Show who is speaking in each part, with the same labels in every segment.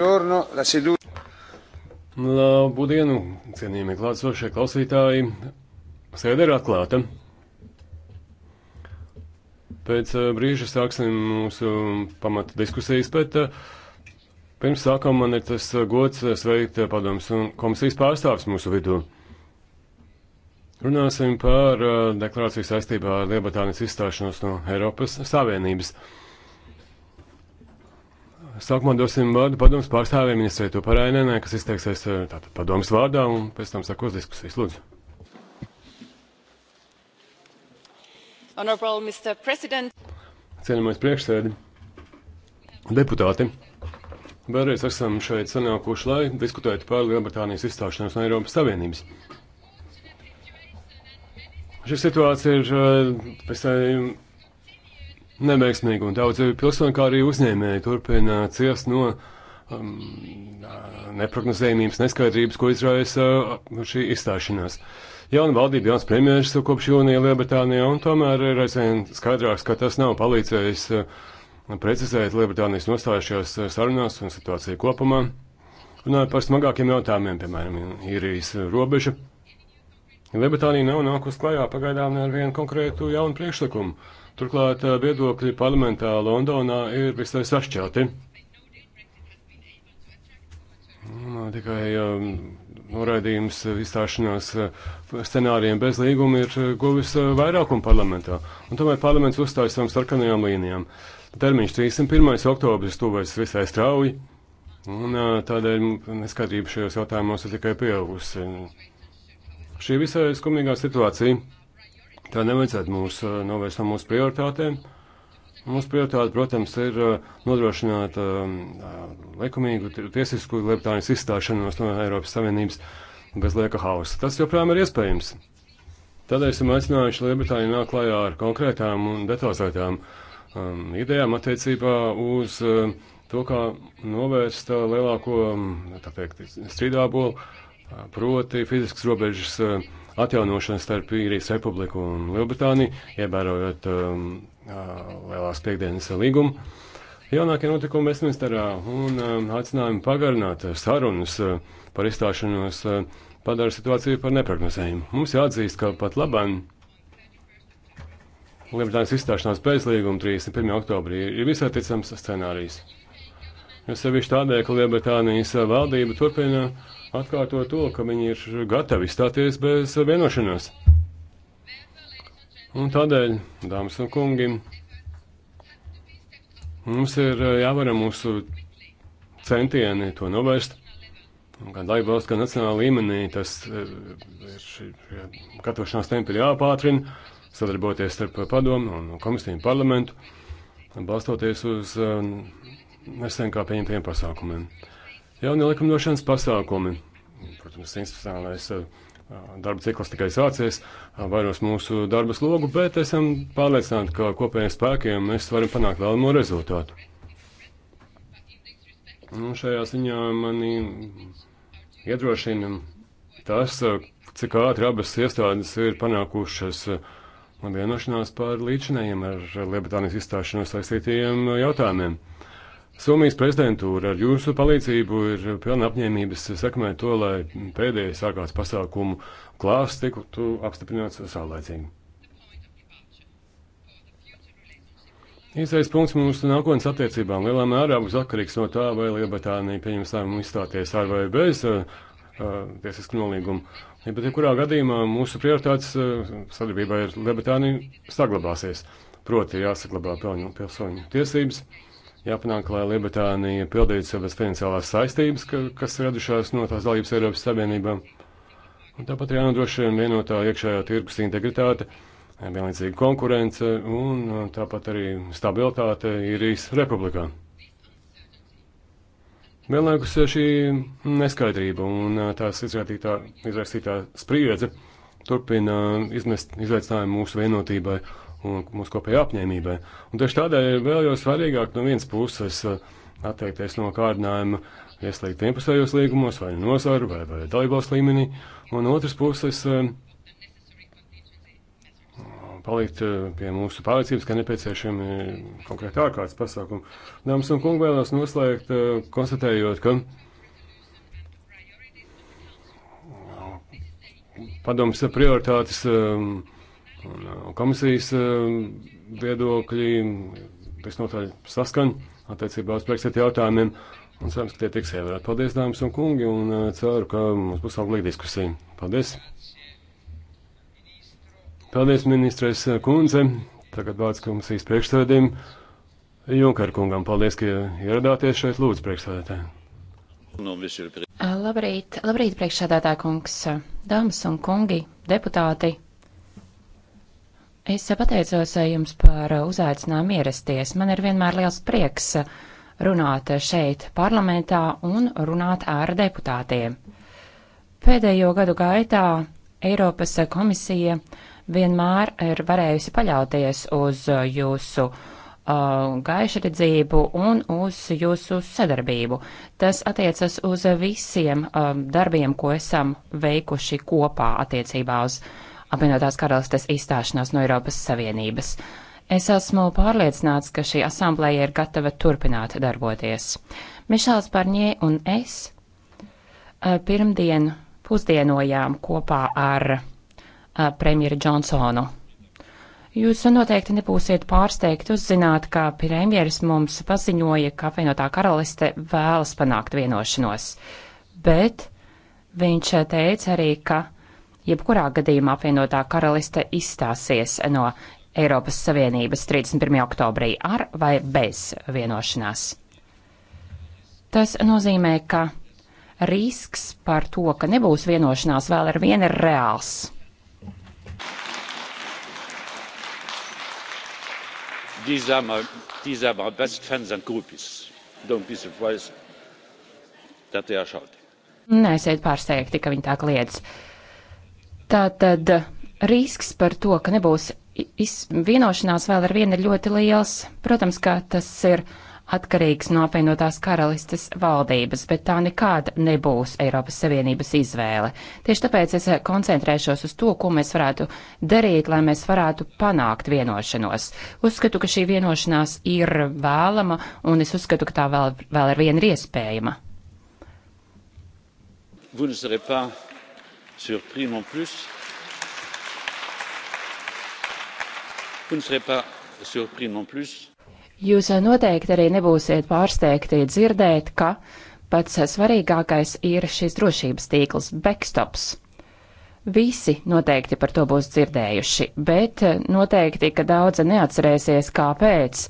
Speaker 1: Labu
Speaker 2: dienu, cienījamie klātsošie klausītāji. Sēde ir atklāta. Pēc eh, brīža sāksim mūsu pamata diskusijas, bet eh, pirms sākam man ir tas eh, gods sveikt padomus un komisijas pārstāvs mūsu vidū. Runāsim par deklarāciju saistībā ar Lielbritānijas izstāšanos no Eiropas Savienības. Uh, Sākumā dosim vārdu padomus pārstāvēm ministrē to parainēnē, kas izteiksies eh, tātad padomus vārdā un pēc tam sakos diskusijas. Lūdzu.
Speaker 3: Honorable Mr. President.
Speaker 2: Cienījamais priekšsēdi, deputāti. Vēlreiz esam šeit sanākuši, lai diskutētu par Lielbritānijas izstāšanos no Eiropas Savienības. Šī situācija ir visai eh, neveiksmīgi, un daudzi pilsoņi, kā arī uzņēmēji, turpina ciest no um, neprognozējumības, neskaidrības, ko izraisa uh, šī izstāšanās. Jauna valdība, jauns premjerministrs kopš jūnija Lielbritānijā, un tomēr ir aizvien skaidrāks, ka tas nav palīdzējis uh, precizēt Lielbritānijas nostājušajās uh, sarunās un situāciju kopumā. Runājot par smagākiem jautājumiem, piemēram, īrijas robeža. Lielbritānija nav nākus klajā pagaidām ar vienu konkrētu jaunu priekšlikumu. Turklāt viedokļi parlamentā Londonā ir visai sašķelti. Nu, tikai noraidījums izstāšanās scenārijiem bez līguma ir guvis vairākumu parlamentā. Un tomēr parlaments uzstājas savam sarkanajām līnijām. Termiņš 31. oktobris tuvojas visai strauji, un tādēļ neskatība šajos jautājumos ir tikai pieaugusi. Šī visai skumīgā situācija Tā nevajadzētu mūs uh, novērst no mūsu prioritātēm. Mūsu prioritāte, protams, ir uh, nodrošināt um, uh, likumīgu tiesisku Lietuvānijas izstāšanos no Eiropas Savienības bez lieka hausa. Tas joprojām ir iespējams. Tādēļ esam aicinājuši Lietuvāniju nāk klajā ar konkrētām un detalizētām um, idejām attiecībā uz uh, to, kā novērst uh, lielāko, um, tā teikt, strīdābolu, uh, proti fiziskas robežas. Uh, atjaunošanu starp īrijas republiku un Lielbritāniju, ievērojot um, lielās piekdienas līgumu. Jaunākie notikumi Westminsterā un um, aicinājumi pagarināt sarunas uh, par izstāšanos uh, padara situāciju par neprognozējumu. Mums jāatzīst, ka pat labāk Lielbritānijas izstāšanās bez līguma 31. oktobrī ir visai ticams scenārijs. Jo sevišķi tādēļ, ka Lielbritānijas valdība turpina uh, atkārto to, ka viņi ir gatavi stāties bez vienošanās. Un tādēļ, dāmas un kungi, mums ir eh, jāvara mūsu centieni to novērst. Gan laibvalsts, gan nacionāla līmenī tas eh, ir katošanās tempi ir jāpātrina, sadarboties starp padomu un komisiju un parlamentu, balstoties uz eh, nesen kā pieņemtiem pasākumiem. Jaunie likumdošanas pasākumi, protams, institucionālais eh, darba cikls tikai sācies, eh, vairos mūsu darba slogu, bet esam pārliecināti, ka kopējiem spēkiem mēs varam panākt vēlamo rezultātu. Un šajā ziņā mani iedrošina tas, eh, cik ātri abas iestādes ir panākušas vienošanās par līdzinējiem ar Lietuvānijas izstāšanos saistītajiem jautājumiem. Somijas prezidentūra ar jūsu palīdzību ir pilna apņēmības sekmēt to, lai pēdējais sākās pasākumu klāsts tiktu apstiprināts saulēcīgi. Īsais punkts mūsu nākotnes attiecībām lielā mērā būs atkarīgs no tā, vai Lielbritānija pieņems lēmumu izstāties ar vai bez uh, uh tiesisku nolīgumu. Ja, bet, ja kurā gadījumā mūsu prioritātes uh, sadarbībā ar Lielbritāniju saglabāsies, proti jāsaglabā pilsoņu tiesības. Uh, jāpanāk, lai Lielbritānija pildītu savas finansiālās saistības, ka, kas radušās no tās dalības Eiropas Savienībā. Un tāpat ir jānodrošina vienotā iekšējā tirgus integritāte, vienlīdzīga konkurence un tāpat arī stabilitāte īrijas republikā. Vienlaikus šī neskaidrība un tās izraisītā, izraisītā spriedze turpina izmest izaicinājumu mūsu vienotībai un mūsu kopējai apņēmībai. Un tieši tādēļ ir vēl jau svarīgāk no vienas puses uh, atteikties no kārdinājuma ieslēgt 11. līgumos, vai nozaru, vai, vai dalībvalsts līmenī, un otras puses uh, palikt uh, pie mūsu pārliecības, ka nepieciešami konkrēti ārkārtas pasākumi. Dāmas un kungi vēlos noslēgt, konstatējot, ka padomas prioritātes um, un, un uh, komisijas um, viedokļi visnotaļ saskaņ attiecībā uz Brexit jautājumiem. Un cerams, ka tie tiks ievērēti. Paldies, dāmas un kungi, un uh, ceru, ka mums būs auglīga diskusija. Paldies! Paldies, ministres kundze! Tagad vārds komisijas priekšsēdēm. Junkar kungam, paldies, ka ieradāties šeit lūdzu priekšsēdētājiem.
Speaker 4: Labrīt, labrīt priekšsēdētāj kungs, dāmas un kungi, deputāti! Es pateicos eh, jums par eh, uzaicinājumu ierasties. Man ir vienmēr liels prieks eh, runāt šeit parlamentā un runāt ar deputātiem. Pēdējo gadu gaitā Eiropas komisija vienmēr ir varējusi paļauties uz jūsu uh, gaišredzību un uz jūsu sadarbību. Tas attiecas uz visiem uh, darbiem, ko esam veikuši kopā attiecībā uz apvienotās karalistes izstāšanos no Eiropas Savienības. Es esmu pārliecināts, ka šī asamblēja ir gatava turpināt darboties. Mišāls Barņē un es eh, pirmdien pusdienojām kopā ar eh, premjeru Džonsonu. Jūs noteikti nebūsiet pārsteigti uzzināt, ka premjeras mums paziņoja, ka apvienotā karaliste vēlas panākt vienošanos, bet viņš teica arī, ka Jebkurā gadījumā apvienotā karaliste izstāsies no Eiropas Savienības 31. oktobrī ar vai bez vienošanās. Tas nozīmē, ka risks par to, ka nebūs vienošanās vēl ar vienu, ir reāls.
Speaker 5: These are, my, these are my best fans and groupies. Don't be surprised that they are shouting.
Speaker 4: Neesiet pārsteigti, ka viņi tā kliedz. Uh, Tātad risks par to, ka nebūs vienošanās vēl ar vienu ir ļoti liels. Protams, ka tas ir atkarīgs no apvienotās karalistes valdības, bet tā nekāda nebūs Eiropas Savienības izvēle. Tieši tāpēc es koncentrēšos uz to, ko mēs varētu darīt, lai mēs varētu panākt vienošanos. Uzskatu, ka šī vienošanās ir vēlama, un es uzskatu, ka tā vēl, vēl ar vienu ir iespējama.
Speaker 5: Vous ne serez pas sur prime en plus vous ne serez pas surpris non plus.
Speaker 4: Jūs noteikti arī nebūsiet pārsteigti dzirdēt, ka pats svarīgākais ir šis drošības tīkls - backstops. Visi noteikti par to būs dzirdējuši, bet noteikti, ka daudzi neatcerēsies, kāpēc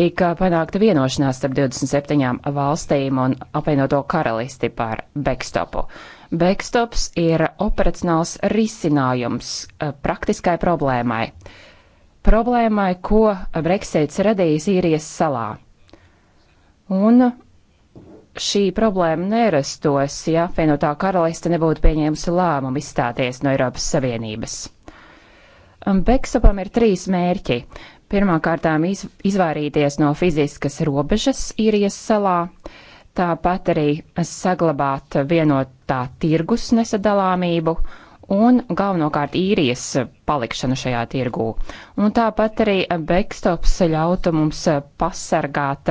Speaker 4: tika panākta vienošanās starp 27 valstīm un apvienoto karalisti par backstopu. Backstops ir operacionāls risinājums eh, praktiskai problēmai. Problēmai, ko Brexits radīs īrijas salā. Un šī problēma nerastos, ja apvienotā karaliste nebūtu pieņēmusi lēmumu izstāties no Eiropas Savienības. Backstopam ir trīs mērķi. Pirmkārtām izvairīties no fiziskas robežas īrijas salā, uh, tāpat arī saglabāt vienotā tirgus nesadalāmību un galvenokārt īrijas palikšanu šajā tirgū. Un tāpat arī backstops ļautu mums pasargāt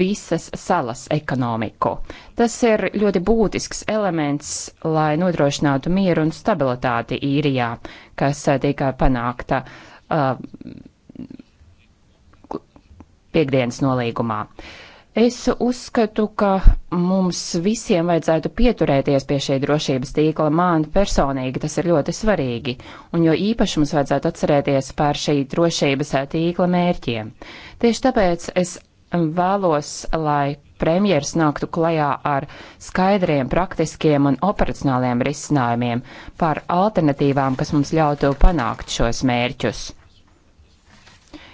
Speaker 4: visas salas ekonomiku. Tas ir ļoti būtisks elements, lai nodrošinātu mieru un stabilitāti īrijā, kas tika panākta uh, piekdienas nolīgumā. Uh, Es uzskatu, ka mums visiem vajadzētu pieturēties pie šī drošības tīkla. Man personīgi tas ir ļoti svarīgi, un jo īpaši mums vajadzētu atcerēties par šī drošības tīkla mērķiem. Tieši tāpēc es vēlos, lai premjers nāktu klajā ar skaidriem, praktiskiem un operacionāliem risinājumiem par alternatīvām, kas mums ļautu panākt šos mērķus.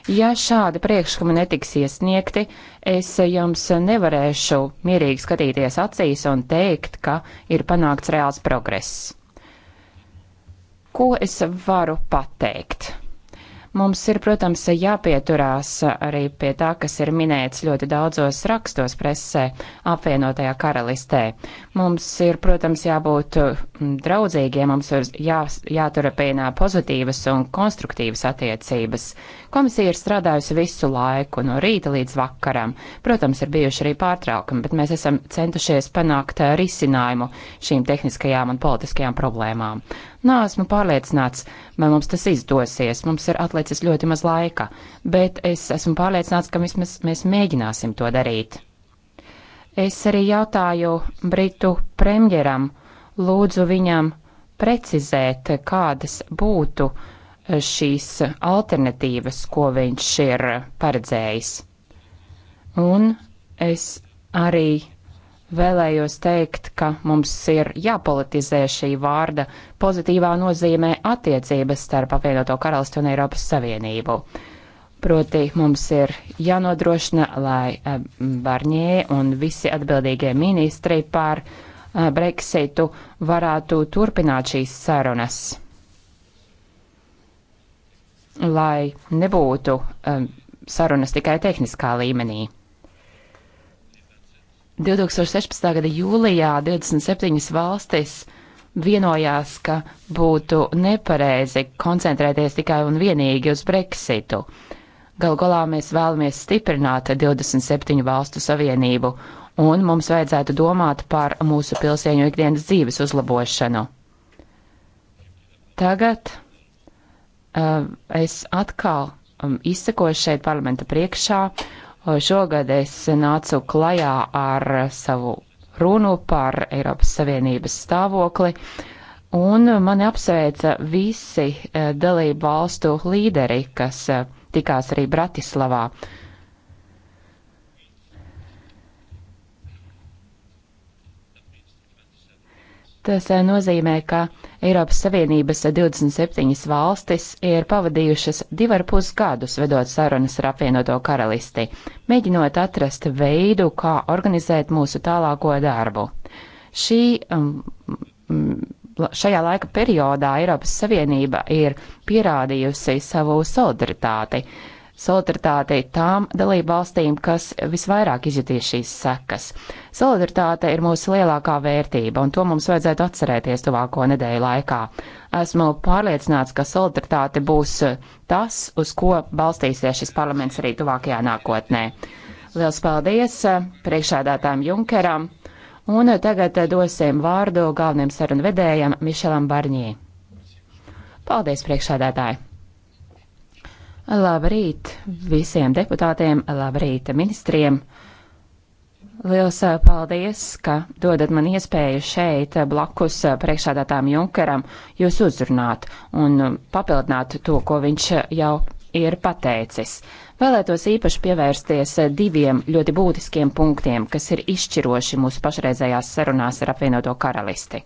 Speaker 4: Ja šādi priekšlikumi netiks iesniegti, es jums nevarēšu mierīgi skatīties acīs un teikt, ka ir panākts reāls progress. Ko es varu pateikt? Mums ir, protams, jāpieturās arī pie tā, kas ir minēts ļoti daudzos rakstos presē apvienotajā karalistē. Mums ir, protams, jābūt mm, draudzīgiem, mums ir jā, jāturpina pozitīvas un konstruktīvas attiecības, Komisija ir strādājusi visu laiku, no rīta līdz vakaram. Protams, ir bijuši arī pārtraukumi, bet mēs esam centušies panākt eh, risinājumu šīm tehniskajām un politiskajām problēmām. Nā, esmu pārliecināts, vai mums tas izdosies. Mums ir atlicis ļoti maz laika, bet es esmu pārliecināts, ka vismaz mēs, mēs mēģināsim to darīt. Es arī jautāju Britu premjeram, lūdzu viņam precizēt, kādas būtu uh, šīs alternatīvas, ko viņš ir paredzējis. Un es arī vēlējos teikt, ka mums ir jāpolitizē šī vārda pozitīvā nozīmē attiecības starp apvienoto karalistu un Eiropas Savienību. Proti mums ir jānodrošina, lai eh, Barņē un visi atbildīgie ministri pār eh, Brexitu varētu turpināt šīs sarunas lai nebūtu um, sarunas tikai tehniskā līmenī. 2016. gada jūlijā 27 valstis vienojās, ka būtu nepareizi koncentrēties tikai un vienīgi uz Brexitu. Galu galā mēs vēlamies stiprināt 27 valstu savienību, un mums vajadzētu domāt par mūsu pilsēņu ikdienas dzīves uzlabošanu. Tagad Eh, es atkal um, izsakoju šeit parlamenta priekšā. Eh, šogad es nācu klajā ar savu runu par Eiropas Savienības stāvokli, un mani apsveica visi eh, dalību valstu līderi, kas tikās arī Bratislavā. Uh, Tas eh, nozīmē, ka Eiropas Savienības 27 valstis ir pavadījušas divar pus gadus vedot sarunas ar apvienoto karalisti, mēģinot atrast veidu, kā organizēt mūsu tālāko darbu. Šī, um, šajā laika periodā Eiropas Savienība ir pierādījusi savu solidaritāti solidaritāti tām dalību valstīm, kas visvairāk izjutīs šīs sekas. Solidaritāte ir mūsu lielākā vērtība, un to mums vajadzētu atcerēties tuvāko nedēļu laikā. Esmu pārliecināts, ka solidaritāte būs tas, uz ko balstīsies šis parlaments arī tuvākajā nākotnē. Liels paldies priekšādātājiem Junkeram, un tagad dosim vārdu galveniem sarunvedējam Mišelam Barņī. Paldies, priekšādātāji! Labrīt visiem deputātiem, labrīt ministriem. Liels eh, paldies, ka dodat man iespēju šeit eh, blakus eh, priekšādātām Junkeram jūs uzrunāt un um, papildināt to, ko viņš jau ir pateicis. Vēlētos īpaši pievērsties diviem ļoti būtiskiem punktiem, kas ir izšķiroši mūsu pašreizējās sarunās ar apvienoto karalisti.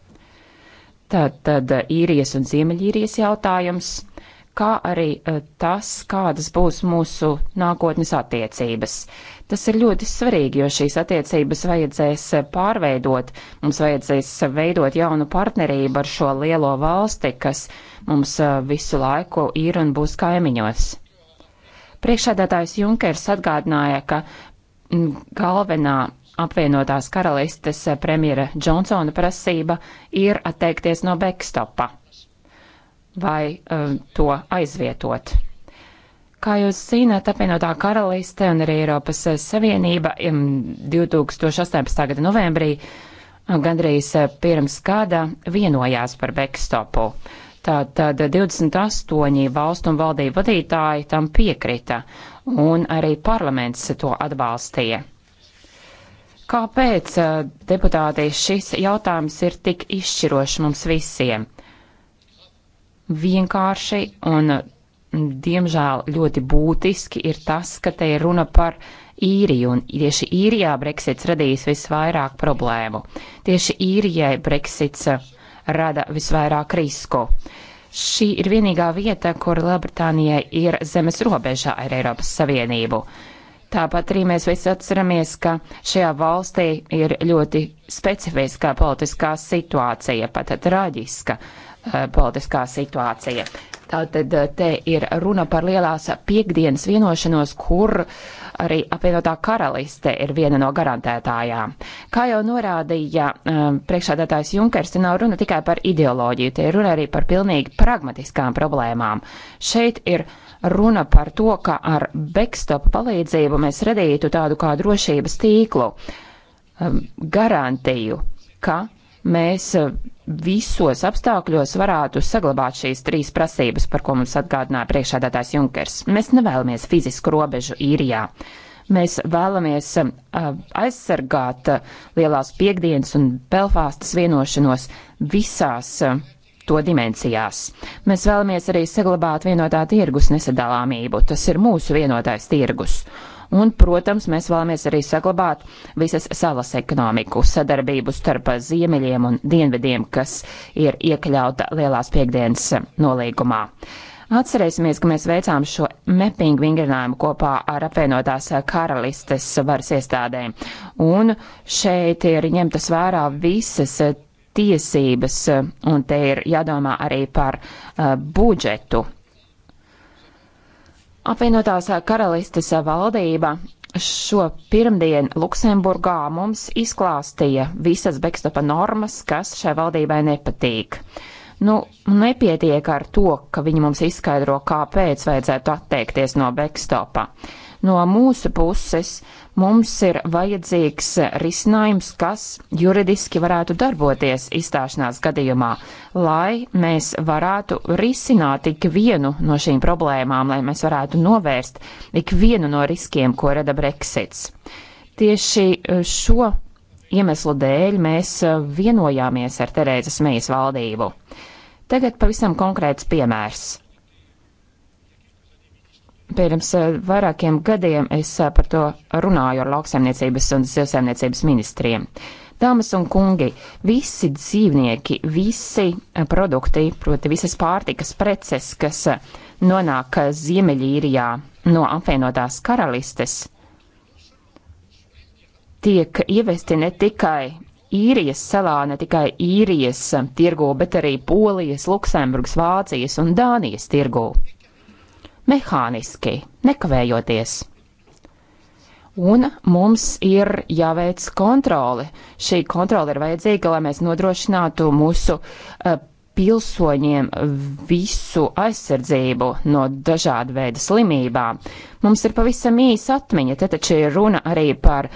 Speaker 4: Tad, tad īrijas un ziemeļīrijas jautājums kā arī eh, tas, kādas būs mūsu nākotnes attiecības. Tas ir ļoti svarīgi, jo šīs attiecības vajadzēs eh, pārveidot. Mums vajadzēs veidot jaunu partnerību ar šo lielo valsti, kas mums eh, visu laiku ir un būs kaimiņos. Priekšādātājs Junkers atgādināja, ka mm, galvenā apvienotās karalistes premjera Džonsona prasība ir atteikties no backstopa vai um, to aizvietot. Kā jūs zināt, apvienotā karaliste un arī Eiropas uh, Savienība 2018. Um, gada novembrī um, gandrīz uh, pirms gada vienojās par backstopu. Tātad 28 valstu un valdību vadītāji tam piekrita, un arī parlaments to atbalstīja. Kāpēc, uh, deputāti, šis jautājums ir tik izšķirošs mums visiem? vienkārši un, diemžēl, ļoti būtiski ir tas, ka te ir runa par īriju, un tieši īrijā Brexits radīs visvairāk problēmu. Tieši īrijai Brexits eh, rada visvairāk risku. Šī ir vienīgā vieta, kur Lielbritānijai ir zemes robežā ar Eiropas Savienību. Tāpat arī mēs visi atceramies, ka šajā valstī ir ļoti specifiskā politiskā situācija, pat traģiska. Eh, politiskā situācija. Tātad eh, te ir runa par lielās piekdienas vienošanos, kur arī apvienotā karaliste ir viena no garantētājām. Kā jau norādīja eh, priekšādātājs Junkers, te nav runa tikai par ideoloģiju, te ir runa arī par pilnīgi pragmatiskām problēmām. Šeit ir runa par to, ka ar backstop palīdzību mēs redītu tādu kā drošības tīklu garantiju, ka mēs eh, visos apstākļos varētu saglabāt šīs trīs prasības, par ko mums atgādināja priekšādātājs Junkers. Mēs nevēlamies fizisku robežu īrijā. Mēs vēlamies eh, aizsargāt eh, lielās piekdienas un Belfāstas vienošanos visās to dimensijās. Mēs vēlamies arī saglabāt vienotā tirgus nesadalāmību. Tas ir mūsu vienotais tirgus un, protams, mēs vēlamies arī saglabāt visas salas ekonomiku, sadarbību starp ziemeļiem un dienvidiem, kas ir iekļauta lielās piekdienas nolīgumā. Atcerēsimies, ka mēs veicām šo mepingu vingrinājumu kopā ar apvienotās karalistes varas iestādēm, un šeit ir ņemtas vērā visas tiesības, un te ir jādomā arī par uh, budžetu Apvienotās karalistes valdība šo pirmdien Luksemburgā mums izklāstīja visas bekstopa normas, kas šai valdībai nepatīk. Nu, nepietiek ar to, ka viņi mums izskaidro, kāpēc vajadzētu atteikties no bekstopa. Uh, No mūsu puses mums ir vajadzīgs risinājums, kas juridiski varētu darboties izstāšanās gadījumā, lai mēs varētu risināt ikvienu no šīm problēmām, lai mēs varētu novērst ikvienu no riskiem, ko rada Brexits. Tieši e, šo iemeslu dēļ mēs e, vienojāmies ar Terēzas Mejas valdību. Tagad pavisam konkrēts piemērs pirms eh, vairākiem gadiem es eh, par to runāju ar lauksaimniecības un zivsaimniecības ministriem. Dāmas un kungi, visi dzīvnieki, visi eh, produkti, proti visas pārtikas preces, kas nonāk Ziemeļīrijā no apvienotās karalistes, tiek ievesti ne tikai īrijas salā, ne tikai īrijas tirgū, bet arī polijas, Luksemburgas, Vācijas un Dānijas tirgū mehāniski, nekavējoties. Un mums ir jāveic kontrole. Šī kontrole ir vajadzīga, lai mēs nodrošinātu mūsu uh, pilsoņiem visu aizsardzību no dažāda veida slimībām. Mums ir pavisam īsa atmiņa, te taču ir runa arī par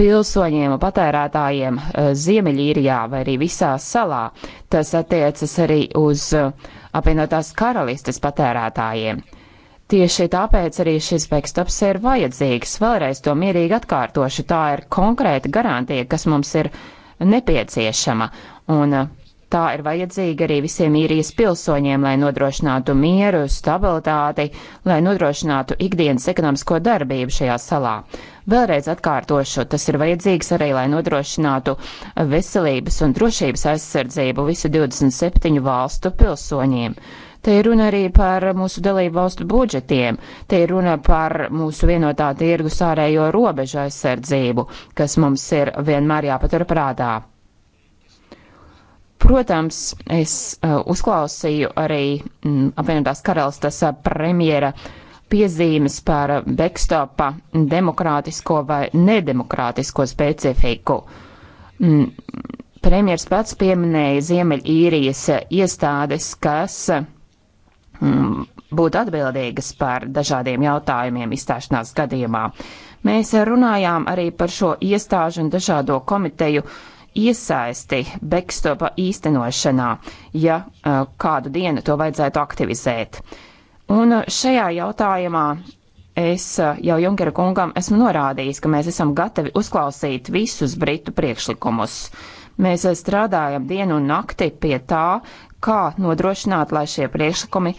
Speaker 4: pilsoņiem un patērētājiem eh, Ziemeļīrijā vai arī visā salā. Tas attiecas arī uz eh, apvienotās karalistes patērētājiem. Tieši tāpēc arī šis backstops ir vajadzīgs. Vēlreiz to mierīgi atkārtošu. Tā ir konkrēta garantija, kas mums ir nepieciešama. Un uh, tā ir vajadzīga arī visiem īrijas pilsoņiem, lai nodrošinātu mieru, stabilitāti, lai nodrošinātu ikdienas ekonomisko darbību šajā salā. Vēlreiz atkārtošu, tas ir vajadzīgs arī, lai nodrošinātu veselības un drošības aizsardzību visu 27 valstu pilsoņiem. Te ir runa arī par mūsu dalību valstu budžetiem, te ir runa par mūsu vienotā tirgus ārējo robežu aizsardzību, kas mums ir vienmēr jāpatur prātā. Protams, es uh, uzklausīju arī mm, apvienotās karalistas uh, premjera piezīmes par backstopa demokrātisko vai nedemokrātisko specifiku. Mm, premjers pats pieminēja Ziemeļīrijas iestādes, kas Mm, būt atbildīgas par dažādiem jautājumiem izstāšanās gadījumā. Mēs runājām arī par šo iestāžu un dažādo komiteju iesaisti backstopa īstenošanā, ja uh, kādu dienu to vajadzētu aktivizēt. Un šajā jautājumā es uh, jau Junkera kungam esmu norādījis, ka mēs esam gatavi uzklausīt visus britu priekšlikumus. Mēs uh, strādājam dienu un nakti pie tā, kā nodrošināt, lai šie priekšlikumi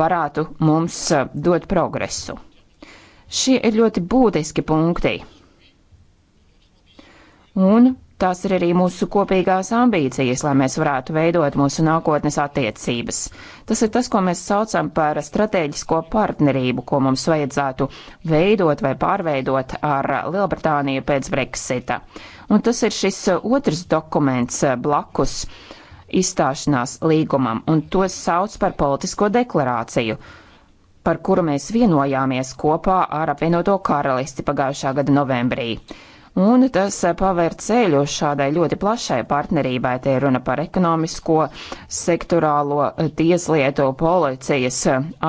Speaker 4: varētu mums eh, dot progresu. Šie ir ļoti būtiski punkti. Un tās ir arī mūsu kopīgās ambīcijas, lai mēs varētu veidot mūsu nākotnes attiecības. Tas ir tas, ko mēs saucam par strateģisko partnerību, ko mums vajadzētu veidot vai pārveidot ar Lielbritāniju pēc Brexita. Un tas ir šis otrs dokuments eh, blakus uh, izstāšanās līgumam, un to sauc par politisko deklarāciju, par kuru mēs vienojāmies kopā ar apvienoto karalisti pagājušā gada novembrī. Un tas pavēr ceļu šādai ļoti plašai partnerībai. Te ir runa par ekonomisko, sektorālo, tieslietu, policijas,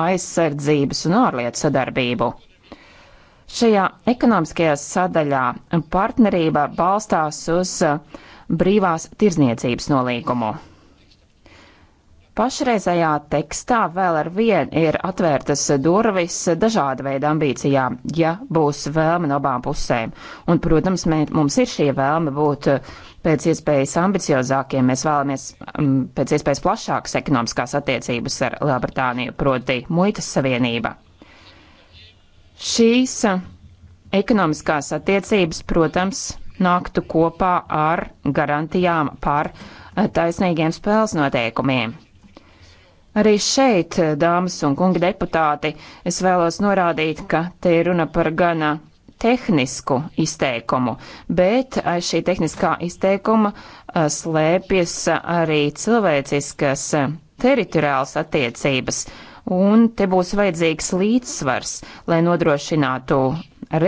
Speaker 4: aizsardzības un ārlietu sadarbību. Šajā ekonomiskajā sadaļā partnerība balstās uz brīvās tirzniecības nolīgumu. Pašreizējā tekstā vēl ar vien ir atvērtas durvis dažāda veida ambīcijām, ja būs vēlme no abām pusēm. Un, protams, mē, mums ir šī vēlme būt eh, pēc iespējas ambiciozākiem. Mēs vēlamies m, mm, pēc iespējas plašākas ekonomiskās attiecības ar Lielbritāniju, proti muitas savienība. Šīs eh, ekonomiskās attiecības, protams, nāktu kopā ar garantijām par eh, taisnīgiem spēles noteikumiem. Arī šeit, eh, dāmas un kungi deputāti, es vēlos norādīt, ka te ir runa par gana tehnisku izteikumu, bet aiz šī tehniskā izteikuma eh, slēpjas arī cilvēciskas eh, teritoriāls attiecības, un te būs vajadzīgs līdzsvars, lai nodrošinātu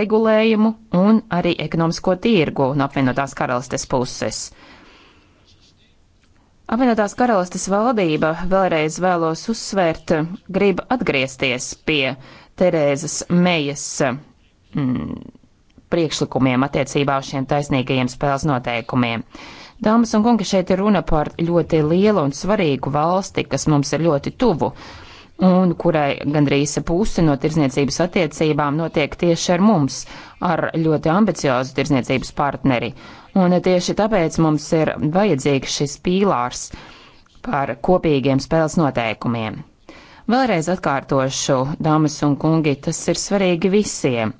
Speaker 4: regulējumu un arī ekonomisko tirgu no apvienotās karalistes puses. Apvienotās karalistes valdība vēlreiz vēlos uzsvērt, grib atgriezties pie Terēzas Mejas mm, priekšlikumiem attiecībā uz šiem taisnīgajiem spēles noteikumiem. Dāmas un kungi, šeit ir runa par ļoti lielu un svarīgu valsti, kas mums ir ļoti tuvu, un kurai gandrīz puse no tirzniecības attiecībām notiek tieši ar mums, ar ļoti ambiciozu tirzniecības partneri. Un tieši tāpēc mums ir vajadzīgs šis pīlārs par kopīgiem spēles noteikumiem. Vēlreiz atkārtošu, dāmas un kungi, tas ir svarīgi visiem.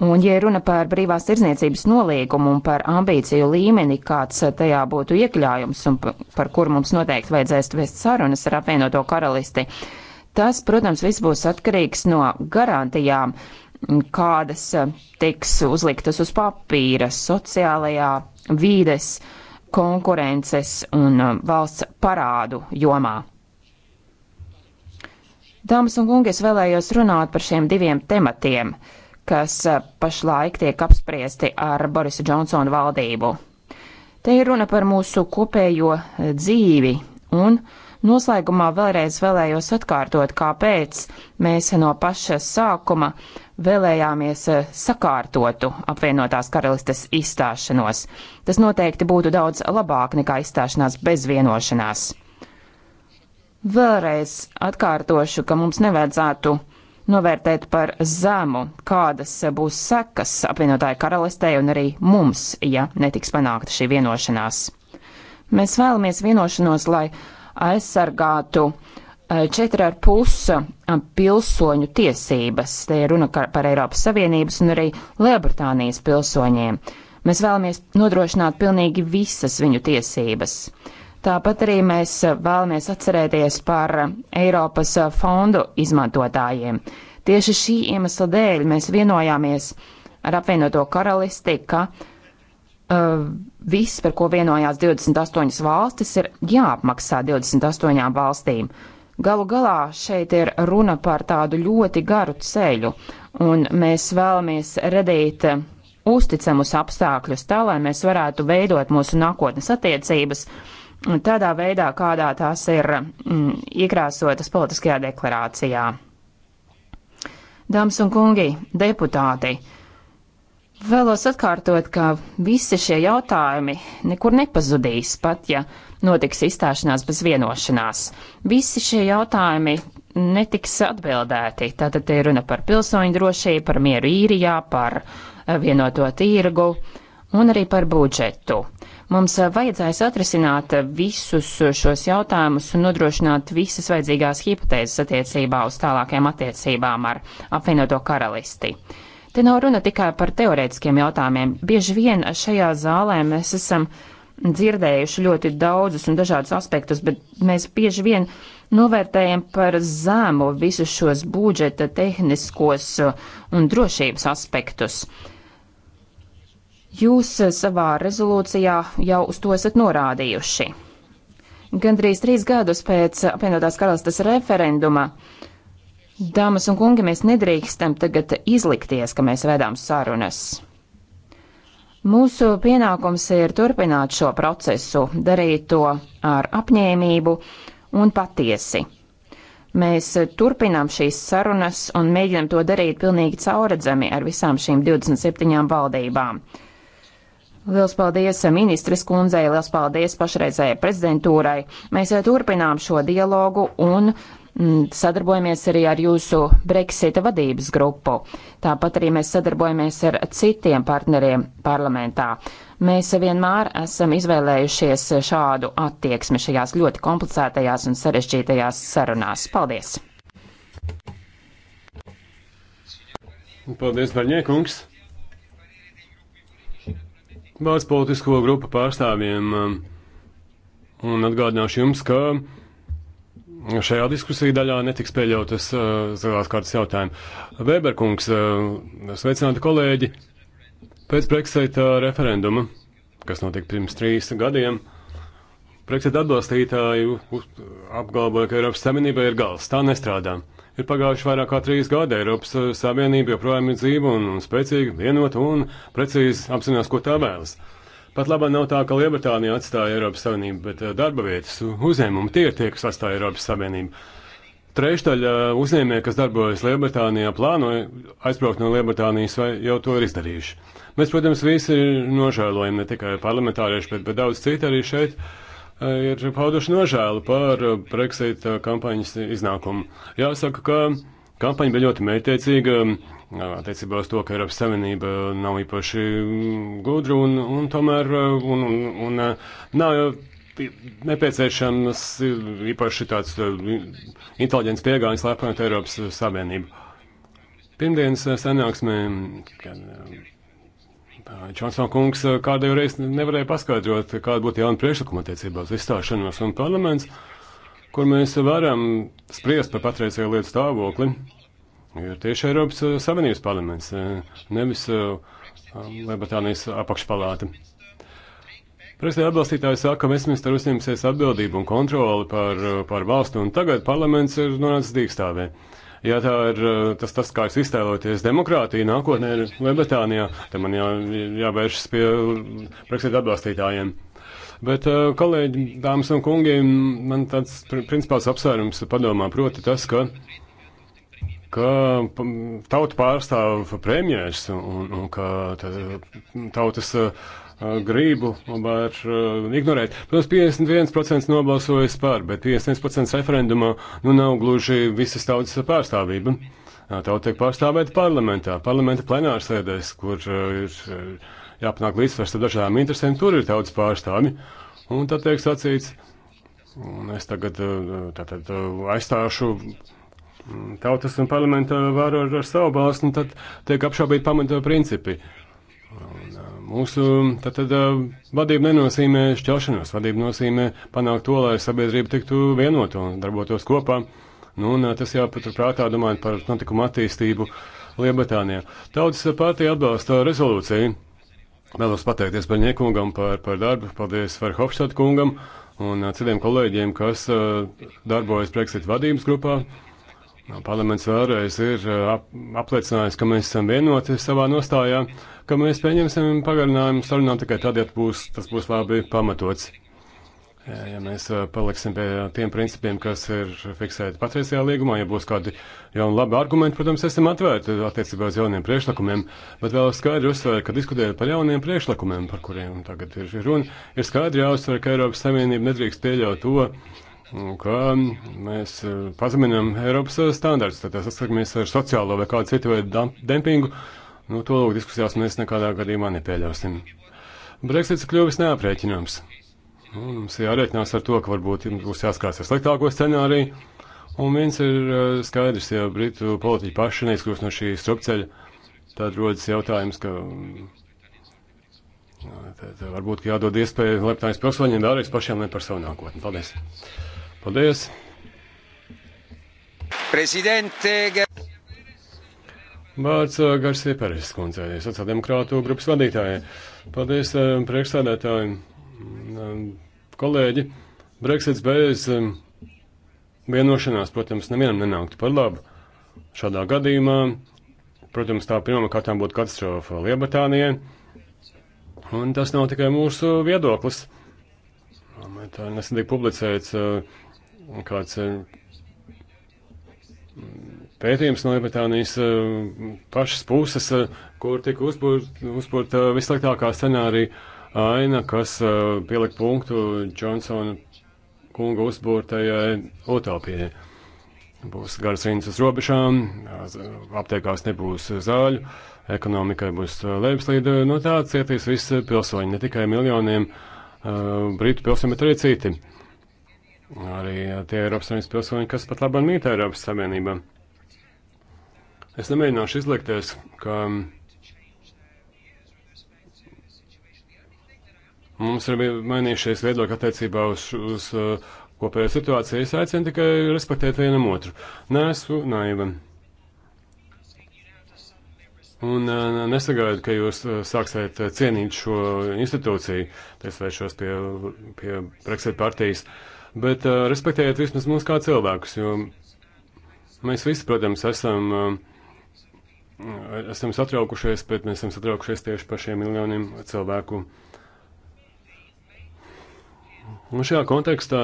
Speaker 4: Un, ja runa par brīvās tirzniecības nolīgumu un par ambīciju līmeni, kāds tajā būtu iekļājums un par kuru mums noteikti vajadzēs vest sarunas ar apvienoto karalisti, Tas, protams, viss būs atkarīgs no garantijām, kādas eh, tiks uzliktas uz papīra sociālajā, vīdes, konkurences un eh, valsts parādu jomā. Dāmas un kungi, es vēlējos runāt par šiem diviem tematiem, kas eh, pašlaik tiek apspriesti ar Borisa Džonsona valdību. Te ir runa par mūsu kopējo dzīvi un uh, Noslēgumā vēlreiz vēlējos atkārtot, kāpēc mēs no paša sākuma vēlējāmies eh, sakārtotu apvienotās karalistes izstāšanos. Tas noteikti būtu daudz labāk nekā izstāšanās bez vienošanās. Vēlreiz atkārtošu, ka mums nevajadzētu novērtēt par zemu, kādas būs sekas apvienotāju karalistē un arī mums, ja netiks panākta šī vienošanās. Mēs vēlamies vienošanos, lai aizsargātu 4,5 eh, eh, pilsoņu tiesības. Te ir runa par Eiropas Savienības un arī Lielbritānijas pilsoņiem. Mēs vēlamies nodrošināt pilnīgi visas viņu tiesības. Tāpat arī mēs eh, vēlamies atcerēties par Eiropas fondu izmantotājiem. Tieši šī iemesla dēļ mēs vienojāmies ar apvienoto karalisti, ka uh, viss, par ko vienojās 28 valstis, ir jāapmaksā 28 valstīm. Galu galā šeit ir runa par tādu ļoti garu ceļu, un mēs vēlamies radīt uzticamus apstākļus tā, lai mēs varētu veidot mūsu nākotnes attiecības tādā veidā, kādā tās ir mm, iekrāsotas politiskajā deklarācijā. Dāmas un kungi, deputāti! Vēlos atkārtot, ka visi šie jautājumi nekur nepazudīs, pat ja notiks izstāšanās bez vienošanās. Visi šie jautājumi netiks atbildēti. Tātad te ir runa par pilsoņu drošību, par mieru īrijā, par eh, vienoto tirgu un arī par budžetu. Mums eh, vajadzēs atrisināt eh, visus šos jautājumus un nodrošināt visas vajadzīgās hipotēzes attiecībā uz tālākajām attiecībām ar apvienoto karalisti. Te nav runa tikai par teorētiskiem jautājumiem. Bieži vien šajā zālē mēs esam dzirdējuši ļoti daudzus un dažādus aspektus, bet mēs bieži vien novērtējam par zēmu visus šos budžeta tehniskos un drošības aspektus. Jūs savā rezolūcijā jau uz to esat norādījuši. Gandrīz trīs gadus pēc apvienotās karalistas referenduma uh, Dāmas un kungi, mēs nedrīkstam tagad izlikties, ka mēs vedām sarunas. Mūsu pienākums ir turpināt šo procesu, darīt to ar apņēmību un patiesi. Mēs turpinām šīs sarunas un mēģinam to darīt pilnīgi cauredzami ar visām šīm 27 valdībām. Liels paldies ministres kundzei, liels paldies pašreizējai prezidentūrai. Mēs turpinām šo dialogu un Mm, sadarbojamies arī ar jūsu Brexita vadības grupu. Tāpat arī mēs sadarbojamies ar citiem partneriem parlamentā. Mēs vienmēr esam izvēlējušies šādu attieksmi šajās ļoti komplicētajās un sarežģītajās sarunās. Paldies!
Speaker 2: Paldies, Barņiekungs! Vārds politisko grupu pārstāvjiem um, un atgādināšu jums, ka šajā diskusiju daļā netiks pieļautas uh, zilās kārtas jautājumi. Vēberkungs, uh, eh, sveicināti kolēģi, pēc Brexita referenduma, kas notika pirms trīs gadiem, Brexit atbalstītāju apgalvoja, ka Eiropas Savienība ir gals. Tā nestrādā. Ir pagājuši vairāk kā trīs gadi. Eiropas eh, Savienība joprojām ir dzīva un, un spēcīga, vienota un precīzi apzinās, ko tā vēlas. Uh, Pat labā nav tā, ka Lielbritānija atstāja Eiropas Savienību, bet eh, darba vietas uzņēmumi tie ir tie, kas atstāja Eiropas Savienību. Trešdaļa eh, uzņēmēja, kas darbojas Lielbritānijā, plānoja aizbraukt no Lielbritānijas vai jau to ir izdarījuši. Mēs, protams, visi nožēlojam ne tikai parlamentārieši, bet, bet daudz citi arī šeit eh, ir pauduši nožēlu par Brexit kampaņas iznākumu. Jāsaka, ka kampaņa bija ļoti mērķiecīga attiecībā uz to, ka Eiropas Savienība nav īpaši gudra un, un tomēr un, un, un, nav nepieciešams īpaši tāds inteliģents pieejams, lai apvienotu Eiropas Savienību. Pirmdienas sanāksmē, kad Čonsons kungs kādēļ reiz nevarēja paskaidrot, kāda būtu jauna priekšlikuma attiecībā uz izstāšanos un parlaments, kur mēs varam spriest par patreizēju lietu stāvokli ir tieši Eiropas eh, Savienības parlaments, eh, nevis eh, Lielbritānijas apakšpalāta. Prezidenta atbalstītāji saka, ka Vestminster uzņemsies atbildību un kontroli par, par valstu, un tagad parlaments ir nonācis dīkstāvē. Ja tā ir tas, tas kā es iztēloties demokrātiju nākotnē Lielbritānijā, tad man jā, jāvēršas pie Brexit atbalstītājiem. Bet, kolēģi, dāmas un kungi, man tāds principāls apsvērums padomā proti tas, ka ka tautu pārstāv premjērs un, un ka tā, tautas uh, gribu var uh, ignorēt. Protams, 51% nobalsojas par, bet 51% referendumā nu nav gluži visas tautas pārstāvība. Tauta tiek pārstāvēta parlamentā, parlamenta plenārsēdēs, kur uh, ir jāpanāk līdzsvars ar dažādām interesēm, tur ir tautas pārstāvi. Un tad tiek sacīts, un es tagad tātad aizstāšu. Tā, tā, Mm, tautas un parlamenta varu ar, ar savu balstu, un nu, tad tiek apšaubīti pamata principi. Un, uh, mūsu tad, tad, uh, vadība nenozīmē šķelšanos, vadība nozīmē panākt to, lai sabiedrība tiktu vienota un darbotos kopā. Nu, un, uh, tas jāpaturprātā domājot par notikumu attīstību Lielbritānijā. Tautas partija atbalsta rezolūciju. Vēlos pateikties par Niekungam par, par darbu, paldies par Hofstad kungam un citiem kolēģiem, kas darbojas Brexit vadības grupā. Parlaments vēlreiz ir apliecinājis, ka mēs esam vienoti savā nostājā, ka mēs pieņemsim pagarinājumu sarunām tikai tad, ja būs, tas būs labi pamatots. Ja mēs paliksim pie tiem principiem, kas ir fiksēti patreizajā līgumā, ja būs kādi jauni labi argumenti, protams, esam atvērti attiecībā uz jauniem priekšlikumiem, bet vēl skaidri uzsver, ka diskutējot par jauniem priekšlikumiem, par kuriem tagad ir runa, ir skaidri jāuzsver, ka Eiropas Savienība nedrīkst pieļaut to, ka mēs eh, pazeminam Eiropas eh, standarts, tad saskaramies ar sociālo vai kādu citu veidu dempingu, nu to lūk diskusijās mēs nekādā gadījumā nepieļausim. Brexits kļuvis neaprēķināms. Nu, mums jārēķinās ar to, ka varbūt būs jāskatās ar sliktāko scenāriju, un viens ir eh, skaidrs, ja Britu politiķi paši neizkļūst no šī strupceļa, tad rodas jautājums, ka mm, tad varbūt ka jādod iespēju lepnājas pilsoņiem vēlreiz pašiem ne par savu nākotni. Paldies! Paldies!
Speaker 5: Prezidente!
Speaker 2: Vārds uh, Garsie Peres kundzei, sociāldemokrātu grupas vadītājai. Paldies uh, priekšstādētājiem, mm, um, kolēģi. Brexits bez um, vienošanās, protams, nevienam nenāktu par labu. Šādā gadījumā, protams, tā pirmā kārtā būtu katastrofa Lielbritānijai. Un tas nav tikai mūsu viedoklis. Tā nesenīgi publicēts uh, kāds eh, pētījums no Lielbritānijas eh, pašas puses, eh, kur tika uzburta uzburt visliktākā scenārija aina, kas pielika punktu Džonsona kunga uzbūrtajai utopijai. Būs garas rindas uz robežām, aptiekās nebūs zāļu, ekonomikai būs lejupslīde, no tā cietīs visi pilsoņi, ne tikai miljoniem uh, britu pilsoņu, bet arī citi. Uh, Arī tie Eiropas Savienības pilsoņi, kas pat labāk mīt Eiropas Savienībā. Es nemēģināšu izlikties, ka Mums ir mainījušies viedokļi attiecībā uz, uz uh, kopējo situāciju. Es aicinu tikai respektēt vienam otru. Nē, esmu naiva. Un uh, nesagaidu, ka jūs uh, sāksiet uh, cienīt šo institūciju, tiesvēršos pie, pie Brexit partijas. Uh, bet uh, respektējiet vismaz mūs kā cilvēkus, jo mēs visi, protams, esam, uh, esam satraukušies, bet mēs esam satraukušies tieši par šiem miljoniem cilvēku. Un šajā kontekstā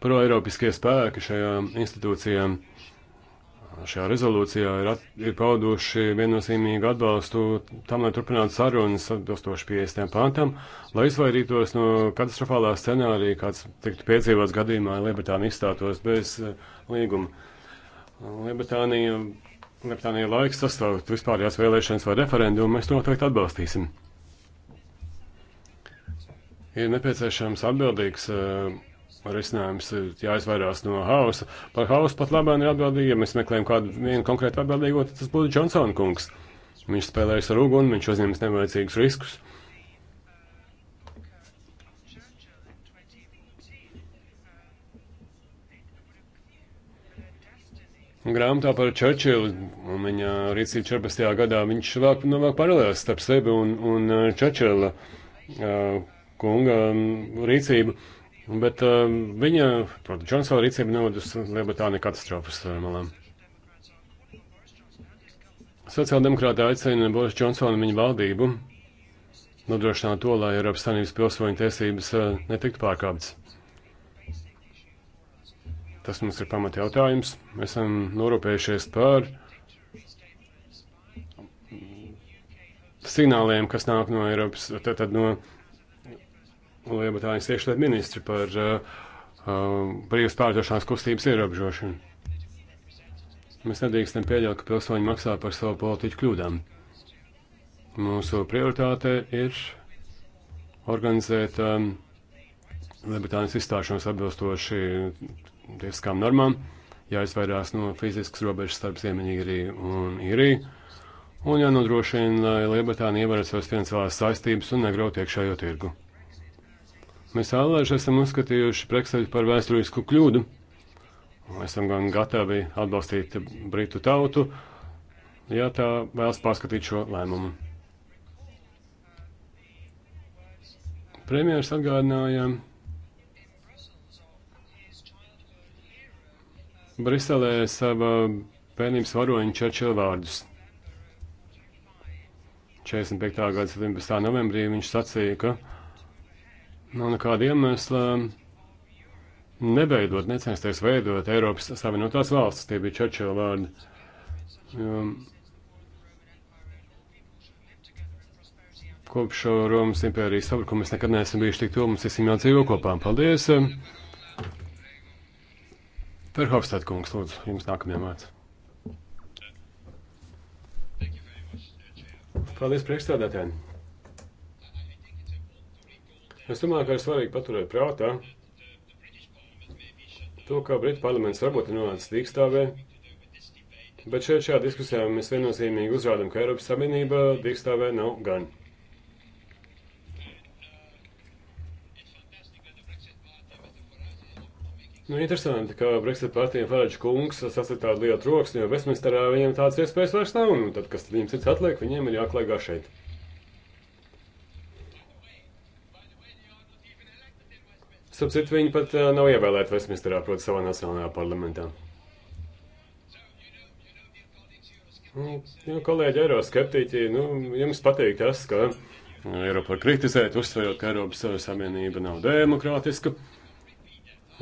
Speaker 2: pro-eiropiskie spēki šajā institūcijā. Uh, šajā rezolūcijā ir, at, ir pauduši viennozīmīgu atbalstu tam, lai turpinātu sarunas atbilstoši 50. pantam, lai izvairītos no katastrofālā scenārija, kāds tiktu piedzīvots gadījumā, ja Lielbritānija izstātos bez eh, līguma. Lielbritānija, Lielbritānija laiks sastāvot vispārējās vēlēšanas vai referendumu, mēs noteikti atbalstīsim. Ir nepieciešams atbildīgs uh, risinājums ir jāizvairās no hausa. Par hausu pat labāk ir atbildīgi, ja mēs meklējam kādu vienu konkrētu atbildīgo, tad tas būtu Džonsona kungs. Viņš spēlējas ar uguni, viņš uzņemas nevajadzīgus riskus. Grāmatā par Čerčilu un viņa rīcību 14. gadā viņš vēl novāk nu, paralēlas starp sevi un, un uh, Čerčila uh, kunga um, rīcību. Uh, Bet uh, viņa, protams, Džonsona rīcība noved uz Lielbritāniju katastrofas malām. Sociāldemokrāti aicina Boris Džonsonu un viņa valdību nodrošināt to, lai Eiropas Savienības pilsoņu tiesības uh, netiktu pārkāptas. Tas mums ir pamat jautājums. Mēs esam norūpējušies par signāliem, kas nāk no Eiropas, tad, tad no Lielbritānijas iekšlietu ministru par brīvas uh, um, pārdošanās kustības ierobežošanu. Mēs nedrīkstam pieļaut, ka pilsoņi maksā par savu politiķu kļūdām. Mūsu prioritāte ir organizēt um, Lielbritānijas izstāšanos atbilstoši tiesiskām normām, jāizvairās no fiziskas robežas starp Ziemeņīriju un Īriju, un jānodrošina, lai Lielbritānija ievēro savas finansiālās saistības un negrautu iekšējo tirgu. Mēs ālēži esam uzskatījuši Brexit par vēsturisku kļūdu. Esam gan gatavi atbalstīt Britu tautu, ja tā vēlas pārskatīt šo lēmumu. Premjeras atgādināja Briselē sava bērnības varoņa Čerčila vārdus. 45. gada 17. novembrī viņš sacīja, ka Nav nekāda iemesla nebeidot, necensties veidot Eiropas Savienotās valstis. Tie bija Čečela vārdi. Jo, kopš Romas impērijas sabrukuma mēs nekad neesam bijuši tik tuvu, mums visiem jādzīvo kopā. Paldies! Perhofstad kungs, lūdzu, jums nākamajā mācā. Paldies priekšstādātājiem! Es domāju, ka ir svarīgi paturēt prātā to, ka Britu parlaments varbūt ir nonācis dīkstāvē, bet šeit šajā diskusijā mēs viennozīmīgi uzrādām, ka Eiropas Savienība dīkstāvē nav gan. Nu, interesanti, ka Brexit partijai Farage kungs sastāv tādu lielu troksni, jo Westminsterā viņiem tādas iespējas vairs nav. Un tad, kas viņiem cits atliek, viņiem ir jāklaigā šeit. Starp citu, viņi pat uh, nav ievēlēti Westminsterā, proti, savā nacionālajā parlamentā. Nu, jā, kolēģi, eiroskeptiķi, nu, jums patīk tas, ka Eiropa var kritizēt, uzsverot, ka Eiropas Savienība nav demokrātiska.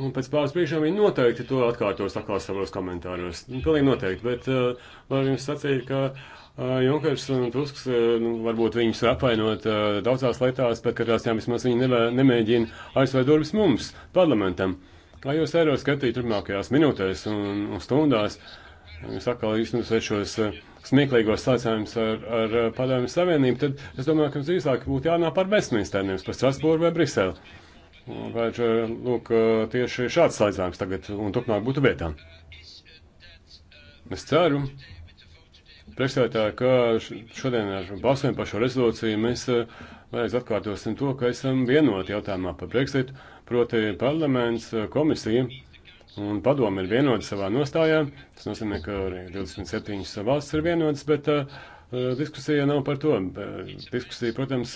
Speaker 2: Un pēc pāris brīžiem viņi noteikti to atkārtos atkal savos komentāros. Nu, pilnīgi noteikti, bet uh, varu jums sacīt, ka Junkers un Tusks, nu, varbūt viņus apvainot daudzās lietās, bet katrā ziņā vismaz viņi nevē, nemēģina aizsvērt durvis mums, parlamentam. Kā jūs eiro skatīt turpmākajās minūtēs un, un stundās, jūs atkal iznesat šos smieklīgos sacējumus ar, ar padomju savienību, tad es domāju, ka mums īsāk būtu jānāk par Westminsteru, nevis par Strasbūru vai Briseli. Vai, lūk, tieši šāds slaidzājums tagad un turpmāk būtu vietā. Es ceru, priekšstādātāji, ka šodien ar balsojumu par šo rezolūciju mēs eh, vēlreiz atkārtosim to, ka esam vienoti jautājumā par Brexit, proti parlaments, eh, komisija un padomi ir vienoti savā nostājā. Tas nozīmē, ka arī 27 valsts ir vienotas, bet uh, diskusija nav par to. Diskusija, protams,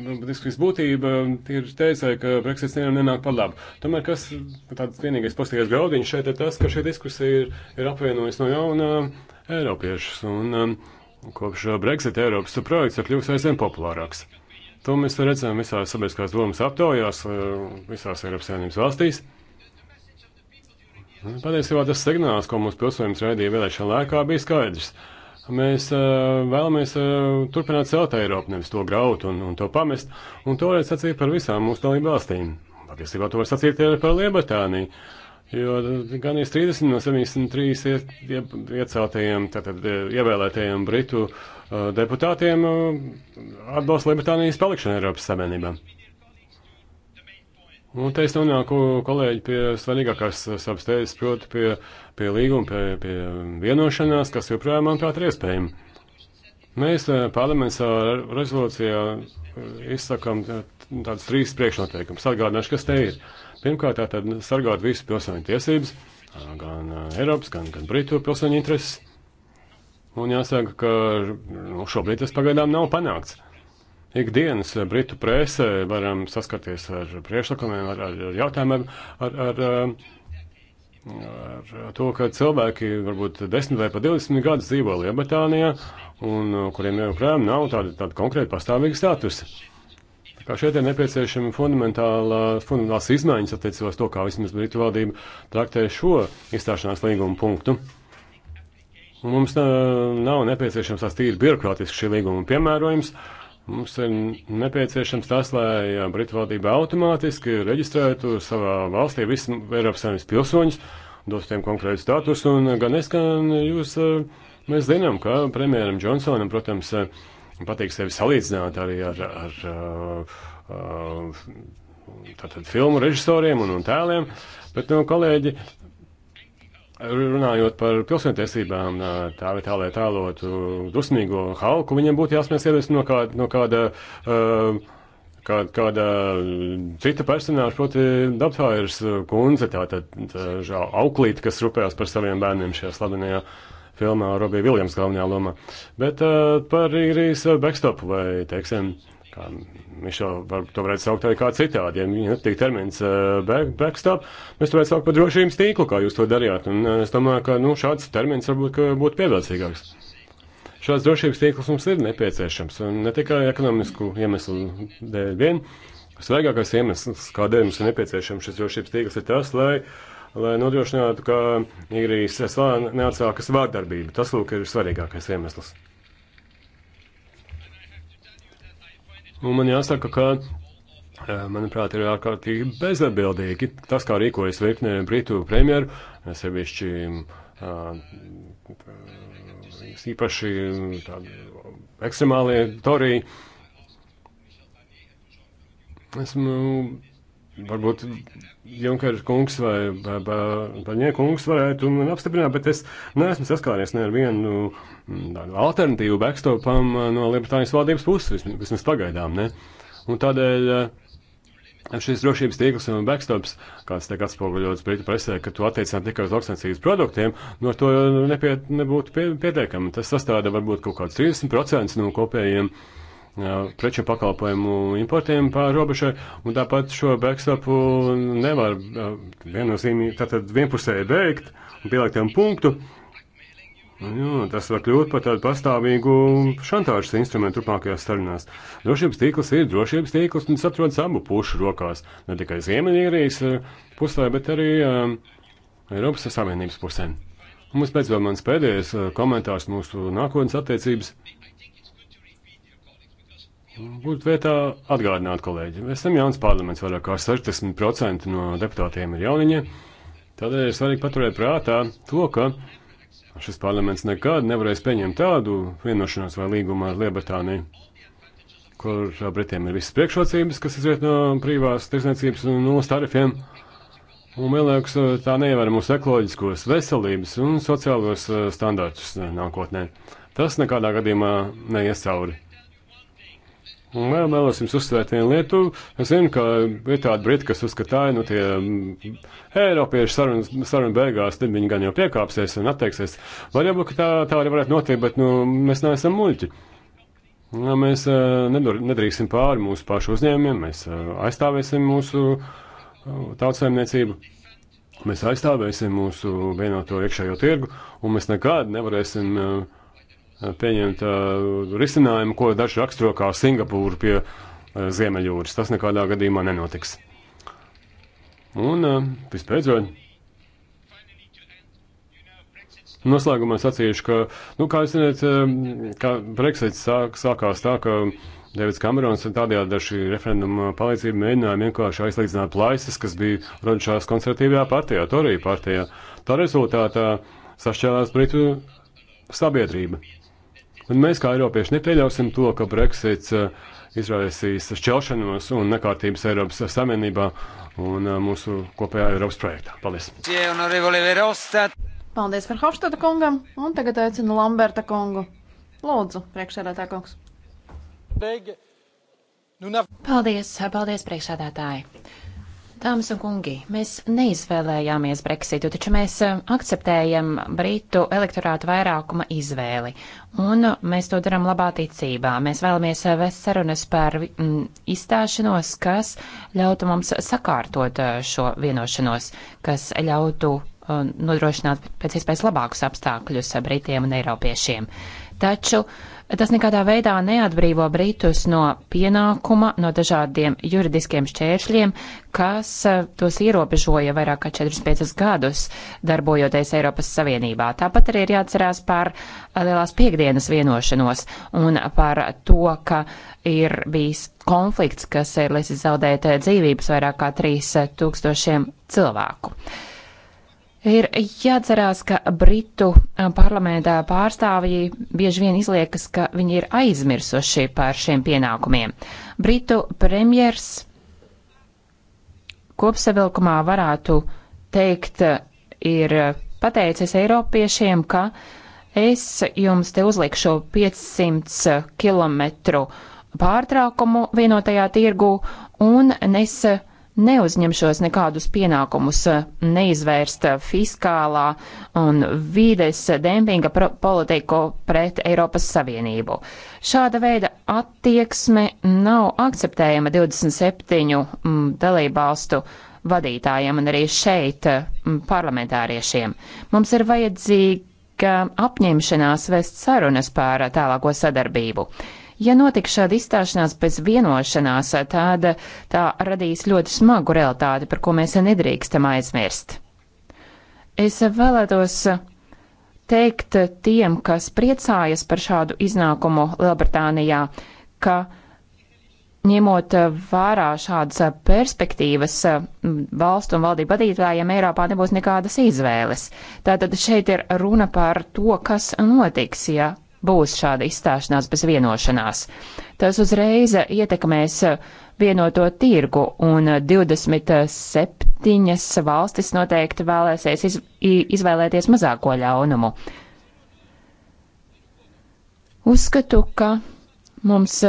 Speaker 2: diskusijas būtība ir teicēja, ka Brexits nevienam nenāk par labu. Tomēr kas tāds vienīgais pozitīvais graudiņš šeit ir tas, ka šī diskusija ir, ir apvienojusi no jauna. Uh, Eiropiešus. Un um, kopš uh, Brexit Eiropas projekts ir kļuvis aizvien populārāks. To mēs redzam visās sabiedriskās domas aptaujās, uh, visās Eiropas Savienības valstīs. Patiesībā tas signāls, ko mūsu pilsoņiem raidīja vēlēšana laikā, bija skaidrs. Mēs uh, vēlamies uh, turpināt celt Eiropu, nevis to graut un, un to pamest. Un to var sacīt par visām mūsu dalību valstīm. Patiesībā to var sacīt arī par Lielbritāniju. Jo gan ir 30 no 73 iet, ieceltajiem, tātad e, ievēlētajiem britu uh, deputātiem uh, atbalsta Lielbritānijas palikšanu Eiropas Savienībā. Un te es nonāku kolēģi pie svarīgākās savas tēzes, proti pie, pie līguma, pie, pie vienošanās, kas joprojām, manuprāt, ir iespējama. Mēs parlaments rezolūcijā izsakam tādus trīs priekšnoteikumus. Atgādināšu, kas te ir. Uh, Pirmkārt, tātad sargāt visu pilsoņu tiesības, gan Eiropas, gan, gan Britu pilsoņu intereses. Un jāsaka, ka nu, šobrīd tas pagaidām nav panākts. Ikdienas Britu presē varam saskarties ar priekšlikumiem, ar, ar, ar jautājumiem, ar, ar, ar, ar to, ka cilvēki varbūt 10 vai pat 20 gadus dzīvo Lielbritānijā, un kuriem joprojām nav tāda, tāda konkrēta pastāvīga statusa ka šeit ir nepieciešama fundamentālās, fundamentālās izmaiņas attiecībā uz to, kā vismaz Britu valdība traktē šo izstāšanās līguma punktu. Un mums uh, nav nepieciešams tās tīri birokrātiski šī līguma piemērojums. Mums ir nepieciešams tas, lai Britu valdība automātiski reģistrētu savā valstī visus Eiropas Savienības pilsoņus, dotu tiem konkrētu statusu, un gan es, gan jūs, uh, mēs zinām, ka premjeram Džonsonam, protams, ir uh, patīk sevi salīdzināt arī ar, ar, ar, uh, ar tātad filmu režisoriem un, un tēliem, bet, nu, kolēģi, runājot par pilsētiesībām, uh, tā vai tā, lai tēlotu uh, dusmīgo halku, viņiem būtu jāsmies iedvesmu no kāda, no kāda, kāda, kāda cita personāža, proti Dabtājas kundze, tātad tā, tā, auklīte, kas rūpējās par saviem bērniem šajā slavenajā. Uh, filmā Robija Viljams galvenajā lomā. Bet uh, par īrijas backstop vai, teiksim, kā Mišo var, to varētu saukt arī kā citādi, ja viņam nepatīk termins uh, back, backstop, mēs to varētu saukt par drošības tīklu, kā jūs to darījāt. Un uh, es domāju, ka, nu, šāds termins varbūt būtu pievilcīgāks. Šāds drošības tīkls mums ir nepieciešams, un ne tikai ekonomisku iemeslu dēļ vien. Svaigākais iemesls, kādēļ mums ir nepieciešams šis drošības tīkls, ir tas, lai uh, lai nodrošinātu, ka Īrijas slāne neatsākas vārdarbība. Tas, lūk, ir svarīgākais iemesls. Un man jāsaka, ka, eh, manuprāt, ir ārkārtīgi bezatbildīgi tas, kā rīkojas virkne Britu premjeru, sevišķi eh, īpaši ekstremālie torī. Esmu varbūt Junkers kungs vai, vai, vai Baņē kungs varētu man apstiprināt, bet es neesmu saskāries ne ar vienu mm, tādu alternatīvu backstopam eh, no Lietuvānijas valdības puses, vismaz pagaidām, ne? Un tādēļ eh, šis drošības tīkls un backstops, kāds tiek atspoguļots Britu presē, ka to attiecināt tikai uz lauksainicības produktiem, no to nepiet, nebūtu pie, pietiekami. Tas sastāda varbūt kaut kāds 30% no kopējiem uh, preču pakalpojumu importiem pār robežai, un tāpat šo backstopu nevar viennozīmīgi, tātad vienpusēji beigt un pielikt tam punktu. Jā, tas var kļūt par tādu pastāvīgu šantāžas instrumentu turpmākajās sarunās. Drošības tīkls ir drošības tīkls, un tas atrodas abu pušu rokās. Ne tikai Ziemeļīrijas eh, pusē, bet arī um, Eiropas Savienības pusē. Un mums pēc vēl mans pēdējais eh, komentārs mūsu nākotnes attiecības. Būtu vietā atgādināt kolēģiem. Mēs esam jauns parlaments, vairāk kā 60% no deputātiem ir jauniņi. Tādēļ ir svarīgi paturēt prātā to, ka šis parlaments nekad nevarēs pieņemt tādu vienošanos vai līgumu ar Lielbritāniju, kur Britiem ir visas priekšrocības, kas izriet no privās tirsniecības un no tarifiem. Un, man liekas, eh, tā neievēra mūsu ekoloģiskos veselības un sociālos eh, standārtus eh, nākotnē. Tas nekādā gadījumā neies cauri. Un vēl vēlos jums uzsvērt vienu lietu. Es zinu, ka ir tāda brita, kas uzskatā, nu tie mm, eiropieši sarunu, sarunu beigās, tad viņi gan jau piekāpsies un atteiksies. Varbūt, ka tā, tā arī varētu notikt, bet nu, mēs neesam muļķi. Nu, mēs nedrīksim pāri mūsu pašu uzņēmumiem, mēs aizstāvēsim mūsu tautsēmniecību. Mēs aizstāvēsim mūsu vienoto iekšējo tirgu, un mēs nekad nevarēsim uh, Eh, pieņemt eh, risinājumu, ko daži raksturo kā Singapūru pie eh, Ziemeļjūras. Tas nekādā gadījumā nenotiks. Un vispēcot. Noslēgumā sacīšu, ka, nu, kā jūs zināt, kā Brexits sāk, sākās tā, ka Davids Kamerons tādējādi ar šī referenduma palīdzību mēģināja vienkārši aizlīdzināt plaisas, kas bija radušās konservatīvajā partijā, Torija partijā. Tā rezultātā sašķēlās Britu sabiedrība. Un mēs, kā Eiropieši, nepieļausim to, ka Brexits eh, izraisīs šķelšanos un nekārtības Eiropas Savienībā un eh, mūsu kopējā Eiropas projektā. Paldies!
Speaker 6: Paldies par Hofstata kungam, un tagad aicinu Lamberta kungu. Lūdzu, priekšsēdētā
Speaker 4: kungs. Nu paldies, paldies, priekšsēdētāji. Dāmas un kungi, mēs neizvēlējāmies Brexitu, taču mēs eh, akceptējam Britu elektorātu vairākuma izvēli. Un mēs to darām labā ticībā. Mēs vēlamies eh, vest sarunas par mm, izstāšanos, kas ļautu mums sakārtot eh, šo vienošanos, kas ļautu nodrošināt pēc iespējas labākus apstākļus Britiem un Eiropiešiem. Taču uh, Tas nekādā veidā neatbrīvo Britus no pienākuma, no dažādiem juridiskiem šķēršļiem, kas eh, tos ierobežoja vairāk kā 45 gadus darbojoties Eiropas Savienībā. Tāpat arī ir jāatcerās par eh, lielās piekdienas vienošanos un par to, ka ir bijis konflikts, kas ir līdz zaudēt eh, dzīvības vairāk kā 3000 cilvēku. Ir jāatcerās, ka Britu eh, parlamentā pārstāvji bieži vien izliekas, ka viņi ir aizmirsuši par šiem pienākumiem. Britu premjers kopsavilkumā varētu teikt, eh, ir pateicis Eiropiešiem, ka es jums te uzlikšu 500 km pārtraukumu vienotajā tirgu un es neuzņemšos nekādus pienākumus eh, neizvērst fiskālā un vīdes dempinga politiku pret Eiropas Savienību. Šāda veida attieksme nav akceptējama 27 mm, dalībvalstu vadītājiem un arī šeit mm, parlamentāriešiem. Mums ir vajadzīga apņemšanās vest sarunas pār tālāko sadarbību. Ja notiks šāda izstāšanās bez vienošanās, tad tā radīs ļoti smagu realitāti, par ko mēs nedrīkstam aizmirst. Es vēlētos teikt tiem, kas priecājas par šādu iznākumu Lielbritānijā, ka ņemot vērā šādas perspektīvas valstu un valdību vadītājiem, Eiropā nebūs nekādas izvēles. Tātad šeit ir runa par to, kas notiks, ja būs šāda izstāšanās bez vienošanās. Tas uzreiz ietekmēs vienoto tirgu, un 27 valstis noteikti vēlēsies iz, izvēlēties mazāko ļaunumu. Uzskatu, ka mums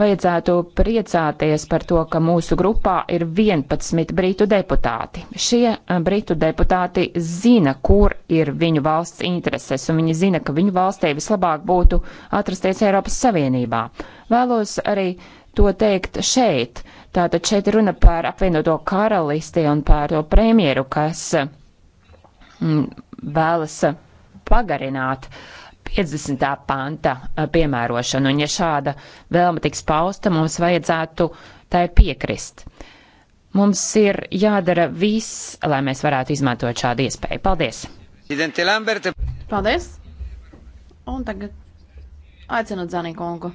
Speaker 4: vajadzētu priecāties par to, ka mūsu grupā ir 11 britu deputāti. Šie eh, britu deputāti zina, kur ir viņu valsts intereses, un viņi zina, ka viņu valstī vislabāk būtu atrasties Eiropas Savienībā. Vēlos arī to teikt šeit. Tātad šeit runa par apvienoto karalisti un par to premjeru, kas mm, vēlas pagarināt uh, 50. panta piemērošanu, un ja šāda vēlme tiks pausta, mums vajadzētu tai piekrist. Mums ir jādara viss, lai mēs varētu izmantot šādu iespēju. Paldies!
Speaker 6: Paldies! Un tagad aicinu Dzanī kungu.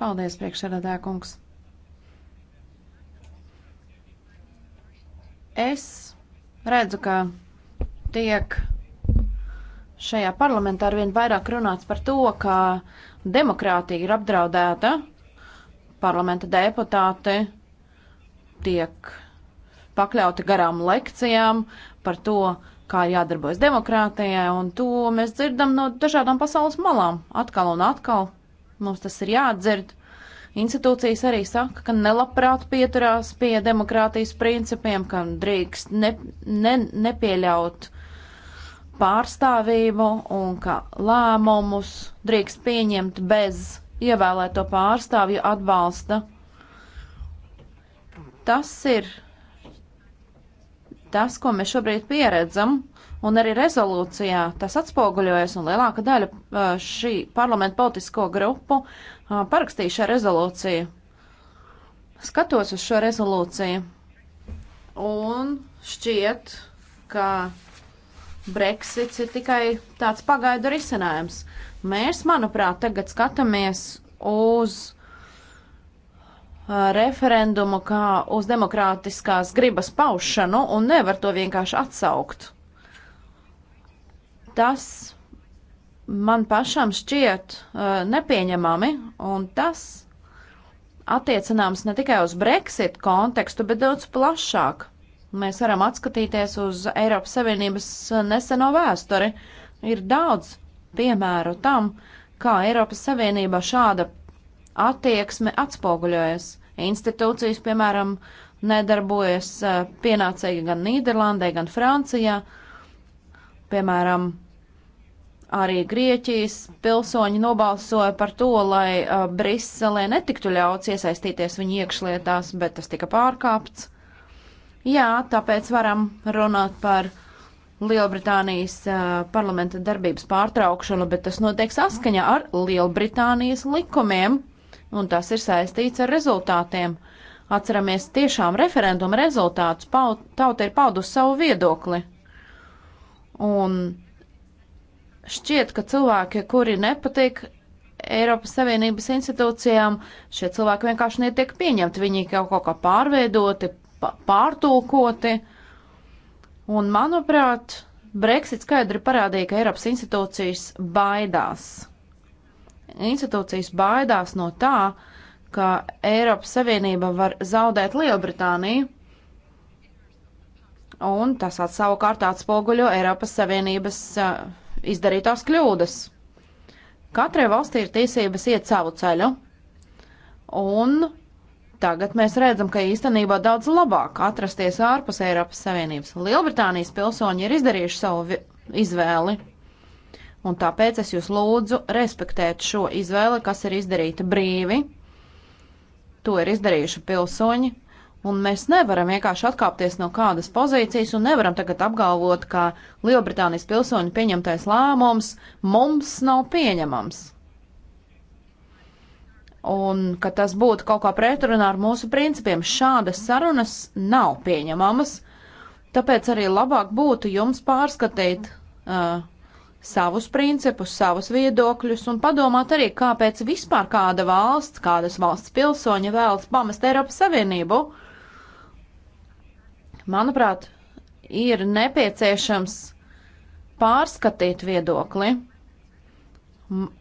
Speaker 6: Paldies, priekšsēdētāja kungs. Es redzu, ka tiek šajā parlamentā arvien vairāk runāts par to, ka demokrātija ir apdraudēta, parlamenta deputāti tiek pakļauti garām lekcijām par to, kā ir jādarbojas demokrātijai, un to mēs dzirdam no dažādām pasaules malām. Atkal un atkal mums tas ir jādzird. Institūcijas arī saka, ka nelabprāt pieturās pie demokrātijas principiem, ka drīkst ne, ne, nepieļaut pārstāvību un ka lēmumus drīkst pieņemt bez ievēlēto pārstāvju atbalsta. Tas ir tas, ko mēs šobrīd pieredzam, un arī rezolūcijā tas atspoguļojas, un lielāka daļa šī parlamenta politisko grupu parakstīja šo rezolūciju. Skatos uz šo rezolūciju, un šķiet, ka Brexits ir tikai tāds pagaidu risinājums. Mēs, manuprāt, tagad skatāmies uz uh, referendumu kā uz demokrātiskās gribas paušanu un nevar to vienkārši atsaukt. Tas man pašam šķiet uh, nepieņemami, un tas attiecināms ne tikai uz Brexit kontekstu, bet daudz plašāk. Mēs varam atskatīties uz Eiropas Savienības neseno vēsturi. Ir daudz piemēru tam, kā Eiropas Savienībā šāda attieksme atspoguļojas. Institūcijas, piemēram, nedarbojas eh, pienācīgi gan Nīderlandē, gan Francijā. Piemēram, arī Grieķijas pilsoņi nobalsoja par to, lai eh, Briselē netiktu ļauts iesaistīties viņu iekšlietās, bet tas tika pārkāpts. Jā, tāpēc varam runāt par Lielbritānijas uh, parlamenta darbības pārtraukšanu, bet tas notiek saskaņā ar Lielbritānijas likumiem, un tas ir saistīts ar rezultātiem. Atceramies tiešām referenduma rezultātus, tauta ir paudusi savu viedokli. Un šķiet, ka cilvēki, kuri nepatīk Eiropas Savienības institūcijām, šie cilvēki vienkārši netiek pieņemti, viņi kaut kā pārveidoti, pārtulkoti. Un, manuprāt, Brexit skaidri parādīja, ka Eiropas institūcijas baidās. Institūcijas baidās no tā, ka Eiropas Savienība var zaudēt Lielbritāniju, un tas savukārt atspoguļo Eiropas Savienības uh, izdarītās kļūdas. Katrai valstī ir tiesības iet savu ceļu, un Tagad mēs redzam, ka īstenībā daudz labāk atrasties ārpus Eiropas Savienības. Lielbritānijas pilsoņi ir izdarījuši savu izvēli, un tāpēc es jūs lūdzu respektēt šo izvēli, kas ir izdarīta brīvi. To ir izdarījuši pilsoņi, un mēs nevaram vienkārši atkāpties no kādas pozīcijas un nevaram tagad apgalvot, ka Lielbritānijas pilsoņu pieņemtais lēmums mums nav pieņemams un ka tas būtu kaut kā pretrunā ar mūsu principiem. Šādas sarunas nav pieņemamas, tāpēc arī labāk būtu jums pārskatīt uh, savus principus, savus viedokļus un padomāt arī, kāpēc vispār kāda valsts, kādas valsts pilsoņi vēlas pamest Eiropas Savienību. Manuprāt, ir nepieciešams pārskatīt viedokli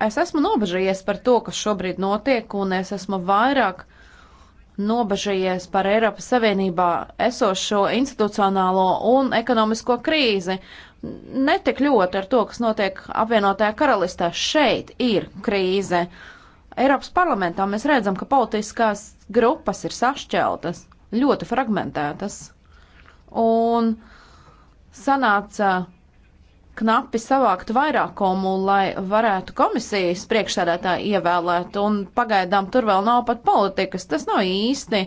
Speaker 6: Es esmu nobežījies par to, kas šobrīd notiek, un es esmu vairāk nobežījies par Eiropas Savienībā esošo institucionālo un ekonomisko krīzi. Netik ļoti ar to, kas notiek apvienotajā karalistē. Šeit ir krīze. Eiropas parlamentā mēs redzam, ka politiskās grupas ir sašķeltas, ļoti fragmentētas. Un sanāca knapi savākt vairākumu, lai varētu komisijas priekšsēdētāju ievēlēt, un pagaidām tur vēl nav pat politikas. Tas nav īsti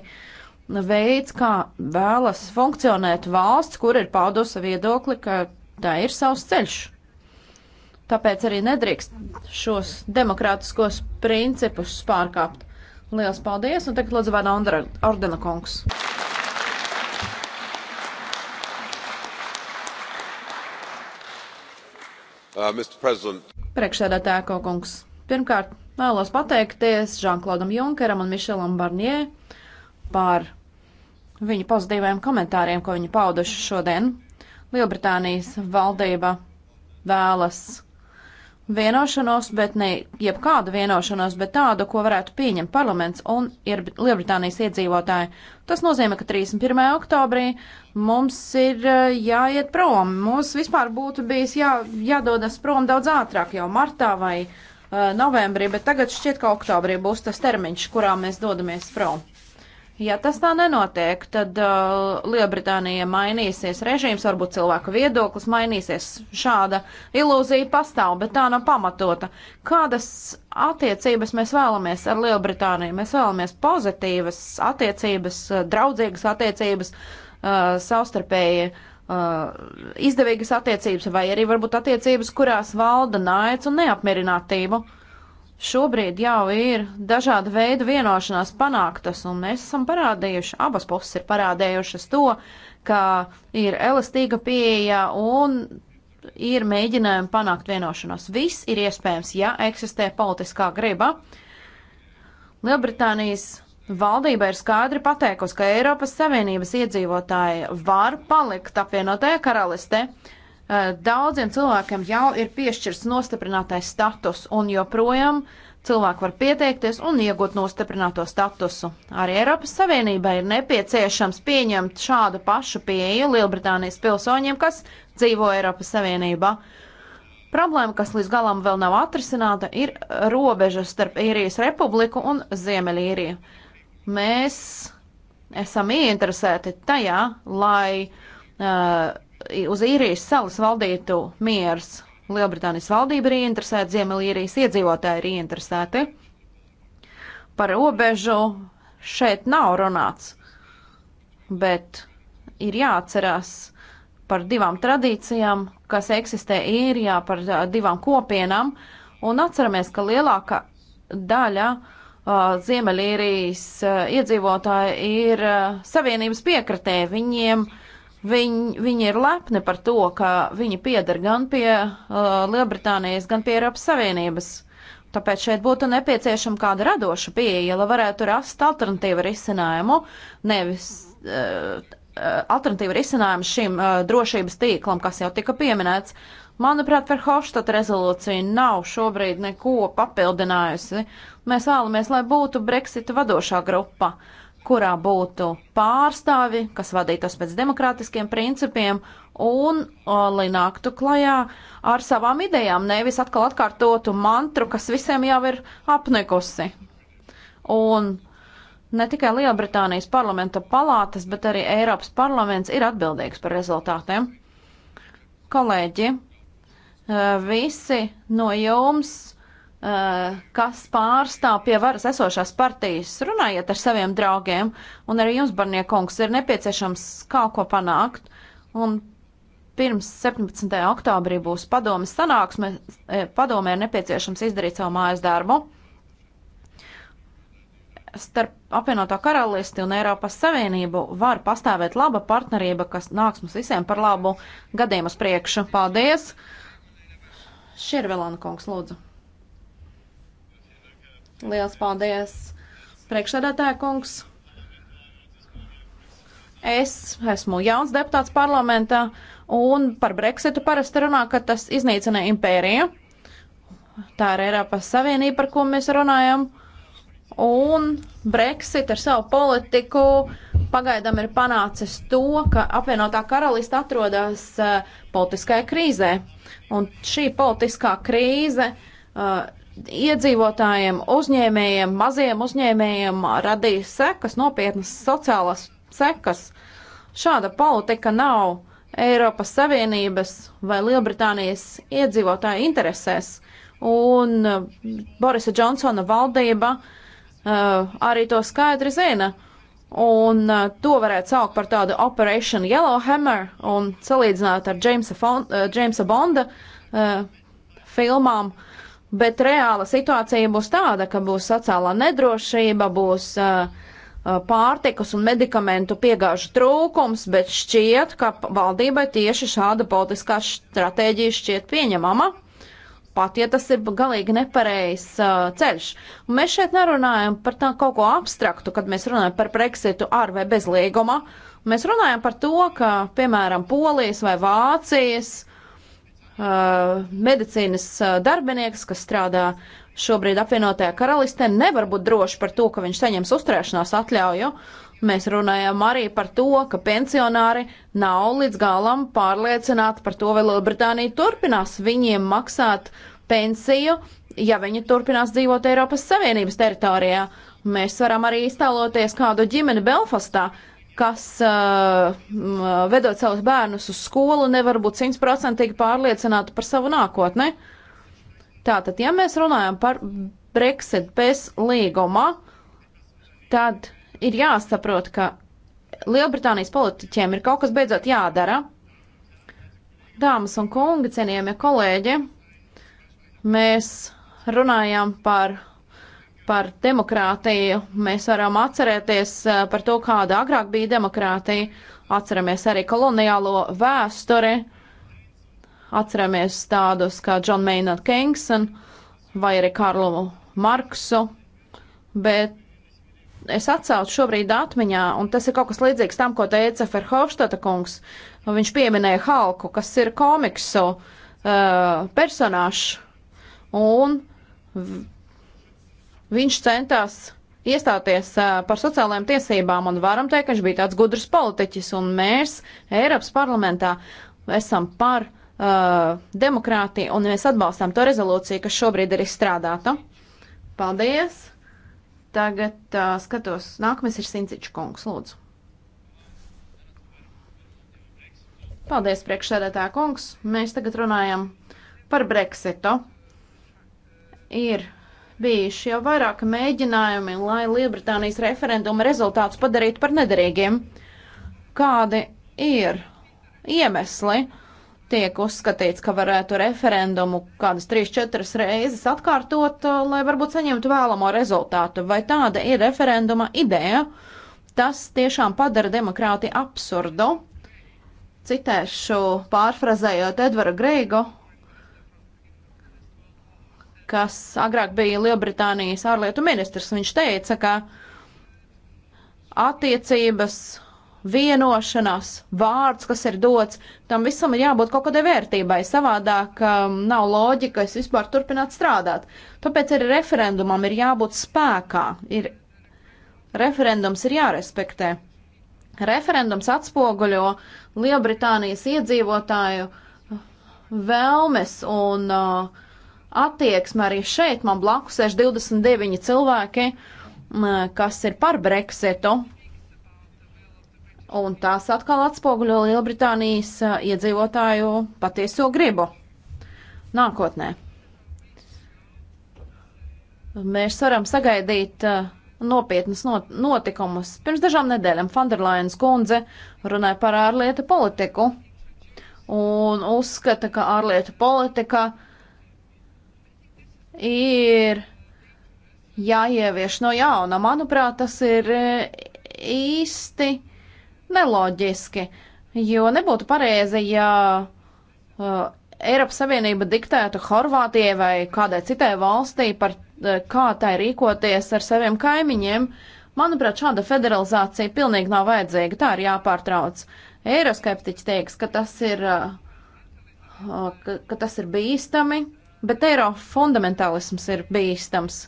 Speaker 6: veids, kā vēlas funkcionēt valsts, kur ir paudusa viedokli, ka tā ir savs ceļš. Tāpēc arī nedrīkst šos demokrātiskos principus pārkāpt. Lielas paldies, un tagad lūdzu vada Ordena kungs. Uh, Priekšsēdētāja kungs, pirmkārt vēlos pateikties Žanklaudam Junkeram un Mišelam Barnie par viņu pozitīvajiem komentāriem, ko viņi pauduši šodien. Lielbritānijas valdība vēlas vienošanos, bet ne jebkādu vienošanos, bet tādu, ko varētu pieņemt parlaments un Lielbritānijas iedzīvotāji. Tas nozīmē, ka 31. oktobrī mums ir eh, jāiet prom. Mums vispār būtu bijis jā, jādodas prom daudz ātrāk, jau martā vai uh, novembrī, bet tagad šķiet, ka oktobrī būs tas termiņš, kurā mēs dodamies prom. Ja tas tā nenotiek, tad uh, Lielbritānija mainīsies režīms, varbūt cilvēku viedoklis mainīsies. Šāda ilūzija pastāv, bet tā nav pamatota. Kādas attiecības mēs vēlamies ar Lielbritāniju? Mēs vēlamies pozitīvas attiecības, uh, draudzīgas attiecības, uh, savstarpēji uh, izdevīgas attiecības, vai arī varbūt attiecības, kurās valda naids un neapmierinātība. Uh, Šobrīd jau ir dažāda veida vienošanās panāktas, un mēs esam parādījuši, abas puses ir parādījušas to, ka ir elastīga pieeja un ir mēģinājumi panākt vienošanos. Viss ir iespējams, ja eksistē politiskā griba. Lielbritānijas Valdība ir skaidri pateikusi, ka Eiropas Savienības iedzīvotāji var palikt apvienotajā karalistē, Eh, daudziem cilvēkiem jau ir piešķirts nostiprinātais status, un joprojām cilvēki var pieteikties un iegūt nostiprināto statusu. Arī Eiropas Savienībai ir nepieciešams pieņemt šādu pašu pieeju Lielbritānijas pilsoņiem, kas dzīvo Eiropas Savienībā. Problēma, kas līdz galam vēl nav atrisināta, ir robeža starp īrijas republiku un Ziemeļīriju. Mēs esam ieinteresēti tajā, lai uh, uz īrijas salas valdītu miers. Lielbritānijas valdība ir ieinteresēta, Ziemeļīrijas iedzīvotāji ir ieinteresēti. Par robežu šeit nav runāts, bet ir jāatcerās par divām tradīcijām, kas eksistē īrijā, par divām kopienām, un atceramies, ka lielākā daļa uh, Ziemeļīrijas uh, iedzīvotāji ir uh, savienības piekratē. Viņiem uh, Viņi, viņi ir lepni par to, ka viņi pieder gan pie uh, Lielbritānijas, gan pie Eiropas Savienības. Tāpēc šeit būtu nepieciešama kāda radoša pieeja, lai varētu rast alternatīvu risinājumu, nevis uh, uh alternatīvu risinājumu šim uh, drošības tīklam, kas jau tika pieminēts. Manuprāt, Verhofstadt rezolūcija nav šobrīd neko papildinājusi. Mēs vēlamies, lai būtu Brexita vadošā grupa. Uh, kurā būtu pārstāvi, kas vadītos pēc demokrātiskiem principiem un o, lai nāktu klajā ar savām idejām, nevis atkal atkārtotu mantru, kas visiem jau ir apnikusi. Un ne tikai Lielbritānijas parlamenta palātas, bet arī Eiropas parlaments ir atbildīgs par rezultātiem. Kolēģi, e, visi no jums Eh, kas pārstāv pie varas esošās partijas. Runājiet ar saviem draugiem, un arī jums, Barniekungs, ir nepieciešams kaut ko panākt. Un pirms 17. oktobrī būs padomas sanāksme, eh, padomē ir nepieciešams izdarīt savu mājas darbu. Starp apvienoto karalisti un Eiropas Savienību var pastāvēt laba partnerība, kas nāks mums visiem par labu gadiem uz priekšu. Paldies! Širvelona kungs, lūdzu. Liels paldies, priekšsēdētāja kungs. Es esmu jauns deputāts parlamentā, un par Brexitu parasti runā, ka tas iznīcina impēriju. Tā ir Eiropas Savienība, par ko mēs runājam. Un Brexit ar savu politiku pagaidām ir panācis to, ka apvienotā karalista atrodas uh, politiskajā krīzē. Un šī politiskā krīze uh, iedzīvotājiem, uzņēmējiem, maziem uzņēmējiem radīja sekas, nopietnas sociālas sekas. Šāda politika nav Eiropas Savienības vai Lielbritānijas iedzīvotāju interesēs. Un uh, Borisa Džonsona valdība uh, arī to skaidri zina. Un uh, to varētu saukt par tādu Operation Yellowhammer un salīdzināt ar Jamesa, Fon uh, Jamesa Bonda uh, filmām. Uh, bet reāla situācija būs tāda, ka būs sociālā nedrošība, būs uh, uh pārtikas un medikamentu piegāžu trūkums, bet šķiet, ka valdībai tieši šāda politiskā stratēģija šķiet pieņemama. Pat ja tas ir galīgi nepareizs uh, ceļš. Un mēs šeit nerunājam par tā kaut ko abstraktu, kad mēs runājam par Brexitu ar vai bez līguma. Mēs runājam par to, ka, piemēram, Polijas vai Vācijas uh, Eh, medicīnas eh, darbinieks, kas strādā šobrīd apvienotajā karalistē, nevar būt droši par to, ka viņš saņems uzturēšanās atļauju. Mēs runājam arī par to, ka pensionāri nav līdz galam pārliecināti par to, vai Lielbritānija turpinās viņiem maksāt pensiju, ja viņi turpinās dzīvot Eiropas Savienības teritorijā. Mēs varam arī iztēloties kādu ģimeni Belfastā, kas, uh, vedot savus bērnus uz skolu, nevar būt simtprocentīgi pārliecināti par savu nākotni. Tātad, ja mēs runājam par Brexit bez līguma, tad ir jāsaprot, ka Lielbritānijas politiķiem ir kaut kas beidzot jādara. Dāmas un kungi, cienījamie kolēģi, mēs runājam par par demokrātiju. Mēs varam atcerēties eh, par to, kāda agrāk bija demokrātija. Atceramies arī koloniālo vēsturi. Atceramies tādus kā John Maynard Kingson vai arī Karlu Marksu. Bet es atcaucu šobrīd atmiņā, un tas ir kaut kas līdzīgs tam, ko teica Ferhofstata kungs. Viņš pieminēja Halku, kas ir komiksu uh, personāžs. Un Viņš centās iestāties par sociālajām tiesībām, un varam teikt, ka viņš bija tāds gudrs politiķis, un mēs Eiropas parlamentā esam par uh, demokrātiju, un mēs atbalstām to rezolūciju, kas šobrīd ir izstrādāta. Paldies! Tagad uh, skatos, nākamais ir Sinciča kungs, lūdzu. Paldies, priekšsēdētā kungs. Mēs tagad runājam par Brexitu. Ir Bijuši jau vairāki mēģinājumi, lai Lielbritānijas referenduma rezultātus padarītu par nederīgiem. Kādi ir iemesli? Tiek uzskatīts, ka varētu referendumu kādas 3-4 reizes atkārtot, eh, lai varbūt saņemtu vēlamo rezultātu. Vai tāda ir referenduma ideja? Tas tiešām padara demokrātiju absurdu. Citēšu pārfrazējot Edvara Greigo, kas agrāk bija Lielbritānijas ārlietu ministrs. Viņš teica, ka attiecības, vienošanās, vārds, kas ir dots, tam visam ir jābūt kaut kādai vērtībai. Savādāk um, nav loģikas vispār turpināt strādāt. Tāpēc arī referendumam ir jābūt spēkā. Ir, referendums ir jārespektē. Referendums atspoguļo Lielbritānijas iedzīvotāju vēlmes un uh, attieksme. Arī šeit man blakus sēž 29 cilvēki, kas ir par Brexitu. Un tās atkal atspoguļo Lielbritānijas iedzīvotāju patieso gribu nākotnē. Mēs varam sagaidīt uh, nopietnas not notikumus. Pirms dažām nedēļām Fanderlainas kundze runāja par ārlietu politiku un uzskata, ka ārlietu politika uh, ir jāievieš no jauna. Manuprāt, tas ir e, īsti neloģiski, jo nebūtu pareizi, ja uh, Eiropas Savienība diktētu Horvātijai vai kādai citai valstī par uh, kā tai rīkoties ar saviem kaimiņiem. Manuprāt, šāda federalizācija pilnīgi nav vajadzīga, tā ir jāpārtrauc. Eiroskeptiķi teiks, ka tas ir, uh, ka, ka tas ir bīstami, bet eiro fundamentālisms ir bīstams.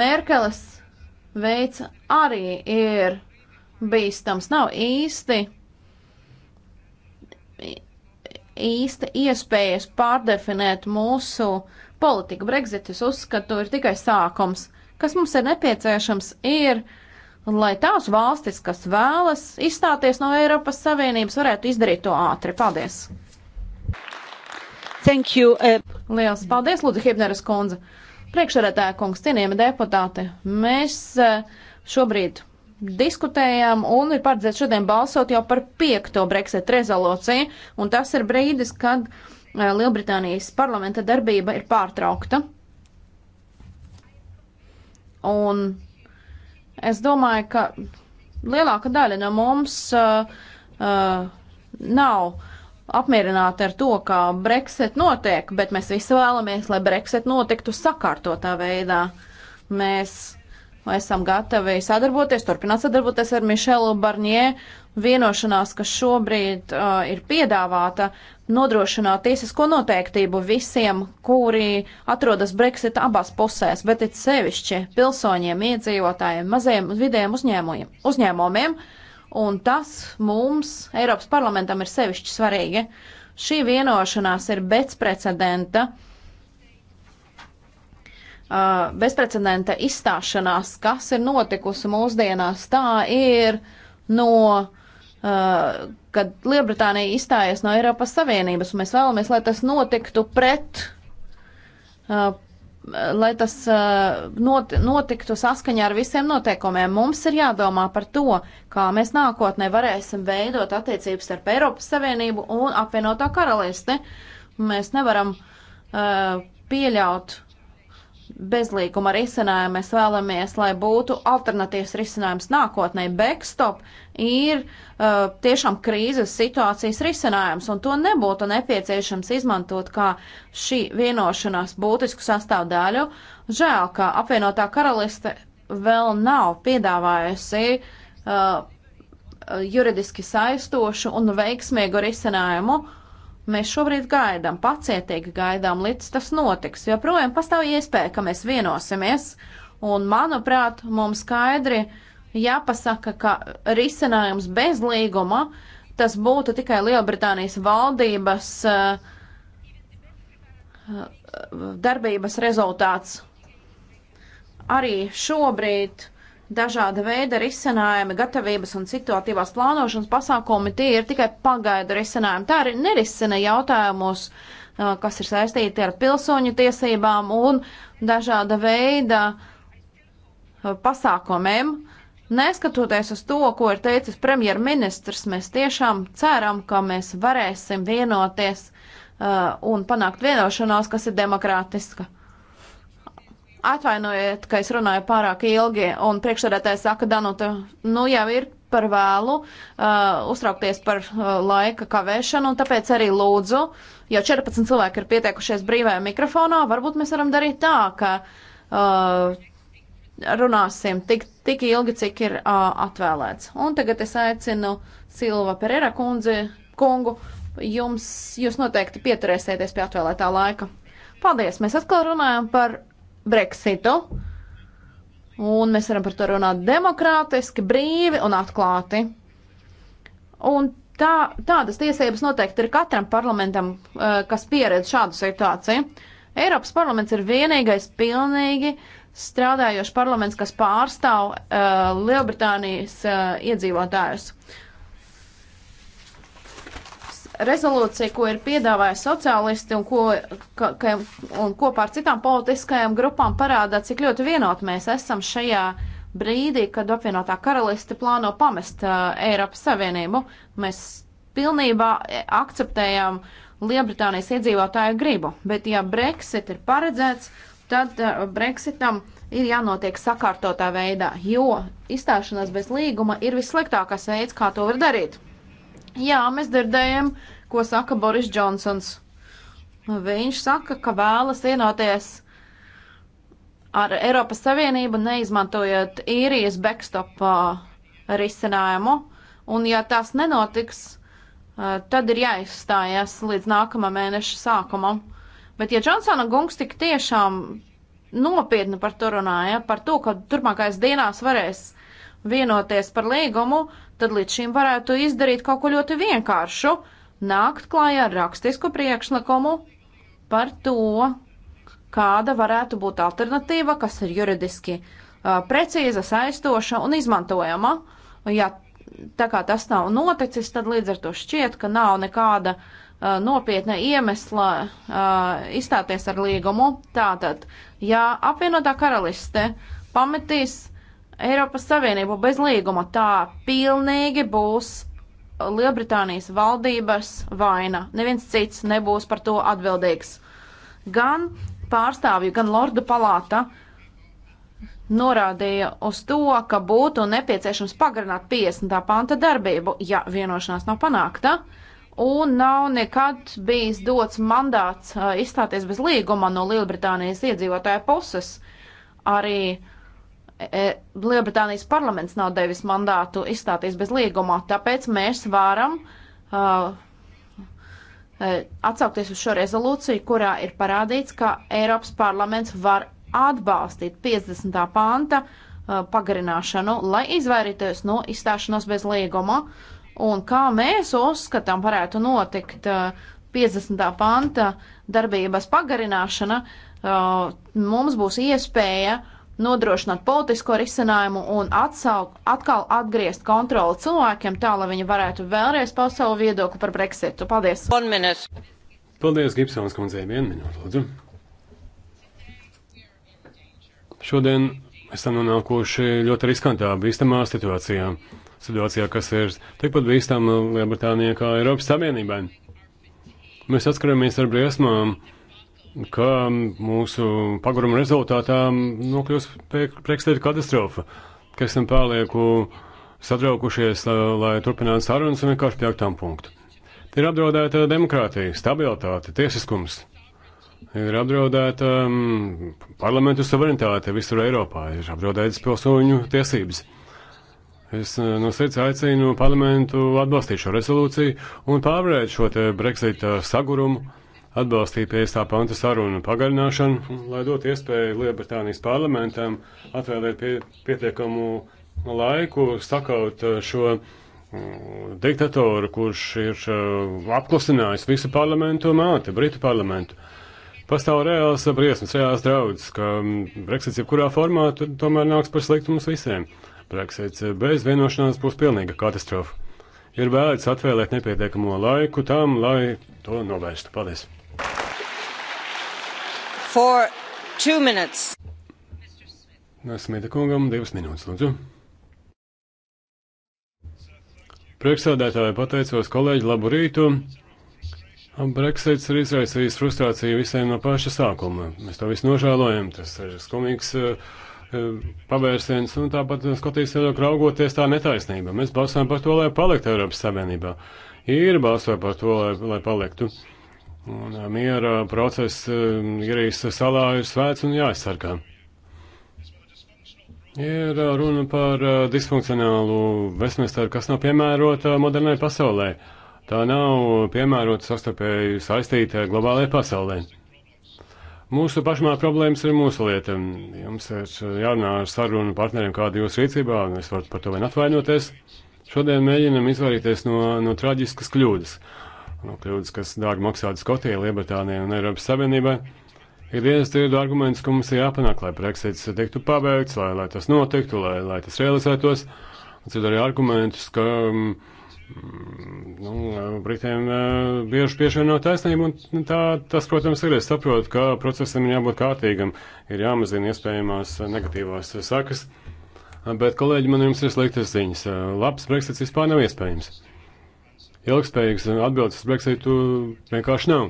Speaker 6: Merkeles veids arī ir bīstams. Nav īsti, īsti iespējas pārdefinēt mūsu politiku. Brexit, es uzskatu, ir tikai sākums. Kas mums ir nepieciešams, ir, lai tās valstis, kas vēlas izstāties no Eiropas Savienības, varētu izdarīt to ātri. Paldies! Thank you. Uh... Lielas paldies, Lūdzu, Hibneres kundze. Priekšsēdētāja kungs, cienījami deputāti, mēs uh, šobrīd diskutējām un ir paredzēts šodien balsot jau par piekto Brexit rezolūciju, un tas ir brīdis, kad uh, Lielbritānijas parlamenta darbība ir pārtraukta. Un es domāju, ka lielāka daļa no mums uh, uh, nav apmierināti ar to, ka Brexit notiek, bet mēs visi vēlamies, lai Brexit notiktu sakārtotā veidā. Mēs esam gatavi sadarboties, turpināt sadarboties ar Mišelu Barnie. Vienošanās, kas šobrīd uh, ir piedāvāta, nodrošināt tiesisko noteiktību visiem, kuri atrodas Brexit abās pusēs, bet it sevišķi pilsoņiem, iedzīvotājiem, mazajiem un vidējiem uzņēmumiem. uzņēmumiem uh, un tas mums, Eiropas parlamentam, ir sevišķi svarīgi. Šī vienošanās ir bezprecedenta, uh, bezprecedenta izstāšanās, kas ir notikusi mūsdienās. Tā ir no, uh, kad Lielbritānija izstājies no Eiropas Savienības, un mēs vēlamies, lai tas notiktu pret uh, lai tas eh, notiktu saskaņā ar visiem noteikumiem, mums ir jādomā par to, kā mēs nākotnē varēsim veidot attiecības starp Eiropas Savienību un apvienotā karalisti. Mēs nevaram uh, pieļaut bezlīguma risinājumu. Mēs vēlamies, lai būtu alternatīvs risinājums nākotnē. Backstop ir uh, tiešām krīzes situācijas risinājums, un to nebūtu nepieciešams izmantot kā šī vienošanās būtisku sastāvdaļu. Žēl, ka apvienotā karaliste vēl nav piedāvājusi uh, juridiski saistošu un veiksmīgu risinājumu. Uh, Mēs šobrīd gaidām, pacietīgi gaidām, līdz tas notiks. Joprojām pastāv iespēja, ka mēs vienosimies, un, manuprāt, mums skaidri jāpasaka, ka risinājums bez līguma tas būtu tikai Lielbritānijas valdības eh, darbības rezultāts. Arī šobrīd dažāda veida risinājumi, gatavības un situatīvās plānošanas pasākumi, tie ir tikai pagaidu risinājumi. Tā arī nerisina jautājumus, uh, kas ir saistīti ar pilsoņu tiesībām un dažāda veida uh, pasākumiem. Neskatoties uz to, ko ir teicis premjerministrs, mēs tiešām ceram, ka mēs varēsim vienoties uh, un panākt vienošanos, kas ir demokrātiska. Atvainojiet, ka es runāju pārāk ilgi, un priekšsēdētājs saka, Danuta, nu jau ir par vēlu uh, uztraukties par uh, laika kavēšanu, un tāpēc arī lūdzu, jo 14 cilvēki ir pieteikušies brīvajā mikrofonā, varbūt mēs varam darīt tā, ka uh, runāsim tik, tik ilgi, cik ir uh, atvēlēts. Un tagad es aicinu Silva Perera kundzi, kungu, jums, jūs noteikti pieturēsieties pie atvēlētā laika. Paldies! Mēs atkal runājam par Brexitu. Un mēs varam par to runāt demokrātiski, brīvi un atklāti. Un tā, tādas tiesības noteikti ir katram parlamentam, eh, kas pieredz šādu situāciju. Eiropas parlaments ir vienīgais pilnīgi strādājošs parlaments, kas pārstāv uh, Lielbritānijas uh, iedzīvotājus. Uh, rezolūcija, ko ir piedāvājuši sociālisti un, ko, ka, ka, un kopā ar citām politiskajām grupām parāda, cik ļoti vienot mēs esam šajā brīdī, kad apvienotā karaliste plāno pamest uh, Eiropas Savienību. Mēs pilnībā e, akceptējām Lielbritānijas iedzīvotāju gribu, bet ja Brexit ir paredzēts, tad uh, Brexitam ir jānotiek sakārtotā veidā, jo izstāšanās bez līguma ir vissliktākais veids, kā to var darīt. Jā, mēs dzirdējam, ko saka Boris Džonsons. Viņš saka, ka vēlas vienoties ar Eiropas Savienību, neizmantojot īrijas backstop risinājumu, un ja tas nenotiks, tad ir jāizstājas līdz nākamā mēneša sākumam. Bet ja Džonsona gungs tik tiešām nopietni par to runāja, par to, ka turpmākais dienās varēs vienoties par līgumu, tad līdz šim varētu izdarīt kaut ko ļoti vienkāršu - nākt klājā ar rakstisku priekšlikumu par to, kāda varētu būt alternatīva, kas ir juridiski uh, precīza, saistoša un izmantojama. Ja tā kā tas nav noticis, tad līdz ar to šķiet, ka nav nekāda uh, nopietna iemesla uh, izstāties ar līgumu. Tātad, ja apvienotā karaliste pametīs Eiropas Savienību bez līguma tā pilnīgi būs Lielbritānijas valdības vaina. Neviens cits nebūs par to atbildīgs. Gan pārstāvju, gan Lordu palāta norādīja uz to, ka būtu nepieciešams pagarināt 50. panta darbību, ja vienošanās nav panākta, un nav nekad bijis dots mandāts uh, izstāties bez līguma no Lielbritānijas iedzīvotāja puses. Arī uh, E, Lielbritānijas parlaments nav devis mandātu izstāties bez līguma, tāpēc mēs varam uh, e, atsaukties uz šo rezolūciju, kurā ir parādīts, ka Eiropas parlaments var atbalstīt 50. panta uh, pagarināšanu, lai izvairītos no izstāšanos bez līguma. Un kā mēs uzskatām, varētu notikt uh, 50. panta darbības pagarināšana, uh, mums būs iespēja uh, nodrošināt politisko risinājumu un atsaukt, atkal atgriezt kontroli cilvēkiem tā, lai viņi varētu vēlreiz paust savu viedokli par Brexitu. Paldies!
Speaker 2: Paldies, Gibsons kundzei, vienu minūtu, lūdzu. Šodien esam nonākuši ļoti riskantā, bīstamā situācijā. Situācijā, kas ir tikpat bīstama Lielbritānijā kā Eiropas Savienībai. Mēs atskaramies ar briesmām ka mūsu paguruma rezultātā nokļūs priekšstēta katastrofa, ka esam pārlieku sadraukušies, lai turpinātu sarunas un vienkārši pieaugtām punktu. Ir apdraudēta demokrātija, stabilitāte, tiesiskums. Ir apdraudēta um, parlamentu suverenitāte visur Eiropā, ir apdraudētas pilsoņu tiesības. Es uh, no sirds aicinu parlamentu atbalstīt šo rezolūciju un pārvarēt šo Brexit sagurumu atbalstīja 50. panta sarunu pagarināšanu, lai dotu iespēju Lielbritānijas parlamentam atvēlēt pie, pietiekamu laiku sakaut uh, šo mm, diktatoru, kurš ir uh, apklusinājis visu parlamentu māti, Britu parlamentu. Pastāv reāls briesmas, reāls draudz, ka mm, Brexits jebkurā formā tomēr nāks par sliktu mums visiem. Brexits bez vienošanās būs pilnīga katastrofa. Ir vērts atvēlēt nepietiekamo laiku tam, lai to novērstu. Paldies!
Speaker 1: for two minutes.
Speaker 2: Smita kungam divas minūtes, lūdzu. Priekšsādētāji pateicos kolēģi labu rītu. Brexits ir izraisījis frustrāciju visiem no paša sākuma. Mēs to visu nožēlojam, tas ir skumīgs eh, eh, pavērsiens, un tāpat Skotijas viedokļa raugoties tā netaisnība. Mēs balsojam par to, lai paliktu Eiropas Savienībā. Ir balsoja par to, lai, lai paliktu. Uh, Un miera process Irijas salā ir svēts un jāaizsargā. Ir runa par disfunkcionālu Vestminsteru, kas nav piemērota modernai pasaulē. Tā nav piemērota sastarpēji saistīta globālajai pasaulē. Mūsu pašmā problēmas ir mūsu lieta. Jums ir jārunā ar sarunu partneriem, kāda jūs rīcībā, un es varu par to vien atvainoties. Šodien mēģinam izvairīties no, no traģiskas kļūdas no nu, kļūdas, kas dārgi maksātu Skotijai, Lielbritānijai un Eiropas Savienībai. Ir viens tirdu arguments, ka mums ir jāpanāk, lai Brexits tiktu pabeigts, lai, lai tas notiktu, lai, lai tas realizētos. Un citi arī argumentus, ka mm, mm nu, Britiem e, bieži piešieno taisnību, un tā, tas, protams, ir. Es saprotu, ka procesam ir jābūt kārtīgam, ir jāmazina iespējamās negatīvās sakas. Bet, kolēģi, man jums ir sliktas ziņas. Labs Brexits vispār nav iespējams ilgspējīgas atbildes uz Brexitu vienkārši nav.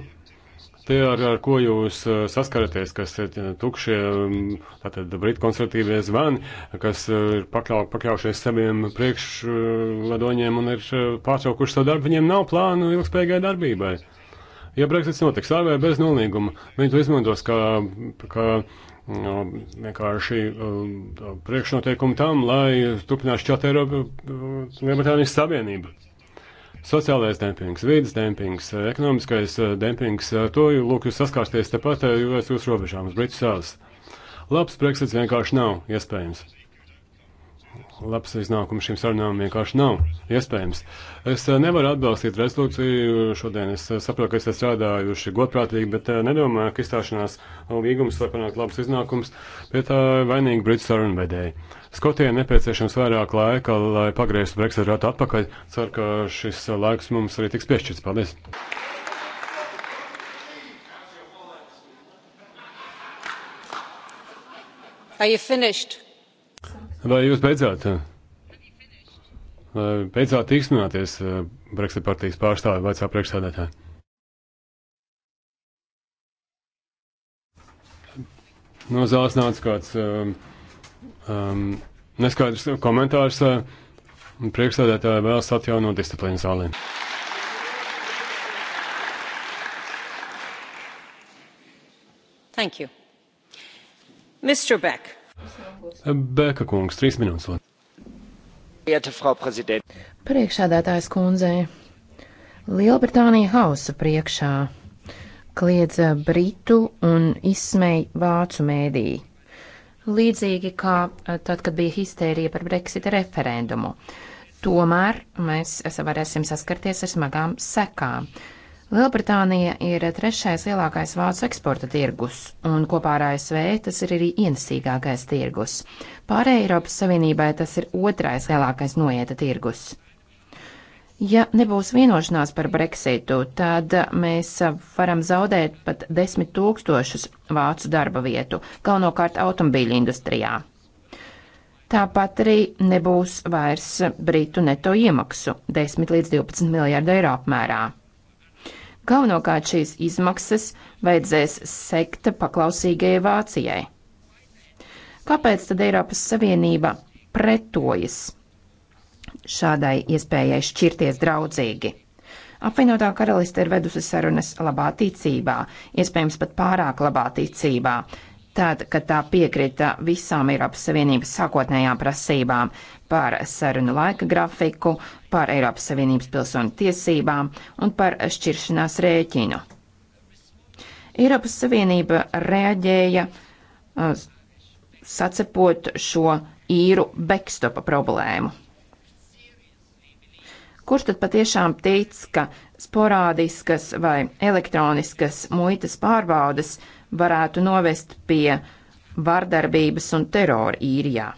Speaker 2: Tie, ar, ar ko jūs uh, saskaraties, kas ir uh, tukšie, um, tātad britu konservatīvie zvani, kas uh, ir pakļau, pakļaušies saviem priekšladoņiem un ir pārtraukuši savu darbu, viņiem nav plānu ilgspējīgai darbībai. Ja Brexits notiks ar vai bez nolīguma, viņi to izmantos kā, kā no, um, vienkārši um, priekšnoteikumu tam, lai turpinātu šķelt Eiropu Lielbritānijas Savienību. Sociālais dempings, vīdes dempings, eh, ekonomiskais eh, dempings, eh, to lūk jūs saskārsties tepat, jo es jūs robežām uz Britu salas. Labs Brexits vienkārši nav iespējams labs iznākums šīm sarunām vienkārši nav iespējams. Es eh, nevaru atbalstīt rezolūciju. Šodien es eh, saprotu, ka esat strādājuši godprātīgi, bet eh, nedomāju, ka izstāšanās līgums var panākt labs iznākums. Pie tā vainīgi Britu sarunvedēji. Skotijai nepieciešams vairāk laika, lai pagrieztu Brexit ratu atpakaļ. Ceru, ka šis laiks mums arī tiks piešķirts. Paldies!
Speaker 7: Are you finished?
Speaker 2: Vai jūs beidzāt? Beidzāt īstenāties eh, Brexit partijas pārstāvi vai cā priekšsādātāji? No zāles nāca kāds um, um, neskaidrs komentārs. Eh, uh, Priekšsēdētāji vēlas atjaunot disciplīnu zālē.
Speaker 5: Thank you. Mr. Beck.
Speaker 2: Bēka kungs, trīs minūtes.
Speaker 4: Priekšādātājs kundzei. Lielbritānija hausa priekšā kliedza Britu un izsmeja Vācu mēdī. Līdzīgi kā eh, tad, kad bija histērija par Brexita referendumu. Tomēr mēs eh, varēsim saskarties ar smagām sekām. Lielbritānija ir trešais lielākais vācu eksporta tirgus, un kopā ar ASV tas ir arī ienesīgākais tirgus. Pārējai Eiropas Savienībai tas ir otrais lielākais noieta tirgus. Ja nebūs vienošanās par Brexitu, tad mēs varam zaudēt pat desmit tūkstošus vācu darba vietu, galvenokārt automobīļu industrijā. Tāpat arī nebūs vairs britu neto iemaksu - 10 līdz 12 miljārdu eiro apmērā. Galvenokārt šīs izmaksas vajadzēs sekta paklausīgajai Vācijai. Kāpēc tad Eiropas Savienība pretojas šādai iespējai šķirties draudzīgi? Apvienotā karaliste ir vedusi sarunas labā ticībā, iespējams pat pārāk labā ticībā tad, kad tā piekrita visām Eiropas Savienības sākotnējām prasībām par sarunu laika grafiku, par Eiropas Savienības pilsoņu tiesībām un par šķiršanās rēķinu. Eiropas Savienība reaģēja uh, sacepot šo īru backstopa problēmu. Kurš tad patiešām tic, ka sporādiskas vai elektroniskas muitas pārbaudas uh, varētu novest pie vardarbības un terora īrijā.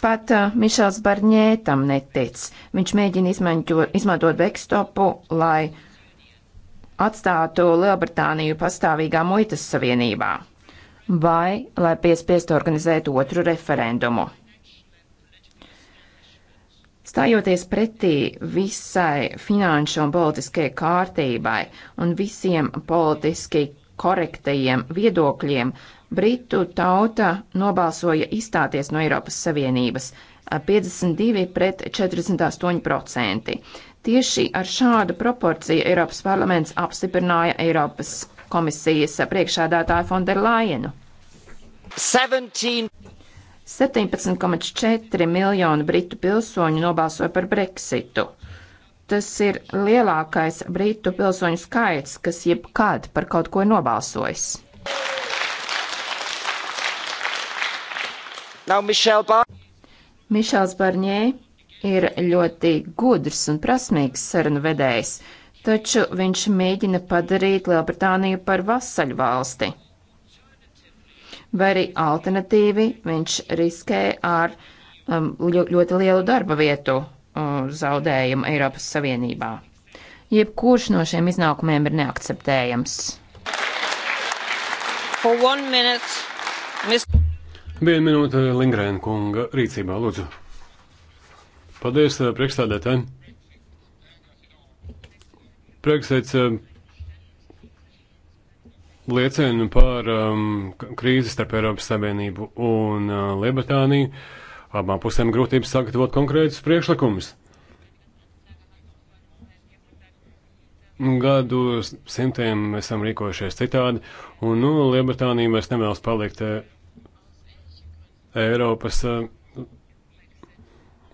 Speaker 4: Pat uh, Mišels Barņē tam netic. Viņš mēģina izmantot, izmantot backstopu, lai atstātu Lielbritāniju pastāvīgā muitas savienībā vai lai piespiestu organizēt otru referendumu. Stājoties pretī visai finanšu un politiskajai kārtībai un visiem politiski korektajiem viedokļiem, Britu tauta nobalsoja izstāties no Eiropas Savienības 52 pret 48 procenti. Tieši ar šādu proporciju Eiropas parlaments apstiprināja Eiropas komisijas priekšādātāju Fonderlainu. 17. 17,4 miljonu britu pilsoņu nobalsoja par Brexitu. Tas ir lielākais britu pilsoņu skaits, kas jebkad par kaut ko ir nobalsojis. Mišels Barņē ir ļoti gudrs un prasmīgs sarunu vedējs, taču viņš mēģina padarīt Lielbritāniju par vasaļu valsti vai arī alternatīvi viņš riskē ar um, ļoti lielu darba vietu um, zaudējumu Eiropas Savienībā. Jebkurš no šiem iznākumiem ir neakceptējams. Minute, mis...
Speaker 2: Vienu minūti Lingrēna kunga rīcībā, lūdzu. Paldies priekšstādētājiem. Brexits liecina par um, krīzi starp Eiropas Savienību un uh, Lielbritāniju. Abām pusēm grūtības sagatavot konkrētus priekšlikumus. Gadu simtiem esam rīkojušies citādi, un nu, Lielbritānija vairs nevēlas palikt uh, Eiropas uh,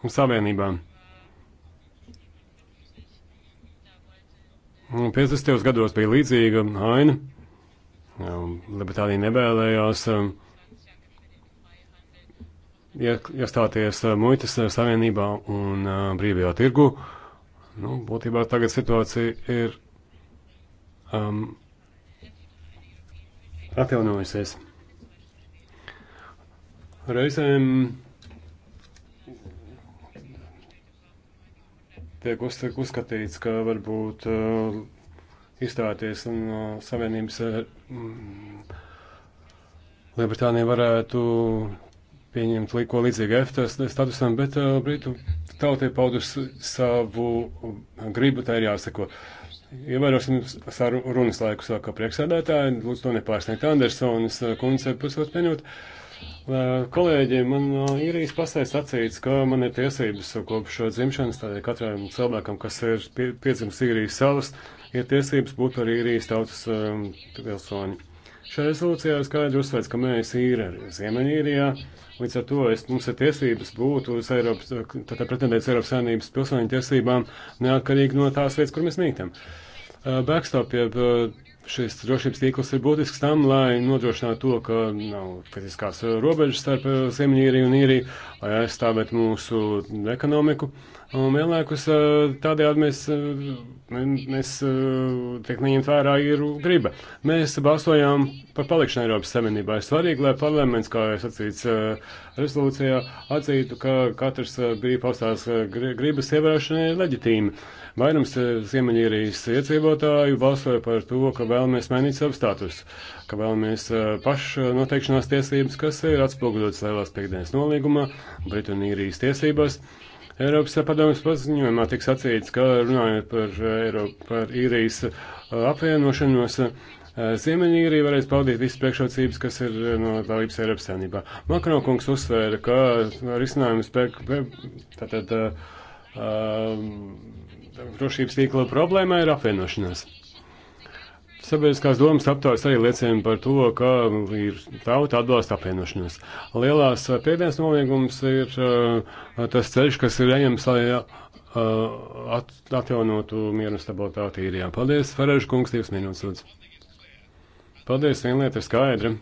Speaker 2: Savienībām. 50. gados bija līdzīga aina. Um, Libertālija nevēlējās um, iestāties uh, muitas uh, savienībā un uh, brīvajā tirgu. Nu, būtībā tagad situācija ir um, atjaunojusies. Reizēm tiek uzskatīts, ka varbūt uh, izstāties no uh, Savienības uh, mm, Lielbritānija varētu pieņemt ko līdzīgu EFTA statusam, bet uh, Britu tautie paudus savu gribu, tā ir jāsako. Ievērosim saru runas laiku, saka priekšsēdētāji, lūdzu to nepārsniegt Andersonis, kundze pusotru minūtu. Kolēģi, man īrijas pasē sacīts, ka man ir tiesības kopš dzimšanas, tādēļ katram cilvēkam, kas ir piedzimis īrijas salas, uh, ir tiesības būt arī īrijas tautas um, pilsoņi. Um, Šajā rezolūcijā ir skaidri uzsvērts, ka mēs ir Ziemeņīrijā, līdz ar to es, mums ir tiesības būt uz Eiropas, tātad pretendēt Eiropas saimnības pilsoņu tiesībām, neatkarīgi no tās vietas, kur mēs mītam. Uh, backstop, jeb uh, šis drošības tīkls ir būtisks tam, lai nodrošinātu to, ka nav fiziskās robežas starp uh, Ziemeņīriju un Īriju, lai aizstāvētu mūsu ekonomiku. Uh, Un vienlaikus tādējādi mēs, mēs tiek neņemt vērā ir griba. Mēs balsojām par palikšanu Eiropas Savienībā. Ir svarīgi, lai parlaments, kā jau sacīts rezolūcijā, atzītu, ka katrs brīvi paustās gribas ievērošana ir leģitīma. Vairums Ziemeļīrijas iedzīvotāju balsoja par to, ka vēlamies mainīt savu statusu, ka vēlamies pašnoteikšanās tiesības, kas ir atspoguļotas Lielās piekdienas nolīgumā, Britu un īrijas tiesības. Eiropas padomjas paziņojumā tiek sacīts, ka runājot par, Eiropu, par īrijas uh, apvienošanos, uh, Ziemeļīrija varēs baudīt visas priekšrocības, kas ir uh, no dalības Eiropas saimnībā. Makro kungs uzsvēra, ka risinājums pēc, tātad, uh, um, drošības tīkla problēma ir apvienošanās. Sabiedriskās domas aptaujas arī liecina par to, ka ir tauta atbalsta apvienošanos. Lielās eh, piedienas noliegums ir uh, tas ceļš, kas ir ejams, lai uh, at, atjaunotu mieru un stabilitāti īrijā. Paldies, Ferēžu kungs, divas minūtes. Paldies, viena lieta ir skaidra.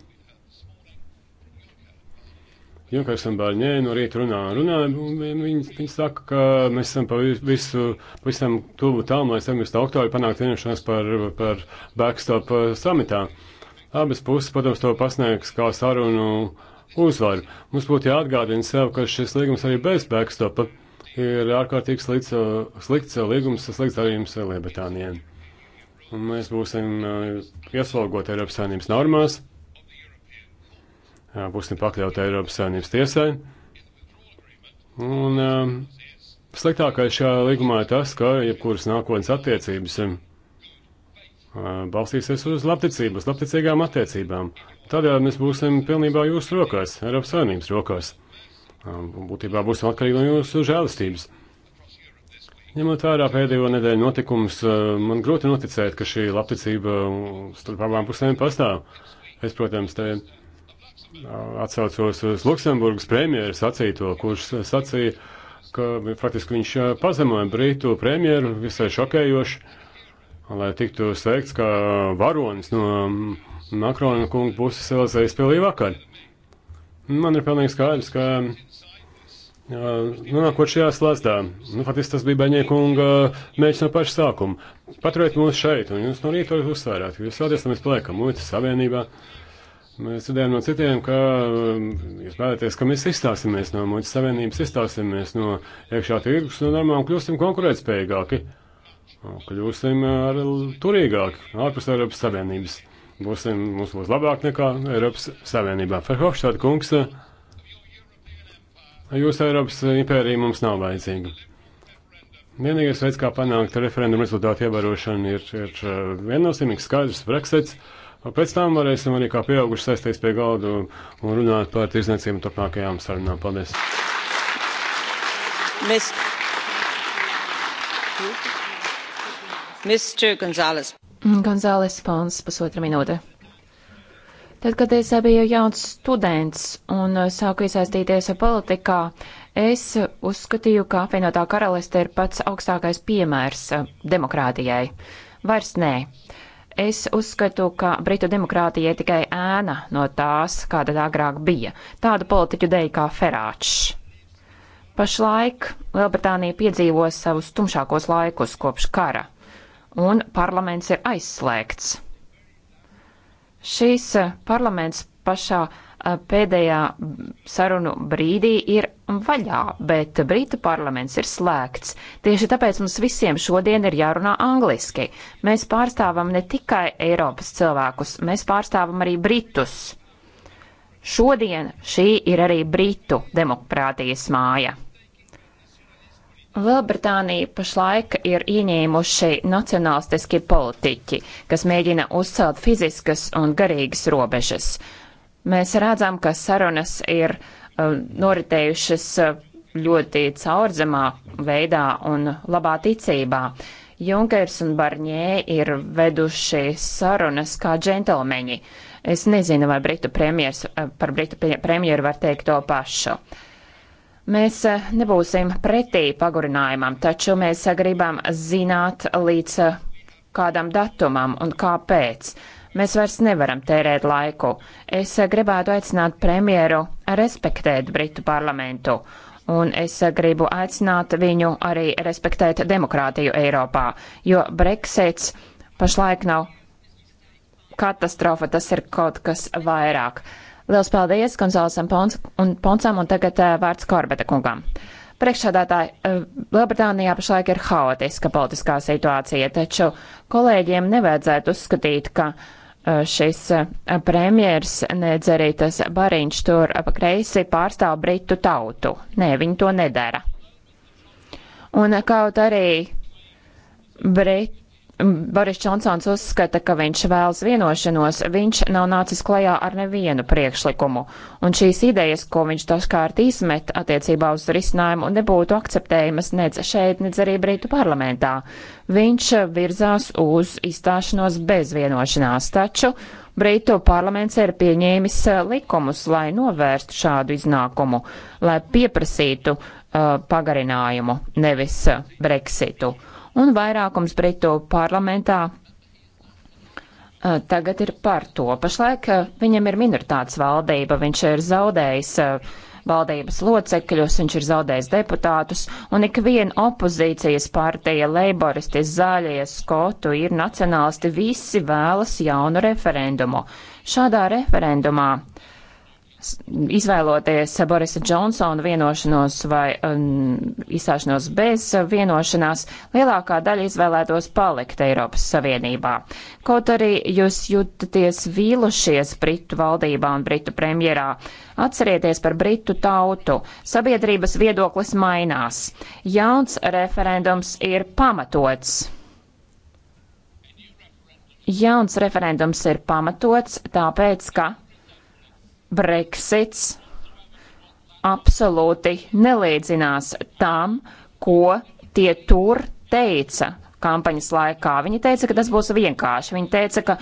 Speaker 2: Junkars un Bārņē no rīta runā, runā, un viņi, viņi saka, ka mēs esam pa visu, pavisam tuvu tam, lai 17. oktobrī panāktu vienošanos par, par backstop uh, samitā. Abas puses, protams, to pasniegs kā sarunu uzvaru. Mums būtu jāatgādina sev, ka šis līgums arī bez backstopa ir ārkārtīgi slikts, uh, slikts uh, līgums, slikts darījums Lielbritānijai. Un mēs būsim ieslogoti Eiropas saimnības normās būsim pakļauti Eiropas Savienības tiesai. Un um, sliktākais šajā līgumā ir tas, ka jebkuras nākotnes attiecības um, uh, balstīsies uz labticību, uz labticīgām attiecībām. Tādēļ mēs būsim pilnībā jūsu rokās, Eiropas Savienības rokās. Um, būtībā būsim atkarīgi no jūsu žēlistības. Ņemot vērā pēdējo nedēļu notikumus, uh, man grūti noticēt, ka šī labticība starp abām pusēm pastāv. Es, protams, te Atcaucos uz Luksemburgas premjeru sacīto, kurš sacīja, ka faktiski viņš eh, pazemoja Britu premjeru visai šokējoši, lai tiktu sveikts kā varonis no mm, Makrona kunga puses Elizējas pilī vakar. Man ir pilnīgi skaidrs, ka eh, nonākot šajā slazdā, nu, faktiski tas bija Beņē kunga mēģinājums no paša sākuma. Paturiet mūs šeit, un jūs no rīta varat uzsvērāt, ka jūs vēlaties, lai mēs paliekam muitas savienībā. Uh, Mēs dzirdējām no citiem, ka um, jūs vēlaties, ka mēs izstāsimies no muļķa savienības, izstāsimies no iekšā tirgus un normām kļūsim konkurētspējīgāki, kļūsim uh, ar turīgāki ārpus Eiropas Savienības. Būsim, mums būs labāk nekā Eiropas Savienībā. Ferhofštāt kungs, uh, jūs Eiropas impērija mums nav vajadzīga. Vienīgais veids, kā panākt referendumu rezultātu ievērošanu, ir, ir uh, viennozīmīgs skaidrs Brexits. Pēc tam varēsim arī kā pieauguši sēsties pie galda un runāt par tirzniecību turpmākajām sarunām. Paldies!
Speaker 3: Mr. Gonzales.
Speaker 4: Gonzales Pons, pusotra minūte. Tad, kad es biju jauns students un sāku iesaistīties politikā, es uzskatīju, ka apvienotā karaliste ir pats augstākais piemērs demokrātijai. Vairs nē. Uh, Es uzskatu, ka Britu demokrātija ir tikai ēna no tās, kāda tā agrāk bija. Tādu politiķu dēļ kā Ferāčs. Pašlaik Lielbritānija piedzīvo savus tumšākos laikus kopš kara, un parlaments ir aizslēgts. Šīs parlaments pašā pēdējā sarunu brīdī ir vaļā, bet Brītu parlaments ir slēgts. Tieši tāpēc mums visiem šodien ir jārunā angliski. Mēs pārstāvam ne tikai Eiropas cilvēkus, mēs pārstāvam arī Britus. Šodien šī ir arī Britu demokrātijas māja. Lielbritānija pašlaik ir ieņēmuši nacionālistiski politiķi, kas mēģina uzcelt fiziskas un garīgas robežas. Mēs redzam, ka sarunas ir uh, noritējušas uh, ļoti caurzemā veidā un labā ticībā. Junkers un Barņē ir veduši sarunas kā džentelmeņi. Es nezinu, vai Britu premjers, uh, par Britu premjeru var teikt to pašu. Mēs nebūsim pretī pagurinājumam, taču mēs gribam zināt līdz kādam datumam un kāpēc. Mēs vairs nevaram tērēt laiku. Es eh, gribētu aicināt premjeru respektēt Britu parlamentu. Un es eh, gribu aicināt viņu arī respektēt demokrātiju Eiropā, jo Brexits pašlaik nav katastrofa, tas ir kaut kas vairāk. Liels paldies Gonzālesam Poncam un tagad eh, vārds Korbeta kungam. Priekšsādātāji, Lielbritānijā pašlaik ir haotiska politiskā situācija, taču kolēģiem nevajadzētu uzskatīt, ka Eh, šis eh, premjers, nedz arī tas bariņš tur ap kreisi pārstāv britu tautu. Nē, viņi to nedara. Un eh, kaut arī Brit Boris Čonsons uzskata, ka viņš vēlas vienošanos, viņš nav nācis klajā ar nevienu priekšlikumu, un šīs idejas, ko viņš dažkārt izmet attiecībā uz risinājumu, nebūtu akceptējamas nec šeit, nec arī Brītu parlamentā. Viņš virzās uz izstāšanos bez vienošanās, taču Brītu parlaments ir pieņēmis eh, likumus, lai novērstu šādu iznākumu, lai pieprasītu uh, pagarinājumu, nevis eh, Brexitu. Uh, un vairākums Britu parlamentā tagad ir par to. Pašlaik viņam ir minoritātes valdība, viņš ir zaudējis valdības locekļus, viņš ir zaudējis deputātus, un ikviena opozīcijas partija, leiboristi, zaļie, skotu, ir nacionālisti, visi vēlas jaunu referendumu. Šādā referendumā uh, izvēloties Borisa Džonsona vienošanos vai um, izstāšanos bez vienošanās, lielākā daļa izvēlētos palikt Eiropas Savienībā. Kaut arī jūs jūtaties vīlušies Britu valdībā un Britu premjerā, atcerieties par Britu tautu. Sabiedrības viedoklis mainās. Jauns referendums ir pamatots. Jauns referendums ir pamatots, tāpēc, ka Brexits absolūti nelīdzinās tam, ko tie tur teica kampaņas laikā. Viņi teica, ka tas būs vienkārši. Viņi teica, ka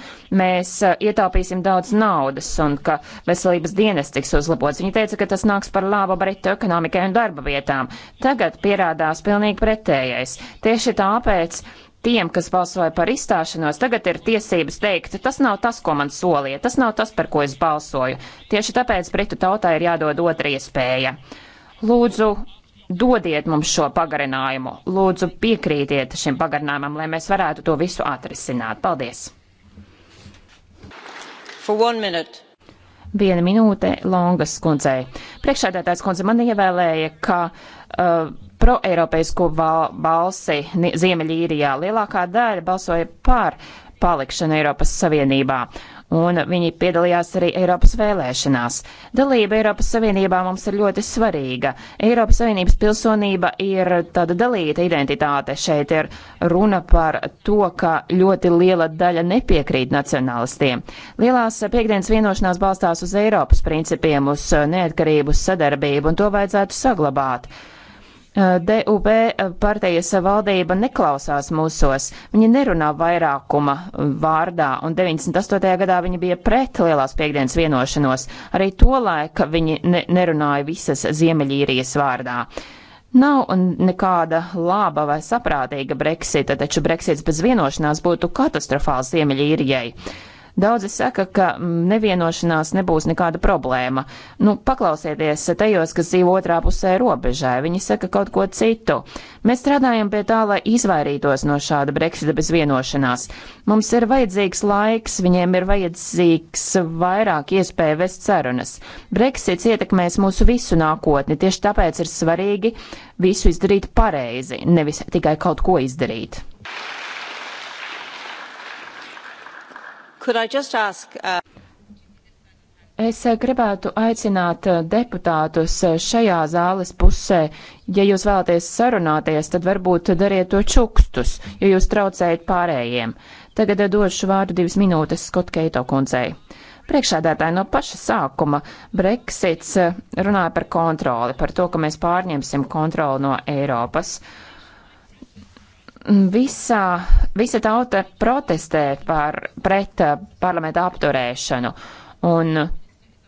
Speaker 4: mēs eh, ietaupīsim daudz naudas un ka veselības dienas tiks uzlabots. Viņi teica, ka tas nāks par labu Britu ekonomikai un darba vietām. Tagad pierādās pilnīgi pretējais. Tieši tāpēc tiem, kas balsoja par izstāšanos, tagad ir tiesības teikt, tas nav tas, ko man solīja, tas nav tas, par ko es balsoju. Tieši tāpēc Britu tautai ir jādod otra iespēja. Lūdzu, dodiet mums šo pagarinājumu, lūdzu piekrītiet šim pagarinājumam, lai mēs varētu to visu atrisināt. Paldies! Viena minūte Longas kundzei. Priekšādātājs kundze man ievēlēja, ka uh, proeiropeisko balsi Ziemeļīrijā. Lielākā daļa balsoja par palikšanu Eiropas Savienībā, un viņi piedalījās arī Eiropas vēlēšanās. Dalība Eiropas Savienībā mums ir ļoti svarīga. Eiropas Savienības pilsonība ir tāda dalīta identitāte. Šeit ir runa par to, ka ļoti liela daļa nepiekrīt nacionalistiem. Lielās piekdienas vienošanās balstās uz Eiropas principiem, uz neatkarības sadarbību, un to vajadzētu saglabāt. DUB partijas valdība neklausās mūsos. Viņi nerunā vairākuma vārdā, un 98. gadā viņi bija pret Lielās piekdienas vienošanos. Arī to laika viņi ne nerunāja visas Ziemeļīrijas vārdā. Nav nekāda laba vai saprātīga Brexita, taču Brexits bez vienošanās būtu katastrofāls Ziemeļīrijai. Daudzi saka, ka mm, nevienošanās nebūs nekāda problēma. Nu, paklausieties tajos, kas dzīvo otrā pusē robežai. Viņi saka kaut ko citu. Mēs strādājam pie tā, lai izvairītos no šāda Brexita bez vienošanās. Mums ir vajadzīgs laiks, viņiem ir vajadzīgs vairāk iespēju vest sarunas. Brexits ietekmēs mūsu visu nākotni, tieši tāpēc ir svarīgi visu izdarīt pareizi, nevis tikai kaut ko izdarīt. Ask, uh... Es uh, gribētu aicināt uh, deputātus uh, šajā zāles pusē, ja jūs vēlaties sarunāties, tad varbūt dariet to čukstus, jo jūs traucējat pārējiem. Tagad došu vārdu divas minūtes Skot Keito kundzei. Priekšādātāji no paša sākuma Brexits runāja par kontroli, par to, ka mēs pārņemsim kontroli no Eiropas. Uh, visā, visa tauta protestē par, pret eh, parlamenta apturēšanu. Un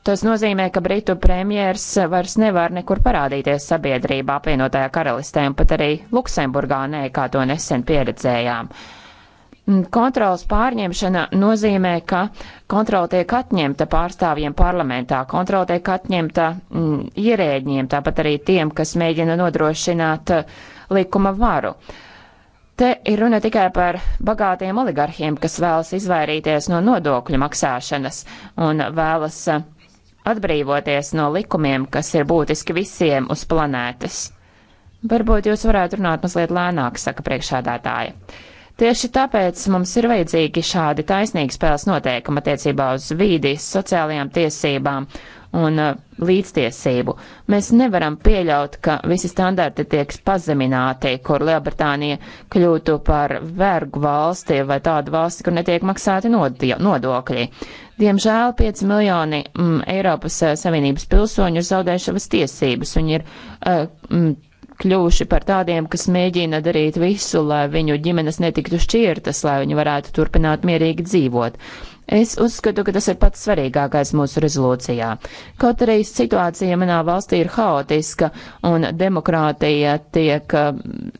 Speaker 4: tas nozīmē, ka Britu premjers vairs nevar nekur parādīties sabiedrībā apvienotajā karalistē un pat arī Luksemburgā nē, kā to nesen pieredzējām. Kontrolas pārņemšana nozīmē, ka kontrola tiek atņemta pārstāvjiem parlamentā, kontrola tiek atņemta mm, ierēģiem, tāpat arī tiem, kas mēģina nodrošināt eh, likuma varu. Uh, Te ir runa tikai par bagātiem oligarhiem, kas vēlas izvairīties no nodokļu maksāšanas un vēlas eh, atbrīvoties no likumiem, kas ir būtiski visiem uz planētas. Varbūt jūs varētu runāt mazliet lēnāk, saka priekšādātāja. Tieši tāpēc mums ir vajadzīgi šādi taisnīgi spēles noteikumi attiecībā uz vīdi, sociālajām tiesībām un uh, līdztiesību. Mēs nevaram pieļaut, ka visi standarti tiek pazemināti, kur Lielbritānija kļūtu par vergu valsti vai tādu valsti, kur netiek maksāti nodokļi. Diemžēl 5 miljoni m, mm, Eiropas uh, Savienības pilsoņu ir zaudējuši savas tiesības un ir uh, m, mm, kļuvuši par tādiem, kas mēģina darīt visu, lai viņu ģimenes netiktu šķirtas, lai viņi varētu turpināt mierīgi dzīvot. Es uzskatu, ka tas ir pats svarīgākais mūsu rezolūcijā. Kaut arī situācija manā valstī ir haotiska un demokrātija tiek uh,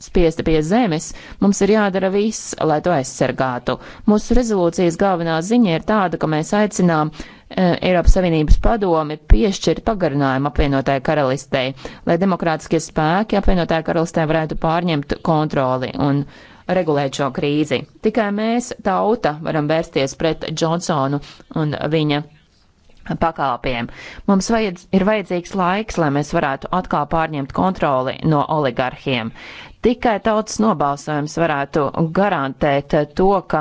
Speaker 4: spiesta pie zemes, mums ir jādara viss, lai to aizsargātu. Mūsu rezolūcijas galvenā ziņa ir tāda, ka mēs aicinām uh, Eiropas Savienības padomi piešķirt pagarinājumu apvienotāju karalistei, lai demokrātiskie spēki apvienotāju karalistē varētu pārņemt kontroli un regulēt šo krīzi. Tikai mēs, tauta, varam vērsties pret Džonsonu un viņa pakāpiem. Mums vajadz, ir vajadzīgs laiks, lai mēs varētu atkal pārņemt kontroli no oligarhiem. Tikai tautas nobalsojums varētu garantēt to, ka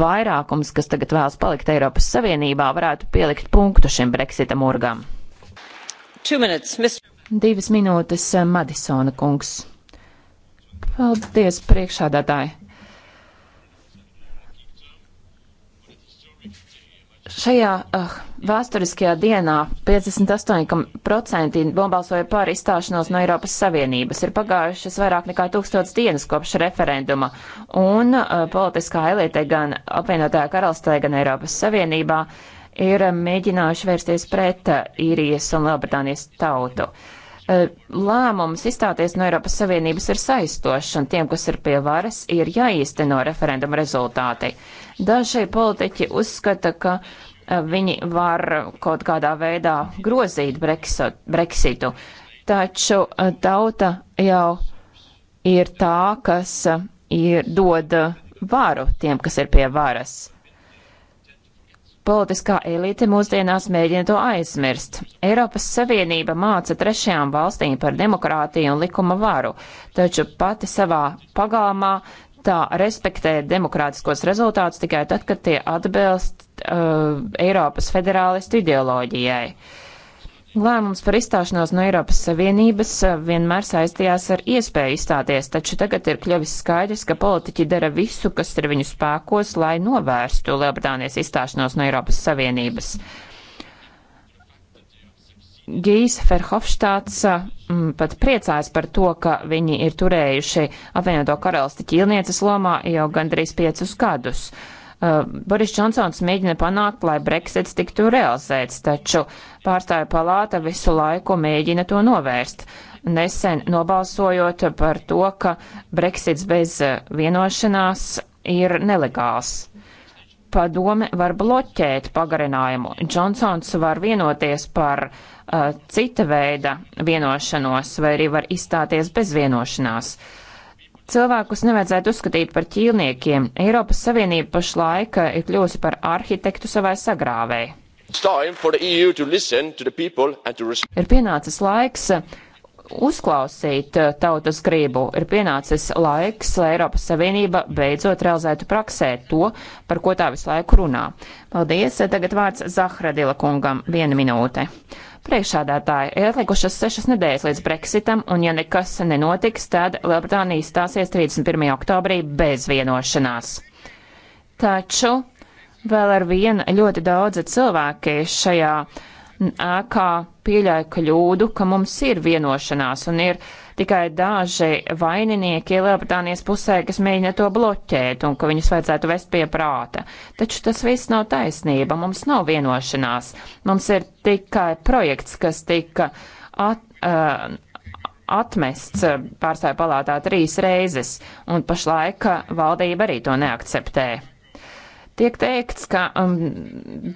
Speaker 4: vairākums, kas tagad vēlas palikt Eiropas Savienībā, varētu pielikt punktu šim Brexita murgam. Minutes, Divas minūtes, Madisona kungs. Paldies, priekšādātāji! Šajā uh, vēsturiskajā dienā 58% nobalsoja par izstāšanos no Eiropas Savienības. Ir pagājušas vairāk nekā tūkstots dienas kopš referenduma, un uh, politiskā elite gan apvienotajā karalstē, gan Eiropas Savienībā ir eh, mēģinājuši vērsties pret eh, Īrijas un Lielbritānijas tautu. Uh, E, lēmums izstāties no Eiropas Savienības ir saistošs, un tiem, kas ir pie varas, ir jāīsteno referenduma rezultāti. Daži politiķi uzskata, ka e, viņi var kaut kādā veidā grozīt Brexitu, taču e, tauta jau ir tā, kas ir dod varu tiem, kas ir pie varas. Politiskā elite mūsdienās mēģina to aizmirst. Eiropas Savienība māca trešajām valstīm par demokrātiju un likuma varu, taču pati savā pagalmā tā respektē demokrātiskos rezultātus tikai tad, kad tie atbilst uh, Eiropas federālistu ideoloģijai. Uh, Lēmums par izstāšanos no Eiropas Savienības eh, vienmēr saistījās ar iespēju izstāties, taču tagad ir kļuvis skaidrs, ka politiķi dara visu, kas ir viņu spēkos, lai novērstu Lielbritānijas izstāšanos no Eiropas Savienības. Gijs Ferhofštāts eh, pat priecājas par to, ka viņi ir turējuši apvienoto karalisti ķīlnieces lomā jau gandrīz piecus gadus. Uh, Eh, Boris Džonsons mēģina panākt, lai Brexits tiktu realizēts, taču pārstāju palāta visu laiku mēģina to novērst. Nesen nobalsojot par to, ka Brexits bez eh, vienošanās ir nelegāls. Padome var bloķēt pagarinājumu. Džonsons var vienoties par uh, cita veida vienošanos vai arī var izstāties bez vienošanās. Uh, Cilvēkus nevajadzētu uzskatīt par ķīlniekiem. Eiropas Savienība pašlaik eh, ir kļūsi par arhitektu savai sagrāvē.
Speaker 8: E to to to...
Speaker 4: Ir pienācis laiks eh, uzklausīt eh, tautas gribu. Ir pienācis laiks, lai Eiropas Savienība beidzot realizētu praksē to, par ko tā visu laiku runā. Paldies! Tagad vārds Zahradila kungam. Viena minūte. Priekšādātāji ir atlikušas sešas nedēļas līdz Brexitam, un ja nekas nenotiks, tad Lielbritānija stāsies 31. oktobrī bez vienošanās. Taču vēl ar vienu ļoti daudzi cilvēki šajā ēkā pieļāja kļūdu, ka mums ir vienošanās un ir tikai daži vaininieki Lielbritānijas pusē, kas mēģina to bloķēt un ka viņus vajadzētu vest pie prāta. Taču tas viss nav taisnība, mums nav vienošanās. Mums ir tikai projekts, kas tika at, uh, atmests pārstāju palātā trīs reizes, un pašlaik valdība arī to neakceptē. Tiek teikts, ka um,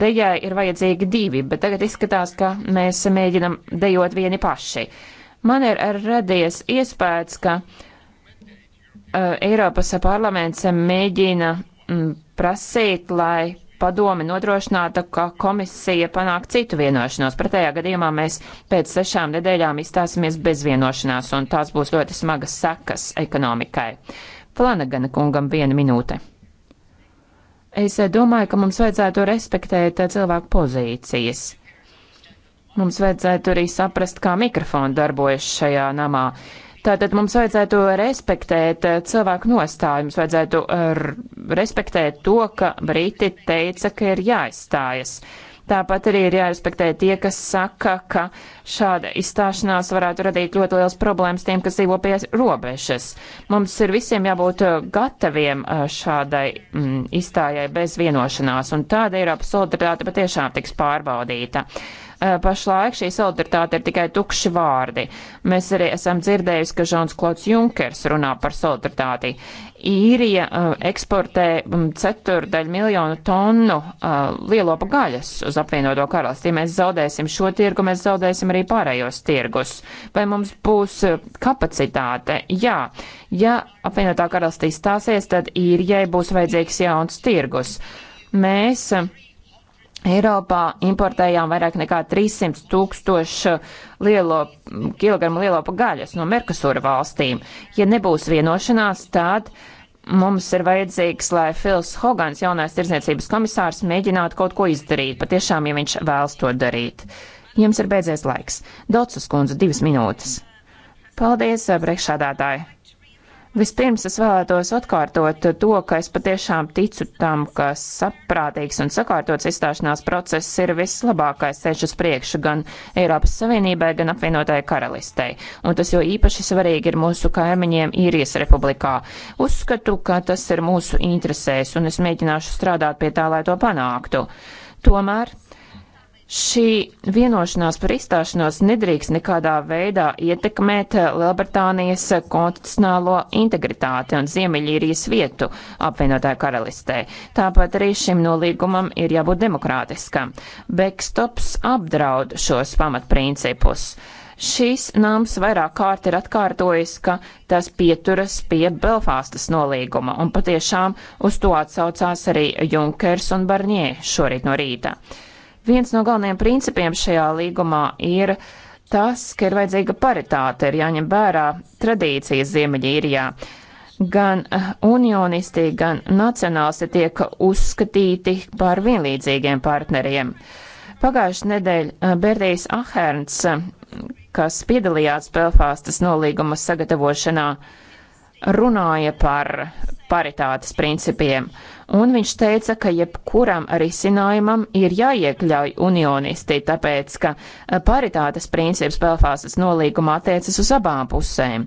Speaker 4: dejai ir vajadzīgi divi, bet tagad izskatās, ka mēs mēģinam dejot vieni paši. Uh, Man ir radies iespējas, ka uh, Eiropas parlaments mēģina mm, prasīt, lai padomi nodrošinātu, ka komisija panāk citu vienošanos. Pretējā gadījumā mēs pēc sešām nedēļām izstāsimies bez vienošanās, un tās būs ļoti smagas sekas ekonomikai. Planagana kungam viena minūte. Es eh, domāju, ka mums vajadzētu respektēt eh, cilvēku pozīcijas. Mums vajadzētu arī saprast, kā mikrofoni darbojas šajā namā. Tātad mums vajadzētu respektēt eh, cilvēku nostāju, mums vajadzētu eh, respektēt to, ka Briti teica, ka ir jāizstājas. Tāpat arī ir jārespektē tie, kas saka, ka šāda izstāšanās varētu radīt ļoti liels problēmas tiem, kas dzīvo pie robežas. Mums ir visiem jābūt eh, gataviem šādai mm, izstājai bez vienošanās, un tāda Eiropas solidaritāte patiešām tiks pārbaudīta. Eh, pašlaik šī solidaritāte ir tikai tukši vārdi. Mēs arī esam dzirdējuši, ka Žons Klods Junkers runā par solidaritāti. Īrija eh, eksportē mm, ceturdaļu miljonu tonu eh, lielopu gaļas uz apvienoto karalisti. Ja mēs zaudēsim šo tirgu, mēs zaudēsim arī pārējos tirgus. Vai mums būs kapacitāte? Jā. Ja apvienotā karalistī stāsies, tad īrijai būs vajadzīgs jauns tirgus. Mēs Eiropā importējām vairāk nekā 300 tūkstošu lielo, kilogramu lielopu gaļas no Merkusura valstīm. Ja nebūs vienošanās, tad mums ir vajadzīgs, lai Fils Hogans, jaunais tirdzniecības komisārs, mēģinātu kaut ko izdarīt, patiešām, ja viņš vēlas to darīt. Jums ir beidzies laiks. Dotsas kundze, divas minūtes. Paldies, priekšādātāji! Vispirms es vēlētos atkārtot to, ka es patiešām ticu tam, ka saprātīgs un sakārtots izstāšanās process ir vislabākais ceļš uz priekšu gan Eiropas Savienībai, gan apvienotāji karalistei. Un tas jau īpaši svarīgi ir mūsu kaimiņiem īrijas republikā. Uzskatu, ka tas ir mūsu interesēs, un es mēģināšu strādāt pie tā, lai to panāktu. Tomēr Šī vienošanās par izstāšanos nedrīkst nekādā veidā ietekmēt eh, Lielbritānijas eh, konstitucionālo integritāti un Ziemeļīrijas vietu apvienotāju karalistē. Tāpat arī šim nolīgumam ir jābūt demokrātiskam. Backstops apdraud šos pamatprincipus. Šīs nams vairāk kārt ir atkārtojis, ka tas pieturas pie Belfāstas nolīguma, un patiešām uz to atsaucās arī Junkers un Barņē šorīt no rīta. Viens no galvenajiem principiem šajā līgumā ir tas, ka ir vajadzīga paritāte, ir jāņem vērā tradīcijas Ziemeļīrijā. Gan eh, unionisti, gan nacionālisti tiek uzskatīti par vienlīdzīgiem partneriem. Pagājušajā nedēļā eh, Berdijs Ahērns, eh, kas piedalījās Belfāstas nolīguma sagatavošanā, runāja par paritātes principiem un viņš teica, ka jebkuram risinājumam ir jāiekļauj unionisti, tāpēc, ka eh, paritātes princips Belfāsas nolīguma attiecas uz abām pusēm.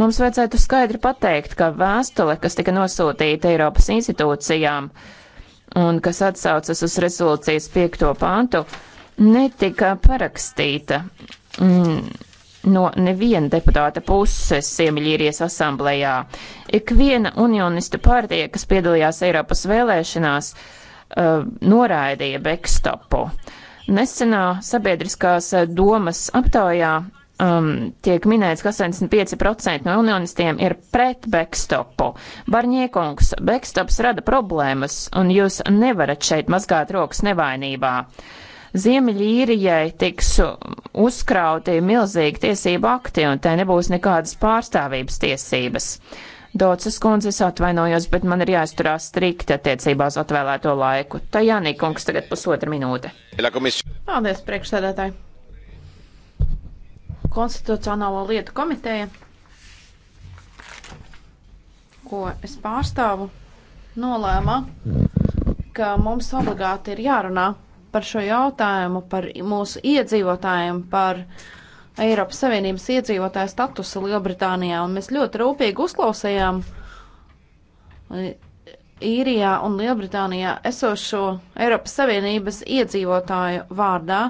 Speaker 4: Mums vajadzētu skaidri pateikt, ka vēstule, kas tika nosūtīta Eiropas institūcijām un kas atsaucas uz rezolūcijas piekto pāntu, netika parakstīta. Mm no neviena deputāta puses Ziemeļīrijas asamblējā. Ikviena unionistu partija, kas piedalījās Eiropas vēlēšanās, uh, noraidīja backstopu. Nesenā sabiedriskās domas aptaujā um, tiek minēts, ka 85% no unionistiem ir pret backstopu. Barņiekungs, backstops rada problēmas, un jūs nevarat šeit mazgāt rokas nevainībā. Uh, Ziemeļīrijai tiks uzkrauti milzīgi tiesību akti, un tai nebūs nekādas pārstāvības tiesības. Docis kundzes atvainojos, bet man ir jāizturās strikti attiecībās atvēlēto laiku. Tā Jānī kungs tagad pusotra minūte. Paldies, priekšsēdētāji. Konstitucionālo lietu komiteja,
Speaker 6: ko es pārstāvu, nolēma, ka mums obligāti ir jārunā par šo jautājumu, par mūsu iedzīvotājiem, par Eiropas Savienības iedzīvotāju statusu Lielbritānijā, un mēs ļoti rūpīgi uzklausījām e, īrijā un Lielbritānijā esošo Eiropas Savienības iedzīvotāju vārdā.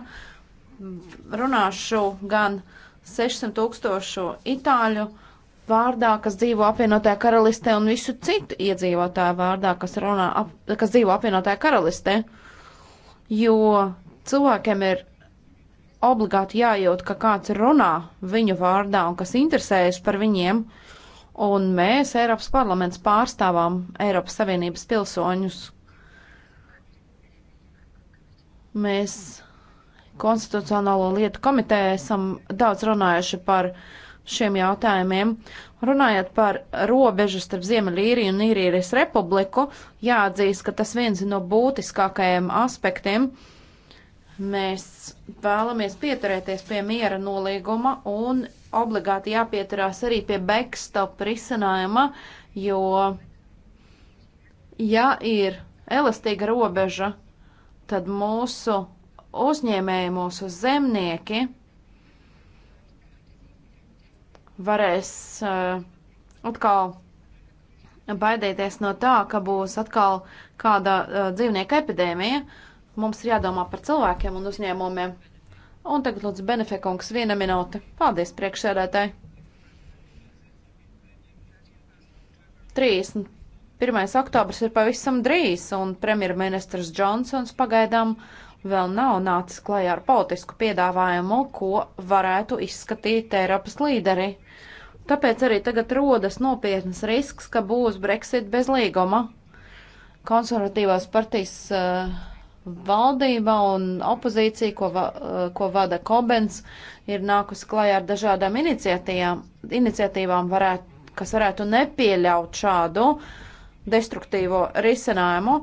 Speaker 6: Runāšu gan 600 tūkstošu itāļu vārdā, kas dzīvo apvienotajā karalistē, un visu citu iedzīvotāju vārdā, kas, runā, ap, kas dzīvo apvienotajā karalistē. Uh, jo cilvēkiem ir obligāti jājūt, ka kāds runā viņu vārdā un kas interesējas par viņiem, un mēs, Eiropas parlaments, pārstāvām Eiropas Savienības pilsoņus. Mēs Konstitucionālo lietu komiteja esam daudz runājuši par uh, šiem jautājumiem. Runājot par robežu starp Ziemeļīriju un Īrijas republiku, jāatzīst, ka tas viens no būtiskākajiem aspektiem. Mēs vēlamies pieturēties pie miera nolīguma un obligāti jāpieturās arī pie backstop risinājuma, jo, ja ir elastīga robeža, tad mūsu uzņēmēji, mūsu zemnieki, varēs uh, atkal baidīties no tā, ka būs atkal kāda uh, dzīvnieka epidēmija. Mums ir jādomā par cilvēkiem un uzņēmumiem. Un tagad lūdzu Benefekungs viena minūte. Paldies priekšsēdētāji. 31. oktobrs ir pavisam drīz, un premjerministrs Džonsons pagaidām vēl nav nācis klajā ar politisku piedāvājumu, ko varētu izskatīt Eiropas līderi. Tāpēc arī tagad rodas nopietnas risks, ka būs Brexit bez līguma. Konservatīvās partijas uh, valdība un opozīcija, ko, va, uh, ko vada Kobens, ir nākusi klajā ar dažādām iniciatīvām, varētu, kas varētu nepieļaut šādu destruktīvo risinājumu.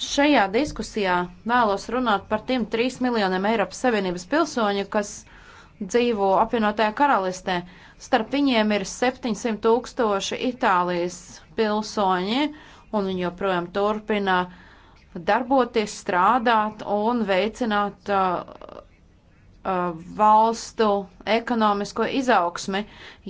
Speaker 6: Šajā diskusijā vēlos runāt par tiem 3 miljoniem Eiropas Savienības pilsoņu, kas dzīvo apvienotajā karalistē. Uh, Starp viņiem ir 700 tūkstoši Itālijas pilsoņi, un viņi joprojām turpina darboties, strādāt un veicināt uh, uh, valstu ekonomisko izaugsmi.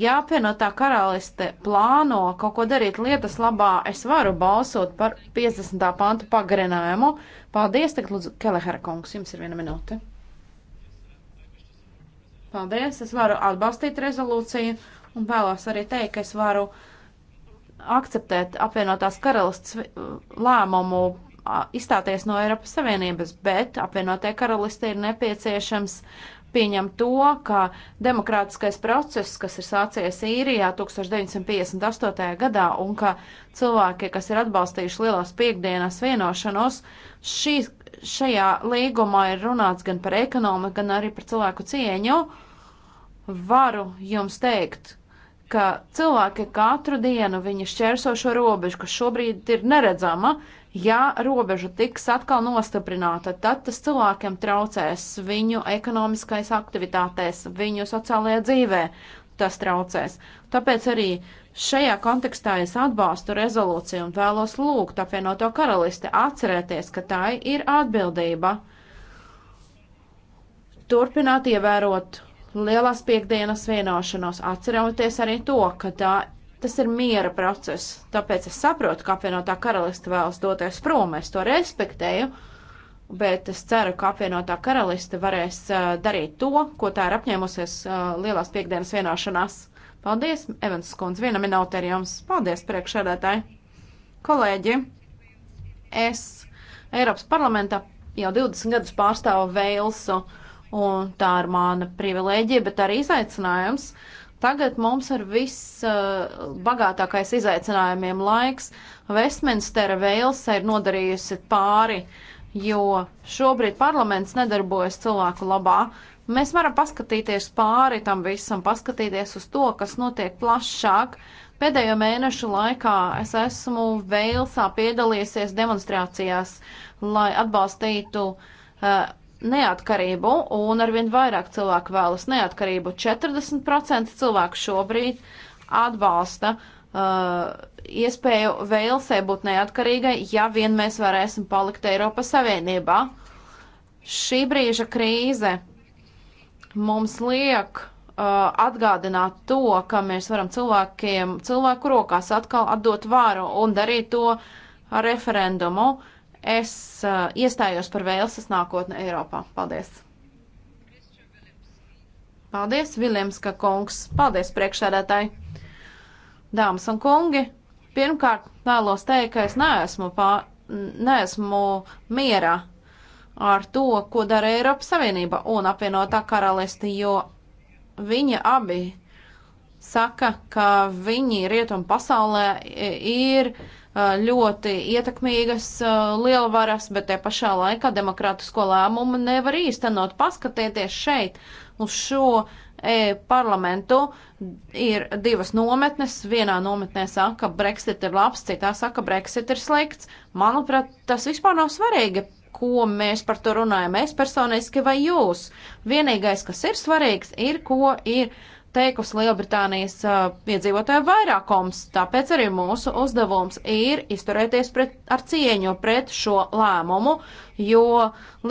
Speaker 6: Ja apvienotā karaliste plāno kaut ko darīt lietas labā, es varu balsot par 50. pantu pagarinājumu. Paldies, tagad lūdzu, Kelehera kungs, jums ir viena minūte. Paldies, es varu atbalstīt rezolūciju un vēlos arī teikt, ka es varu akceptēt apvienotās karalists eh, lēmumu izstāties no Eiropas Savienības, bet apvienotie karalisti ir nepieciešams pieņem to, ka demokrātiskais process, kas ir sācies īrijā 1958. gadā un ka cilvēki, kas ir atbalstījuši lielās piekdienas vienošanos, šī, šajā līgumā ir runāts gan par ekonomiku, gan arī par cilvēku cieņu. Uh, varu jums teikt, ka cilvēki katru dienu viņi šķērso šo robežu, kas šobrīd ir neredzama. Ja robeža tiks atkal nostiprināta, tad tas cilvēkiem traucēs viņu ekonomiskais aktivitātēs, viņu sociālajā dzīvē. Tas traucēs. Tāpēc arī šajā kontekstā es atbalstu rezolūciju un vēlos lūgt apvienoto karalisti atcerēties, ka tā ir atbildība turpināt ievērot Lielās piekdienas vienošanos atceroties arī to, ka tā, tas ir miera process, tāpēc es saprotu, ka apvienotā karalista vēlas doties prom, es to respektēju, bet es ceru, ka apvienotā karaliste varēs uh, darīt to, ko tā ir apņēmusies uh, Lielās piekdienas vienošanās. Paldies, Evans Skundz, viena minūte ir jums. Paldies, priekšsēdētāji. Kolēģi, es Eiropas parlamentā jau 20 gadus pārstāvu Velsu. Uh, un tā ir mana privilēģija, bet arī izaicinājums. Tagad mums ir viss uh, bagātākais izaicinājumiem laiks. Vestminstera vēlse ir nodarījusi pāri, jo šobrīd parlaments nedarbojas cilvēku labā. Mēs varam paskatīties pāri tam visam, paskatīties uz to, kas notiek plašāk. Pēdējo mēnešu laikā es esmu Vēlsā piedalījusies demonstrācijās, lai atbalstītu uh, neatkarību, un arvien vairāk cilvēku vēlas neatkarību. 40% cilvēku šobrīd atbalsta uh, iespēju Velsē būt neatkarīgai, ja vien mēs varēsim palikt Eiropas Savienībā. Šī brīža krīze mums liek uh, atgādināt to, ka mēs varam cilvēkiem, cilvēku rokās atkal atdot varu un darīt to ar referendumu. Uh, Es uh, iestājos par Velsas nākotni Eiropā. Paldies! Paldies, Viljamska kungs! Paldies, priekšsēdētāji! Dāmas un kungi! Pirmkārt, vēlos teikt, ka es neesmu, pā, neesmu mierā ar to, ko dara Eiropas Savienība un apvienotā karalisti, jo viņi abi saka, ka viņi rietumu pasaulē ir uh, ļoti ietekmīgas lielvaras, bet te pašā laikā demokrātisko lēmumu nevar īstenot. Paskatieties šeit uz šo e, parlamentu. Ir divas nometnes. Vienā nometnē saka, Brexit ir labs, citā saka, Brexit ir slikts. Manuprāt, tas vispār nav svarīgi, ko mēs par to runājam, es personiski vai jūs. Vienīgais, kas ir svarīgs, ir, ko ir teikusi Lielbritānijas uh, iedzīvotāju vairākums, tāpēc arī mūsu uzdevums ir izturēties pret, ar cieņu pret šo lēmumu, jo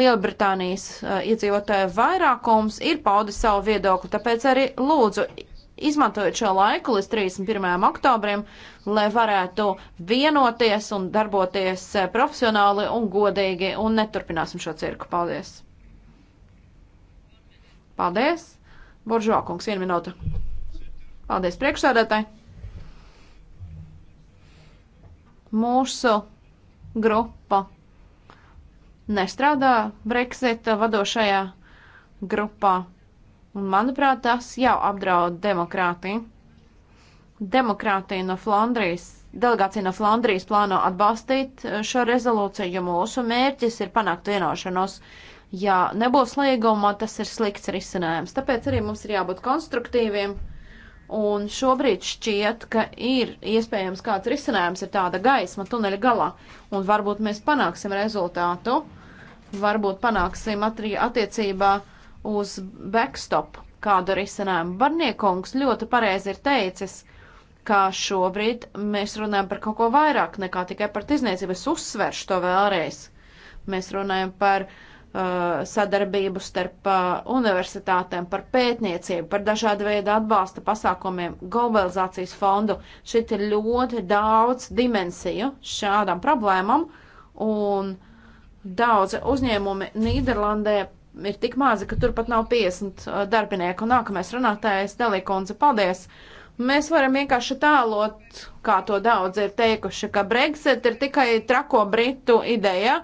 Speaker 6: Lielbritānijas uh, iedzīvotāju vairākums ir paudis savu viedokli, tāpēc arī lūdzu izmantojot šo laiku līdz 31. oktobrim, lai varētu vienoties un darboties profesionāli un godīgi un neturpināsim šo cirku. Paldies! Paldies! Boržā kungs, viena minūte. Paldies priekšsādātāji. Mūsu grupa nestrādā Brexita vadošajā grupā. Un, manuprāt, tas jau apdraud demokrātiju. Demokrātija no Flandrijas, delegācija no Flandrijas plāno atbalstīt šo rezolūciju, jo mūsu mērķis ir panākt vienošanos. No ja nebūs līguma, tas ir slikts risinājums. Tāpēc arī mums ir jābūt konstruktīviem. Un šobrīd šķiet, ka ir iespējams kāds risinājums, ir tāda gaisma tuneļa galā, un varbūt mēs panāksim rezultātu, varbūt panāksim arī attiecībā uz backstop kādu risinājumu. Barniekungs ļoti pareizi ir teicis, ka šobrīd mēs runājam par kaut ko vairāk nekā tikai par tirzniecību. Es uzsveršu to vēlreiz. Mēs runājam par uh, Uh, sadarbību starp uh, universitātēm, par pētniecību, par dažādu veidu atbalsta pasākumiem, globalizācijas fondu. Šit ir ļoti daudz dimensiju šādām problēmām, un daudzi uzņēmumi Nīderlandē ir tik mazi, ka tur pat nav 50 uh, darbinieku. Nākamais runātājs Delikons, paldies! Mēs varam vienkārši tēlot, kā to daudz ir teikuši, ka Brexit ir tikai trako Britu ideja. Ja?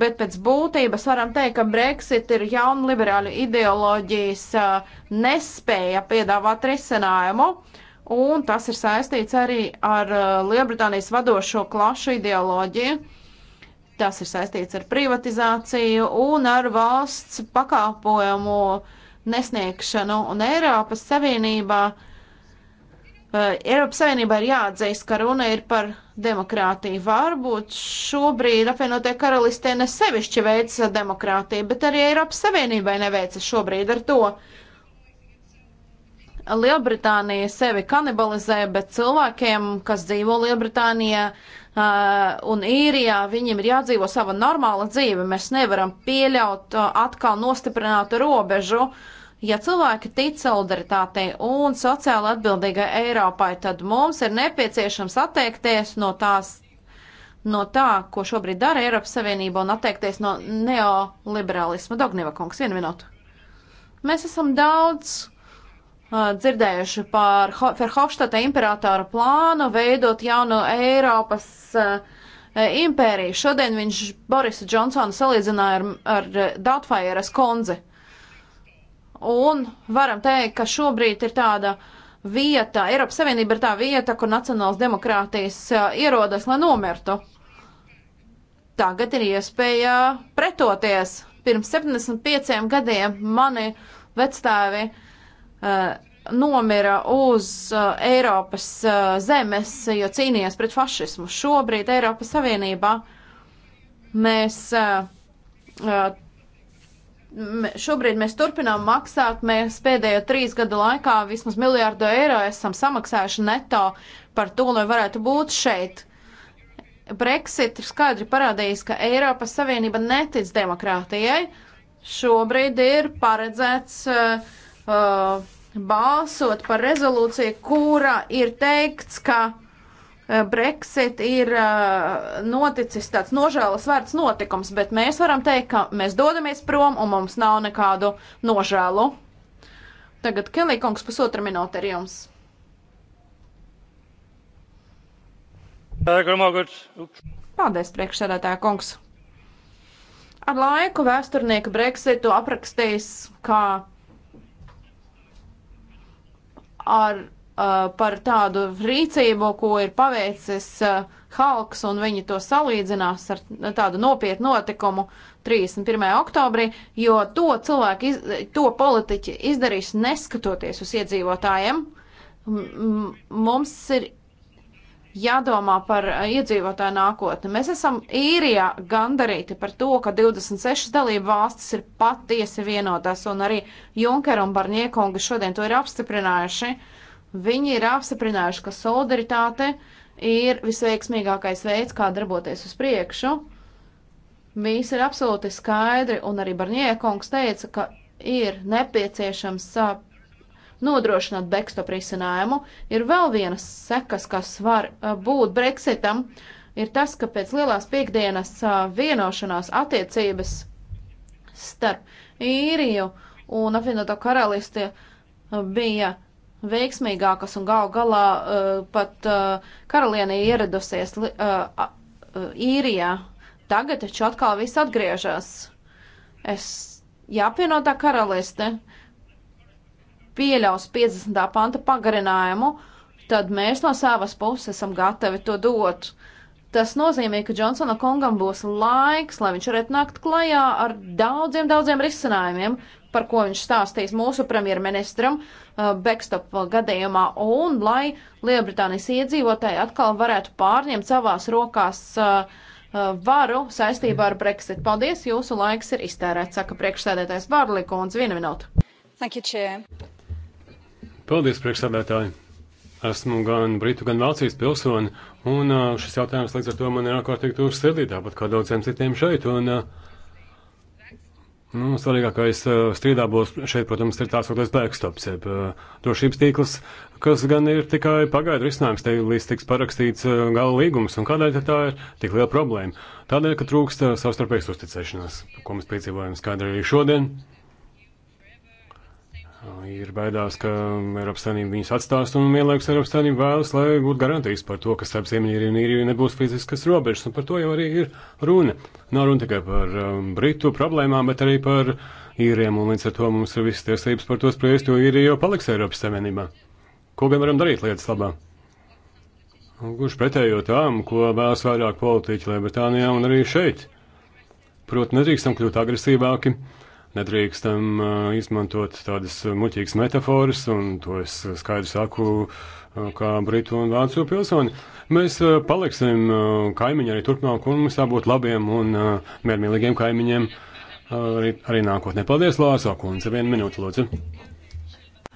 Speaker 6: bet pēc būtības varam teikt, ka Brexit ir jaunu liberāļu ideoloģijas nespēja piedāvāt risinājumu, un tas ir saistīts arī ar Lielbritānijas vadošo klašu ideoloģiju. Tas ir saistīts ar privatizāciju un ar valsts pakāpojumu nesniegšanu, un Eiropas Savienībā uh, Uh, Eiropas Savienībā ir jāatzīst, ka runa ir par demokrātiju. Varbūt šobrīd apvienotie karalistē ne sevišķi veicas demokrātija, bet arī Eiropas Savienībai neveicas šobrīd ar to. Lielbritānija sevi kanibalizē, bet cilvēkiem, kas dzīvo Lielbritānijā uh, un īrijā, viņiem ir jādzīvo sava normāla dzīve. Mēs nevaram pieļaut uh, atkal nostiprinātu robežu uh, Ja cilvēki tic solidaritātei un sociāli atbildīgai Eiropai, tad mums ir nepieciešams atteikties no tās, no tā, ko šobrīd dara Eiropas Savienība un atteikties no neoliberālisma. Dognieva kungs, vienu minūtu. Mēs esam daudz uh, dzirdējuši par Ferhofštata imperatora plānu veidot jaunu Eiropas uh, impēriju. Šodien viņš Borisu Džonsonu salīdzināja ar, ar Doubtfire's kundzi. Uh, Un varam teikt, ka šobrīd ir tāda vieta, Eiropas Savienība ir tā vieta, kur nacionāls demokrātijas ierodas, lai nomirtu. Tagad ir iespēja pretoties. Pirms 75 gadiem mani vecstāvi uh, nomira uz uh, Eiropas uh, zemes, jo cīnījās pret fašismu. Šobrīd Eiropas Savienībā mēs uh, uh, šobrīd mēs turpinām maksāt. Mēs pēdējo trīs gadu laikā vismaz miljārdu eiro esam samaksājuši neto par to, lai varētu būt šeit. Brexit ir skaidri parādījis, ka Eiropas Savienība netic demokrātijai. Šobrīd ir paredzēts uh, uh, balsot par rezolūciju, kurā ir teikts, ka Eh, Brexit ir eh, noticis tāds nožēlas vērts notikums, bet mēs varam teikt, ka mēs dodamies prom un mums nav nekādu nožēlu. Tagad Kelī kungs pusotra minūte ar jums. Paldies, priekšsēdētāja kungs. Ar laiku vēsturnieku Brexitu aprakstījis kā ar Uh, par tādu rīcību, ko ir paveicis uh, Halks, un viņi to salīdzinās ar tādu nopietnu notikumu 31. oktobrī, jo to cilvēki, iz, to politiķi izdarīs neskatoties uz iedzīvotājiem. Mums ir jādomā par uh, iedzīvotāju nākotni. Mēs esam īrijā gandarīti par to, ka 26 dalību valstis ir patiesi vienotās, un arī Junker un Barņiekungi šodien to ir apstiprinājuši. Uh, Viņi ir apstiprinājuši, ka solidaritāte ir visveiksmīgākais veids, kā darboties uz priekšu. Viss ir absolūti skaidri, un arī Barņēkungs teica, ka ir nepieciešams nodrošināt backstop risinājumu. Ir vēl vienas sekas, kas var būt Brexitam, ir tas, ka pēc lielās piekdienas vienošanās attiecības starp īriju un apvienoto karalisti bija veiksmīgākas un gal galā uh, pat uh, karalienē ieradusies uh, uh, īrijā. Tagad taču atkal viss atgriežas. Es jāpienotā karaliste pieļaus 50. panta pagarinājumu, tad mēs no savas puses esam gatavi to dot. Tas nozīmē, ka Džonsona kungam būs laiks, lai viņš varētu nākt klajā ar daudziem, daudziem risinājumiem, par ko viņš stāstīs mūsu premjerministram, uh, Uh, backstop gadījumā, un lai Lielbritānijas iedzīvotāji atkal varētu pārņemt savās rokās uh, uh, varu saistībā ar Brexit. Paldies, jūsu laiks ir iztērēts, saka priekšsēdētājs Vārlīko un Zvina minūte.
Speaker 8: Thank you, Chair.
Speaker 2: Paldies, priekšsēdētāji. Esmu gan Britu, gan Vācijas pilsoni, un šis jautājums līdz ar to man ir ārkārtīgi tūs sirdī, tāpat kā daudziem citiem šeit. Un, uh, Nu, svarīgākais uh, strīdā būs šeit, protams, ir tās otrais backstops, jeb uh, drošības tīkls, kas gan ir tikai pagaidu risinājums, te līdz tiks parakstīts uh, gala līgums, un kādēļ tā ir tik liela problēma? Tādēļ, ka trūkst savstarpējas uzticēšanās, ko mēs piedzīvojam skaidri arī šodien. Uh, ir baidās, ka Eiropas Savienība viņus atstās, un vienlaikus Eiropas Savienība vēlas, lai būtu garantijas par to, ka starp Ziemeļīriju un Īriju nebūs fiziskas robežas, un par to jau arī ir runa. Nav runa tikai par um, Britu problēmām, bet arī par īriem, un līdz ar to mums ir visas tiesības par to spriest, jo Īrija jau paliks Eiropas Savienībā. Ko gan varam darīt lietas labā? Kurš pretējo tām, ko vēlas vairāk politiķi Lielbritānijā un arī šeit? Protams, nedrīkstam kļūt agresīvāki nedrīkstam uh, izmantot tādas muļķīgas metafāras, un to es skaidri saku uh, kā Britu un Vācu pilsoni. Mēs uh, paliksim kaimiņi arī turpmāk, un mums jābūt labiem un miermīlīgiem kaimiņiem arī, arī nākotnē. Paldies, Lārs Okundze, vienu minūti, lūdzu.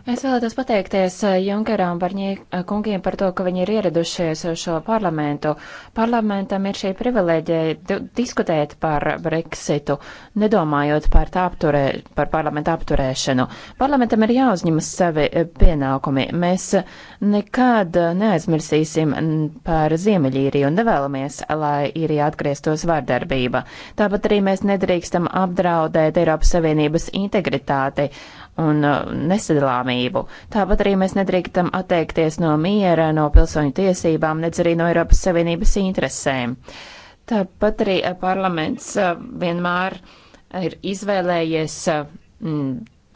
Speaker 4: Es vēlētos pateikties eh, Junkeram par eh, kungiem par to, ka viņi ir ieradušies uz eh, šo parlamentu. Parlamentam ir šī privileģija diskutēt par Brexitu, nedomājot par, apturē, par parlamentu apturēšanu. Parlamentam ir jāuzņemas savi pienākumi. Mēs nekad neaizmirsīsim par Ziemeļīriju un nevēlamies, lai īrija atgrieztos vardarbība. Tāpat arī mēs nedrīkstam apdraudēt Eiropas Savienības integritāti un uh, nesadalāmību. Tāpat arī mēs nedrīkstam atteikties no miera, no pilsoņu tiesībām, nedz arī no Eiropas Savienības interesēm. Tāpat arī uh, parlaments uh, vienmēr ir izvēlējies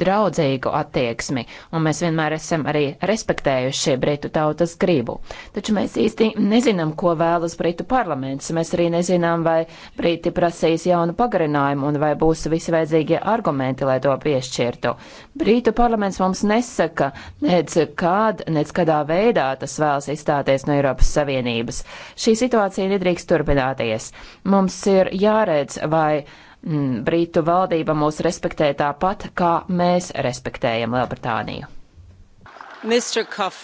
Speaker 4: draudzīgu attieksmi, un mēs vienmēr esam arī respektējuši Britu tautas gribu. Taču mēs īsti nezinām, ko vēlas Britu parlaments. Mēs arī nezinām, vai Briti prasīs jaunu pagarinājumu un vai būs visi vajadzīgie argumenti, lai to piešķirtu. Brītu parlaments mums nesaka nec kād, nec kādā veidā tas vēlas izstāties no Eiropas Savienības. Šī situācija nedrīkst turpināties. Mums ir jāredz, vai Mm, Brītu valdība mūs respektē tāpat, kā mēs respektējam Lielbritāniju. Mr. Kaf.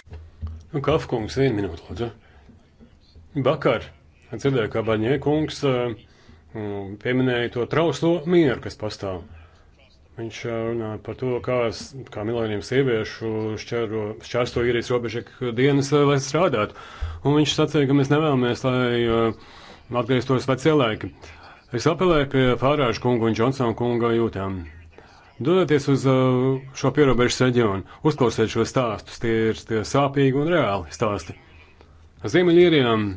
Speaker 2: Nu, Kafkungs, vienu minūtu, lūdzu. Vakar dzirdēju, kā Baņiekungs nu, pieminēja to trauslo mieru, kas pastāv. Viņš runā par to, kā, kā miljoniem sieviešu šķēro, šķērsto īrijas robežu dienas, lai strādātu. Un viņš sacīja, ka mēs nevēlamies, lai atgrieztos veci cilvēki. Uh, Es apelēju pie Fārāža kunga un Džonsona kunga jūtām. Dodoties uz uh, šo pierobežu reģionu, uzklausiet šo stāstus, tie ir tie sāpīgi un reāli stāsti. Ziemeļīrijām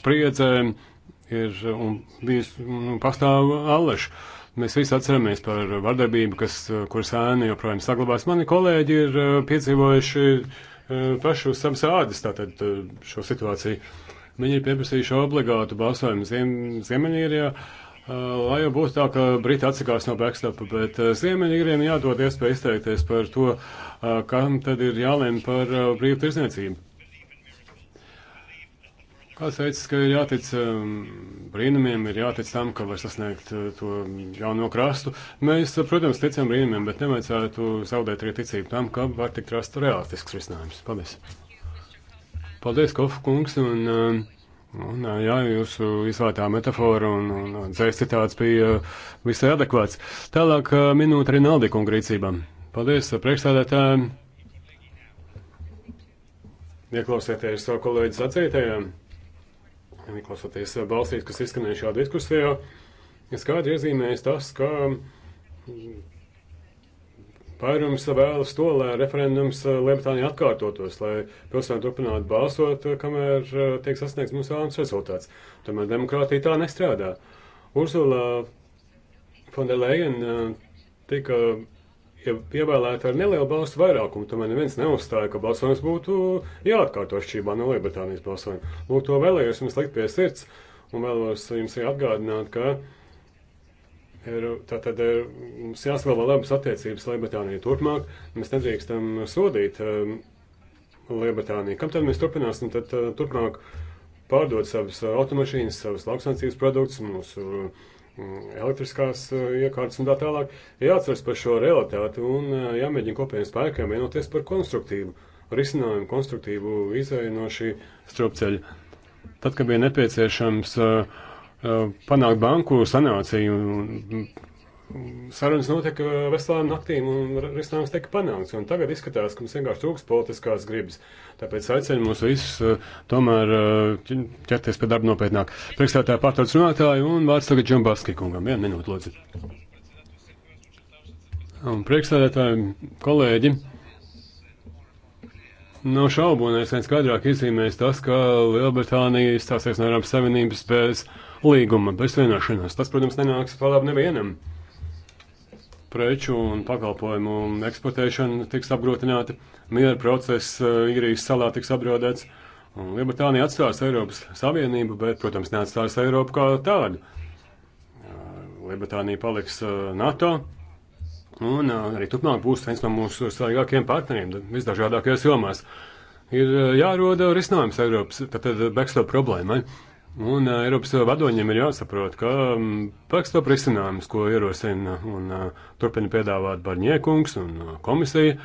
Speaker 2: spriedzē ir uh, un bijis un nu, pastāv alleši. Mēs visi atceramies par vardarbību, kas, uh, kuras ēna joprojām saglabās. Mani kolēģi ir piedzīvojuši pašu savas ādas, tātad šo situāciju. Viņi ir pieprasījuši obligātu balsojumu Ziem, Ziemeļīrijā, lai jau būtu tā, ka Briti atsakās no backstopa, bet Ziemeļīrijiem jādod iespēja izteikties par to, kam tad ir jālēm par brīvu tirzniecību. Kāds teica, ka ir jātic brīnumiem, ir jātic tam, ka var sasniegt to jauno krastu. Mēs, protams, ticam brīnumiem, bet nevajadzētu zaudēt arī ticību tam, ka var tikt rasts realistisks risinājums. Paldies! Paldies, Kofu kungs, un, um, un uh, jā, jūsu izvērtā metafora un, un dzēs citāts bija uh, visai adekvāts. Tālāk uh, minūte Rinaldi kungu rīcībām. Paldies, priekšstādātājiem. Ieklausieties savu kolēģi sacītajiem. Ieklausoties balsīs, kas izskanēja šajā diskusijā, skaidri iezīmējas tas, ka Vairums vēlas to, lai referendums eh, Lielbritānijā atkārtotos, lai pilsēta turpinātu balsot, eh, kamēr eh, tiek sasniegts mūsu vēlams rezultāts. Tomēr demokrātija tā nestrādā. Ursula Fondelēna tika ievēlēta ar nelielu balstu vairākumu, tomēr neviens neuzstāja, ka balsojums būtu jāatkārto šķībā no Lielbritānijas balsojuma. Lūk, to vēlējos jums likt pie sirds un vēlos jums arī atgādināt, ka ir, tātad ir, eh, mums jāsaglabā labas attiecības Lielbritānijai turpmāk. Mēs nedrīkstam sodīt um, Lielbritāniju. Kam tad mēs turpināsim tad, uh, turpmāk pārdot savas automašīnas, savas lauksaimniecības produktus, mūsu uh, elektriskās iekārtas un tā tālāk, jāatceras par šo realitāti un jāmēģina kopējiem spēkiem vienoties par konstruktīvu risinājumu, konstruktīvu izēju no šī strupceļa. Tad, kad bija nepieciešams uh, panākt banku sanāciju. Un, Sarunas notika veselām naktīm, un risinājums tika panākts. Tagad izskatās, ka mums vienkārši trūks politiskās gribas. Tāpēc aicinu mūs visus eh, tomēr eh, ķerties pie darba nopietnāk. Priekšstādā pārtauc runātāju un vārds tagad Džambaski kungam. Vienu minūtu, lūdzu. Un priekšstādātāji, kolēģi, nav šaubu, un es vien skaidrāk izzīmēs tas, ka Lielbritānija izstāsies no Eiropas Savienības pēc. Bez līguma, bez vienošanās. Tas, protams, nenāks par labu nevienam. Preču un pakalpojumu eksportēšana tiks apgrūtināta, miera process īrijas eh, salā tiks apdraudēts. Lielbritānija atstās Eiropas Savienību, bet, protams, neatstās Eiropu kā tādu. Eh, Lielbritānija paliks eh, NATO, un arī turpmāk būs viens no mūsu svarīgākajiem partneriem visdažādākajās jomās. Ir jāroda risinājums Eiropas, tad backstop problēmai. Ja? Un uh, Eiropas vadoņiem ir jāsaprot, ka um, mm, pakstop risinājums, ko ierosina un uh, turpina piedāvāt Barņiekungs un uh, komisija,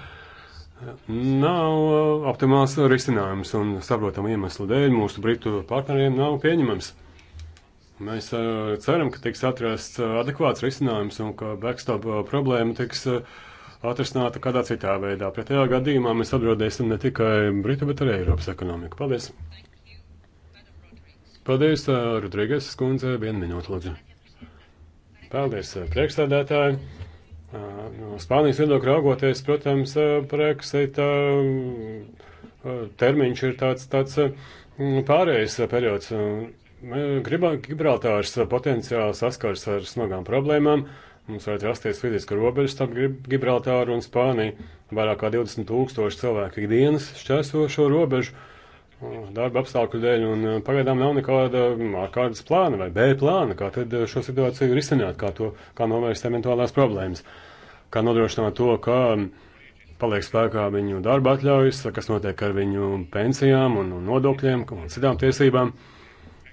Speaker 2: nav uh, optimāls risinājums un saprotamu iemeslu dēļ mūsu britu partneriem nav pieņemams. Mēs uh, ceram, ka tiks atrasts uh, adekvāts risinājums un ka backstop uh, problēma tiks uh, atrasināta kādā citā veidā. Pretējā gadījumā mēs apdraudēsim ne tikai Britu, bet arī Eiropas ekonomiku. Paldies! Paldies, Rodrīgas skundze, vienu minūtu lūdzu. Paldies, priekšstādātāji. No Spānijas viedokļa raugoties, protams, Brexita termiņš ir tāds, tāds pārējais periods. Gibraltārs potenciāli saskars ar smagām problēmām. Mums varētu rasties fiziska robeža starp Gibraltāru un Spāniju. Vairāk kā 20 tūkstoši cilvēku ikdienas šķērso šo robežu darba apstākļu dēļ, un eh, pagaidām nav nekāda ārkārtas mm, plāna vai B plāna, kā tad eh, šo situāciju risināt, kā, to, kā novērst eventuālās problēmas, kā nodrošināt to, ka mm, paliek spēkā viņu darba atļaujas, kas notiek ar viņu pensijām un nodokļiem un citām tiesībām.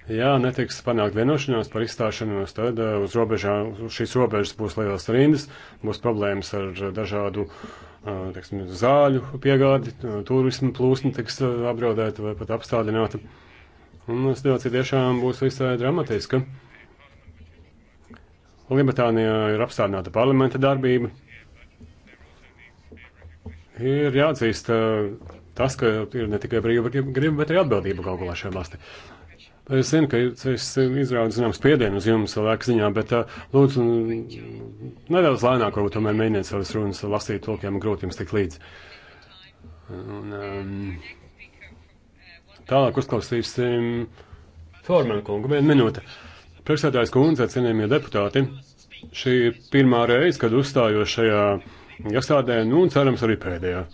Speaker 2: Ja netiks panākt vienošanās par izstāšanos, tad eh, uz, robežā, uz šīs robežas būs lielas rindas, būs problēmas ar dažādu uh, teksim, zāļu piegādi, turismu plūsma tiks apdraudēta vai pat apstādināta. Un situācija tiešām būs visai dramatiska. Lielbritānijā ir apstādināta parlamenta darbība. Ir jāatzīst tas, ka ir ne tikai brīva griba, bet arī atbildība galu galā šajā valstī. Es zinu, ka es izraudu zinām spiedienu uz jums cilvēku ziņā, bet lūdzu nedaudz lēnāk, varbūt tomēr mēģiniet savas runas lasīt tulkiem, grūti jums tik līdz. Un, um, tālāk uzklausīsim Formanu kungu, vienu minūti. Priekšsēdājas kundze, cienījamie deputāti, šī ir pirmā reize, kad uzstājos šajā iestādē, nu un cerams arī pēdējā.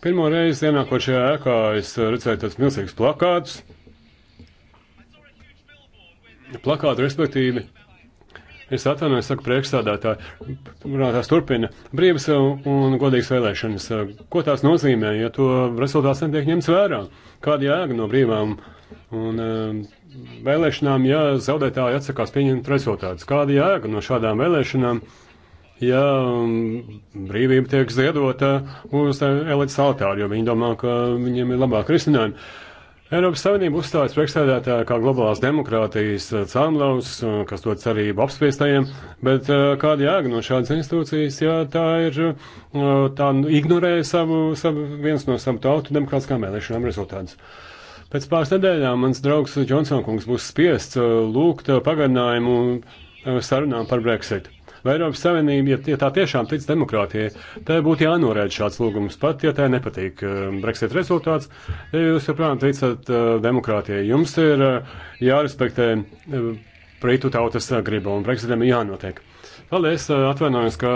Speaker 2: Pirmo reizi ienākot šajā ēkā, es redzēju tādus milzīgus plakātus, plakātu, respektīvi, es atvainojos, saku priekšstādātāji, runātās turpina brīvas un godīgas vēlēšanas. Ko tās nozīmē, ja to rezultāts netiek ņemts vērā? Kāda jēga no brīvām un eh, vēlēšanām, ja zaudētāji atsakās pieņemt rezultātus? Kāda jēga no šādām vēlēšanām? ja um, brīvība tiek ziedota uz eh, elites altāru, jo viņi domā, ka viņiem ir labāk risinājumi. Eiropas Savienība uzstājas priekšstādātāja kā globālās demokrātijas eh, cēlonlaus, eh, kas dod cerību apspiestajiem, bet eh, kāda jēga no šādas institūcijas, ja tā ir, tā ignorē savu, savu viens no savu tautu demokrātiskām vēlēšanām rezultātus. Pēc pāris nedēļām mans draugs Džonsonkungs būs spiests lūgt pagarinājumu sarunām par Brexitu. Vai Eiropas Savienība, ja, ja tā tiešām tic demokrātijai, tai būtu jānorēģ šāds lūgums pat, ja tai nepatīk eh, Brexit rezultāts. Ja jūs joprojām ticat eh, demokrātijai, jums ir eh, jārespektē Britu tautas griba un Brexitam jānotiek. Paldies, atvainojos, ka.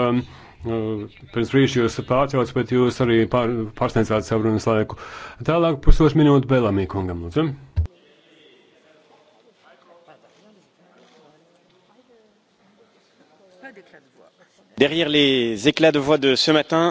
Speaker 2: Pirms brīža jūs pārcēlāt, bet jūs arī pār, pārsniedzāt savu runas laiku. Tālāk pusotru minūtu Belamī kungam, lūdzu. Derrière les éclats de voix de ce matin,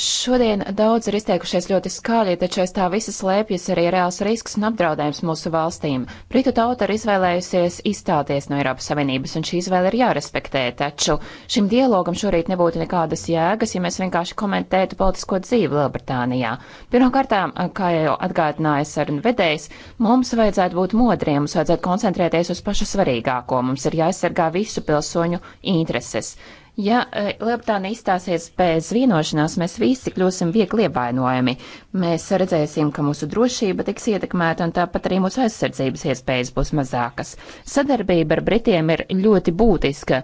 Speaker 4: Šodien daudz ir izteikušies ļoti skaļi, taču aiz tā visa slēpjas arī reāls risks un apdraudējums mūsu valstīm. Britu tauta ir izvēlējusies izstāties no Eiropas Savienības, un šī izvēle ir jārespektē, taču šim dialogam šorīt nebūtu nekādas jēgas, ja mēs vienkārši komentētu politisko dzīvi Lielbritānijā. Pirmkārtām, kā jau atgādināja sarunu vedējs, mums vajadzētu būt modriem, mums vajadzētu koncentrēties uz pašu svarīgāko, mums ir jāaizsargā visu pilsoņu intereses. Ja e, Lielbritānija izstāsies bez vienošanās, mēs visi kļūsim viegli ievainojami. Mēs redzēsim, ka mūsu drošība tiks ietekmēta un tāpat arī mūsu aizsardzības iespējas būs mazākas. Sadarbība ar Britiem ir ļoti būtiska e,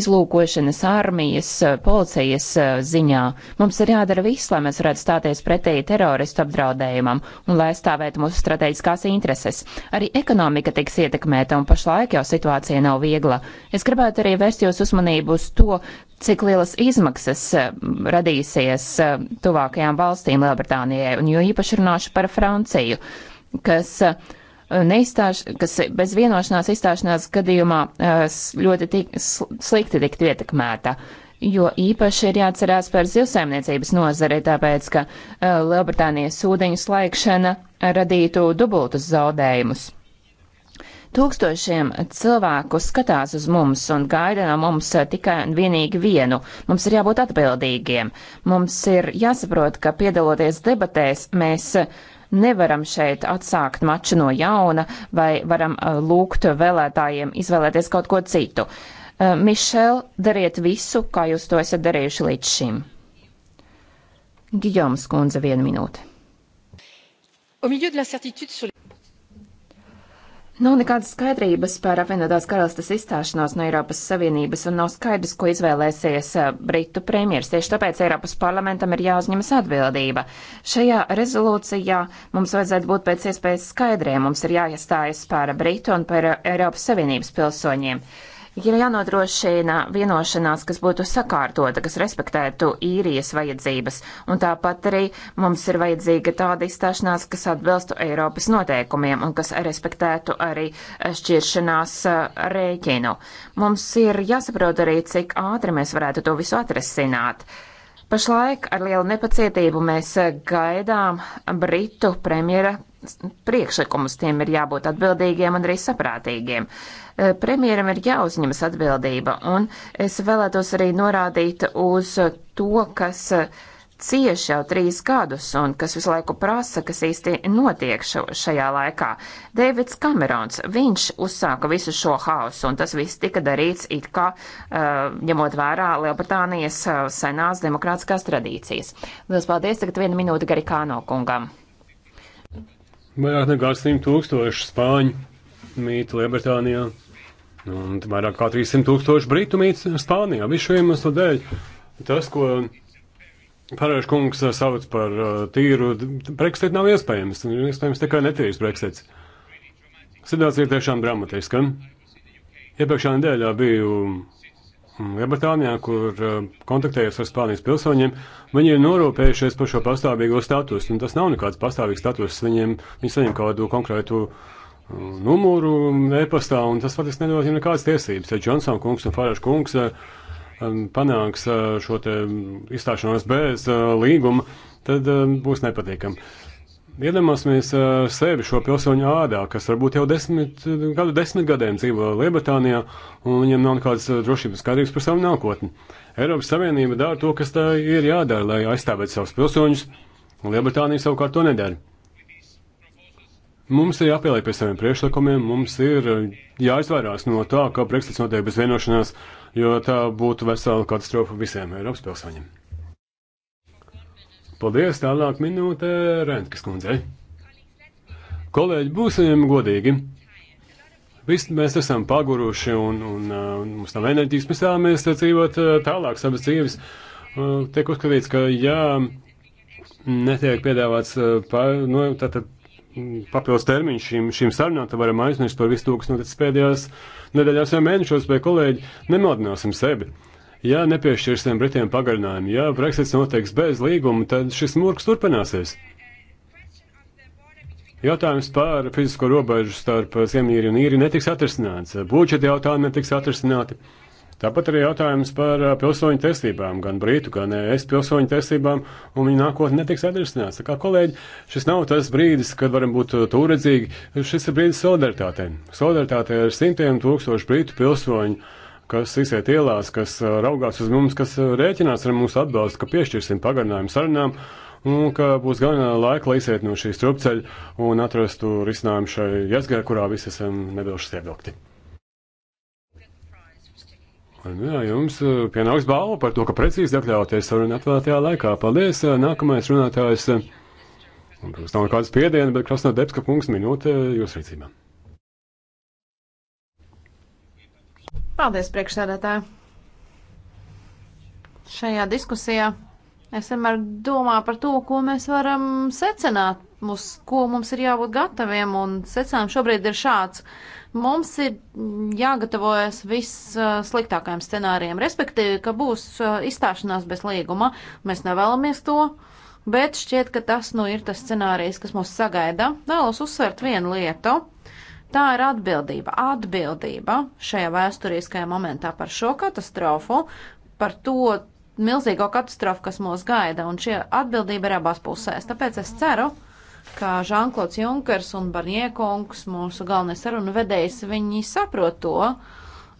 Speaker 4: izlūkošanas, armijas, e, policijas ziņā. Mums ir jādara viss, lai mēs varētu stāties pretī teroristu apdraudējumam un lai aizstāvētu mūsu strateģiskās intereses. Arī ekonomika tiks ietekmēta un pašlaik jau situācija nav viegla. Es gribētu arī vērst jūs uzmanību uz to, to, cik lielas izmaksas eh, radīsies eh, tuvākajām valstīm Lielbritānijai, un jo īpaši runāšu par Franciju, kas eh, neizstāš, kas bez vienošanās izstāšanās gadījumā ļoti tik, slikti tiktu ietekmēta. Jo īpaši ir jāatcerās par zivsaimniecības nozari, tāpēc, ka Lielbritānijas ūdeņu slēgšana radītu dubultus zaudējumus. Tūkstošiem cilvēku skatās uz mums un gaida no mums tikai un vienīgi vienu. Mums ir jābūt atbildīgiem. Mums ir jāsaprot, ka piedaloties debatēs mēs nevaram šeit atsākt maču no jauna vai varam uh, lūgt vēlētājiem izvēlēties kaut ko citu. Uh, Mišel, dariet visu, kā jūs to esat darījuši līdz šim. Gijoms kundze, viena minūte. Nav nekādas skaidrības par apvienotās karalistas izstāšanos no Eiropas Savienības un nav skaidrs, ko izvēlēsies eh, Britu premjers. Tieši tāpēc Eiropas parlamentam ir jāuzņemas atbildība. Šajā rezolūcijā mums vajadzētu būt pēc iespējas skaidriem. Mums ir jāiestājas par Britu un par Eiropas Savienības pilsoņiem. Uh, Ir jānodrošina vienošanās, kas būtu sakārtota, kas respektētu īrijas vajadzības, un tāpat arī mums ir vajadzīga tāda izstāšanās, kas atbilstu Eiropas noteikumiem un kas respektētu arī šķiršanās rēķinu. Mums ir jāsaprot arī, cik ātri mēs varētu to visu atrisināt. Pašlaik ar lielu nepacietību mēs gaidām Britu premjera priekšlikumus, tiem ir jābūt atbildīgiem un arī saprātīgiem. Uh, Eh, Premjeram ir jāuzņemas atbildība, un es vēlētos arī norādīt uz to, kas eh, cieš jau trīs gadus un kas visu laiku prasa, kas īsti notiek šo, šajā laikā. Deivids Kamerons, viņš uzsāka visu šo hausu un tas viss tika darīts it kā uh, ņemot vērā Lielbritānijas uh, senās demokrātiskās tradīcijas. Lielas paldies, tagad viena minūte Garikāno kungam.
Speaker 2: Vairāk nekā 100 tūkstoši spāņu mītu Lielbritānijā. Nu, un vairāk kā 300 tūkstoši britu mīt Spānijā. Visu šo iemeslu dēļ tas, ko Pārējais kungs sauc par uh, tīru Brexit nav iespējams. Ir iespējams tikai netīrs Brexits. Situācija ir tiešām dramatiska. Iepriekšā nedēļā biju mm, Lielbritānijā, kur uh, kontaktējos ar Spānijas pilsoņiem. Viņi ir norūpējušies par šo pastāvīgo statusu. Un tas nav nekāds pastāvīgs status. Viņiem, viņi saņem kādu konkrētu uh, numuru e-pastā, un tas faktiski nedod viņam nekādas tiesības. Ja Džonsona kungs un Fārāša kungs eh, eh, panāks eh, šo te izstāšanos bez līguma, tad būs nepatīkami. Iedomāsimies sevi šo pilsoņu ādā, kas varbūt jau desmit, gadu desmit gadiem dzīvo Lielbritānijā, un viņam nav nekādas drošības skaidrības par savu nākotni. Eiropas Savienība dara to, kas tā ir jādara, lai aizstāvētu savus pilsoņus, un Lielbritānija savukārt to nedara. Mums ir jāpieliek pie saviem priekšlikumiem, mums ir jāizvairās no tā, ka Brexits notiek bez vienošanās, jo tā būtu vesela katastrofa visiem Eiropas pilsoņiem. Paldies, tālāk minūte Rentkas kundzei. Kolēģi, būsim godīgi. Visi mēs esam paguruši un, un, un mums nav enerģijas, mēs vēlamies dzīvot eh, tālāk savas dzīves. Eh, tiek uzskatīts, ka jā, netiek piedāvāts, eh, pa, nu, tātad papildus termiņš šīm, šīm sarunām, tad varam aizmirst par visu to, kas noticis pēdējās nedēļās vai mēnešos, vai kolēģi, nemodināsim sevi. Ja nepiešķirsim Britiem pagarinājumu, ja Brexits noteiks bez līguma, tad šis murgs turpināsies. Jautājums par fizisko robežu starp Ziemeļīriju un Īriju netiks atrisināts, budžeta jautājumi netiks atrisināti. Tāpat arī jautājums par uh, pilsoņu tiesībām, gan brītu, gan es pilsoņu tiesībām, un viņa nākotnē netiks atrisināts. Tā kā kolēģi, šis nav tas brīdis, kad varam būt uh, tūredzīgi, šis ir brīdis solidaritātei. Solidaritāte ar simtiem tūkstošu brītu pilsoņu kas iziet ielās, kas uh, raugās uz mums, kas rēķinās ar mūsu atbalstu, ka piešķirsim pagarinājumu sarunām un ka būs gan laika, lai iziet no šīs trupceļa un atrastu risinājumu šai jazgai, kurā visi esam nebilšas ievilkti. Nu jā, jums eh, pienāks balva par to, ka precīzi iekļauties sarunu atvēlētajā laikā. Paldies! Eh, nākamais runātājs. Protams, eh, nav nekādas piedienas, bet Krasnā Debska kungs minūte jūsu rīcībā.
Speaker 6: Paldies, priekšsēdētāji! Šajā diskusijā es vienmēr domāju par to, ko mēs varam secināt, uz ko mums ir jābūt gataviem, un secinājums šobrīd ir šāds. Uh, Mums ir mm, jāgatavojas vissliktākajiem scenārijiem, respektīvi, ka būs izstāšanās bez līguma. Mēs nevēlamies to, bet šķiet, ka tas nu ir tas scenārijs, kas mūs sagaida. Vēlos uzsvērt vienu lietu. Tā ir atbildība. Atbildība šajā vēsturiskajā momentā par šo katastrofu, par to milzīgo katastrofu, kas mūs gaida, un šī atbildība ir abās pusēs. Tāpēc es ceru, ka ka Žanklots Junkers un Barniekungs, mūsu galvenais sarunu vedējs, viņi saprot to.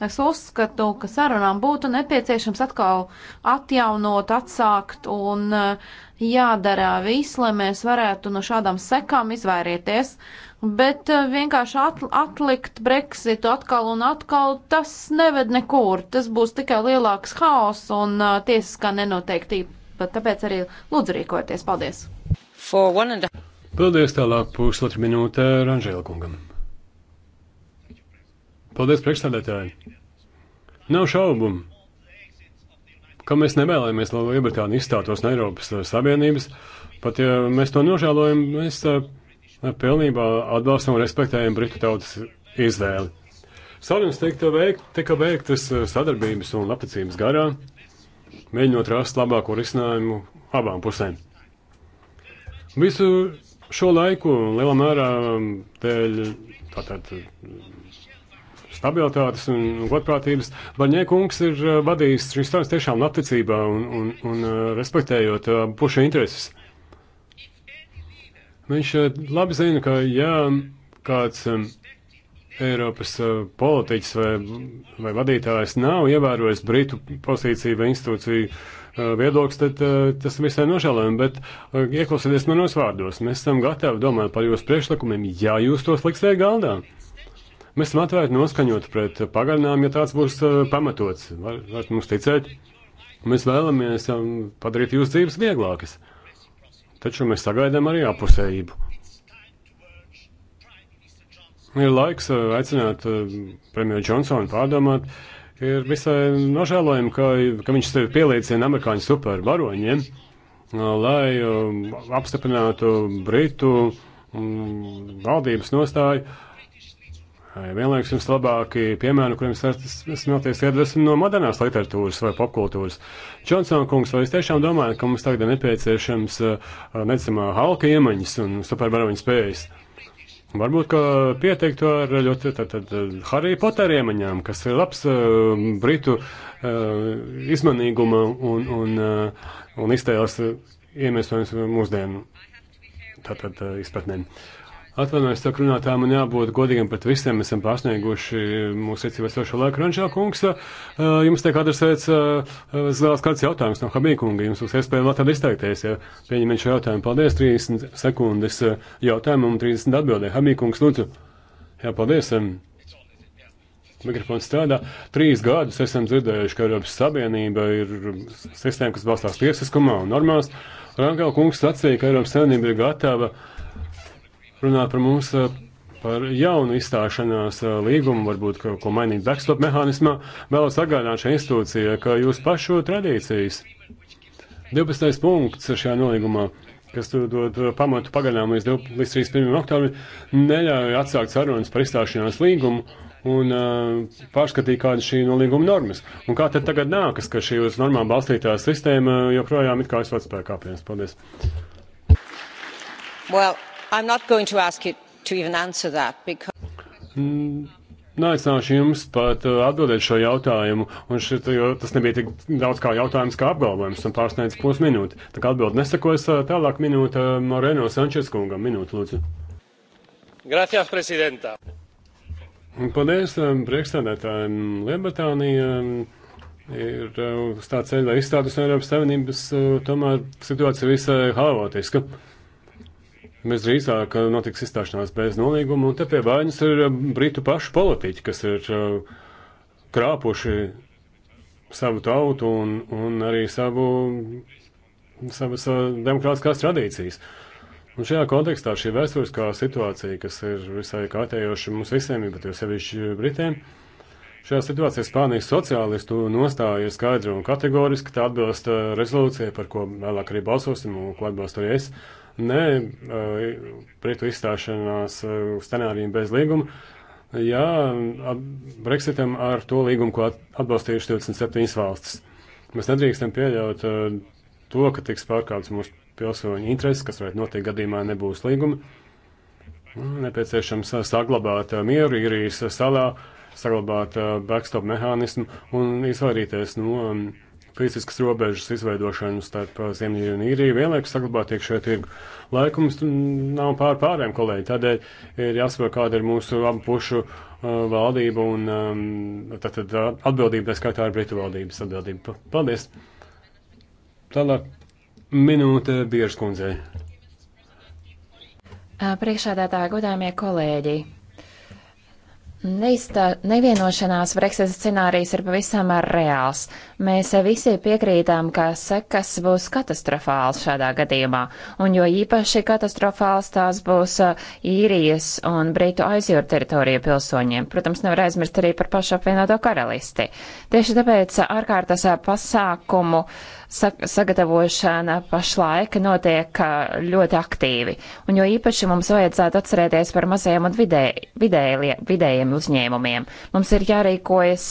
Speaker 6: Es uzskatu, ka sarunām būtu nepieciešams atkal atjaunot, atsākt un eh, jādara viss, lai mēs varētu no šādām sekām izvairīties. Bet eh, vienkārši atl atlikt Brexitu atkal un atkal, tas neved nekur. Tas būs tikai lielāks haoss un eh, tiesiskā nenoteiktība. Tāpēc arī lūdzu rīkoties. Paldies! For one and a half.
Speaker 2: Paldies tālāk pusotru minūtē Ranžēla kungam. Paldies priekšstādētāji. Nav šaubu, ka mēs nevēlamies, lai Lielbritānija izstātos no Eiropas uh, Savienības. Pat ja mēs to nožēlojam, mēs uh, pilnībā atbalstam un respektējam Britu tautas izvēli. Sarunas tika, veikt, tika veiktas uh, sadarbības un labticības garā, mēģinot rast labāko risinājumu abām pusēm. Visu Šo laiku lielā mērā um, dēļ tātad stabilitātes un godprātības. Barņē kungs ir uh, vadījis šīs tādas tiešām atticībā un, un, un uh, respektējot uh, pušu intereses. Viņš labi zina, ka ja kāds um, Eiropas politiķis vai, vai vadītājs nav ievērojis Britu pozīciju vai institūciju Eh, viedoklis, tad eh, tas visai nožēlojami, bet eh, ieklausieties manos vārdos. Mēs esam gatavi domāt par jūsu priekšlikumiem, ja jūs tos liksiet galdā. Mēs esam atvērti noskaņot pret pagarinājumu, ja tāds būs pamatots. Var, varat mums ticēt, mēs vēlamies padarīt jūsu dzīves vieglākas. Taču mēs sagaidām arī apusējību. Ir laiks aicināt premjeru Džonsonu pārdomāt, uh, Ir visai nožēlojami, ka, ka viņš sevi pielīdzina amerikāņu supervaroņiem, lai um, apstiprinātu Britu um, valdības nostāju. Vienlaikus jums labāki piemēri, kuriem smelties iedvesmu no modernās literatūras vai popkultūras. Džonsona kungs, vai es tiešām domāju, ka mums tagad ir nepieciešams uh, uh, necamā halka iemaņas un supervaroņu spējas? Uh, Varbūt, ka pieteiktu ar ļoti tad, tad, Harry Potter iemaņām, kas ir labs uh, britu uh, izmanīguma un, un, uh, un iztēles uh, iemiesojums mūsdienu tātad uh, izpratnēm. Uh, Atvainojos, tā runātā man jābūt godīgam pret visiem. Mēs esam pārsnieguši mūsu rīcības sošo laiku. Rančā kungs, uh, jums tiek adresēts zilās uh, kāds jautājums no Habīkunga. Jums būs iespēja vēl tad izteikties, ja pieņemiet šo jautājumu. Paldies, 30 sekundes uh, jautājumu un 30 atbildē. Habīkungs, lūdzu. Jā, paldies. Um, mikrofons strādā. Trīs gadus esam dzirdējuši, ka Eiropas Savienība ir sistēma, kas balstās tiesiskumā un normās. Rangel kungs sacīja, ka Eiropas Savienība ir gatava uh, runā par mums eh, par jaunu izstāšanās eh, līgumu, varbūt kaut ko mainīt backstop mehānismā, vēlos atgādināt šai institūcijai, ka jūs pašu tradīcijas. 12. punkts šajā nolīgumā, kas dod eh, pamatu pagaidām līdz, 12, līdz 31. oktobrim, neļauj atsākt sarunas par izstāšanās līgumu un uh, pārskatīja, kāda šī nolīguma normas. Un kā tad tagad nākas, ka šī uz normām balstītā sistēma joprojām ir kā aizsvats spēkā, piemēram, paldies.
Speaker 3: Well. I'm not going to ask you to even answer that because.
Speaker 2: Mm. Neaicināšu jums pat uh, atbildēt šo jautājumu, un šit, tas nebija tik daudz kā jautājums, kā apgalvojums, un pārsniedz pusminūti. Tā kā atbildi nesakos, uh, tālāk minūte uh, Moreno Sančes kungam. Minūte, lūdzu. Gracias, prezidentā. Paldies, um, priekšstādētājiem. Lielbritānija um, ir uz tā ceļa izstādus no Eiropas Savienības, tomēr situācija visai haotiska. Mēs drīzāk eh, notiks izstāšanās bez nolīguma, un te pie vainas ir eh, britu pašu politiķi, kas ir eh, krāpuši savu tautu un, un arī savu, savas demokrātiskās tradīcijas. Un šajā kontekstā šī vēsturiskā situācija, kas ir visai kārtējoša mums visiem, bet jau sevišķi Britiem, šajā situācijā Spānijas sociālistu nostāja ir skaidra un kategoriska, tā atbilst rezolūcijai, par ko vēlāk arī balsosim un ko atbilst arī es. Uh, ne eh, pretu izstāšanās eh, scenārijiem bez līguma, jā, Brexitam ar to līgumu, ko atbalstījuši 27 valstis. Mēs nedrīkstam pieļaut eh, to, ka tiks pārkāpts mūsu pilsoņu intereses, kas varētu notikt gadījumā, nebūs līguma. Mm, nepieciešams saglabāt mieru īrijas salā, saglabāt backstop mehānismu un izvairīties no. Nu, fiziskas robežas izveidošanu starp uh, Ziemeļīriju un Īriju, vienlaikus saglabāt iekšējo tirgu. Laikums nav pār pārējiem kolēģi, tādēļ ir jāsaprot, kāda ir mūsu abu pušu uh, valdība un um, tad, tad uh, atbildība, tā skaitā ir Britu valdības atbildība. Paldies! Tālāk minūte Biežkundzei.
Speaker 4: Uh, priekšādātāji, godāmie kolēģi! Neizstā, nevienošanās Brexit scenārijs ir pavisam reāls. Mēs visi piekrītām, ka sekas būs katastrofāls šādā gadījumā, un jo īpaši katastrofāls tās būs uh, īrijas un Britu aizjūra teritoriju pilsoņiem. Protams, nevar aizmirst arī par pašu apvienoto karalisti. Tieši tāpēc ārkārtas uh, pasākumu uh, sagatavošana pašlaik notiek ļoti aktīvi. Un jo īpaši mums vajadzētu atcerēties par mazajiem un vidē, vidē, vidējiem uzņēmumiem. Mums ir jārīkojas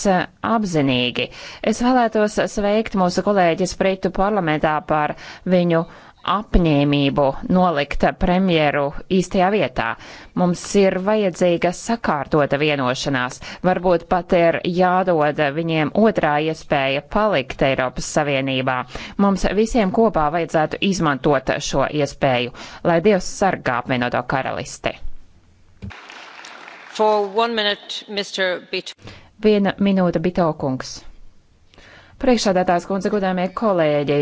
Speaker 4: apzinīgi. Es vēlētos sveikt mūsu kolēģis Britu parlamentā par viņu uh, apņēmību nolikt premjeru īstajā vietā. Mums ir vajadzīga sakārtota vienošanās, varbūt pat ir jādod viņiem otrā iespēja palikt Eiropas Savienībā. Mums visiem kopā vajadzētu izmantot šo iespēju, lai Dievs sargā apvienoto karalisti. Minute, Viena minūte, Bito kungs. Priekšādātās kundze, godāmie kolēģi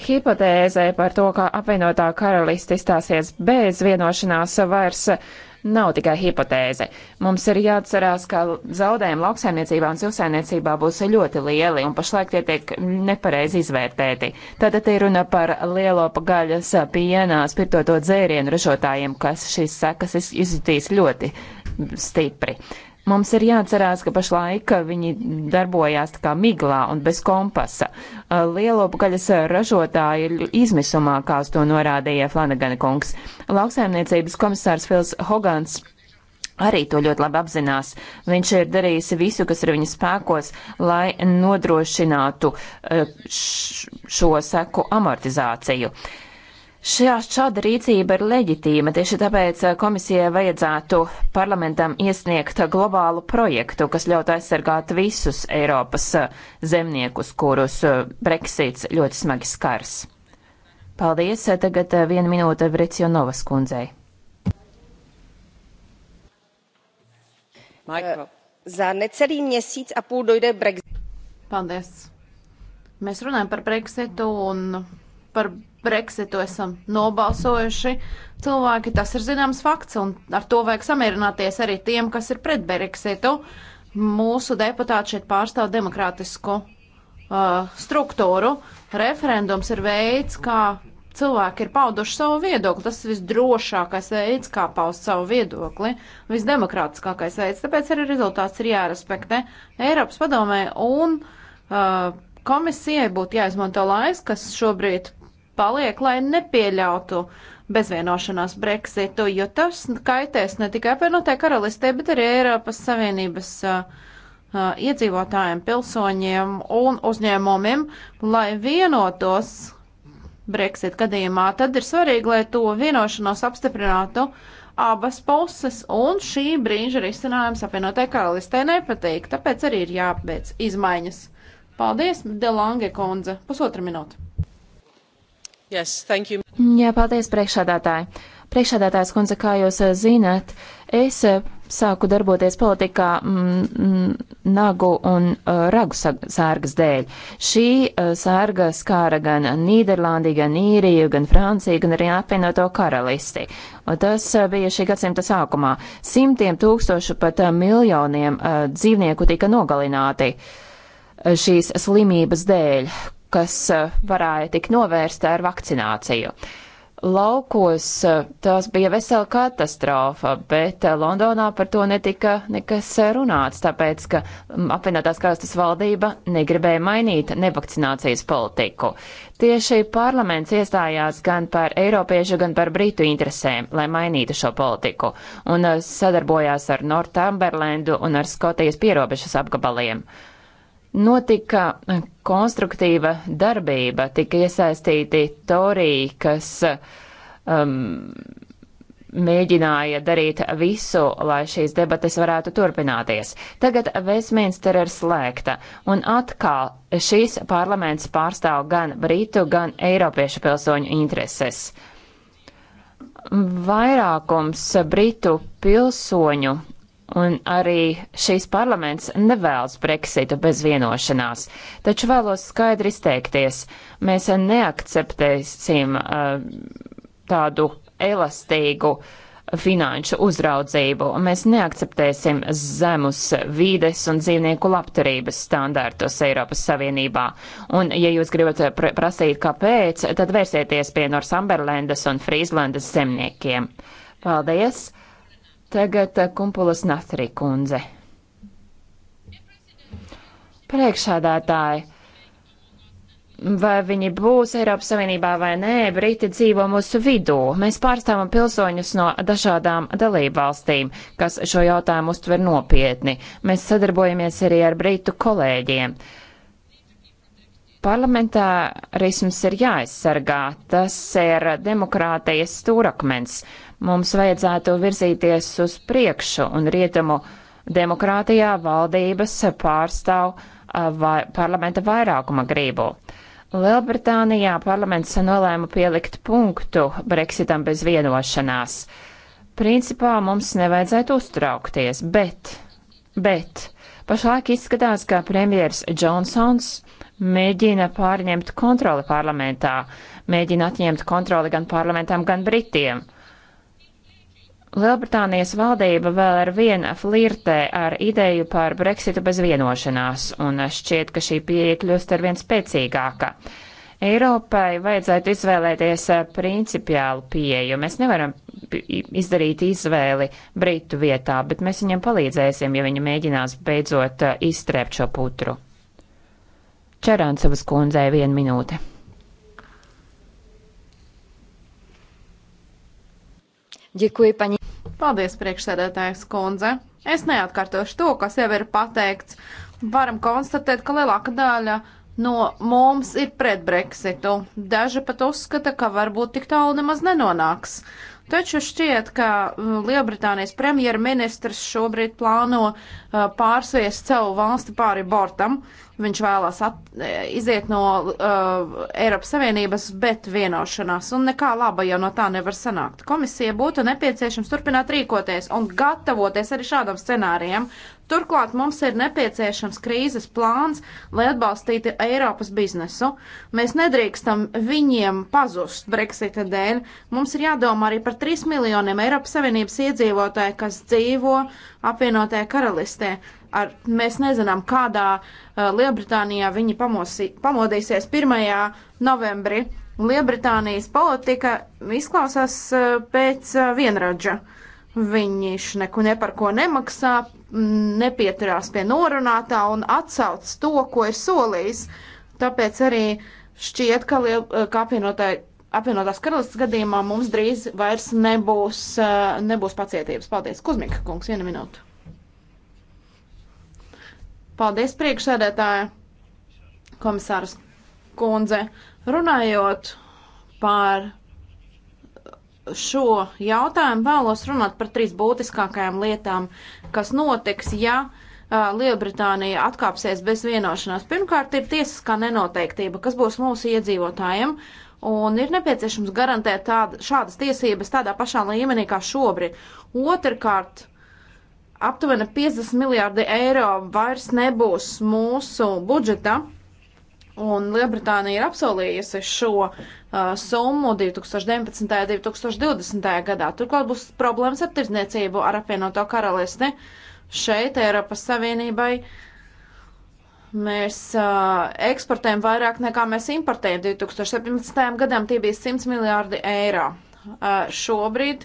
Speaker 4: hipotēzē par to, ka apvienotā karalista izstāsies bez vienošanās vairs nav tikai hipotēze. Mums ir jāatcerās, ka zaudējumi lauksaimniecībā un zivsaimniecībā būs ļoti lieli, un pašlaik tie tiek nepareizi izvērtēti. Tātad ir runa par lielo pagaļas pienā spirtoto dzērienu ražotājiem, kas šīs sekas izjutīs ļoti stipri. Mums ir jāatcerās, ka pašlaik viņi darbojās tā kā miglā un bez kompasa. Lielopgaļas ražotāji ir izmisumā, kā uz to norādīja Flanagana kungs. Lauksaimniecības komisārs Fils Hogans arī to ļoti labi apzinās. Viņš ir darījis visu, kas ir viņa spēkos, lai nodrošinātu šo seku amortizāciju. Uh, Šajā šāda rīcība ir leģitīma, tieši tāpēc eh, komisijai vajadzētu parlamentam iesniegt globālu projektu, kas ļautu aizsargāt visus Eiropas eh, zemniekus, kurus eh, Brexits ļoti smagi skars. Paldies, tagad viena minūte Vricio Novas kundzei.
Speaker 6: Mikro. Za necelý měsíc a půl dojde Brexit. Paldies. Mēs runājam par Brexitu un par Brexitu esam nobalsojuši. Cilvēki, tas ir zināms fakts, un ar to vajag samierināties arī tiem, kas ir pret Brexitu. Mūsu deputāti šeit pārstāv demokrātisku uh, struktūru. Referendums ir veids, kā cilvēki ir pauduši savu viedokli. Tas ir visdrošākais veids, kā paust savu viedokli, visdemokrātiskākais veids. Tāpēc arī rezultāts ir jārespektē Eiropas padomē un uh, komisijai būtu jāizmanto laiks, kas šobrīd paliek, lai nepieļautu bezvienošanās Brexitu, jo tas kaitēs ne tikai apvienotai karalistē, bet arī Eiropas Savienības uh, uh, iedzīvotājiem, pilsoņiem un uzņēmumiem, lai vienotos Brexit gadījumā. Tad ir svarīgi, lai to vienošanos apstiprinātu abas puses, un šī brīža risinājums apvienotai karalistē nepatīk, tāpēc arī ir jāpēc izmaiņas. Paldies, Delange kundze, pusotra minūte.
Speaker 4: Yes, Jā, paldies priekšādātāji. Priekšādātājs kundze, kā jūs eh, zinat, es eh, sāku darboties politikā mm, mm nagu un uh, ragu sārgas dēļ. Šī uh, sārga skāra gan Nīderlandi, gan Īriju, gan Franciju, gan arī apvienoto karalisti. Un tas uh, bija šī gadsimta sākumā. Simtiem tūkstošu pat uh, miljoniem uh, dzīvnieku tika nogalināti uh, šīs slimības dēļ, kas eh, varēja tik novērsta ar vakcināciju. Laukos eh, tās bija vesela katastrofa, bet eh, Londonā par to netika nekas runāts, tāpēc, ka mm, apvienotās karastas valdība negribēja mainīt nevakcinācijas politiku. Tieši parlaments iestājās gan par eiropiešu, gan par britu interesēm, lai mainītu šo politiku, un sadarbojās ar Northumberlandu un ar Skotijas pierobežas apgabaliem. Notika konstruktīva darbība, tika iesaistīti torī, kas um, mēģināja darīt visu, lai šīs debates varētu turpināties. Tagad Vesminster ir slēgta, un atkal šīs parlaments pārstāv gan Britu, gan Eiropiešu pilsoņu intereses. Vairākums Britu pilsoņu Un arī šīs parlaments nevēlas Brexitu bez vienošanās. Taču vēlos skaidri izteikties, mēs neakceptēsim uh, tādu elastīgu finanšu uzraudzību, un mēs neakceptēsim zemus vīdes un dzīvnieku labturības standārtus Eiropas Savienībā. Un, ja jūs gribat pr prasīt, kāpēc, tad vērsieties pie Norsamberlendas un Frīzlandas zemniekiem. Paldies! Tagad eh, kumpulas Nathri kundze. Priekšādātāji, vai viņi būs Eiropas Savienībā vai nē, Briti dzīvo mūsu vidū. Mēs pārstāvam pilsoņus no dažādām dalību valstīm, kas šo jautājumu uztver nopietni. Mēs sadarbojamies arī ar Britu kolēģiem. Uh, Parlamentārisms ir jāaizsargā, tas ir demokrātijas stūrakmens. Mums vajadzētu virzīties uz priekšu un rietumu demokrātijā valdības pārstāv vai, parlamenta vairākuma gribu. Lielbritānijā parlaments nolēma pielikt punktu Brexitam bez vienošanās. Principā mums nevajadzētu uztraukties, bet, bet pašlaik izskatās, ka premjers Džonsons mēģina pārņemt kontroli parlamentā, mēģina atņemt kontroli gan parlamentam, gan Britiem. Lielbritānijas valdība vēl ar vienu flirtē ar ideju par Brexitu bez vienošanās, un šķiet, ka šī pieeja kļūst ar vien spēcīgāka. Eiropai vajadzētu izvēlēties eh, principiālu pieeju. Mēs nevaram izdarīt izvēli Britu vietā, bet mēs viņam palīdzēsim, ja viņi mēģinās beidzot eh, izstrēpt šo putru. Čerāncevas kundzei vienu minūti. Ďakuj, paņi. Paldies,
Speaker 6: priekšsēdētājs kundze. Es neatkārtošu to, kas jau ir pateikts. Varam konstatēt, ka lielāka daļa no mums ir pret Brexitu. Daži pat uzskata, ka varbūt tik tālu nemaz nenonāks. Uh, Taču šķiet, ka uh, Lielbritānijas premjerministrs šobrīd plāno uh, pārsviest savu valsti pāri bortam. Viņš vēlās at, e, iziet no uh, Eiropas Savienības, bet vienošanās, un nekā laba jau no tā nevar sanākt. Komisija būtu nepieciešams turpināt rīkoties un gatavoties arī šādam scenārijam. Turklāt mums ir nepieciešams krīzes plāns, lai atbalstītu Eiropas biznesu. Mēs nedrīkstam viņiem pazust Brexita dēļ. Mums ir jādomā arī par 3 miljoniem Eiropas Savienības iedzīvotāju, kas dzīvo apvienotajā karalistē. Ar, mēs nezinām, kādā uh, Lielbritānijā viņi pamosi, pamodīsies 1. novembrī. Lielbritānijas politika izklausās uh, pēc uh, vienradža. Viņš neko par ko nemaksā, nepieturās pie norunātā un atsauc to, ko ir solījis. Tāpēc arī šķiet, ka, liel, ka apvienotāji. Apvienotās karalistas gadījumā mums drīz vairs nebūs, eh, nebūs pacietības. Paldies, Kuzmika kungs, viena minūte. Paldies, priekšsēdētāja, komisārs kundze. Runājot par šo jautājumu vēlos runāt par trīs būtiskākajām lietām, kas notiks, ja uh, Lielbritānija atkāpsies bez vienošanās. Pirmkārt, ir tiesiskā nenoteiktība, kas būs mūsu iedzīvotājiem, un ir nepieciešams garantēt tāda, šādas tiesības tādā pašā līmenī kā šobrīd. Otrkārt, aptuveni 50 miljārdi eiro vairs nebūs mūsu budžeta, un Lielbritānija ir apsolījusi šo uh, Uh, summu 2019. un 2020. gadā. Turklāt būs problēmas ar tirdzniecību ar apvienoto karalisti. Šeit Eiropas Savienībai mēs uh, eksportējam vairāk nekā mēs importējam. 2017. gadam tie bija 100 miljārdi eiro. Uh, šobrīd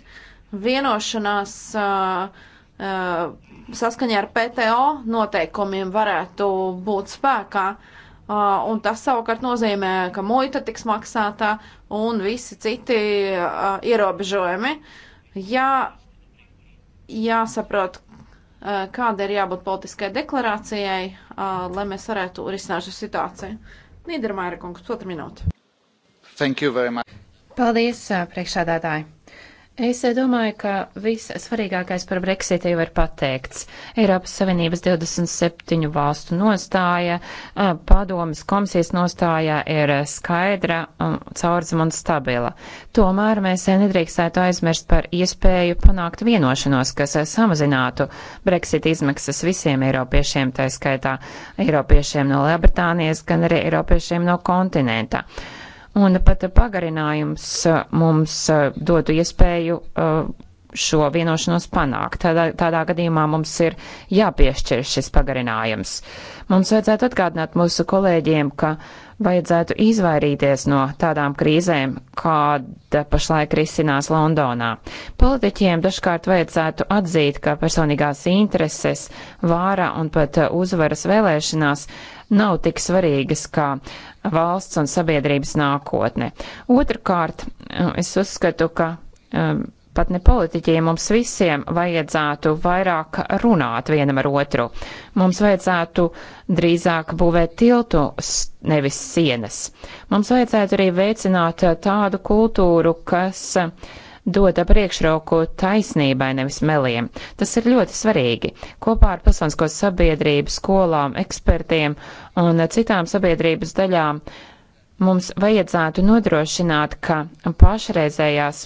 Speaker 6: vienošanās uh, uh, saskaņā ar PTO noteikumiem varētu būt spēkā. Uh, Uh, un tas savukārt nozīmē, ka muita tiks maksātā un visi citi uh, ierobežojumi. Jā, jāsaprot, uh, kāda ir jābūt politiskai deklarācijai, uh, lai mēs varētu risināt šo situāciju. Nīdermāra kungs, pusotra minūte.
Speaker 1: Paldies,
Speaker 4: uh, priekšsādātāji! Es eh, domāju, ka viss svarīgākais par Brexit jau ir pateikts. Eiropas Savienības 27 valstu nostāja, eh, padomas komisijas nostāja ir eh, skaidra, um, caurzem un stabila. Tomēr mēs nedrīkstētu aizmirst par iespēju panākt vienošanos, kas samazinātu Brexit izmaksas visiem eiropiešiem, tā skaitā eiropiešiem no Lielbritānijas, gan arī eiropiešiem no kontinenta. Uh, un pat pagarinājums uh, mums uh, dotu iespēju uh, šo vienošanos panākt. Tādā, tādā gadījumā mums ir jāpiešķir šis pagarinājums. Mums vajadzētu atgādināt mūsu kolēģiem, ka vajadzētu izvairīties no tādām krīzēm, kāda pašlaik risinās Londonā. Politiķiem dažkārt vajadzētu atzīt, ka personīgās intereses, vāra un pat uzvaras vēlēšanās nav tik svarīgas kā valsts un sabiedrības nākotne. Otrakārt, es uzskatu, ka um, pat ne politiķiem, mums visiem vajadzētu vairāk runāt vienam ar otru. Mums vajadzētu drīzāk būvēt tiltu, nevis sienas. Mums vajadzētu arī veicināt tādu kultūru, kas uh, dota priekšroku taisnībai, nevis meliem. Tas ir ļoti svarīgi. Kopā ar pilsonisko sabiedrību, skolām, ekspertiem un citām sabiedrības daļām mums vajadzētu nodrošināt, ka pašreizējās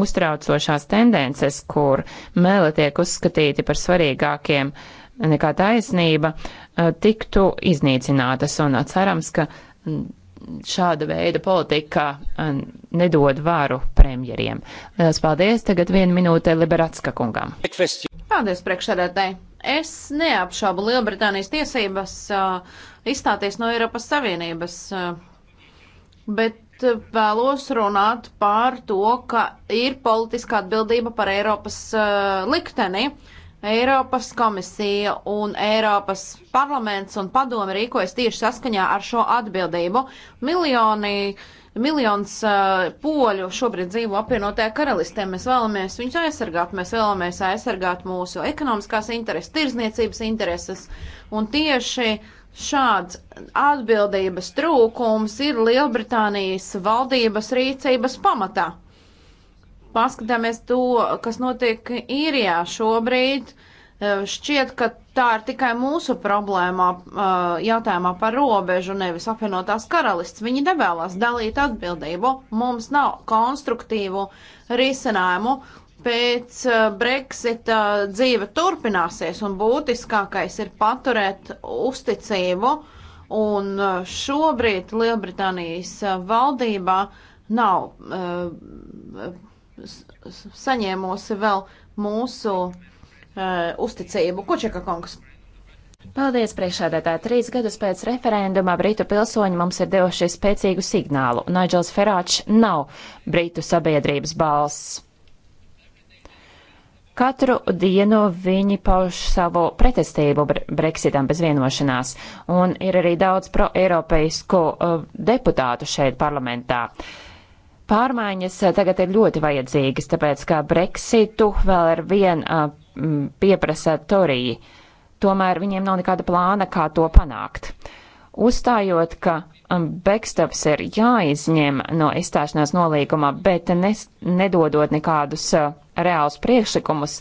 Speaker 4: uztraucošās tendences, kur meli tiek uzskatīti par svarīgākiem nekā taisnība, eh, tiktu iznīcinātas un cerams, ka šāda veida politika eh, nedod vāru premjeriem. Lielas paldies. Tagad viena minūte Liberatska kungam.
Speaker 6: Paldies, priekšsēdētāji. Es neapšaubu Lielbritānijas tiesības uh, izstāties no Eiropas Savienības, uh, bet vēlos runāt par to, ka ir politiska atbildība par Eiropas uh, likteni. Uh, Eiropas komisija un Eiropas parlaments un padomi rīkojas tieši saskaņā ar šo atbildību. Miljoni, miljons uh, poļu šobrīd dzīvo apvienotajā karalistē. Mēs vēlamies viņus aizsargāt, mēs vēlamies aizsargāt mūsu ekonomiskās intereses, tirzniecības intereses. Un tieši šāds atbildības trūkums ir Lielbritānijas valdības rīcības pamatā paskatāmies to, kas notiek īrijā šobrīd, e, šķiet, ka tā ir tikai mūsu problēmā, e, jautājumā par robežu, nevis apvienotās karalists. Viņi nevēlas dalīt atbildību, mums nav konstruktīvu risinājumu. Pēc e, Brexita dzīve turpināsies un būtiskākais ir paturēt uzticību un šobrīd Lielbritānijas valdībā nav uh, saņēmusi vēl mūsu uh, uzticību. Kučeka kungs.
Speaker 4: Paldies, priekšādētāji. Trīs gadus pēc referenduma Britu pilsoņi mums ir devuši spēcīgu signālu. Naidžels Ferāčs nav Britu sabiedrības balss. Katru dienu viņi pauž savu pretestību Brexitam bez vienošanās, un ir arī daudz pro-eiropeisku uh, e, deputātu šeit parlamentā. Uh, Pārmaiņas eh, tagad ir ļoti vajadzīgas, tāpēc kā Brexitu vēl ar vien eh, pieprasa Torija. Tomēr viņiem nav nekāda plāna, kā to panākt. Uzstājot, ka backstops ir jāizņem no izstāšanās nolīguma, bet nes, nedodot nekādus eh, reālus priekšlikumus,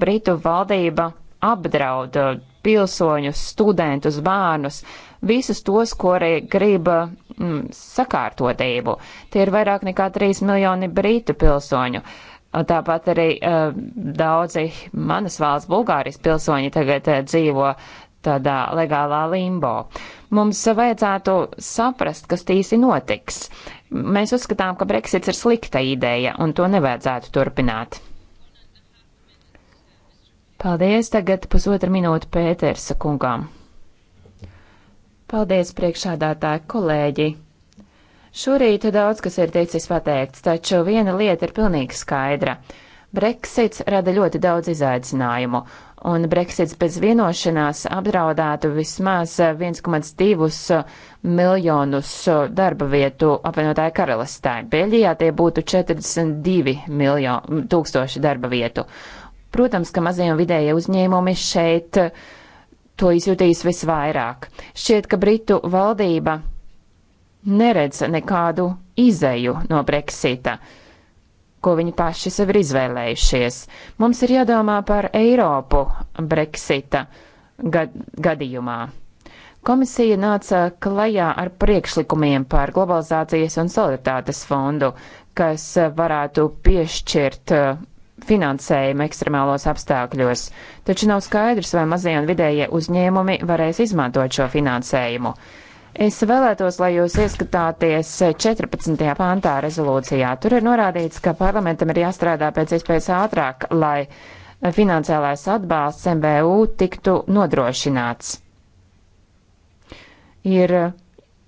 Speaker 4: Britu valdība apdraud pilsoņus, studentus, bērnus, visus tos, kuri grib mm, sakārtotību. Tie ir vairāk nekā 3 miljoni brītu pilsoņu. Tāpat arī uh, daudzi manas valsts Bulgārijas pilsoņi tagad uh, dzīvo tādā legālā limbo. Mums vajadzētu saprast, kas tīsi notiks. Mēs uzskatām, ka Brexits ir slikta ideja, un to nevajadzētu turpināt. Paldies, tagad pusotra minūte Pētersa kungām. Paldies, priekšādātāji kolēģi! Šorīt daudz kas ir ticis pateikts, taču viena lieta ir pilnīgi skaidra. Brexits rada ļoti daudz izaicinājumu, un Brexits bez vienošanās apdraudētu vismaz 1,2 miljonus darba vietu apvienotāju karalistē. Beļģijā tie būtu 42 miljoni tūkstoši darba vietu. Protams, ka mazie un vidējie uzņēmumi šeit eh, to izjutīs visvairāk. Šķiet, ka Britu valdība neredz nekādu izeju no Brexita, ko viņi paši sev ir izvēlējušies. Mums ir jādomā par Eiropu Brexita gad gadījumā. Komisija nāca klajā ar priekšlikumiem par globalizācijas un solidaritātes fondu, kas varētu piešķirt eh, finansējuma ekstremālos apstākļos, taču nav skaidrs, vai mazie un vidējie uzņēmumi varēs izmantot šo finansējumu. Es vēlētos, lai jūs ieskatāties 14. pāntā rezolūcijā. Tur ir norādīts, ka parlamentam ir jāstrādā pēc iespējas ātrāk, lai finansiālais atbalsts MBU tiktu nodrošināts. Ir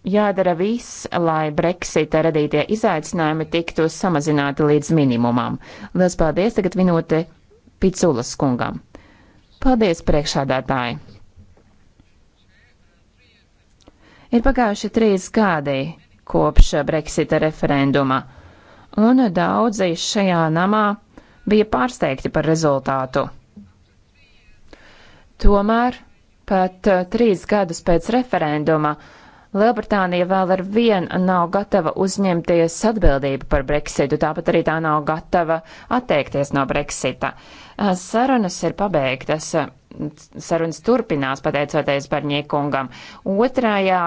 Speaker 4: jādara viss, lai Brexita radītie izaicinājumi tiktu samazināti līdz minimumam. Lielas paldies tagad minūte Piculas kungam. Paldies, priekšādātāji! Ir pagājuši trīs gadi kopš Brexita referenduma, un daudzi šajā namā bija pārsteigti par rezultātu. Tomēr pat trīs gadus pēc referenduma uh, Lielbritānija vēl ar vienu nav gatava uzņemties atbildību par Brexitu, tāpat arī tā nav gatava atteikties no Brexita. Sarunas ir pabeigtas, sarunas turpinās pateicoties Barņiekungam. Otrajā,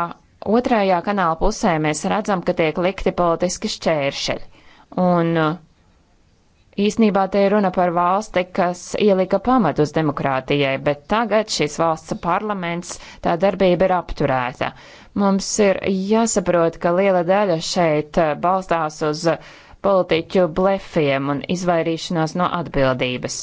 Speaker 4: otrajā kanāla pusē mēs redzam, ka tiek likti politiski šķēršļi. Un Īsnībā te ir runa par valsti, kas ielika pamatus demokrātijai, bet tagad šīs valsts parlaments tā darbība ir apturēta. Mums ir jāsaprot, ka liela daļa šeit eh, balstās uz eh, politiķu blefiem un izvairīšanās no atbildības.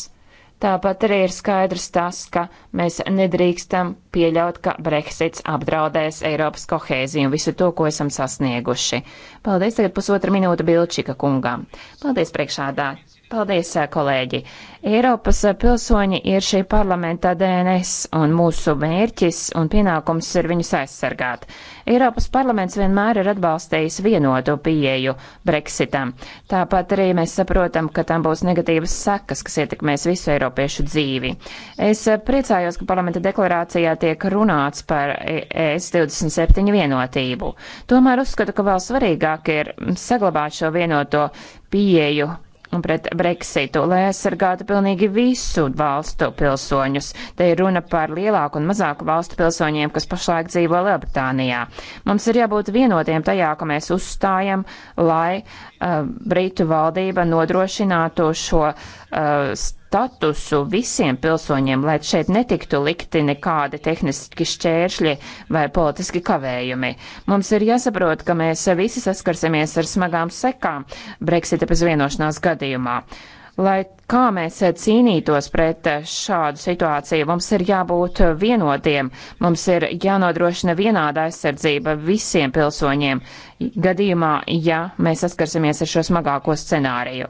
Speaker 4: Tāpat arī ir skaidrs tas, ka mēs nedrīkstam pieļaut, ka Brexits apdraudēs Eiropas kohēziju un visu to, ko esam sasnieguši. Paldies tagad pusotra minūte Bilčika kungām. Paldies priekšādā. Paldies, kolēģi! Eiropas pilsoņi ir šī parlamenta DNS, un mūsu mērķis un pienākums ir viņus aizsargāt. Eiropas parlaments vienmēr ir atbalstījis vienotu pieeju Brexitam. Tāpat arī mēs saprotam, ka tam būs negatīvas sekas, kas ietekmēs visu eiropiešu dzīvi. Es priecājos, ka parlamenta deklarācijā tiek runāts par e- e ES 27 vienotību. Tomēr uzskatu, ka vēl svarīgāk ir saglabāt šo vienoto pieeju un pret Brexitu, lai aizsargātu pilnīgi visu valstu pilsoņus. Te ir runa par lielāku un mazāku valstu pilsoņiem, kas pašlaik dzīvo Lielbritānijā. Mums ir jābūt vienotiem tajā, ka mēs uzstājam, lai uh, Britu valdība nodrošinātu šo uh, statusu visiem pilsoņiem, lai šeit netiktu likti nekādi tehniski šķēršļi vai politiski kavējumi. Mums ir jāsaprot, ka mēs visi saskarsimies ar smagām sekām Brexita bez vienošanās gadījumā. Lai kā mēs cīnītos pret šādu situāciju, mums ir jābūt vienotiem, mums ir jānodrošina vienāda aizsardzība visiem pilsoņiem gadījumā, ja mēs saskarsimies ar šo smagāko scenāriju.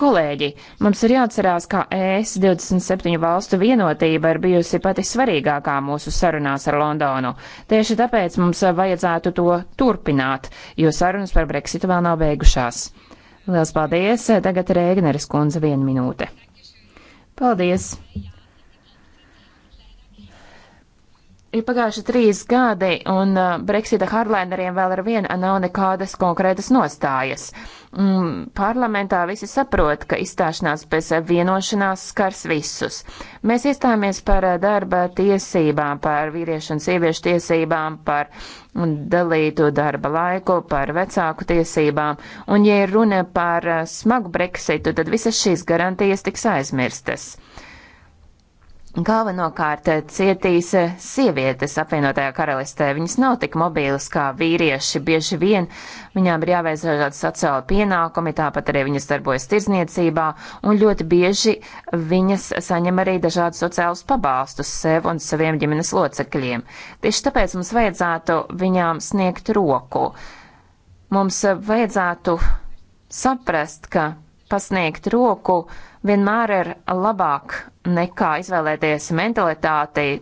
Speaker 4: Kolēģi, mums ir jāatcerās, ka e ES 27 valstu vienotība ir bijusi pati svarīgākā mūsu sarunās ar Londonu. Tieši tāpēc mums vajadzētu to turpināt, jo sarunas par Brexitu vēl nav beigušās. Lielas paldies! Tagad Rēgneres kundze viena minūte. Paldies! Ir pagājuši trīs gadi, un uh, Brexita hardlineriem vēl ar vienu nav nekādas konkrētas nostājas. Mm, parlamentā visi saprot, ka izstāšanās pēc vienošanās skars visus. Mēs iestājāmies par uh, darba tiesībām, par vīriešu un sieviešu tiesībām, par mm, dalītu darba laiku, par vecāku tiesībām, un ja ir runa par uh, smagu Brexitu, tad visas šīs garantijas tiks aizmirstas. Galvenokārt eh, cietīs eh, sievietes apvienotajā karalistē. Viņas nav tik mobīlas kā vīrieši. Bieži vien viņām ir jāveic dažādi sociāli pienākumi, tāpat arī viņas darbojas tirzniecībā, un ļoti bieži viņas saņem arī dažādus sociālus pabalstus sev un saviem ģimenes locekļiem. Tieši tāpēc mums vajadzētu viņām sniegt roku. Mums vajadzētu saprast, ka pasniegt roku vienmēr ir labāk nekā izvēlēties mentalitāti,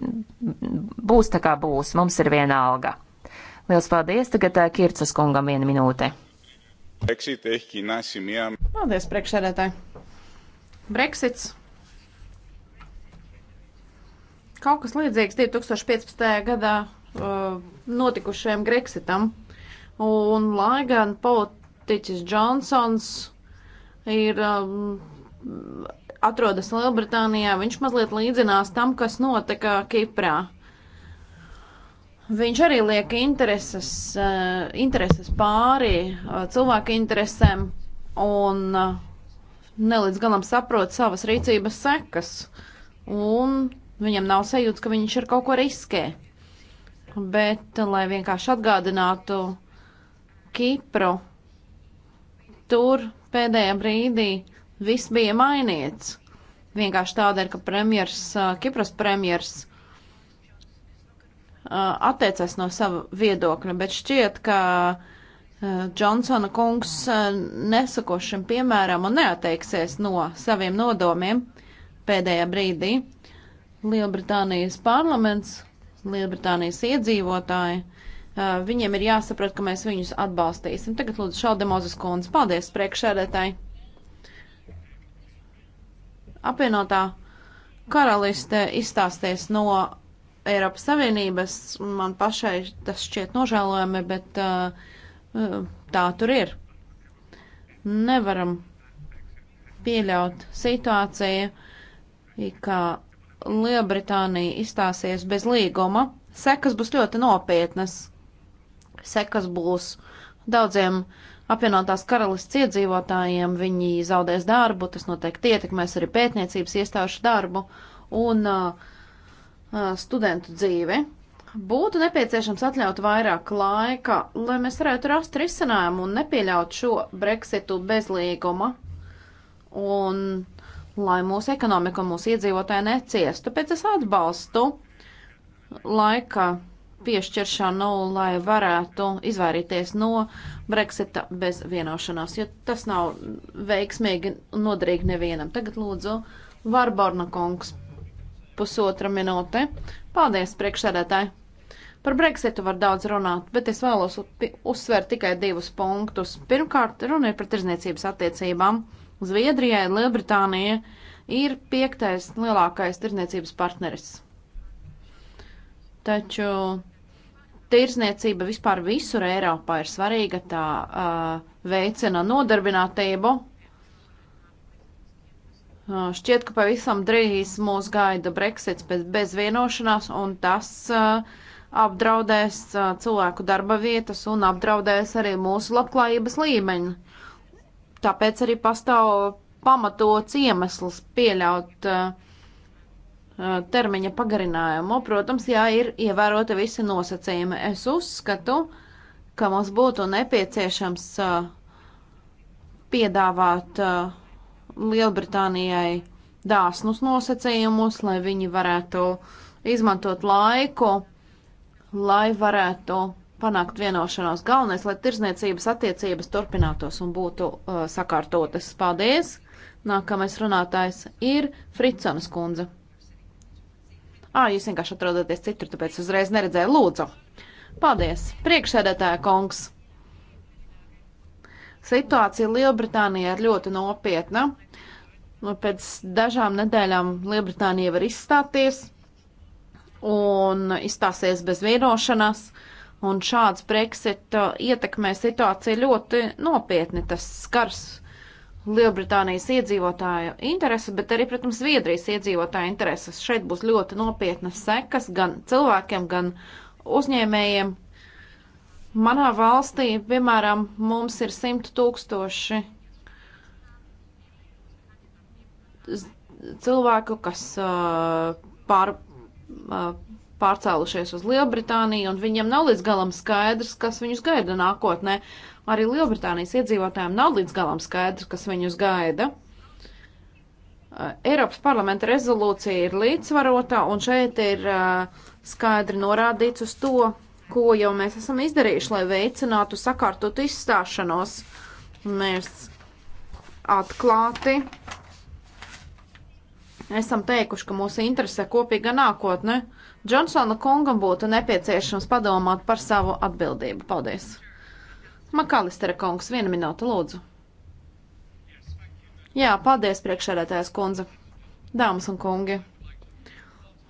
Speaker 4: būs tā kā būs, mums ir viena alga. Liels paldies, tagad eh, Kircas kungam viena minūte.
Speaker 1: Eh,
Speaker 4: paldies, priekšsēdētāji. Brexits.
Speaker 6: Kaut kas līdzīgs 2015. gadā uh, notikušajam Grexitam. Un, lai gan politiķis Džonsons ir um, atrodas Lielbritānijā, viņš mazliet līdzinās tam, kas notika Kiprā. Viņš arī liek intereses, eh, intereses pāri eh, cilvēku interesēm un eh, nelīdz galam saprot savas rīcības sekas. Un viņam nav sajūta, ka viņš ir kaut ko riskē. Bet, lai vienkārši atgādinātu Kipru, tur pēdējā brīdī uh, viss bija mainīts. Vienkārši tādēļ, ka premjers, Kipras premjers atteicās no sava viedokļa, bet šķiet, ka Džonsona kungs nesako šim piemēram un neatteiksies no saviem nodomiem pēdējā brīdī. Lielbritānijas parlaments, Lielbritānijas iedzīvotāji, viņiem ir jāsaprot, ka mēs viņus atbalstīsim. Tagad lūdzu šaldemozes kundze, paldies priekšsēdētāji! apvienotā karaliste izstāsties no Eiropas Savienības. Man pašai tas šķiet nožēlojami, bet uh, uh, tā tur ir. Nevaram pieļaut situāciju, ka Lielbritānija izstāsies bez līguma. Sekas būs ļoti nopietnas. Sekas būs daudziem uh, apvienotās karalists iedzīvotājiem, viņi zaudēs darbu, tas noteikti ietekmēs arī pētniecības iestāžu darbu un uh, uh, studentu dzīvi. Būtu nepieciešams atļaut vairāk laika, lai mēs varētu rast risinājumu un nepieļaut šo Brexitu bez līguma. Un lai mūsu ekonomika un mūsu iedzīvotāji neciestu, tāpēc es atbalstu laika piešķiršanu, lai varētu izvairīties no Brexita bez vienošanās, jo tas nav veiksmīgi un noderīgi nevienam. Tagad lūdzu Varborna kungs pusotra minūte. Paldies, priekšsēdētāji! Par Brexitu var daudz runāt, bet es vēlos uzsvērt tikai divus punktus. Pirmkārt, runa ir par tirzniecības attiecībām. Zviedrijai Lielbritānija ir piektais lielākais tirzniecības partneris taču tirzniecība vispār visur Eiropā ir svarīga, tā uh, veicina nodarbinātību. Uh, šķiet, ka pavisam drīz mūs gaida Brexits pēc bezvienošanās, un tas uh, apdraudēs uh, cilvēku darba vietas un apdraudēs arī mūsu labklājības līmeņu. Tāpēc arī pastāv pamatots iemesls pieļaut uh, termiņa pagarinājumu. Protams, jā, ir ievērota visi nosacījumi. Es uzskatu, ka mums būtu nepieciešams piedāvāt Lielbritānijai dāsnus nosacījumus, lai viņi varētu izmantot laiku, lai varētu panākt vienošanos. Galvenais, lai tirzniecības attiecības turpinātos un būtu uh, sakārtotas. Paldies! Nākamais runātājs ir Friconas kundze. Ā, jūs vienkārši atrodaties citur, tāpēc uzreiz neredzēju. Lūdzu! Paldies! Priekšsēdētāja kungs! Situācija Lielbritānijā ir ļoti nopietna. Nu, pēc dažām nedēļām Lielbritānija var izstāties un izstāsies bez vienošanās. Un šāds Brexit uh, ietekmē situāciju ļoti nopietni. Tas skars Lielbritānijas iedzīvotāju intereses, bet arī, protams, Zviedrijas iedzīvotāju intereses. Šeit būs ļoti nopietnas sekas gan cilvēkiem, gan uzņēmējiem. Manā valstī, piemēram, mums ir simt tūkstoši cilvēku, kas pār, pārcēlušies uz Lielbritāniju, un viņiem nav līdz galam skaidrs, kas viņus gaida nākotnē. Arī Lielbritānijas iedzīvotājiem nav līdz galam skaidrs, kas viņus gaida. Eiropas parlamenta rezolūcija ir līdzsvarota, un šeit ir skaidri norādīts uz to, ko jau mēs esam izdarījuši, lai veicinātu sakārtotu izstāšanos. Mēs atklāti esam teikuši, ka mūs interesē kopīga nākotne. Džonsona kungam būtu nepieciešams padomāt par savu atbildību. Paldies! Makalistera kungs, viena minūte, lūdzu. Jā, paldies, priekšsēdētājas kundze. Dāmas un kungi,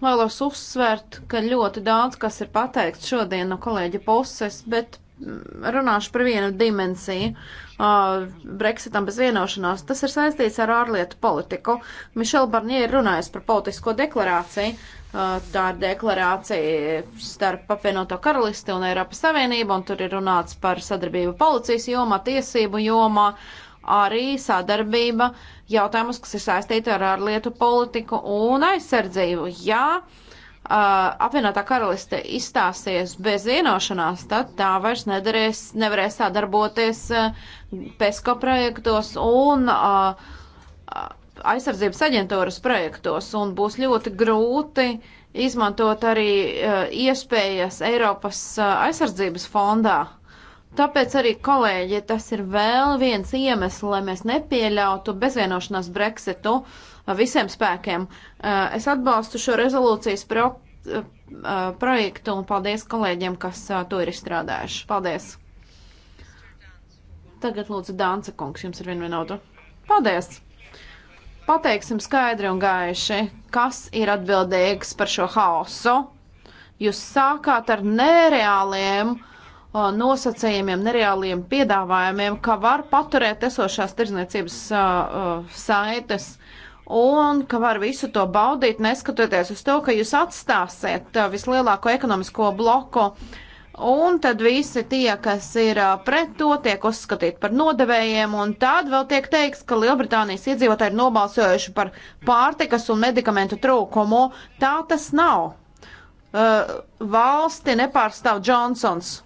Speaker 6: vēlos uzsvērt, ka ļoti daudz kas ir pateikts šodien no kolēģa puses, bet mm, runāšu par vienu dimensiju. Uh, uh, Brexitam bez vienošanās. Tas ir saistīts ar ārlietu politiku. Mišela Barnie ir runājis par politisko deklarāciju. Uh, tā ir deklarācija starp apvienoto karalisti un Eiropas Savienību, un tur ir runāts par sadarbību policijas jomā, tiesību jomā, arī sadarbība jautājumus, kas ir saistīti ar ārlietu politiku un aizsardzību. Jā, ja Uh, apvienotā karaliste izstāsies bez vienošanās, tad tā vairs nedarēs, nevarēs sadarboties uh, PESCO projektos un uh, aizsardzības aģentūras projektos, un būs ļoti grūti izmantot arī iespējas Eiropas aizsardzības fondā. Tāpēc arī, kolēģi, tas ir vēl viens iemesls, lai mēs nepieļautu bezvienošanās Brexitu. Uh, no visiem spēkiem. Es atbalstu šo rezolūcijas pro, projektu un paldies kolēģiem, kas to ir izstrādājuši. Paldies! Tagad lūdzu Dānce kungs, jums ir viena minūte. Paldies! Pateiksim skaidri un gaiši, kas ir atbildīgs par šo haosu. Jūs sākāt ar nereāliem uh, nosacījumiem, nereāliem piedāvājumiem, ka var paturēt esošās tirzniecības uh, uh, saites un ka var visu to baudīt, neskatoties uz to, ka jūs atstāsiet uh, vislielāko ekonomisko bloku. Un tad visi tie, kas ir uh, pret to, tiek uzskatīti par nodevējiem, un tad vēl tiek teiks, ka Lielbritānijas iedzīvotāji ir nobalsojuši par pārtikas un medikamentu trūkumu. Tā tas nav. Uh, valsti nepārstāv Džonsons.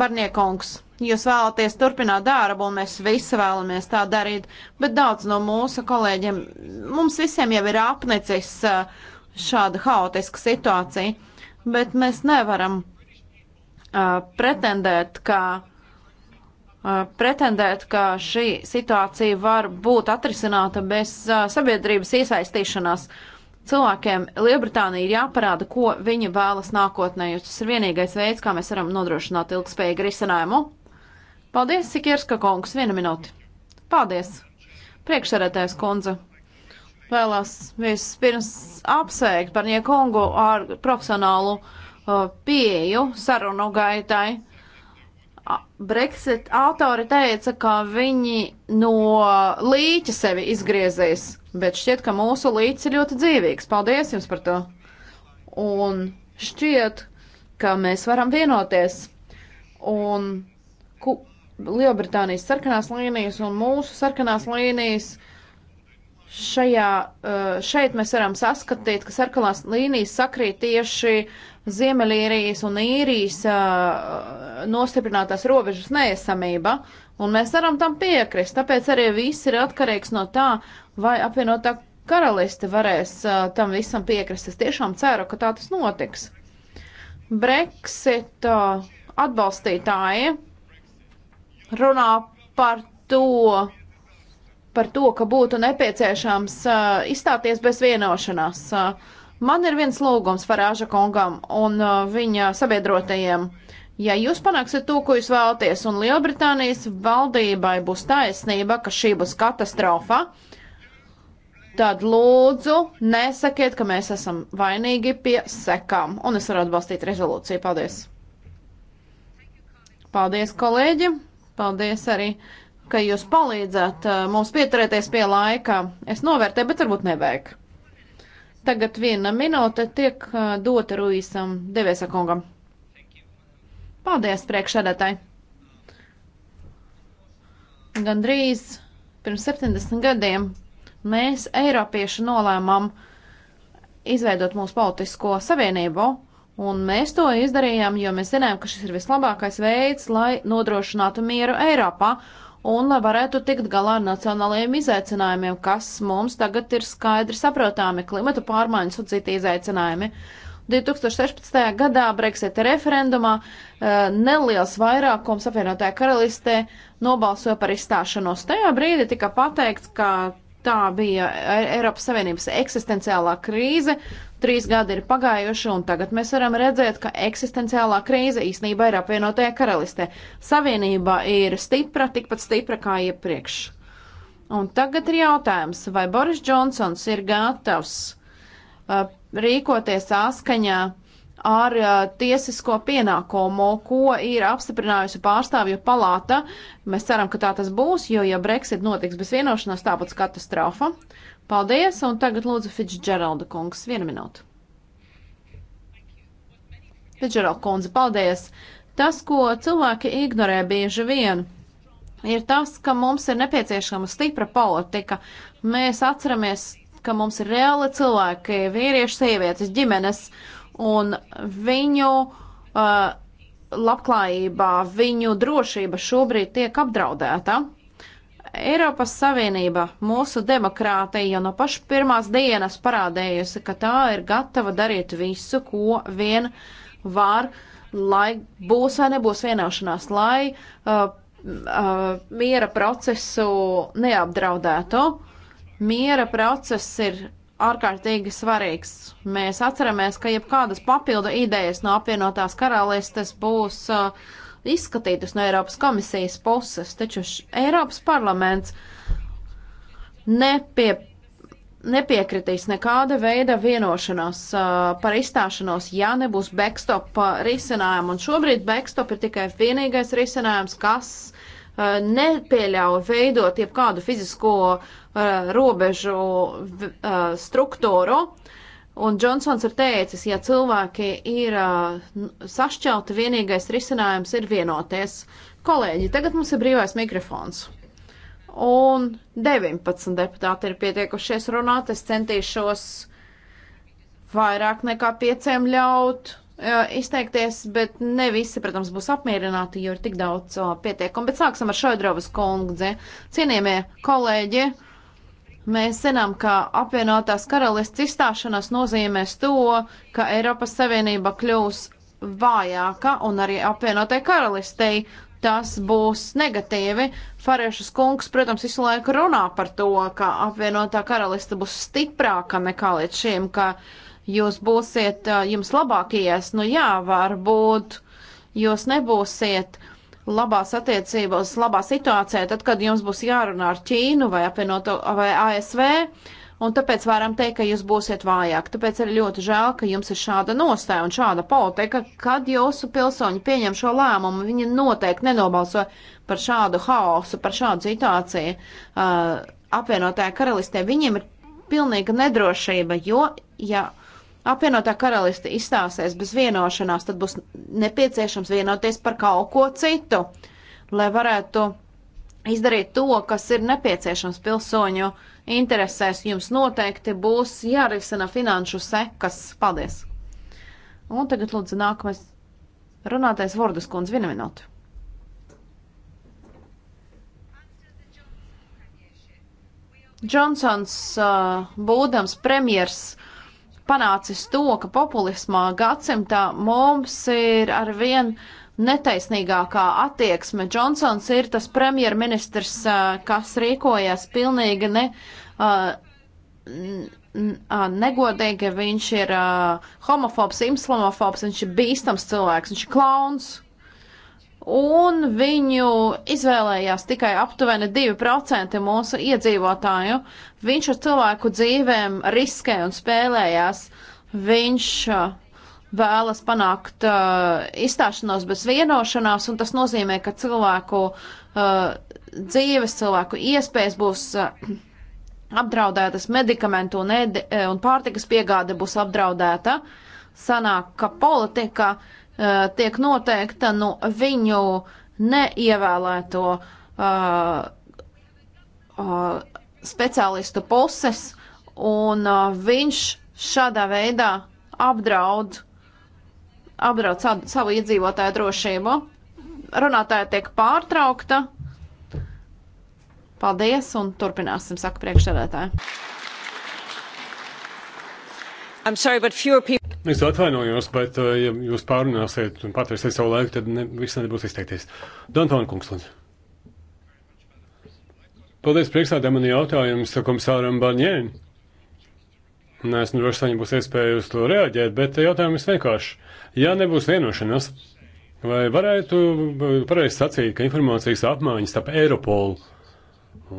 Speaker 6: Barniekungs, jūs vēlaties turpināt darbu, un mēs visi vēlamies tā darīt, bet daudz no mūsu kolēģiem, mums visiem jau ir apnicis uh, šāda haotiska situācija, bet mēs nevaram uh, pretendēt, ka uh, pretendēt, ka šī situācija var būt atrisināta bez uh, sabiedrības iesaistīšanās. Cilvēkiem Lielbritānija ir jāparāda, ko viņi vēlas nākotnē, jo tas ir vienīgais veids, kā mēs varam nodrošināt ilgspējīgu risinājumu. Paldies, Sikierska kungs, viena minūte. Paldies, priekšsarētājs kundze. Vēlās vispirms apsveikt par niekungu ar profesionālu uh, pieju sarunu gaitai. Brexit autori teica, ka viņi no līķa sevi izgriezīs bet šķiet, ka mūsu līdzi ir ļoti dzīvīgs. Paldies jums par to! Un šķiet, ka mēs varam vienoties. Un ku, Lielbritānijas sarkanās līnijas un mūsu sarkanās līnijas šajā, uh, šeit mēs varam saskatīt, ka sarkanās līnijas sakrīt tieši Ziemeļīrijas un īrijas uh, nostiprinātās robežas neesamība, un mēs varam tam piekrist. Tāpēc arī viss ir atkarīgs no tā, vai apvienotā karaliste varēs uh, tam visam piekrist. Es tiešām ceru, ka tā tas notiks. Brexit uh, atbalstītāji runā par to, par to, ka būtu nepieciešams uh, izstāties bez vienošanās. Uh, Man ir viens lūgums Farāža kungam un uh, viņa sabiedrotajiem. Ja jūs panāksiet to, ko jūs vēlaties, un Lielbritānijas valdībai būs taisnība, ka šī būs katastrofa, tad lūdzu nesakiet, ka mēs esam vainīgi pie sekām. Un es varu atbalstīt rezolūciju. Paldies! Paldies, kolēģi! Paldies arī, ka jūs palīdzat uh, mums pieturēties pie laika. Es novērtēju, bet varbūt nevajag. Tagad viena minūte tiek uh, dota Ruisam Devēsa kungam. Paldies, priekšsēdētāji! Gandrīz pirms 70 gadiem mēs, Eiropieši, nolēmām izveidot mūsu politisko savienību, un mēs to izdarījām, jo mēs zinām, ka šis ir vislabākais veids, lai nodrošinātu mieru Eiropā un lai varētu tikt galā ar nacionālajiem izaicinājumiem, kas mums tagad ir skaidri saprotami - klimata pārmaiņas un citi izaicinājumi. 2016. gadā Brexita referendumā eh, neliels vairākums apvienotajā karalistē nobalsoja par izstāšanos. Tajā brīdī tika pateikts, ka tā bija Eiropas Savienības eksistenciālā krīze, Trīs gadi ir pagājuši, un tagad mēs varam redzēt, ka eksistenciālā krīze īstenībā ir apvienotajā karalistē. Savienība ir stipra, tikpat stipra kā iepriekš. Un tagad ir jautājums, vai Boris Džonsons ir gatavs uh, rīkoties saskaņā ar uh, tiesisko pienākumu, ko ir apstiprinājusi pārstāvju palāta. Mēs ceram, ka tā tas būs, jo, ja Brexit notiks bez vienošanās, tā būs katastrofa. Uh, Paldies, un tagad lūdzu Fitzgeralda kungs, vienu minūtu. Fitzgeralda kundze, paldies! Tas, ko cilvēki ignorē bieži vien, ir tas, ka mums ir nepieciešama stipra politika. Mēs atceramies, ka mums ir reāli cilvēki, vīrieši, sievietes, ģimenes, un viņu uh, labklājībā, viņu drošība šobrīd tiek apdraudēta. Uh, Eiropas Savienība, mūsu demokrātija no paša pirmās dienas parādējusi, ka tā ir gatava darīt visu, ko vien var, lai būs vai nebūs vienošanās, lai uh, uh, miera procesu neapdraudētu. Miera process ir ārkārtīgi svarīgs. Mēs atceramies, ka jebkādas papildu idejas no apvienotās karalistes būs uh, izskatītas no Eiropas komisijas puses, taču Eiropas parlaments nepie, nepiekritīs nekāda veida vienošanos uh, par izstāšanos, ja nebūs backstop risinājumu. Un šobrīd backstop ir tikai vienīgais risinājums, kas uh, nepieļauj veidot jebkādu fizisko uh, robežu uh, struktūru Un Džonsons ir teicis, ja cilvēki ir uh, sašķelti, vienīgais risinājums ir vienoties. Kolēģi, tagad mums ir brīvais mikrofons. Un 19 deputāti ir pietiekušies runāt. Es centīšos vairāk nekā pieciem ļaut uh, izteikties, bet ne visi, protams, būs apmierināti, jo ir tik daudz uh, pietiekumu. Bet sāksim ar Šaudravas kundzi. Cienījamie kolēģi! Uh, Mēs zinām, ka apvienotās karalists izstāšanās nozīmēs to, ka Eiropas Savienība kļūs vājāka un arī apvienotai karalistei tas būs negatīvi. Farešas kungs, protams, visu laiku runā par to, ka apvienotā karaliste būs stiprāka nekā līdz šim, ka jūs būsiet uh, jums labākies. Nu jā, varbūt jūs nebūsiet labās attiecībās, labā situācijā, tad, kad jums būs jārunā ar Ķīnu vai apvienoto vai ASV, un tāpēc varam teikt, ka jūs būsiet vājāk. Tāpēc ir ļoti žēl, ka jums ir šāda nostāja un šāda politika, kad jūsu pilsoņi pieņem šo lēmumu, viņi noteikti nenobalso par šādu haosu, par šādu situāciju uh, apvienotajā karalistē. Viņiem ir pilnīga nedrošība, jo, ja apvienotā karaliste izstāsies bez vienošanās, tad būs nepieciešams vienoties par kaut ko citu, lai varētu izdarīt to, kas ir nepieciešams pilsoņu interesēs. Jums noteikti būs jārisina finanšu sekas. Paldies! Un tagad lūdzu nākamais runātais Vordas kundze vienu minūtu. Džonsons, uh, būdams premjers, panācis to, ka populismā gadsimtā mums ir arvien netaisnīgākā attieksme. Džonsons ir tas premjerministrs, kas rīkojās pilnīgi ne, negodīgi. Viņš ir homofobs, islamofobs, viņš ir bīstams cilvēks, viņš ir klauns un viņu izvēlējās tikai aptuveni 2% mūsu iedzīvotāju. Viņš ar cilvēku dzīvēm riskē un spēlējās. Viņš uh, vēlas panākt uh, izstāšanos bez vienošanās, un tas nozīmē, ka cilvēku uh, dzīves, cilvēku iespējas būs uh, apdraudētas, medikamentu un, edi, uh, un pārtikas piegāde būs apdraudēta. Sanāk, ka politika uh, Uh, tiek noteikta no nu, viņu neievēlēto uh, uh, speciālistu puses, un uh, viņš šādā veidā apdraud, apdraud savu, savu iedzīvotāju drošību. Runātāja tiek pārtraukta. Paldies, un turpināsim, saka priekšsēdētāja.
Speaker 2: I'm sorry, but fewer people. Es atvainojos, bet, eh, ja jūs pārunāsiet un patversiet savu laiku, tad ne, viss nebūs izteikties. Dantona kungs, lūdzu. Paldies priekšstādā man jautājums komisāram Barņēni. Nē, es droši vien būs iespēja uz to reaģēt, bet jautājums vienkārši. Ja nebūs vienošanās, vai varētu pareizi sacīt, ka informācijas apmaiņas starp Eiropolu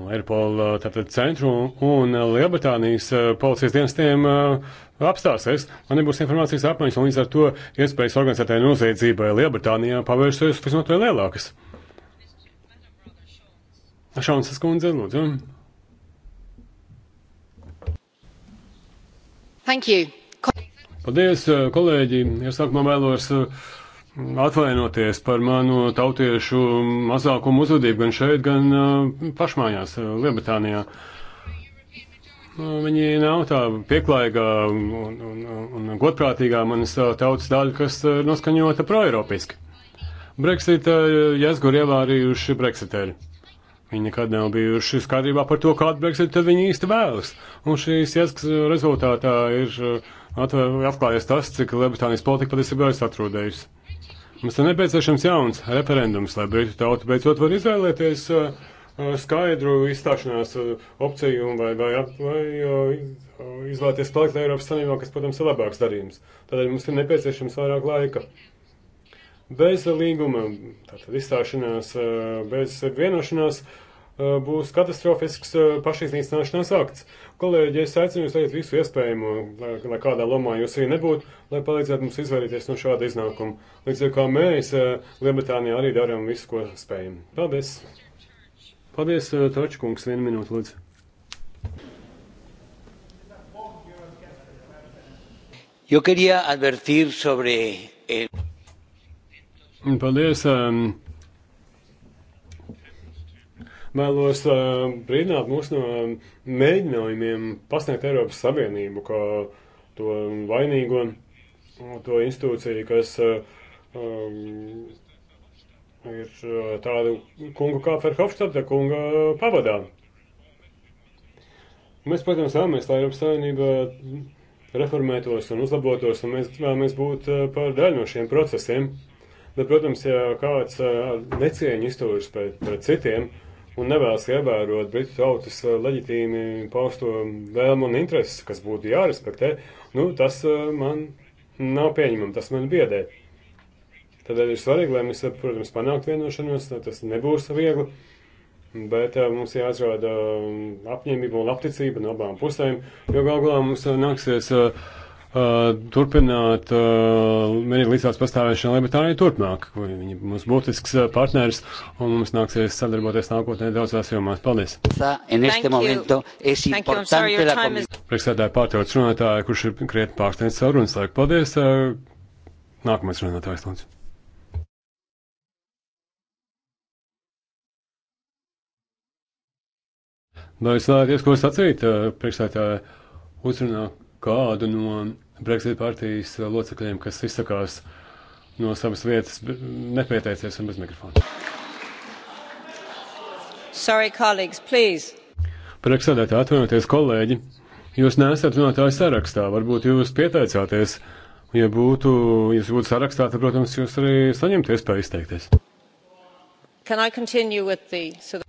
Speaker 2: Eiropola tātad centru un Lielbritānijas policijas dienestiem apstāsies. Man nebūs informācijas apmaiņas, un līdz ar to iespējas organizētai noziedzībai Lielbritānijā pavēršas visnotaļ lielākas. Šaunsas kundze, lūdzu. Thank you. Paldies, kolēģi. Es sākumā vēlos uh, atvainoties par manu tautiešu mazākumu uzvedību gan šeit, gan uh, pašmājās uh, Lielbritānijā. Uh, viņi nav tā pieklājīgā un, un, un godprātīgā manas uh, tautas daļa, kas uh, noskaņota proeiropiski. Brexit uh, jēzgur ievārījuši brexitēri. Viņi nekad nav bijuši skaidrībā par to, kādu Brexitu viņi īsti vēlas. Un šīs ieskas rezultātā ir uh, atklājies tas, cik Lielbritānijas politika patiesībā ir satrūdējusi. Mums ir nepieciešams jauns referendums, lai Britu tauta beidzot var izvēlēties uh,
Speaker 7: uh,
Speaker 2: skaidru izstāšanās uh, opciju vai, vai, vai izvēlēties palikt Eiropas Savienībā, kas, protams, ir labāks darījums. Tādēļ mums ir nepieciešams vairāk laika. Bez līguma, tātad izstāšanās, bez vienošanās būs katastrofisks pašiznīcināšanās akts. Kolēģi, es aicinu jūs darīt visu iespējamo, lai, lai kādā lomā jūs arī nebūtu, lai palīdzētu mums izvairīties no šāda iznākuma. Līdz ar kā mēs eh, Lielbritānijā arī darām visu, ko spējam. Paldies! Paldies, eh, Tračkungs, vienu minūti lūdzu.
Speaker 5: Yo quería advertir sobre el...
Speaker 2: Paldies. Um, Vēlos uh, brīdināt mūs no mēģinājumiem pasniegt Eiropas Savienību kā to vainīgo, to institūciju, kas um, ir tādu kungu kā Ferhofstadta kunga pavadā. Mēs, protams, vēlamies, lai Eiropas Savienība reformētos un uzlabotos, un mēs vēlamies būt par daļu no šiem procesiem. Bet, protams, ja kāds necieņa izturas pret, pret citiem, un nevēlas ievērot britu tautas eh, leģitīmi pausto vēlmu un intereses, kas būtu jārespektē, nu, tas eh, man nav pieņemami, tas man biedē. Tādēļ ir svarīgi, lai mēs, eh, protams, panāktu vienošanos, tas nebūs viegli, bet mums jāizrāda apņēmība un labticība no abām pusēm, jo galu galā mums nāksies uh, uh, turpināt uh, līdzās pastāvēšanu Lietuvānijai turpmāk. Viņi mums būtisks uh, partneris un mums nāksies sadarboties nākotnē daudzās jomās. Paldies! Priekšsēdētāji pārtrauc runātāju, kurš ir krietni pārsniedz savu runas laiku. Paldies! Uh, nākamais runātājs lūdzu. Vai jūs vēlaties ko sacīt? Uh, Priekšsēdētāji uzrunā kādu no Brexit partijas locekļiem, kas izsakās no savas vietas, nepieteicies un bez mikrofona.
Speaker 3: Sorry, colleagues, please.
Speaker 2: Priekšsēdētāji, atvainojieties, kolēģi, jūs neesat runātāju sarakstā. Varbūt jūs pieteicāties. Ja būtu, ja būtu sarakstā, tad, protams, jūs arī saņemtu iespēju izteikties.
Speaker 7: The... So...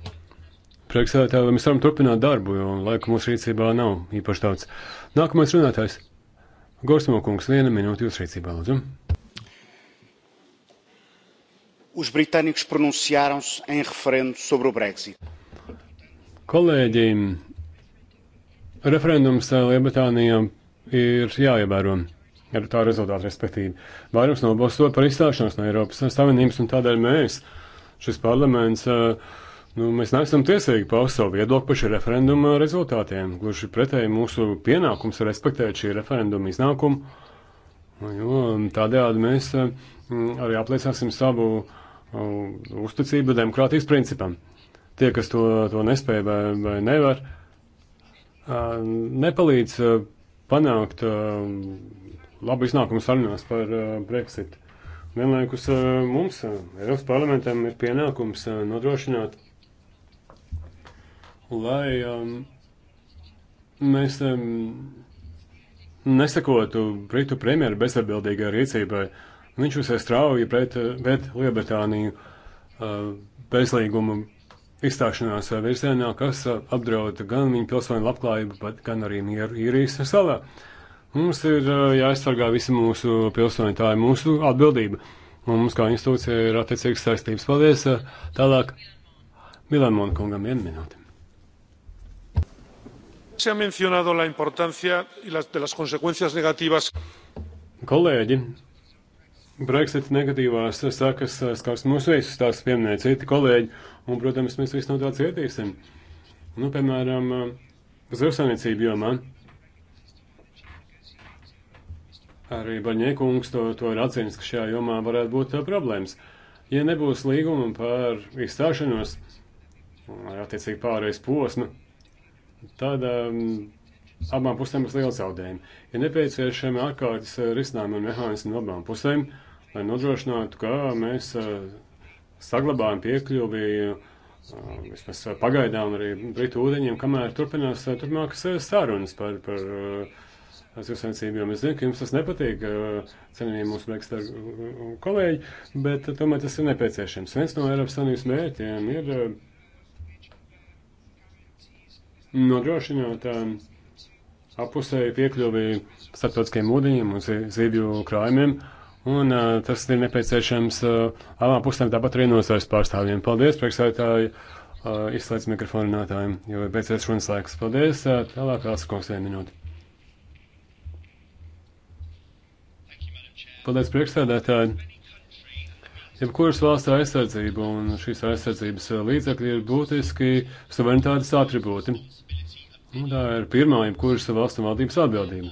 Speaker 2: Priekšsēdētāji, mēs varam turpināt darbu, jo laika mūsu rīcībā nav īpaši daudz. Nākamais runātājs. Gorsimo kungs, viena minūte jūsu rīcībā, lūdzu.
Speaker 1: Os britânicos pronunciaram-se em referendo sobre o Brexit.
Speaker 2: Kolēģi, referendums Lielbritānijā ir jāievēro ar tā rezultātu, respektīvi. Vairums nobalsot par izstāšanos no Eiropas Savienības, un tādēļ mēs, šis parlaments, uh, Nu, mēs neesam tiesīgi paust savu viedokli par šī referenduma rezultātiem. Gluži pretēji mūsu pienākums ir respektēt šī referenduma iznākumu, jo tādējādi mēs eh, mm, arī apliecināsim savu uh, uzticību demokrātijas principam. Tie, kas to, to nespēja vai, vai nevar, uh, nepalīdz uh, panākt labu iznākumu sarunās par Brexit. Vienlaikus mums, Eiropas parlamentam, ir pienākums nodrošināt lai um, mēs um, nesakotu Britu premjeru bezatbildīgai rīcībai. Viņš uzsver strauji pret, uh, pret Lielbritāniju uh, bezlīguma izstāšanās uh, virzienā, kas uh, apdraud gan viņu pilsoņu labklājību, gan arī mieru īrijas salā. Mums ir jāaizsargā visi mūsu pilsoņi, tā ir mūsu atbildība. Un mums kā institūcija ir attiecīgas saistības. Paldies! Tālāk Milan Monkungam vienu minūti
Speaker 1: se ha mencionado la importancia y las, de las consecuencias negativas.
Speaker 2: Kolēģi, Brexit negatīvās sakas skars mūsu visus, tās pieminēja citi kolēģi, un, protams, mēs visi no tā cietīsim. Nu, piemēram, zivsainiecību jomā. Arī Baņiekungs to, to ir atzīmis, ka šajā jomā varētu būt uh, problēmas. Ja nebūs līguma par izstāšanos, uh, attiecīgi pārējais posms, tad um, abām pusēm būs liels zaudējumi. Ir ja nepieciešami ārkārtas uh, risinājumi un mehānismi no abām pusēm, lai nodrošinātu, ka mēs uh, saglabājam piekļuvi uh, vismaz uh, pagaidām arī Britu ūdeņiem, kamēr turpinās uh, turpmākas uh, sarunas par, par zivsainicību, jo mēs zinām, ka jums tas nepatīk, cenījumi mūsu Brexit kolēģi, bet tomēr tas ir nepieciešams. Viens no Eiropas Sanības mērķiem ir nodrošināt um, apusēju piekļuvi starptautiskiem ūdeņiem un zivju krājumiem. Un uh, tas ir nepieciešams uh, abām pusēm, tāpat arī nozars pārstāvjiem. Paldies, priekšsētāji, uh, izslēdz mikrofonu runātājiem, jo beidzies runas laiks. Paldies, uh, tālāk Alsakungs vienu minūti. Paldies, priekšsēdētāji. Jebkuras valsts aizsardzība un šīs aizsardzības uh, līdzekļi ir būtiski suverenitātes atribūti. Un tā ir pirmā, jebkuras valsts valdības atbildība.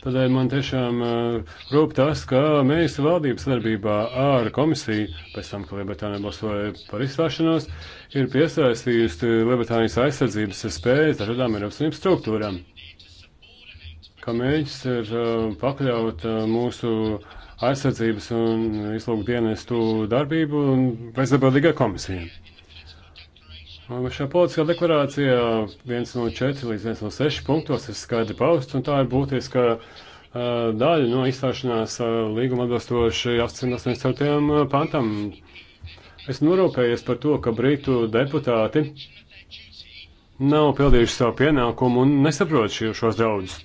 Speaker 2: Tādēļ man tiešām uh, rūp tas, ka mēs valdības sadarbībā ar komisiju, pēc tam, ka Lielbritānija balsoja par izstāšanos, ir piesaistījusi Lielbritānijas aizsardzības spējas dažādām Eiropas Savienības struktūrām. Kā mēģis ir uh, pakļaut uh, mūsu aizsardzības un izlūku dienestu darbību un bezatbildīgai komisijai. Šajā politiskā deklarācijā viens no četri līdz viens no seši punktos ir skaidri pausts, un tā ir būtiska uh, daļa no izstāšanās uh, līguma atbilstoši 84. pantam. Es norūpējies par to, ka Britu deputāti nav pildījuši savu pienākumu un nesaprot šo, šos draudus.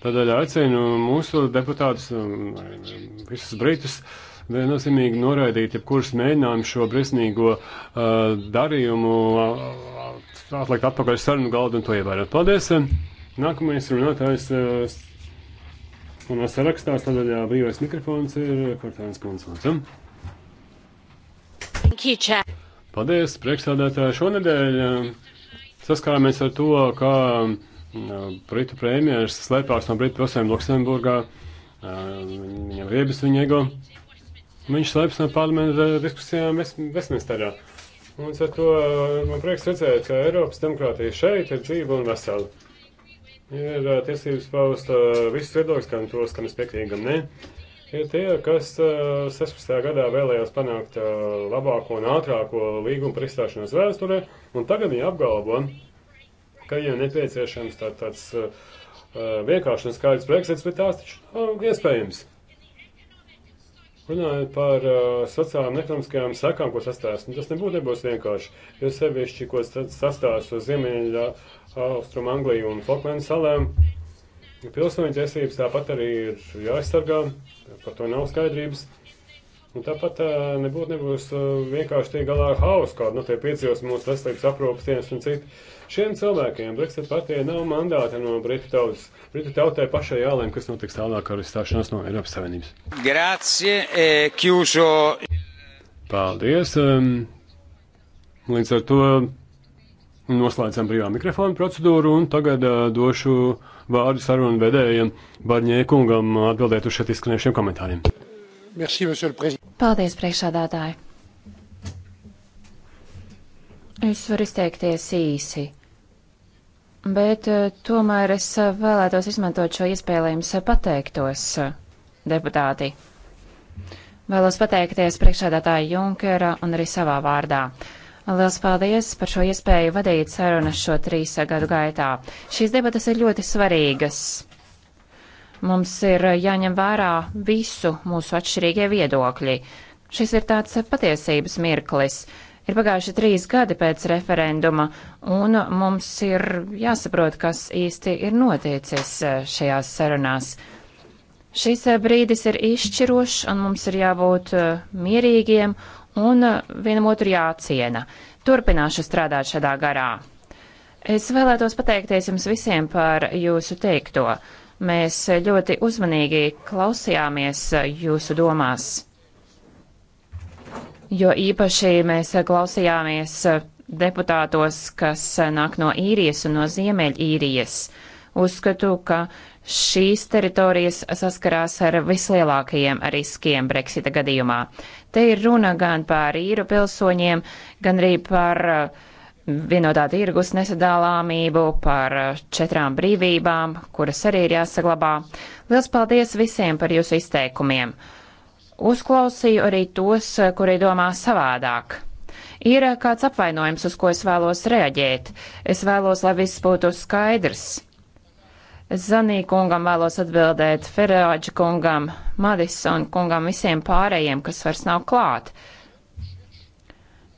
Speaker 2: Tādēļ aicinu mūsu deputātus, visus brītus, uh, viennozīmīgi noraidīt jebkurus mēģinājumus šo briesmīgo uh, darījumu uh, atlikt atpakaļ sarunu galdu un to ievērot. Paldies! Nākamais runātājs uh, manā sarakstā, tādēļ jā, brīvais mikrofons ir Kortāns Konsons. Ja? Paldies, priekšsādātāji! Šonadēļ uh, saskārāmies ar to, kā uh, um, Britu premjeras slēpās no Britu prosēm Luksemburgā. Uh, viņam riebas viņa ego. Uh, Viņš slēpjas no parlamenta diskusijām Vestminsterā. Un ar to eh, man prieks redzēt, ka Eiropas demokrātija šeit ir dzīva un vesela. Ir eh, tiesības paust eh, visus viedokļus, gan tos, kam es piekrītu, gan ne. Ir tie, kas 16. gadā vēlējās panākt labāko un ātrāko līgumu par izstāšanos vēsturē, un tagad viņi apgalvo, ka viņiem nepieciešams tā, tāds vienkārši un skaidrs Brexits, bet tās taču nav iespējams. Runājot par uh, sociālām un ekonomiskajām sekām, ko sastāst, nu, tas nebūtu nebūs vienkārši, jo sevišķi, ko sastāst uz Ziemeļa, Austrum Angliju un Falkmenu salēm, pilsoņu tiesības tāpat arī ir jāaizsargā, par to nav skaidrības. Un tāpat uh, nebūtu nebūs uh, vienkārši tie galā ar hausu, kādu, nu, tie piedzīvos mūsu veselības aprūpas dienas un citu. Šiem cilvēkiem Brexit partijai nav mandāta no Britu tautas. Britu tautai pašai jālēm, kas notiks tālāk ar izstāšanos no Eiropas Savienības.
Speaker 5: Grazie, e, Kjūšo. Paldies.
Speaker 2: Um, līdz ar to noslēdzam brīvā mikrofona procedūru un tagad uh, došu vārdu sarunu vedējiem Barņēkungam atbildēt uz šeit izskanējušiem komentāriem.
Speaker 4: Merci, Paldies, priekšādātāji! Es varu izteikties īsi bet eh, tomēr es eh, vēlētos izmantot šo iespēju, lai jums eh, pateiktos, deputāti. Vēlos pateikties priekšādātāja Junkera un arī savā vārdā. Liels paldies par šo iespēju vadīt sarunas šo trīs gadu gaitā. Šīs debatas ir ļoti svarīgas. Mums ir jāņem vērā visu mūsu atšķirīgie viedokļi. Šis ir tāds patiesības mirklis. Ir pagājuši trīs gadi pēc referenduma, un mums ir jāsaprot, kas īsti ir noticis e, šajās sarunās. Šis e, brīdis ir izšķirošs, un mums ir jābūt e, mierīgiem un vienam otru jāciena. Turpināšu strādāt šādā garā. Es vēlētos pateikties jums visiem par jūsu teikto. Mēs ļoti uzmanīgi klausījāmies jūsu domās jo īpaši mēs klausījāmies deputātos, kas nāk no īrijas un no ziemeļīrijas. Uzskatu, ka šīs teritorijas saskarās ar vislielākajiem riskiem Brexita gadījumā. Te ir runa gan par īru pilsoņiem, gan arī par uh, vienotā tirgus nesadalāmību, par uh, četrām brīvībām, kuras arī ir jāsaglabā. Liels paldies visiem par jūsu izteikumiem! uzklausīju arī tos, eh, kuri domā savādāk. Ir eh, kāds apvainojums, uz ko es vēlos reaģēt. Es vēlos, lai viss būtu skaidrs. Zanī kungam vēlos atbildēt, Ferāģa kungam, Madison kungam, visiem pārējiem, kas vairs nav klāt.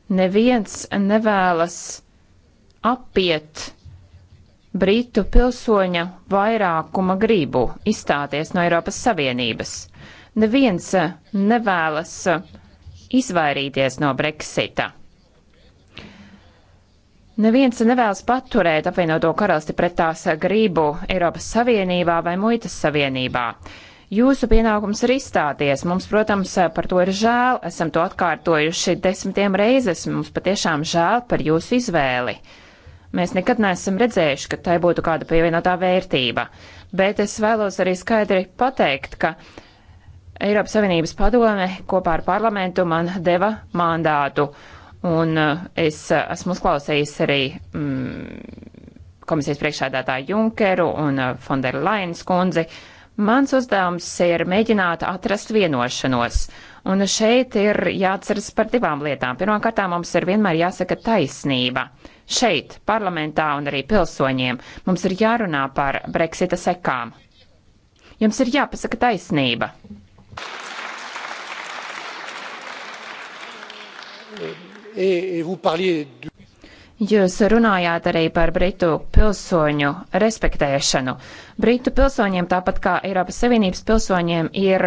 Speaker 4: Neviens nevēlas apiet Britu pilsoņa vairākuma gribu izstāties no Eiropas Savienības. Neviens eh, nevēlas eh, izvairīties no Brexita. Neviens nevēlas paturēt apvienoto karalisti pret tās gribu Eiropas Savienībā vai Muitas Savienībā. Jūsu pienākums ir izstāties. Mums, protams, eh, par to ir žēl. Esam to atkārtojuši desmitiem reizes. Mums patiešām žēl par jūsu izvēli. Mēs nekad neesam redzējuši, ka tai būtu kāda pievienotā vērtība. Bet es vēlos arī skaidri pateikt, ka Eiropas Savienības padome kopā ar parlamentu man deva mandātu, un eh, es eh, esmu uzklausījis arī mm, komisijas priekšādātāju Junkeru un Fonderlainas eh, kundzi. Mans uzdevums ir mēģināt atrast vienošanos, un šeit ir jāatceras par divām lietām. Pirmkārt, mums ir vienmēr jāsaka taisnība. Šeit, parlamentā un arī pilsoņiem, mums ir jārunā par Brexita sekām. Jums ir jāpasaka taisnība. Jūs runājāt arī par Britu pilsoņu respektēšanu. Britu pilsoņiem, tāpat kā Eiropas Savienības pilsoņiem, ir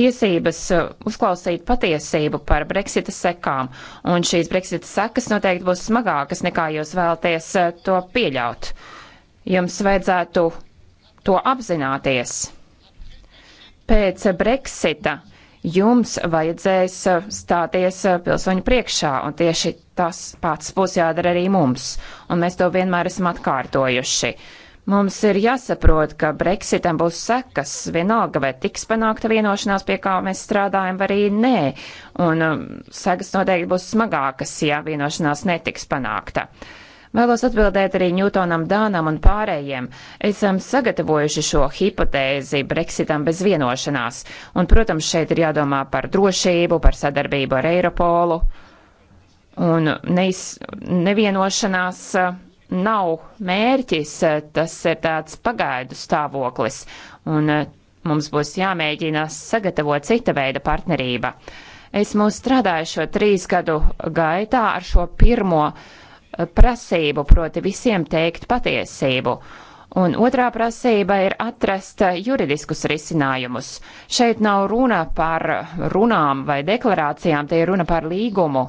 Speaker 4: tiesības uh, uzklausīt patiesību par Brexita sekām, un šīs Brexita sekas noteikti būs smagākas, nekā jūs vēlaties uh, to pieļaut. Jums vajadzētu to apzināties. Pēc Brexita jums vajadzēs uh, stāties uh, pilsoņu priekšā, un tieši tas pats būs jādara arī mums, un mēs to vienmēr esam atkārtojuši. Mums ir jāsaprot, ka Brexitam būs sekas vienalga, vai tiks panākta vienošanās, pie kā mēs strādājam, vai arī nē, un um, sekas noteikti būs smagākas, ja vienošanās netiks panākta. Uh, Vēlos atbildēt arī Ņūtonam Dānam un pārējiem. Esam sagatavojuši šo hipotēzi Brexitam bez vienošanās, un, protams, šeit ir jādomā par drošību, par sadarbību ar Eiropolu, un neiz, nevienošanās uh, nav mērķis, uh, tas ir tāds pagaidu stāvoklis, un uh, mums būs jāmēģina sagatavot cita veida partnerība. Esmu strādājuši šo trīs gadu gaitā ar šo pirmo uh, prasību, proti visiem teikt patiesību. Un otrā prasība ir atrast juridiskus risinājumus. Šeit nav runa par runām vai deklarācijām, te ir runa par līgumu,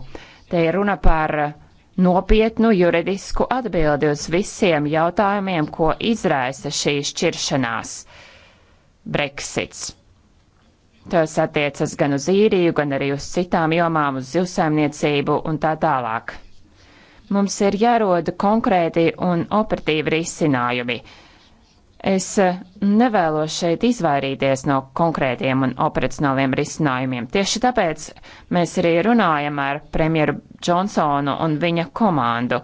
Speaker 4: te ir runa par nopietnu juridisku atbildi uz visiem jautājumiem, ko izraisa šī šķiršanās - Brexits. Tas attiecas gan uz īriju, gan arī uz citām jomām, uz zivsaimniecību un tā tālāk. Mums ir jāroda konkrēti un operatīvi risinājumi. Es e, nevēlos šeit izvairīties no konkrētiem un operacionāliem risinājumiem. Tieši tāpēc mēs arī runājam ar premjeru Džonsonu un viņa komandu.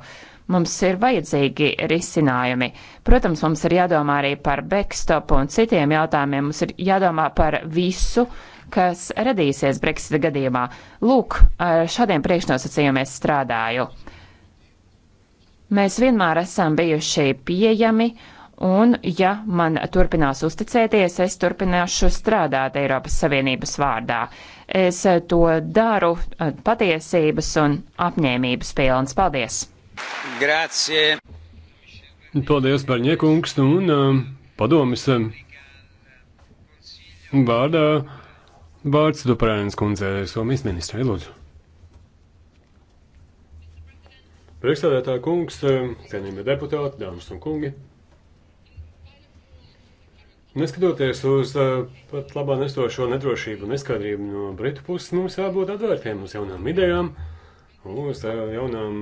Speaker 4: Mums ir vajadzīgi risinājumi. Protams, mums ir jādomā arī par backstopu un citiem jautājumiem. Mums ir jādomā par visu, kas radīsies Brexita gadījumā. Lūk, ar šādiem priekšnosacījumiem es strādāju. Mēs vienmēr esam bijuši pieejami, un, ja man turpinās uzticēties, es turpināšu strādāt Eiropas Savienības vārdā. Es to daru eh, patiesības un apņēmības pilns. Paldies!
Speaker 5: Grācie!
Speaker 4: Paldies,
Speaker 2: Barņiekungs, nu, un uh, padomis uh, vārdā vārds Duprēnas kundzei, Somijas ministrai, lūdzu. Priekšstādētā kungs, eh, cienījamie deputāti, dāmas un kungi. Neskatoties uz eh, pat labā nestošo nedrošību un neskaidrību no Britu puses, mums jābūt atvērtiem uz jaunām idejām, uz eh, jaunām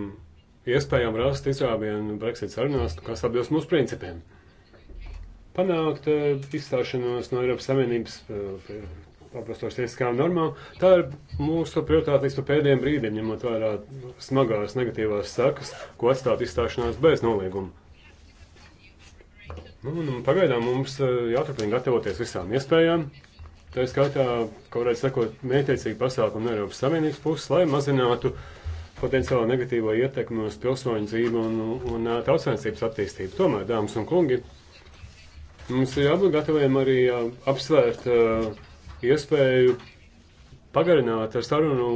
Speaker 2: iespējām rast izrāvienu Brexit sarunās, nu, kas atbilst mūsu principiem. Panākt izstāšanos no Eiropas Savienības atbilstoši tiesiskām normām. Tā ir mūsu prioritāte līdz pēdējiem brīdiem, ņemot vērā smagās negatīvās sekas, ko atstāt izstāšanās bez nolieguma. Un, nu, un pagaidām mums e, jāturpina gatavoties visām iespējām. Tā ir skaitā, kā varētu sakot, mētiecīgi pasākumi no Eiropas Savienības puses, lai mazinātu potenciāli negatīvo ietekmi uz pilsoņu dzīvi un, un, un e, tautsainicības attīstību. Tomēr, dāmas un kungi, mums ir jābūt gataviem arī e, apsvērt uh, iespēju pagarināt ar sarunu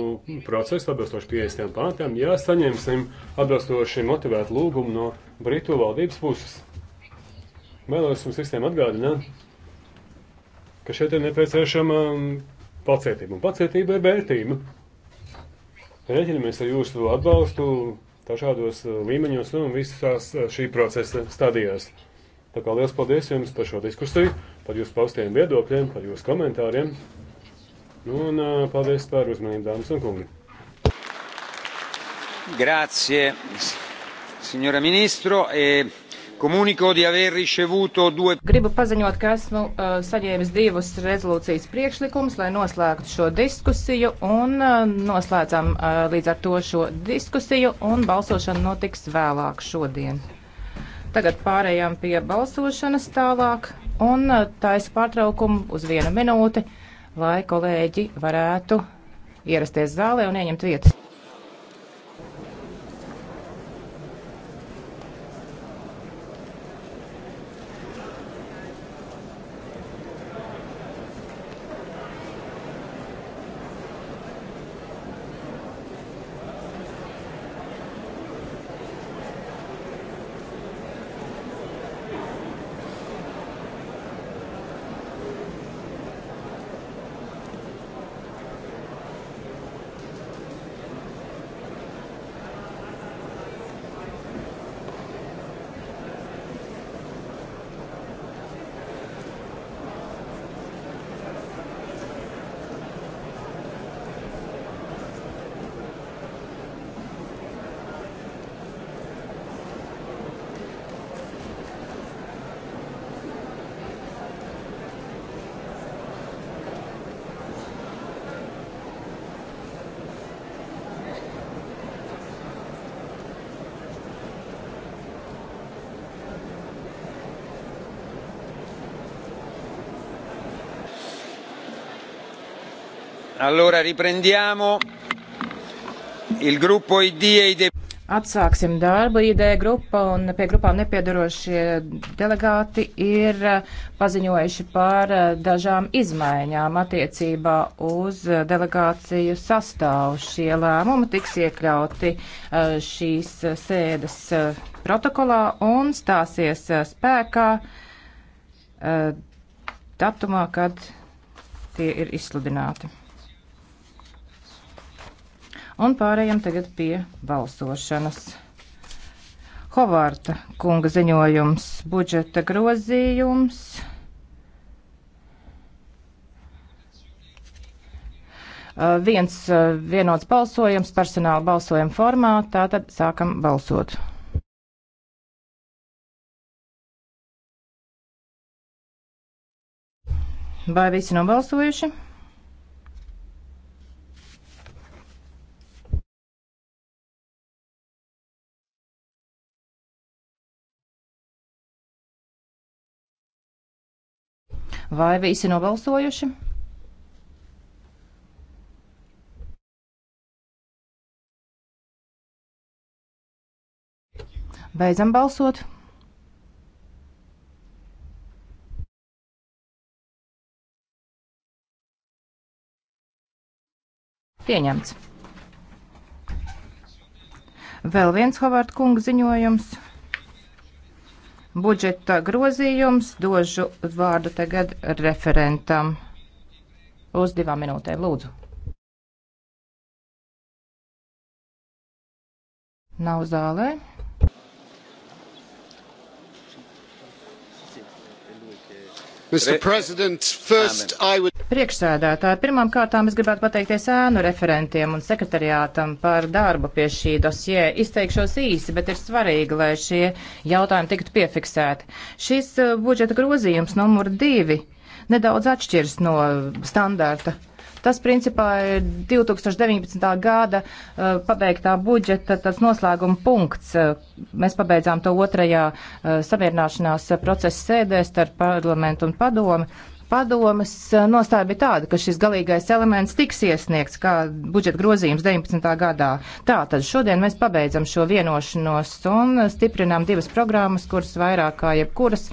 Speaker 2: procesu atbilstoši 50 pāntiem, ja saņemsim atbilstoši motivētu lūgumu no Britu valdības puses. Vēlos jums visiem atgādināt, ka šeit ir nepieciešama pacietība, un pacietība ir vērtība. Rēķinamies ar jūsu atbalstu dažādos uh, līmeņos un visās uh, šī procesa stadijās. Tā kā liels paldies jums par šo diskusiju par jūsu paustiem viedokļiem, par jūsu komentāriem. Nu, un paldies par uzmanību, dāmas un kungi.
Speaker 5: Grazie, signora ministro. E... Komuniko di aver ricevuto due. Gribu paziņot,
Speaker 3: ka esmu uh, saņēmis divus rezolūcijas priekšlikumus, lai noslēgtu šo diskusiju, un uh, noslēdzam uh, līdz ar to šo diskusiju, un balsošana notiks vēlāk šodien. Tagad pārējām pie balsošanas tālāk un uh, taisa pārtraukumu uz vienu minūti, lai kolēģi varētu ierasties zālē un ieņemt vietas.
Speaker 5: Allora riprendiamo il gruppo ID e ID.
Speaker 3: Atsāksim darbu. ID grupa un pie grupām nepiedarošie delegāti ir paziņojuši par eh, dažām izmaiņām attiecībā uz eh, delegāciju sastāvu. Šie lēmumi tiks iekļauti eh, šīs sēdes protokolā un stāsies spēkā datumā, kad tie ir izsludināti. Un pārējām tagad pie balsošanas. Hovārta kunga ziņojums, budžeta grozījums. Viens
Speaker 7: vienots balsojums personāla balsojuma formā, tātad sākam balsot. Vai visi nobalsojuši? Vai visi nobalsojuši? Beidzam balsot. Pieņemts. Vēl viens Havārda kunga
Speaker 3: ziņojums budžeta grozījums. Dožu vārdu
Speaker 7: tagad referentam. Uz divām minūtēm, lūdzu. Nav zālē.
Speaker 5: Would...
Speaker 3: Priekšsēdētāji, pirmām kārtām es gribētu pateikties ēnu referentiem un sekretariātam par darbu pie šī dosie. Izteikšos īsi, bet ir svarīgi, lai šie jautājumi tiktu piefiksēti. Šis eh, budžeta grozījums numur divi nedaudz atšķirs no standarta Tas, principā, ir 2019. gada uh, pabeigtā budžeta tāds noslēguma punkts. Uh, mēs pabeidzām to otrajā uh, samierināšanās procesa sēdē starp parlamentu un padomi. Padomas uh, nostāja bija tāda, ka šis galīgais elements tiks iesniegts kā budžeta grozījums 19. gadā. Tātad šodien mēs pabeidzam šo vienošanos un stiprinām divas programmas, kuras vairāk kā jebkuras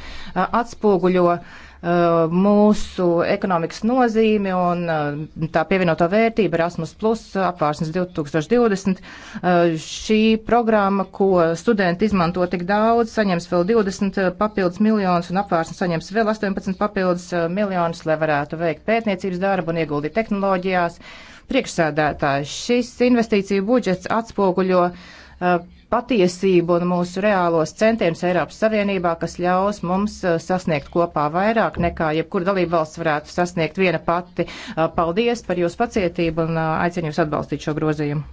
Speaker 3: atspūguļo uh, Eh, mūsu ekonomikas nozīmi un eh, tā pievienoto vērtību Erasmus Plus apvārsnes 2020. Eh, šī programma, ko studenti izmanto tik daudz, saņems vēl 20 papildus miljonus un apvārsnes saņems vēl 18 papildus miljonus, lai varētu veikt pētniecības darbu un ieguldīt tehnoloģijās. Priekšsēdētājs, šis investīciju budžets atspoguļo patiesību un mūsu reālos centienus Eiropas Savienībā, kas ļaus mums uh, sasniegt kopā vairāk nekā jebkur dalība valsts varētu sasniegt viena pati. Uh, paldies par jūsu pacietību un uh, aicinu jūs atbalstīt šo grozījumu.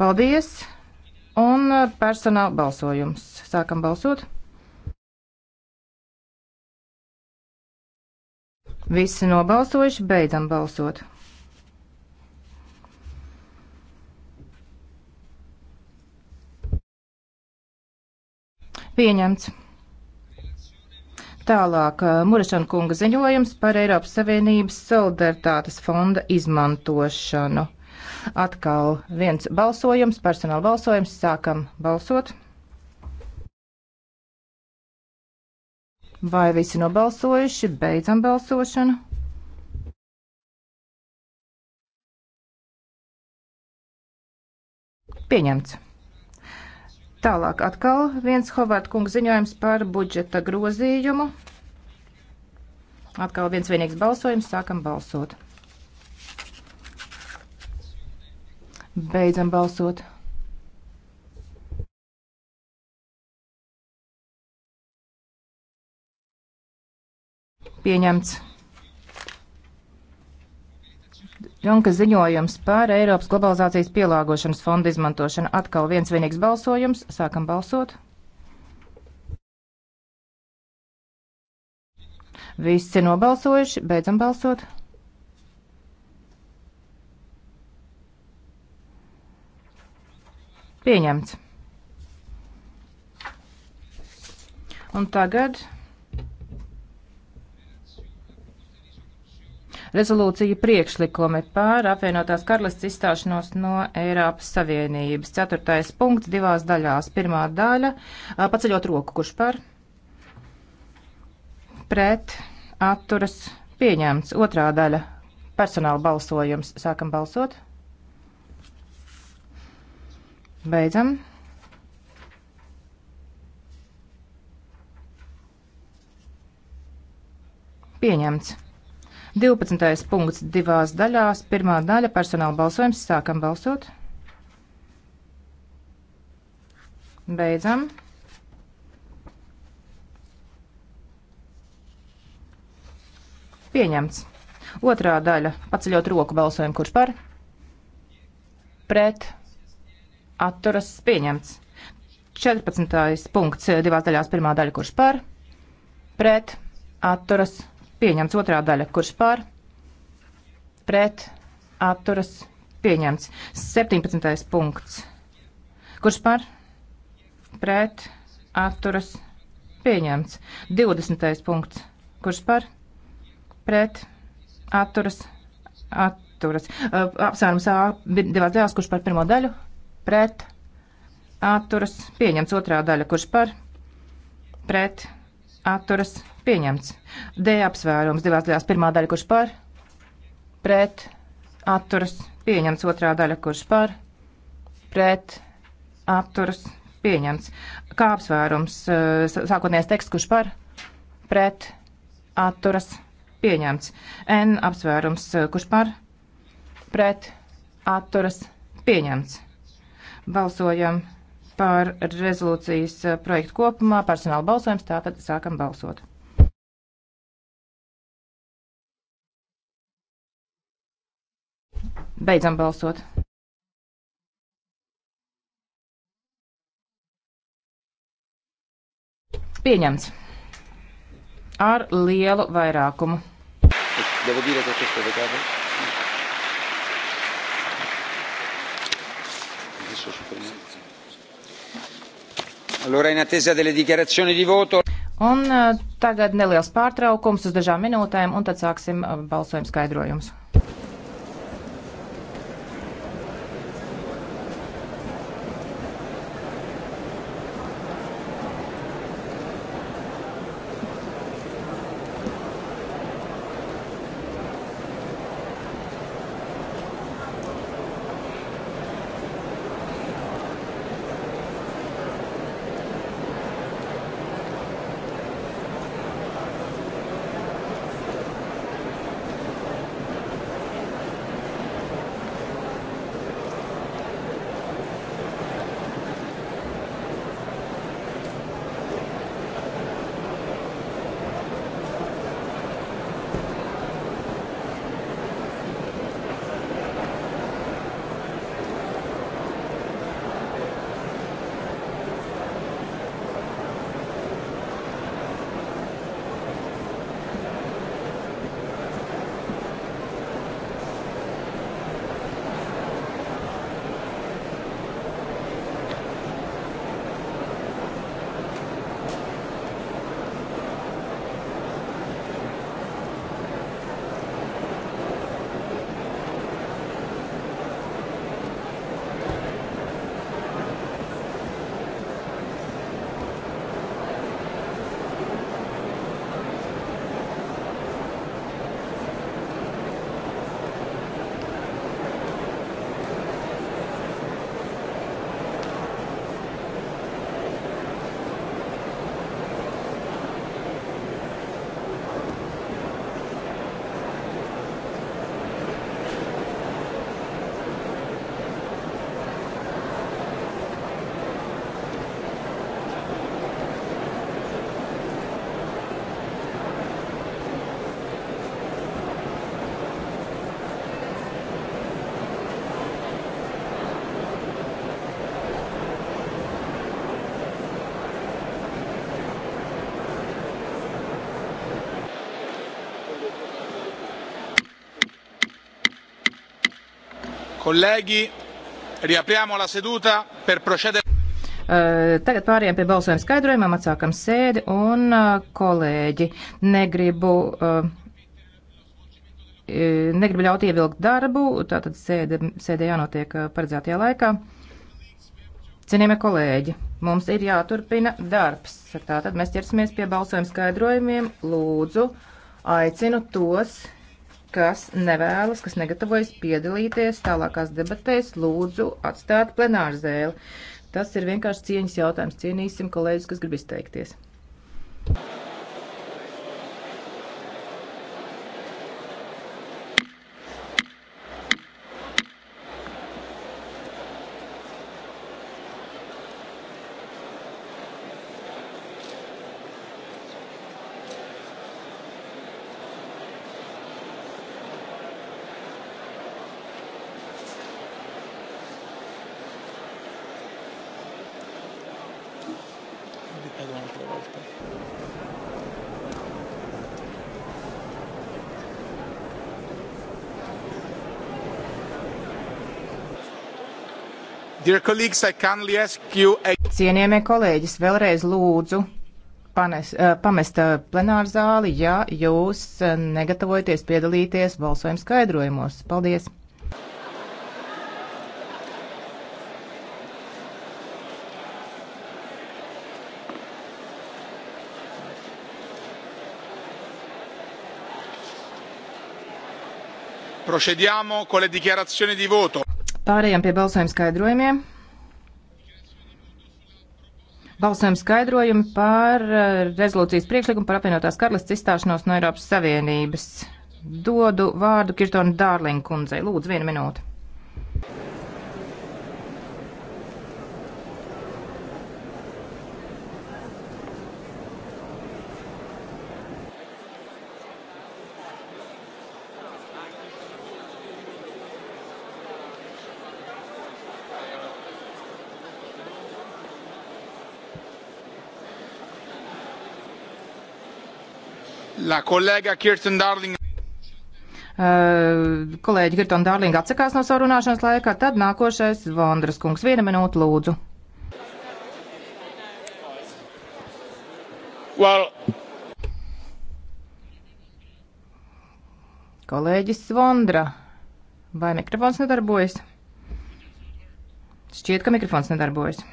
Speaker 7: Paldies! Un personāla balsojums. Sākam balsot. Visi nobalsojuši, beidzam balsot.
Speaker 3: Pieņemts. Tālāk uh, Murešana kunga ziņojums par Eiropas Savienības solidaritātes fonda izmantošanu. Atkal viens balsojums, personāla balsojums, sākam balsot.
Speaker 7: Vai visi nobalsojuši? Beidzam balsošanu. Pieņemts. Tālāk atkal viens Hovārda kunga
Speaker 3: ziņojums par budžeta grozījumu. Atkal viens vienīgs balsojums, sākam balsot. Beidzam
Speaker 7: balsot. Pieņemts. Junka ziņojums par Eiropas globalizācijas pielāgošanas
Speaker 3: fonda izmantošanu. Atkal viens vienīgs balsojums. Sākam balsot.
Speaker 7: Visi nobalsojuši. Beidzam balsot.
Speaker 3: Pieņemts. Un tagad rezolūciju priekšlikumi pār apvienotās karalists izstāšanos no Eiropas Savienības. Ceturtais punkts divās daļās. Pirmā daļa - paceļot roku, kurš par pret atturas pieņemts. Otrā daļa - personāla balsojums. Sākam balsot. Beidzam. Pieņemts. 12. punkts divās daļās. Pirmā daļa - personāla balsojums. Sākam balsot. Beidzam. Pieņemts. Otrā daļa - paceļot roku balsojumu, kurš par? Pret. Atturas pieņemts. 14. punkts divās daļās - pirmā daļa, kurš par? Pret. Atturas pieņemts Pieņemts otrā daļa, kurš par, pret, atturas, pieņemts. 17. punkts, kurš par, pret, atturas, pieņemts. 20. punkts, kurš par, pret, atturas, atturas. Apsvērums A divās daļās, kurš par pirmo daļu, pret, atturas, pieņemts otrā daļa, kurš par, pret, atturas, pieņemts pieņemts. D apsvērums divās daļās. Pirmā daļa, kurš par, pret, atturas, pieņemts. Otrā daļa, kurš par, pret, atturas, pieņemts. Kā apsvērums eh, sākotnējais teksts, kurš par, pret, atturas, pieņemts. N apsvērums, eh, kurš par, pret, atturas, pieņemts. Balsojam par rezolūcijas eh, projektu kopumā, personāla
Speaker 7: balsojums, tātad sākam balsot. Beidzam balsot.
Speaker 3: Pieņemts. Ar lielu vairākumu.
Speaker 7: Devo
Speaker 5: dire che questo decade. Allora, in attesa delle dichiarazioni di voto.
Speaker 3: Un eh, tagad neliels pārtraukums uz dažām minūtēm, un tad sāksim eh, balsojumu skaidrojumus.
Speaker 1: Kolēģi, riapriamo la seduta per procedere.
Speaker 3: Eh, tagad pāriem pie balsojuma skaidrojumam, atsākam sēdi un eh, kolēģi. Negribu, eh, negribu ļaut ievilkt darbu, tātad sēde, sēde jānotiek paredzētajā laikā. Cienījamie kolēģi, mums ir jāturpina darbs. Tātad mēs ķersimies pie balsojuma skaidrojumiem. Lūdzu, aicinu tos kas nevēlas, kas negatavojas piedalīties tālākās debatēs, lūdzu atstāt plenāru zēli. Tas ir vienkārši cieņas jautājums. Cienīsim kolēģis, kas grib izteikties. Thank you. Cienījamie kolēģis, vēlreiz lūdzu panes, eh, pamest eh, plenāru zāli, ja jūs eh, negatavojaties piedalīties balsojuma skaidrojumos. Paldies!
Speaker 1: Procediamo con le dichiarazioni di voto.
Speaker 3: Pārējām pie balsojuma skaidrojumiem. Balsojuma skaidrojumi par eh, rezolūcijas priekšlikumu par apvienotās karalists izstāšanos no Eiropas Savienības. Dodu vārdu Kirtonu Dārlingu kundzei. Lūdzu, vienu minūti.
Speaker 1: La kolēga Kirsten Darling.
Speaker 3: Uh, kolēģi Girtona Dārlinga atsakās no savu runāšanas laikā, tad nākošais Vondras kungs. Viena minūte lūdzu. Well. Kolēģis Vondra, vai mikrofons nedarbojas? Šķiet, ka mikrofons nedarbojas.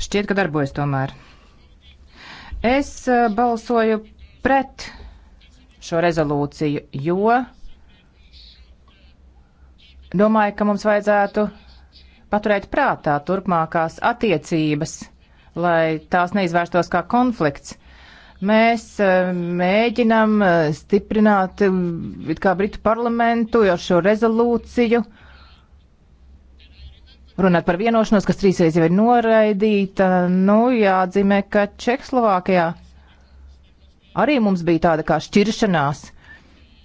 Speaker 3: Šķiet, ka darbojas tomēr. Es eh, balsoju pret šo rezolūciju, jo domāju, ka mums vajadzētu paturēt prātā turpmākās attiecības, lai tās neizvērstos kā konflikts. Mēs eh, mēģinam eh, stiprināt kā Britu parlamentu jau šo rezolūciju. Uh, runāt par vienošanos, kas trīsreiz jau ir noraidīta. Nu, jāatzīmē, ka Čehslovākijā arī mums bija tāda kā šķiršanās.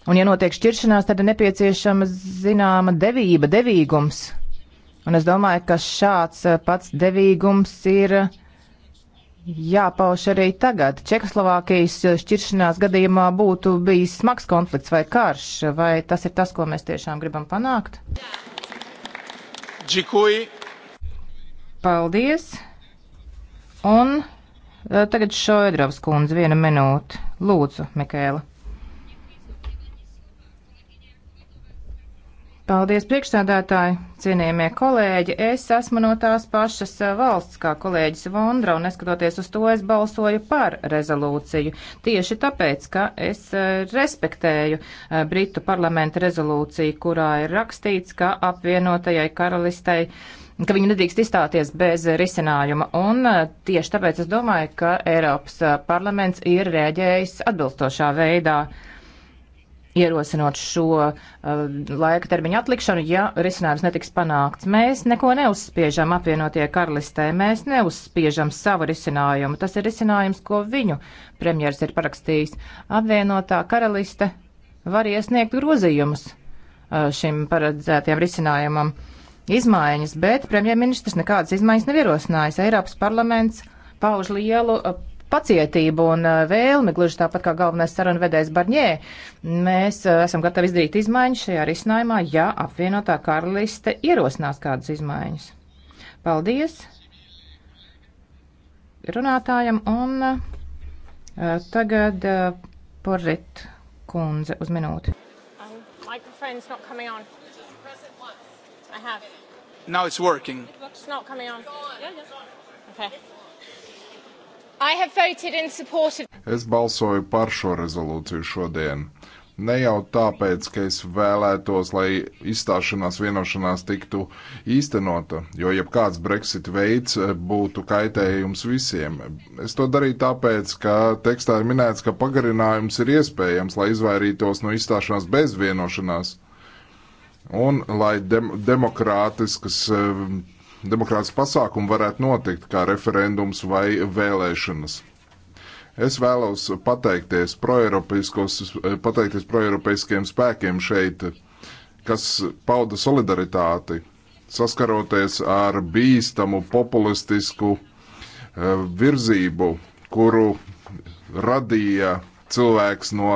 Speaker 3: Un, ja notiek šķiršanās, tad ir nepieciešama zināma devība, devīgums. Un es domāju, ka šāds eh, pats devīgums ir jāpauž arī tagad. Čekoslovākijas eh, šķiršanās gadījumā būtu bijis smags konflikts vai karš, vai tas ir tas, ko mēs tiešām gribam panākt? Jā. Džikuji. Paldies. Un eh, tagad Šoidrovs kundze, viena minūte. Lūdzu, Mikēla. Paldies, priekšstādātāji, cienījamie kolēģi. Es esmu no tās pašas eh, valsts kā kolēģis Vondra, un neskatoties uz to, es balsoju par rezolūciju. Tieši tāpēc, ka es eh, respektēju eh, Britu parlamenta rezolūciju, kurā ir rakstīts, ka apvienotajai karalistei ka viņi nedrīkst izstāties bez risinājuma. Un tieši tāpēc es domāju, ka Eiropas parlaments ir rēģējis atbilstošā veidā. Uh, ierosinot šo uh, laika termiņu atlikšanu, ja risinājums netiks panākts. Mēs neko neuzspiežam apvienotie karalistē, mēs neuzspiežam savu risinājumu. Tas ir risinājums, ko viņu premjers ir parakstījis. Apvienotā karaliste var iesniegt grozījumus uh, šim paredzētiem risinājumam. Izmaiņas, bet premjerministrs nekādas izmaiņas nevierosinājis. Eiropas parlaments pauž lielu uh, pacietību un uh, vēlmi, gluži tāpat kā galvenais sarunvedējs Barņē. Mēs uh, esam gatavi izdarīt izmaiņas šajā risinājumā, ja apvienotā karaliste ierosinās kādas izmaiņas. Paldies runātājam un uh, tagad porrit kundze uz minūti.
Speaker 4: Um, microphone's not coming on.
Speaker 3: I have.
Speaker 1: Now it's working.
Speaker 3: It's not coming on. Yeah, yeah. Okay. Es
Speaker 8: balsoju par šo rezolūciju šodien. Ne jau tāpēc, ka es vēlētos, lai izstāšanās vienošanās tiktu īstenota, jo jebkāds Brexit veids eh, būtu kaitējums visiem. Es to darīju tāpēc, ka tekstā ir minēts, ka pagarinājums ir iespējams, lai izvairītos no izstāšanās bez vienošanās un lai dem demokrātiskas eh, demokrātas pasākumi varētu notikt, kā referendums vai vēlēšanas. Es vēlos pateikties proeiropeiskiem pro spēkiem šeit, kas pauda solidaritāti, saskaroties ar bīstamu populistisku eh, virzību, kuru radīja cilvēks no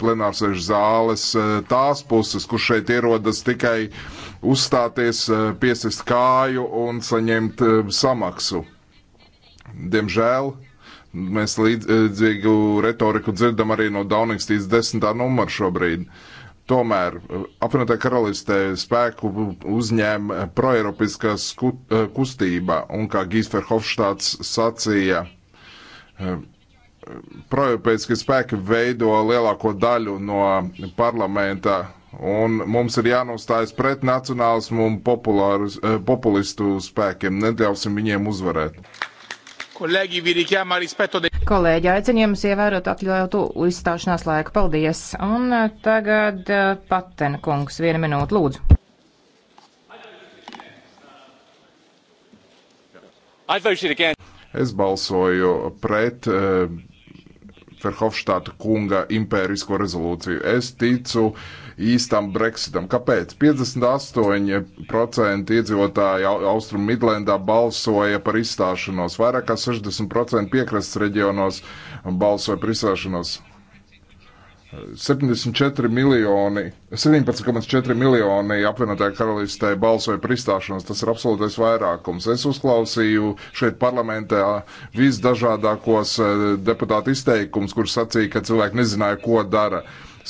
Speaker 8: plenārsēžu zāles eh, tās puses, kurš šeit ierodas tikai uzstāties, eh, piesist kāju un saņemt eh, samaksu. Diemžēl mēs līdzīgu retoriku dzirdam arī no Daunigstīs desmitā numara šobrīd. Tomēr apvienotā karalistē spēku uzņēma proeiropiskā kustība un, kā Gīsfer Hofštāts sacīja, projopētiskie spēki veido lielāko daļu no parlamenta, un mums ir jānostājas pret nacionālismu un populārus, eh, populistu spēkiem. Neļausim viņiem uzvarēt.
Speaker 1: Kolēģi, vi richiamo al rispetto dei...
Speaker 3: Kolēģi, aicinu jums ievērot atļautu uzstāšanās laiku. Paldies. Un eh, tagad eh, patena kungs, viena minūte, lūdzu.
Speaker 8: Es balsoju pret uh, Ferhofštāta kunga impērisko rezolūciju. Es ticu īstam Brexitam. Kāpēc? 58% iedzīvotāji Austrum Midlendā balsoja par izstāšanos, vairāk kā 60% piekrastes reģionos balsoja par izstāšanos. 74 miljoni, 17,4 miljoni apvienotajā karalistē balsoja par izstāšanos. Tas ir absolūtais vairākums. Es uzklausīju šeit parlamentā visdažādākos eh, deputātu izteikums, kur sacīja, ka cilvēki nezināja, ko dara.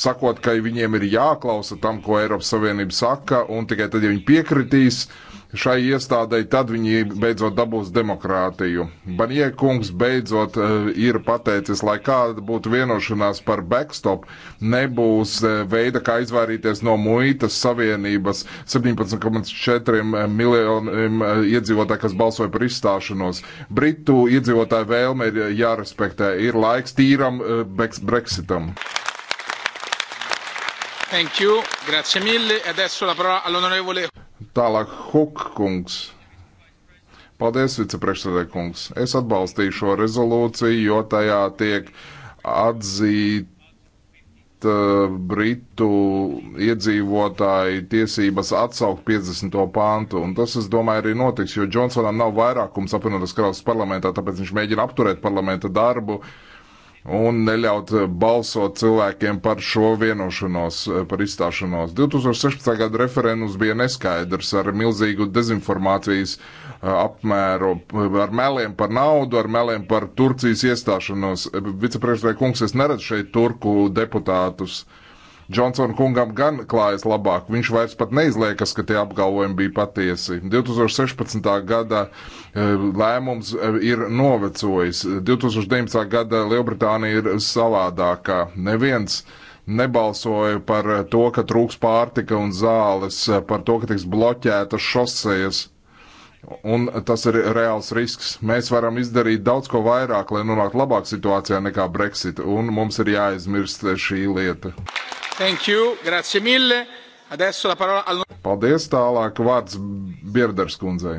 Speaker 8: Sakot, ka viņiem ir jāklausa tam, ko Eiropas Savienība saka, un tikai tad, ja viņi piekritīs, uh, šai iestādei, tad viņi beidzot dabūs demokrātiju. Banjē kungs beidzot eh, ir pateicis, lai kāda būtu vienošanās par backstop, nebūs eh, veida, kā izvairīties no muitas savienības 17,4 miljoniem eh, iedzīvotāju, kas balsoja par izstāšanos. Britu iedzīvotāju vēlme ir jārespektē. Ir laiks tīram Brexitam.
Speaker 1: Thank you, grazie mille. Adesso la parola all'onorevole.
Speaker 8: Tālāk Hukkungs. Paldies, vicepriekšsēdētājs. Es atbalstīju šo rezolūciju, jo tajā tiek atzīta britu iedzīvotāju tiesības atsaukt 50. pāntu. Un tas, es domāju, arī notiks, jo Džonsonam nav vairākums apvienotās karalistas parlamentā, tāpēc viņš mēģina apturēt parlamenta darbu. Uh, un neļaut balsot cilvēkiem par šo vienošanos, eh, par izstāšanos. 2016. gada referendums bija neskaidrs ar milzīgu dezinformācijas eh, apmēru, ar meliem par naudu, ar meliem par Turcijas iestāšanos. Vicepriekšsēdētāj kungs, es neredzu šeit turku deputātus. Uh, Džonsona kungam gan klājas labāk. Viņš vairs pat neizliekas, ka tie apgalvojumi bija patiesi. 2016. gada e, lēmums e, ir novecojis. 2019. gada Lielbritānija ir savādākā. Neviens nebalsoja par to, ka trūks pārtika un zāles, par to, ka tiks bloķētas šosejas Un tas ir reāls risks. Mēs varam izdarīt daudz ko vairāk, lai nonāktu labāk situācijā nekā Brexit, un mums ir jāaizmirst šī lieta.
Speaker 1: Thank you, grazie mille. Adesso la parola al...
Speaker 8: Paldies, tālāk vārds Bierders kundzei.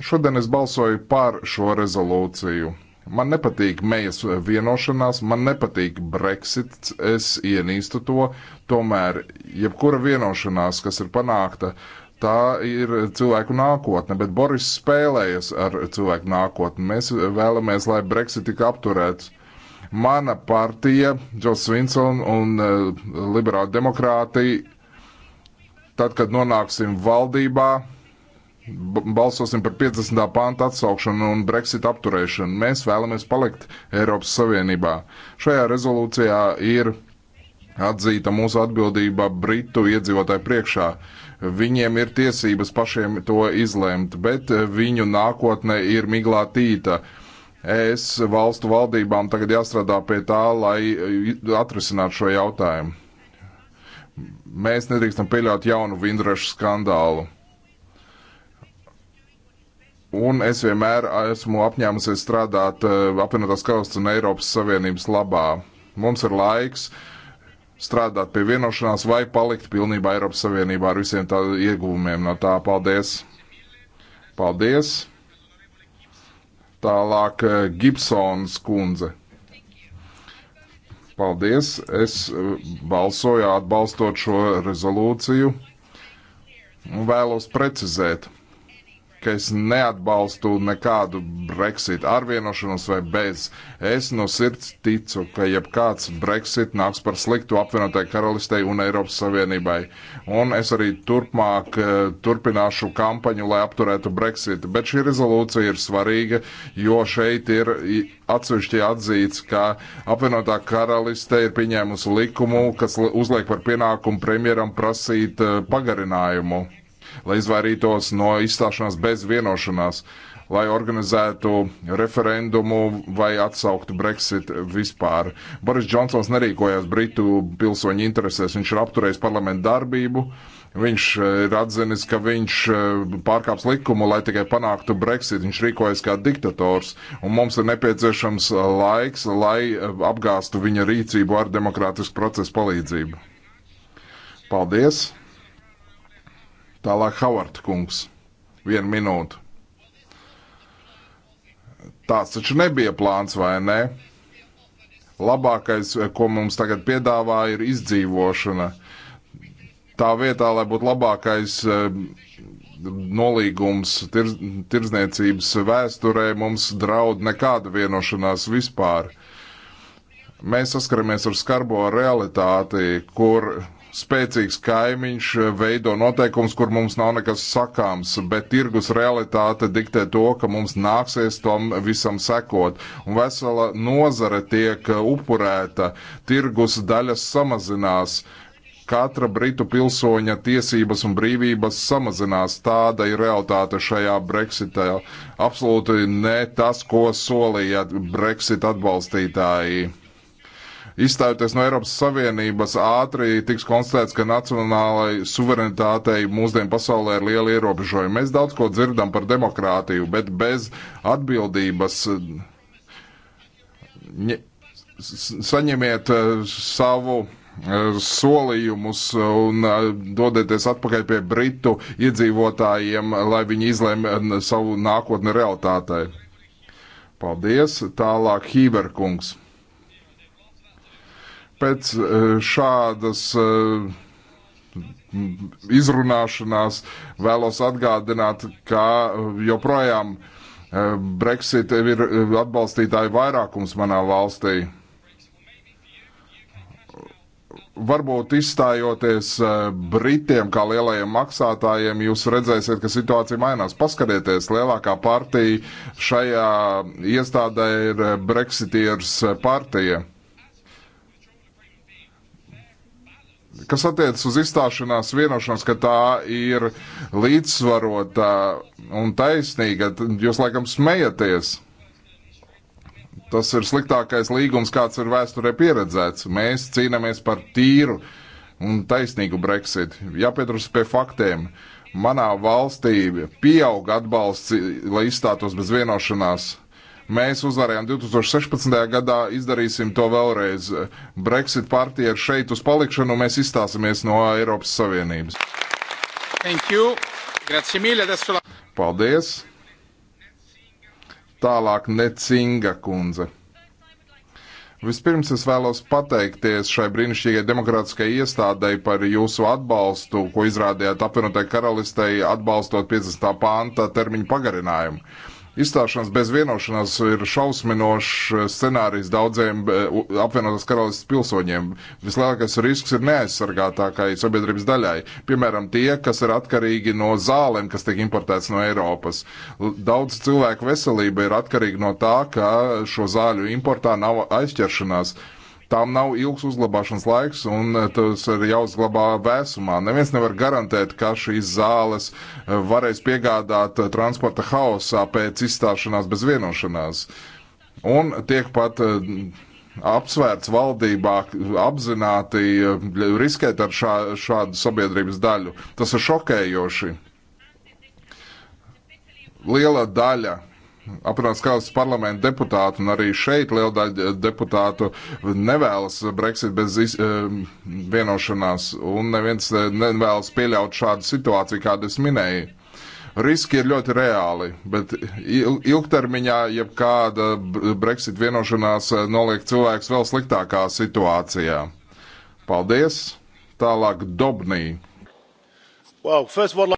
Speaker 8: Šodien es balsoju par šo rezolūciju. Man nepatīk mējas vienošanās, man nepatīk Brexits, es ienīstu to. Tomēr, jebkura vienošanās, kas ir panākta, uh, Tā ir cilvēku nākotne, bet Boris spēlējas ar cilvēku nākotni. Mēs vēlamies, lai Brexit tika apturēts. Mana partija, Džons Svinson un uh, eh, Liberāla demokrātija, tad, kad nonāksim valdībā, balsosim par 50. pānta atsaukšanu un Brexit apturēšanu. Mēs vēlamies palikt Eiropas Savienībā. Šajā rezolūcijā ir atzīta mūsu atbildība Britu iedzīvotāju priekšā. Uh, Viņiem ir tiesības pašiem to izlemt, bet eh, viņu nākotne ir miglā tīta. Es valstu valdībām tagad jāstrādā pie tā, lai eh, atrisinātu šo jautājumu. Mēs nedrīkstam pieļaut jaunu vindrašu skandālu. Un es vienmēr esmu apņēmusies strādāt eh, apvienotās karalists un Eiropas Savienības labā. Mums ir laiks uh, strādāt pie vienošanās vai palikt pilnībā Eiropas Savienībā ar visiem tā ieguvumiem no tā. Paldies! Paldies! Tālāk eh, Gibsons kundze. Paldies! Es eh, balsoju atbalstot šo rezolūciju un vēlos precizēt ka es neatbalstu nekādu Brexit arvienošanos vai bez. Es no sirds ticu, ka jebkāds Brexit nāks par sliktu apvienotai karalistei un Eiropas Savienībai. Un es arī turpmāk eh, turpināšu kampaņu, lai apturētu Brexit. Bet šī rezolūcija ir svarīga, jo šeit ir atsevišķi atzīts, ka apvienotā karaliste ir pieņēmusi likumu, kas uzliek par pienākumu premjeram prasīt eh, pagarinājumu lai izvairītos no izstāšanās bez vienošanās, lai organizētu referendumu vai atsauktu Brexit vispār. Boris Džonsons nerīkojās Britu pilsoņu interesēs, viņš ir apturējis parlamentu darbību. Viņš eh, ir atzinis, ka viņš eh, pārkāps likumu, lai tikai panāktu Brexit. Viņš rīkojas kā diktators, un mums ir nepieciešams eh, laiks, lai apgāstu viņa rīcību ar demokrātisku procesu palīdzību. Paldies! Tālāk Havarta kungs. Vienu minūtu. Tāds taču nebija plāns, vai ne? Labākais, ko mums tagad piedāvā, ir izdzīvošana. Tā vietā, lai būtu labākais eh, nolīgums tir, tirzniecības vēsturē, mums draud nekāda vienošanās vispār. Mēs saskaramies ar skarbo realitāti, kur spēcīgs kaimiņš eh, veido noteikums, kur mums nav nekas sakāms, bet tirgus realitāte diktē to, ka mums nāksies tom visam sekot. Un vesela nozare tiek eh, upurēta, tirgus daļas samazinās. Katra britu pilsoņa tiesības un brīvības samazinās. Tāda ir realitāte šajā Brexitā. Absolūti ne tas, ko solīja Brexit atbalstītāji izstājoties no Eiropas Savienības, ātri tiks konstatēts, ka nacionālai suverenitātei mūsdienu pasaulē ir liela ierobežojuma. Mēs daudz ko dzirdam par demokrātiju, bet bez atbildības ņa, saņemiet eh, savu eh, solījumus un eh, dodieties atpakaļ pie britu iedzīvotājiem, lai viņi izlēma savu nākotni realitātei. Paldies, tālāk Hīverkungs. Pēc eh, šādas eh, izrunāšanās vēlos atgādināt, ka joprojām eh, Brexit ir atbalstītāju vairākums manā valstī varbūt izstājoties Britiem kā lielajiem maksātājiem, jūs redzēsiet, ka situācija mainās. Paskatieties, lielākā partija šajā iestādē ir Brexiteers partija. Kas attiecas uz izstāšanās vienošanos, ka tā ir līdzsvarota un taisnīga, jūs laikam smejaties. Tas ir sliktākais līgums, kāds ir vēsturē pieredzēts. Mēs cīnāmies par tīru un taisnīgu Brexit. Jāpieturas pie faktiem. Manā valstī pieauga atbalsts, lai izstātos bez vienošanās Mēs uzvarējām 2016. gadā, izdarīsim to vēlreiz. Brexit partija ir šeit uz palikšanu, mēs izstāsimies no Eiropas Savienības.
Speaker 1: La...
Speaker 8: Paldies! Tālāk Necinga kundze. Vispirms es vēlos pateikties šai brīnišķīgai demokrātiskai iestādei par jūsu atbalstu, ko izrādījāt apvienotai karalistei atbalstot 50. panta termiņu pagarinājumu. Izstāšanās bez vienošanās ir šausminošs eh, scenārijs daudziem eh, apvienotās karalistas pilsoņiem. Vislielākais risks ir neaizsargātākai sabiedrības daļai, piemēram, tie, kas ir atkarīgi no zālēm, kas tiek importēts no Eiropas. Daudz cilvēku veselība ir atkarīga no tā, ka šo zāļu importā nav aizķeršanās. Uh, Tām nav ilgs uzglabāšanas laiks, un eh, tas ir jāuzglabā vēsumā. Neviens nevar garantēt, ka šīs zāles eh, varēs piegādāt eh, transporta haosā pēc izstāšanās bez vienošanās. Un tiek pat apsvērts valdībā apzināti riskēt ar šā, šādu sabiedrības daļu. Tas ir šokējoši. Liela daļa apvienotās kādas parlamenta deputātu un arī šeit liela daļa deputātu nevēlas Brexit bez iz, vienošanās un neviens nevēlas pieļaut šādu situāciju, kādu es minēju. Riski ir ļoti reāli, bet ilgtermiņā jebkāda Brexit vienošanās eh, noliek cilvēks vēl sliktākā situācijā. Paldies! Tālāk Dobnī. Well, first of all,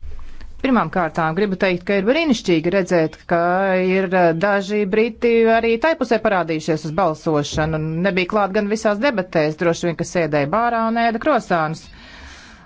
Speaker 3: Pirmām kārtām gribu teikt, ka ir brīnišķīgi redzēt, ka ir eh, daži briti arī tai pusē parādījušies uz balsošanu. Nebija klāt gan visās debatēs, droši vien, ka sēdēja bārā un ēda krosānus.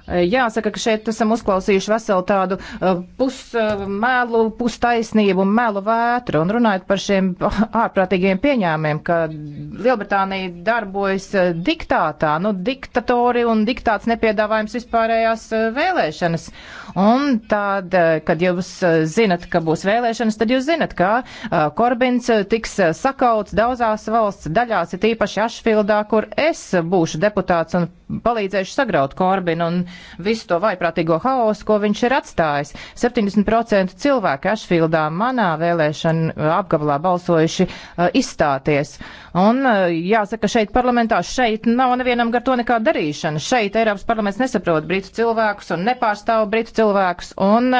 Speaker 3: Eh, jāsaka, ka šeit esam uzklausījuši veselu tādu eh, pusmēlu, pustaisnību un mēlu vētru. Un runājot par šiem ārprātīgiem pieņēmiem, ka Lielbritānija darbojas diktātā, nu diktatori un diktāts nepiedāvājums vispārējās vēlēšanas. Uh, Un tad, eh, kad jūs eh, zinat, ka būs vēlēšanas, tad jūs zinat, ka eh, Korbins tiks sakauts daudzās valsts daļās, ir īpaši Ašfildā, kur es būšu deputāts un palīdzējuši sagraut Korbinu un visu to vaiprātīgo haosu, ko viņš ir atstājis. 70% cilvēku Ašfildā manā vēlēšana apgabalā balsojuši uh, izstāties. Uh, Un eh, jāsaka, šeit parlamentā šeit nav nevienam gar to nekā darīšana. Šeit Eiropas parlaments nesaprot britu cilvēkus un nepārstāv britu cilvēkus. Un,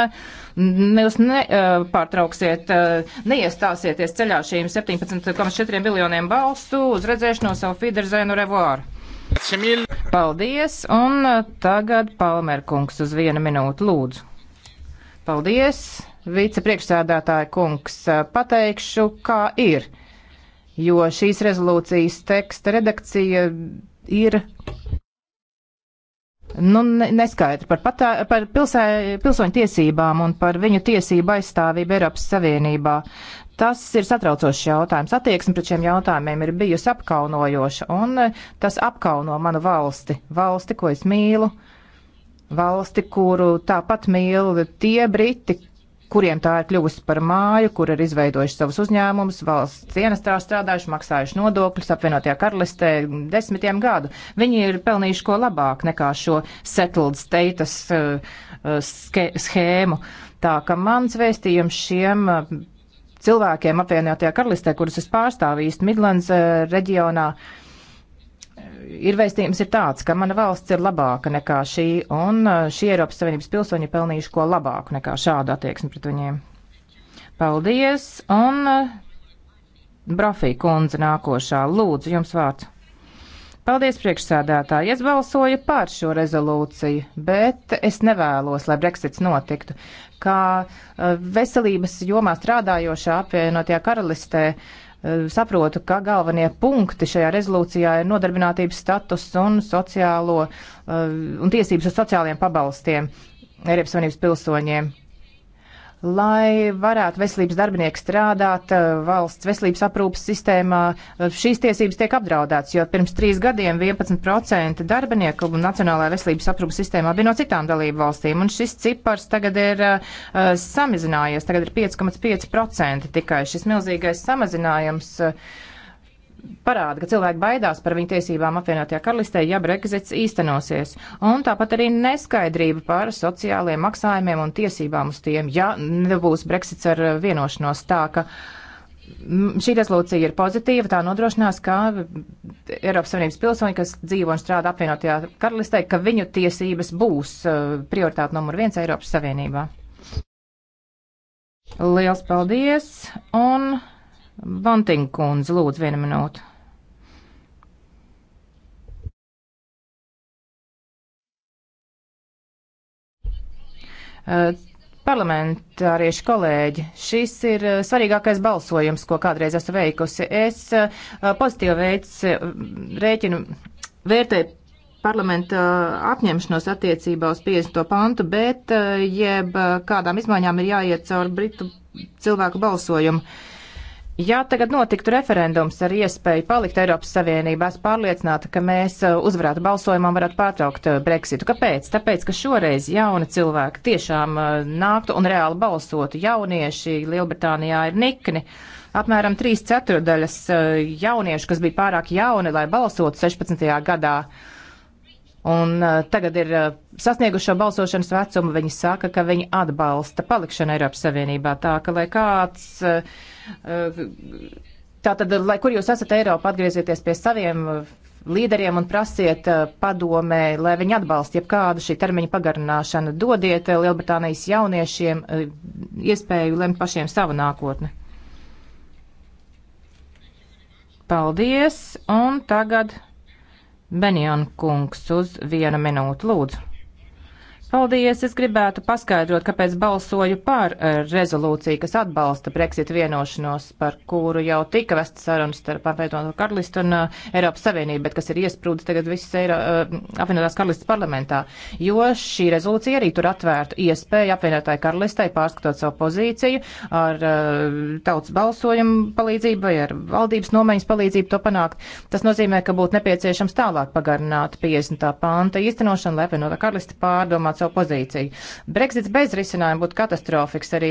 Speaker 3: Jūs eh, nepārtrauksiet, eh, neiestāsieties ceļā šīm 17,4 miljoniem balstu uz redzēšanos savu Fiderzēnu revuāru. Paldies, un tagad Palmerkungs uz vienu minūtu lūdzu. Paldies, vicepriekšsēdētāja kungs, pateikšu, kā ir jo šīs rezolūcijas teksta redakcija ir nu, neskaidra par, patā, par pilsē, pilsoņu tiesībām un par viņu tiesību aizstāvību Eiropas Savienībā. Tas ir satraucošs jautājums. Attieksme pret šiem jautājumiem ir bijusi apkaunojoša, un eh, tas apkauno manu valsti, valsti, ko es mīlu, valsti, kuru tāpat mīlu tie briti, kuriem tā ir kļuvusi par māju, kur ir izveidojuši savus uzņēmumus, valsts dienestā strādājuši, maksājuši nodokļus apvienotajā karalistē desmitiem gadu. Viņi ir pelnījuši ko labāk nekā šo settled status uh, uh, schēmu. Tā ka mans vēstījums šiem uh, cilvēkiem apvienotajā karalistē, kurus es pārstāvu East Midlands uh, reģionā, uh, ir veistījums ir tāds, ka mana valsts ir labāka nekā šī, un uh, šie Eiropas Savienības pilsoņi pelnījuši ko labāku nekā šādu attieksmi pret viņiem. Paldies, un uh, Brafī kundze nākošā. Lūdzu, jums vārds. Paldies, priekšsēdētāji. Es balsoju par šo rezolūciju, bet es nevēlos, lai Brexits notiktu. Kā uh, veselības jomā strādājošā apvienotajā karalistē uh, Eh, saprotu, ka galvenie punkti šajā rezolūcijā ir nodarbinātības status un sociālo eh, un tiesības uz sociālajiem pabalstiem Eiropas Savienības pilsoņiem lai varētu veselības darbinieki strādāt eh, valsts veselības aprūpas sistēmā, eh, šīs tiesības tiek apdraudētas, jo pirms trīs gadiem 11% darbinieku Nacionālajā veselības aprūpas sistēmā bija no citām dalību valstīm, un šis cipars tagad ir uh, samazinājies, tagad ir 5,5% tikai šis milzīgais samazinājums. Uh, parāda, ka cilvēki baidās par viņu tiesībām apvienotajā karalistē, ja Brexits īstenosies. Un tāpat arī neskaidrība par sociālajiem maksājumiem un tiesībām uz tiem, ja nebūs Brexits ar vienošanos tā, ka. Mm, šī rezolūcija ir pozitīva, tā nodrošinās, ka Eiropas Savienības pilsoņi, kas dzīvo un strādā apvienotajā karalistē, ka viņu tiesības būs uh, prioritāte numur viens Eiropas Savienībā. Liels paldies! Un
Speaker 7: Banting kundze, lūdzu, vienu minūtu. Uh, eh, parlamentārieši kolēģi, šis ir eh, svarīgākais balsojums,
Speaker 3: ko kādreiz esmu veikusi. Es eh, pozitīvi veids rēķinu vērtēju parlamenta apņemšanos attiecībā uz 50. pantu, bet jeb kādām izmaiņām ir jāiet cauri Britu cilvēku balsojumu. Ja tagad notiktu referendums ar iespēju palikt Eiropas Savienībā, es pārliecināta, ka mēs uh, uzvarētu balsojumā un varētu pārtraukt uh, Brexitu. Kāpēc? Tāpēc, ka šoreiz jauni cilvēki tiešām uh, nāktu un reāli balsotu. Jaunieši Lielbritānijā ir nikni. Apmēram 3 ceturdaļas jauniešu, kas bija pārāk jauni, lai balsotu 16. gadā. Un tagad ir sasnieguši šo balsošanas vecumu, viņi saka, ka viņi atbalsta palikšanu Eiropas Savienībā. Tā ka, lai kāds uh, Tātad, lai kur jūs esat Eiropa, atgriezieties pie saviem līderiem un prasiet padomē, lai viņi atbalsta jebkādu šī termiņa pagarināšanu. Dodiet Lielbritānijas jauniešiem iespēju lemt pašiem savu nākotni. Paldies, un tagad Benjana kungs uz vienu minūtu lūdzu. Paldies! Es gribētu paskaidrot, kāpēc balsoju par eh, rezolūciju, kas atbalsta Brexit vienošanos, par kuru jau tika vesta sarunas starp apvienoto karalistu un uh, Eiropas Savienību, bet kas ir iesprūdis tagad visas Eiro, uh, apvienotās karalistas parlamentā. Jo šī rezolūcija arī tur atvērtu iespēju apvienotāju karalistai pārskatot savu pozīciju ar uh, tautas balsojumu palīdzību vai ar valdības nomaiņas palīdzību to panākt. Tas nozīmē, ka būtu nepieciešams tālāk pagarināt 50. panta īstenošanu, lai apvienotā karalista pārdomātu savu pozīciju. Brexits bez risinājuma būtu katastrofiks arī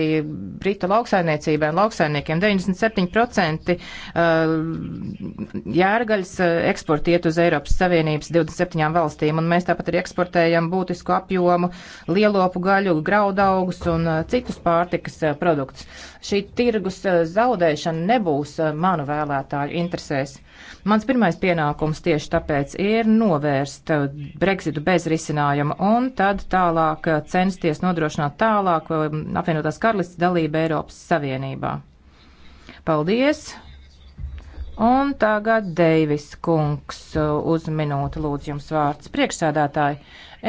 Speaker 3: Britu lauksaimniecībai un lauksaimniekiem. 97% uh, jērgaļas uh, eksporta iet uz Eiropas Savienības 27 valstīm, un mēs tāpat arī eksportējam būtisku apjomu lielopu gaļu, graudaugus un uh, citus pārtikas produktus. Šī tirgus zaudēšana nebūs manu vēlētāju interesēs. Mans pirmais pienākums tieši tāpēc ir novērst uh, Brexitu bez risinājuma un tad tālāk uh, censties nodrošināt tālāk um, apvienotās karalists dalību Eiropas Savienībā. Paldies! Un tagad Deivis kungs uh, uz minūti lūdzu jums vārds priekšsēdētāji.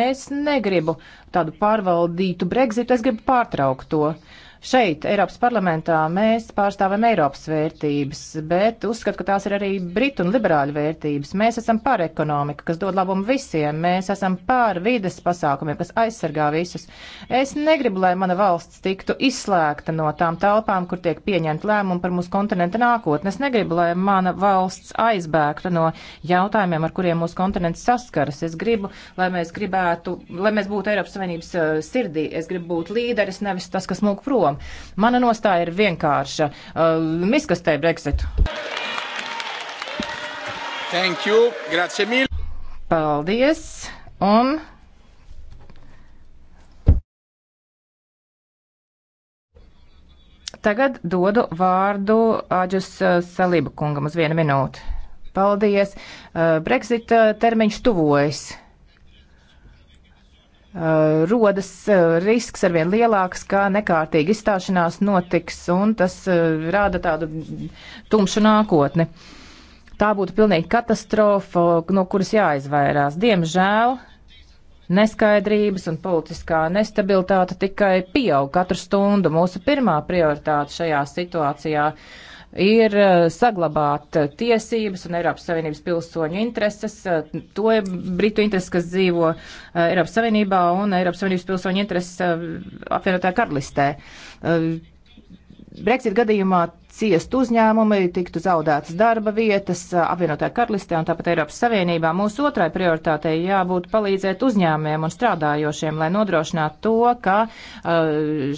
Speaker 3: Es negribu tādu pārvaldītu Brexitu, es gribu pārtraukt to. Uh, Šeit, Eiropas parlamentā, mēs pārstāvam Eiropas vērtības, bet uzskatu, ka tās ir arī Britu un liberāļu vērtības. Mēs esam par ekonomiku, kas dod labumu visiem. Mēs esam par vides pasākumiem, kas aizsargā visus. Es negribu, lai mana valsts tiktu izslēgta no tām telpām, kur tiek pieņemt lēmumu par mūsu kontinenta nākotnes. Negribu, lai mana valsts aizbēgta no jautājumiem, ar kuriem mūsu kontinents saskaras. Es gribu, lai mēs gribētu, lai mēs būtu Eiropas Savienības eh, sirdī. Es gribu būt līderis, nevis tas, kas mūk prom padomu. Mana nostāja ir vienkārša. Uh, miskastē Brexitu.
Speaker 1: Thank you. Grazie mille.
Speaker 7: Paldies. Un tagad dodu vārdu
Speaker 3: Āģus uh, Salība kungam uz vienu minūti. Paldies! Uh, Brexit uh, termiņš tuvojas. Eh, rodas eh, risks arvien lielāks, ka nekārtīga izstāšanās notiks, un tas eh, rāda tādu tumšu nākotni. Tā būtu pilnīgi katastrofa, no kuras jāizvairās. Diemžēl neskaidrības un politiskā nestabilitāte tikai pieaug katru stundu. Mūsu pirmā prioritāte šajā situācijā ir ir eh, saglabāt eh, tiesības un Eiropas Savienības pilsoņu intereses, eh, to Britu intereses, kas dzīvo Eiropas Savienībā un Eiropas Savienības pilsoņu intereses apvienotā karalistē. Brexit gadījumā ciest uzņēmumi, tiktu zaudētas darba vietas, apvienotā karalistē un tāpat Eiropas Savienībā. Mūsu otrai prioritātei jābūt palīdzēt uzņēmiem un strādājošiem, lai nodrošinātu to, ka uh,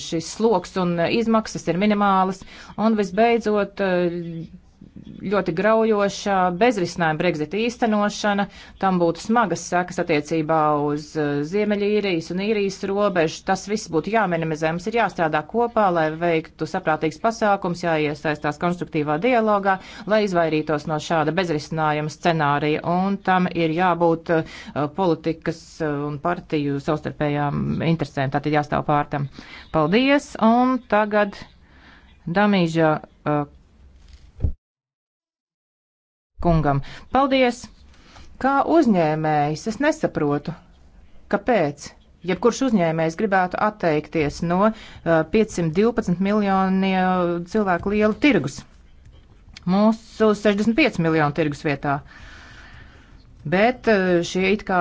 Speaker 3: šis sloks un izmaksas ir minimālas. Un visbeidzot, uh, ļoti graujoša bezrisinājuma Brexit īstenošana. Tam būtu smagas sekas attiecībā uz uh, Ziemeļīrijas un īrijas robežu. Tas viss būtu jāminimizē. Mums ir jāstrādā kopā, lai veiktu saprātīgs pasākums, jāiesaistās konstruktīvā dialogā, lai izvairītos no šāda bezrisinājuma scenārija. Un tam ir jābūt uh, politikas uh, un partiju savstarpējām interesēm. Tātad jāstāv pārtam. Paldies! Un tagad Damīža kungam. Paldies! Kā uzņēmējs es nesaprotu, kāpēc. Jebkurš uzņēmējs gribētu atteikties no uh, 512 miljonu uh, cilvēku liela tirgus. Mūsu 65 miljonu tirgus vietā. Bet uh, šie it kā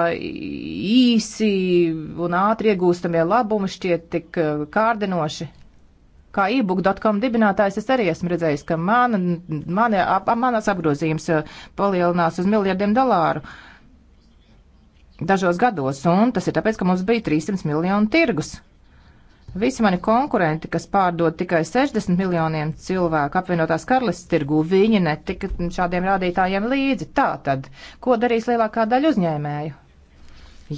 Speaker 3: īsi un ātri iegūstamie labumi šķiet tik uh, kārdinoši Kā ebook.com dibinātājs es arī esmu redzējis, ka mana, mana, ap, manas apgrozījums eh, palielinās uz miljardiem dolāru dažos gados, un tas ir tāpēc, ka mums bija 300 miljonu tirgus. Visi mani konkurenti, kas pārdod tikai 60 miljoniem cilvēku apvienotās karalistas tirgū, viņi netika šādiem rādītājiem līdzi. Tā tad, ko darīs lielākā daļa uzņēmēju?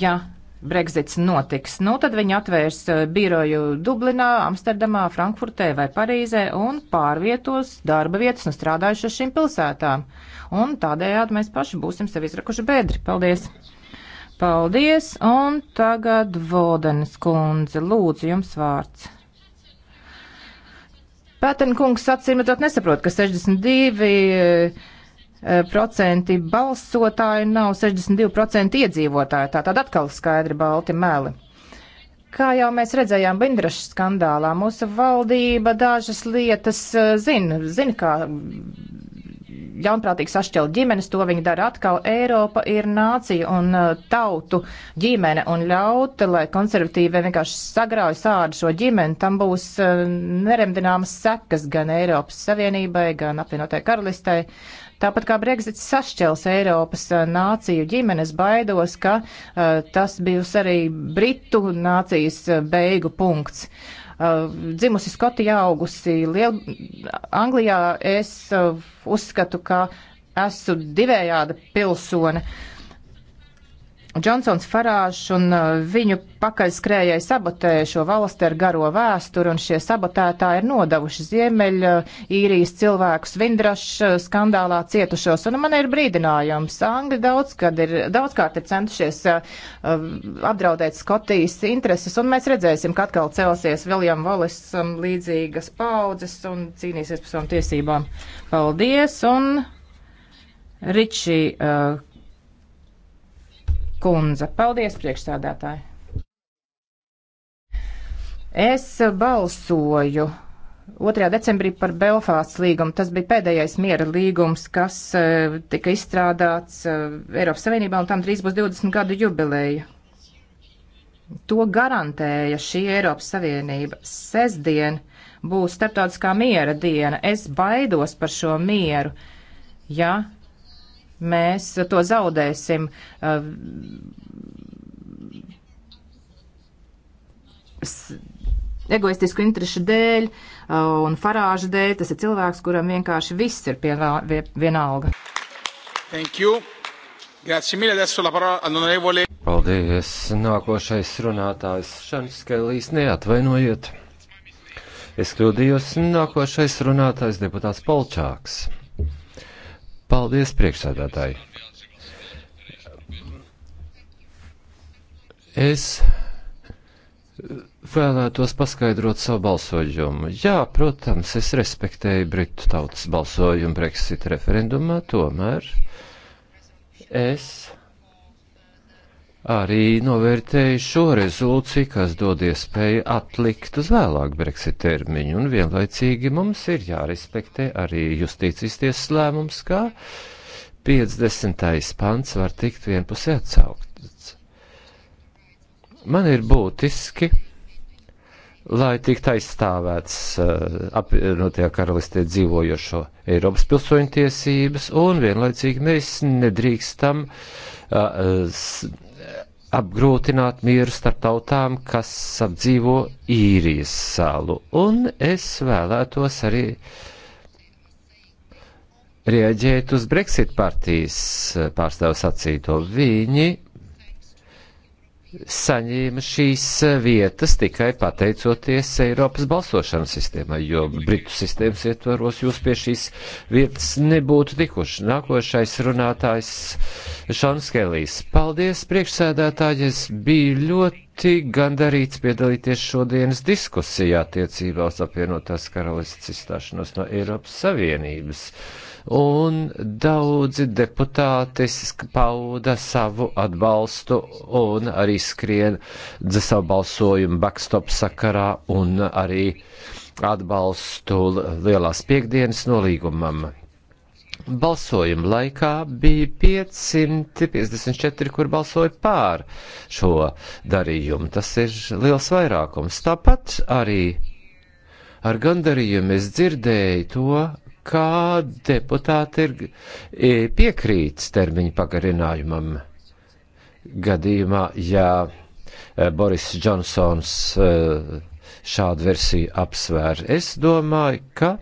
Speaker 3: Ja Brexits notiks. Nu, tad viņi atvērs eh, biroju Dublinā, Amsterdamā, Frankfurtē vai Parīzē un pārvietos darba vietas un strādājuši ar šīm pilsētām. Un tādējādi mēs paši būsim sevi izrakuši bedri. Paldies! Paldies! Un tagad Vodenes kundze, lūdzu jums vārds. Pētenkungs acīm redzot nesaprot, ka 62 62% eh, balsotāju nav 62% iedzīvotāju. Tātad atkal skaidri balti meli. Kā jau mēs redzējām Bindraša skandālā, mūsu valdība dažas lietas eh, zina, zina kā ļaunprātīgi sašķelt ģimenes, to viņi dara atkal. Eiropa ir nācija un eh, tautu ģimene un ļaut, lai konservatīvi vienkārši sagrauj sādu šo ģimeni, tam būs neremdināmas sekas gan Eiropas Savienībai, gan apvienotai karalistai. Tāpat kā Brexits sašķels Eiropas nāciju ģimenes, baidos, ka tas bijis arī Britu nācijas beigu punkts. Uh, dzimusi Skotijā, augusi Liel... Anglijā, es uh, uzskatu, ka esmu divējāda pilsone. Uh, Džonsons Farāžs un uh, viņu pakaļskrējai sabotēja šo valsti ar garo vēsturi, un šie sabotētāji ir nodavuši Ziemeļa uh, īrijas cilvēkus Vindraša uh, skandālā cietušos. Un man ir brīdinājums. Angļi daudz, ir, daudzkārt ir centušies uh, apdraudēt Skotijas intereses, un mēs redzēsim, ka atkal celsies Viljam Volis um, līdzīgas paudzes un cīnīsies par savām tiesībām. Paldies! Un Ričī. Uh, kundze. Paldies, priekšsādātāji! Es balsoju 2. decembrī par Belfāsts līgumu. Tas bija pēdējais miera līgums, kas uh, tika izstrādāts uh, Eiropas Savienībā, un tam drīz būs 20 gadu jubileja. To garantēja šī Eiropas Savienība. Sesdien būs starptautiskā miera diena. Es baidos par šo mieru. Ja mēs to zaudēsim. Uh, egoistisku interešu dēļ uh, un farāžu dēļ tas ir cilvēks, kuram vienkārši viss ir vienalga.
Speaker 1: Thank you. Grazie mille. Adesso la parola all'onorevole.
Speaker 5: Paldies. Nākošais runātājs Šanskelīs neatvainojiet. Es kļūdījos. Nākošais runātājs deputāts Polčāks. Paldies, priekšsēdētāji. Es vēlētos paskaidrot savu balsojumu. Jā, protams, es respektēju Britu tautas balsojumu Brexit referendumā, tomēr es arī novērtēju šo rezolūciju, kas dod iespēju atlikt uz vēlāku Brexit termiņu, un vienlaicīgi mums ir jārespektē arī justīcijas tiesas lēmums, kā 50. pants var tikt vienpusē atsaukts. Man ir būtiski, lai tiktu aizstāvēts uh, apvienotajā karalistē dzīvojošo Eiropas pilsoņu tiesības, un vienlaicīgi mēs nedrīkstam uh, uh apgrūtināt mieru starp tautām, kas apdzīvo īrijas salu. Un es vēlētos arī rieģēt uz Brexit partijas eh, pārstāvu sacīto. Viņi saņēma šīs eh, vietas tikai pateicoties Eiropas balsošanas sistēmai, jo Britu sistēmas ietvaros jūs pie šīs vietas nebūtu tikuši. Nākošais runātājs Šons Kelijs. Paldies, priekšsēdētāji, es biju ļoti gandarīts piedalīties šodienas diskusijā attiecībā uz apvienotās karalists izstāšanos no Eiropas Savienības. Uh, un daudzi deputāti pauda savu atbalstu un arī skrien savu balsojumu backstop sakarā un arī atbalstu lielās piekdienas nolīgumam. Balsojuma laikā bija 554, kur balsoja pār šo darījumu. Tas ir liels vairākums. Tāpat arī ar gandarījumu es dzirdēju to kā deputāti ir, e, piekrīt termiņu pagarinājumam gadījumā, ja e, Boris Džonsons e, šādu versiju apsvēr. Es domāju, ka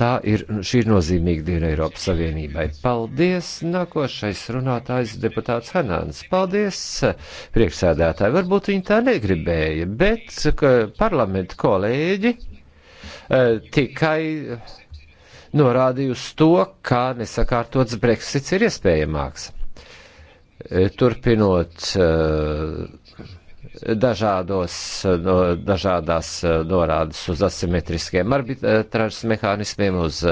Speaker 5: tā ir, šī ir nozīmīga diena Eiropas Savienībai. Paldies! Nākošais runātājs deputāts Hanāns. Paldies, priekšsēdētāji! Varbūt viņi tā negribēja, bet parlamenta kolēģi Eh, tikai eh, norādīja uz to, kā nesakārtots Brexits ir iespējamāks. Eh, turpinot dažādos, no, dažādās norādes uz asimetriskiem arbitrāžas mehānismiem, uz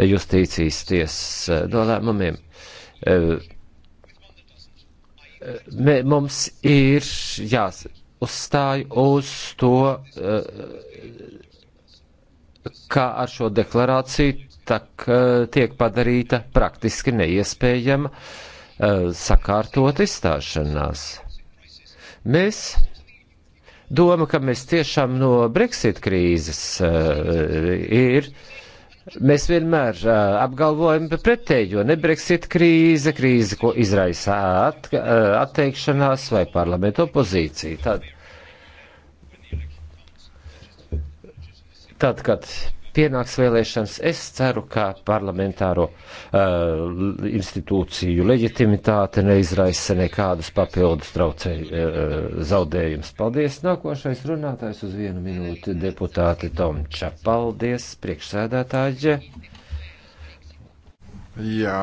Speaker 5: justīcijas tiesas nolēmumiem. Mē, mums ir jāuzstāj uz to kā ar šo deklarāciju tak, eh, tiek padarīta praktiski neiespējama eh, sakārtot izstāšanās. Mēs doma, ka mēs tiešām no Brexit krīzes eh, ir. Mēs vienmēr uh, apgalvojam pretējo, ne Brexit krīze, krīze, ko izraisa at, uh, atteikšanās vai parlamentu opozīcija. Tad Tad, kad pienāks vēlēšanas, es ceru, ka parlamentāro uh, institūciju leģitimitāte neizraisa nekādus papildus traucēju uh, zaudējumus. Paldies! Nākošais runātājs uz vienu minūti deputāte Tomča. Paldies, priekšsēdētāģe!
Speaker 8: Jā.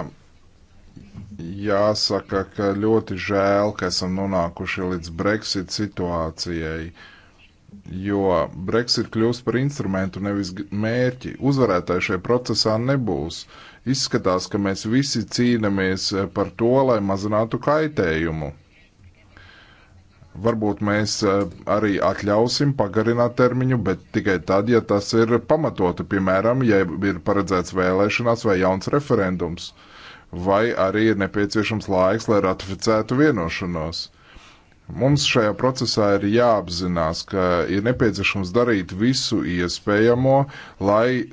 Speaker 8: Jāsaka, ka ļoti žēl, ka esam nonākuši līdz Brexit situācijai. Uh, jo Brexit kļūs par instrumentu, nevis mērķi. Uzvarētāji šajā procesā nebūs. Izskatās, ka mēs visi cīnāmies eh, par to, lai mazinātu kaitējumu. Varbūt mēs eh, arī atļausim pagarināt termiņu, bet tikai tad, ja tas ir pamatoti, piemēram, ja ir paredzēts vēlēšanās vai jauns referendums, vai arī ir nepieciešams laiks, lai ratificētu vienošanos. Uh, Mums šajā procesā ir jāapzinās, ka ir nepieciešams darīt visu iespējamo, lai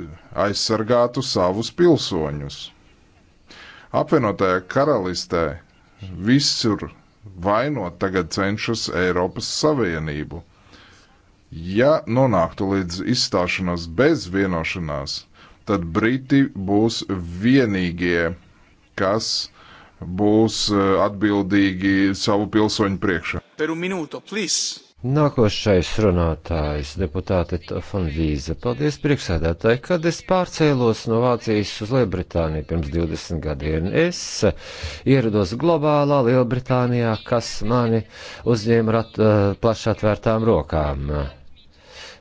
Speaker 8: aizsargātu savus pilsoņus. Apvienotajā karalistē visur vainot tagad cenšas Eiropas Savienību. Ja nonāktu līdz izstāšanās bez vienošanās, tad Briti būs vienīgie, kas uh, būs eh, atbildīgi savu pilsoņu priekšā.
Speaker 5: Per un minūto, please!
Speaker 8: Nākošais
Speaker 5: runātājs, deputāte Fonvīze. Paldies, priekšsēdētāji, kad es pārcēlos no Vācijas uz Lielbritāniju pirms 20 gadiem. Es eh, ierados globālā Lielbritānijā, kas mani uzņēma rat, eh, plaši atvērtām rokām.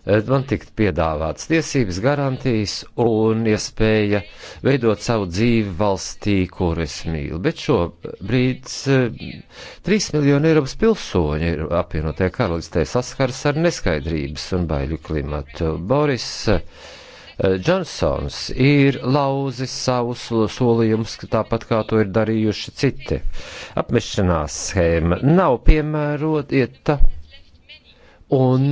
Speaker 5: Eh, man tikt piedāvāts tiesības, garantijas un iespēja veidot savu dzīvi valstī, kur es mīlu. Bet šobrīd 3 eh, miljoni Eiropas pilsoņi ir apvienotie karalistē saskars ar neskaidrības un baiļu klimatu. Boris Džonsons eh, ir lauzis savus solījumus, tāpat kā to ir darījuši citi. Apmešanās schēma nav piemērota, un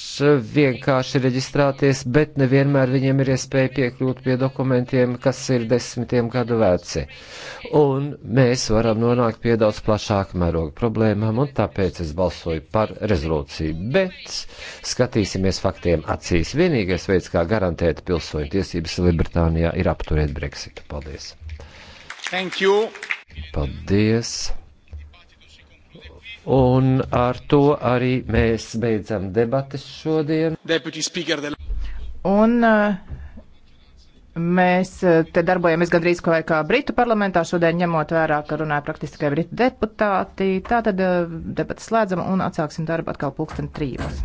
Speaker 5: vienkārši reģistrēties, bet nevienmēr viņiem ir iespēja piekļūt pie dokumentiem, kas ir desmitiem gadu veci. Un mēs varam nonākt pie daudz plašāka mēroga problēmām, un tāpēc es balsoju par rezolūciju. Bet skatīsimies faktiem acīs. Vienīgais veids, kā garantēt pilsoņu tiesības Lielbritānijā, ir apturēt Brexitu. Paldies! Thank you. Paldies! Un ar to arī mēs beidzam debates šodien. Un uh,
Speaker 3: mēs uh, te darbojamies gandrīz kā, kā Britu parlamentā šodien, ņemot vērā, ka runāja praktiski tikai Britu deputāti. Tātad uh, debatas slēdzam un atsāksim darbu atkal pulksten trījos.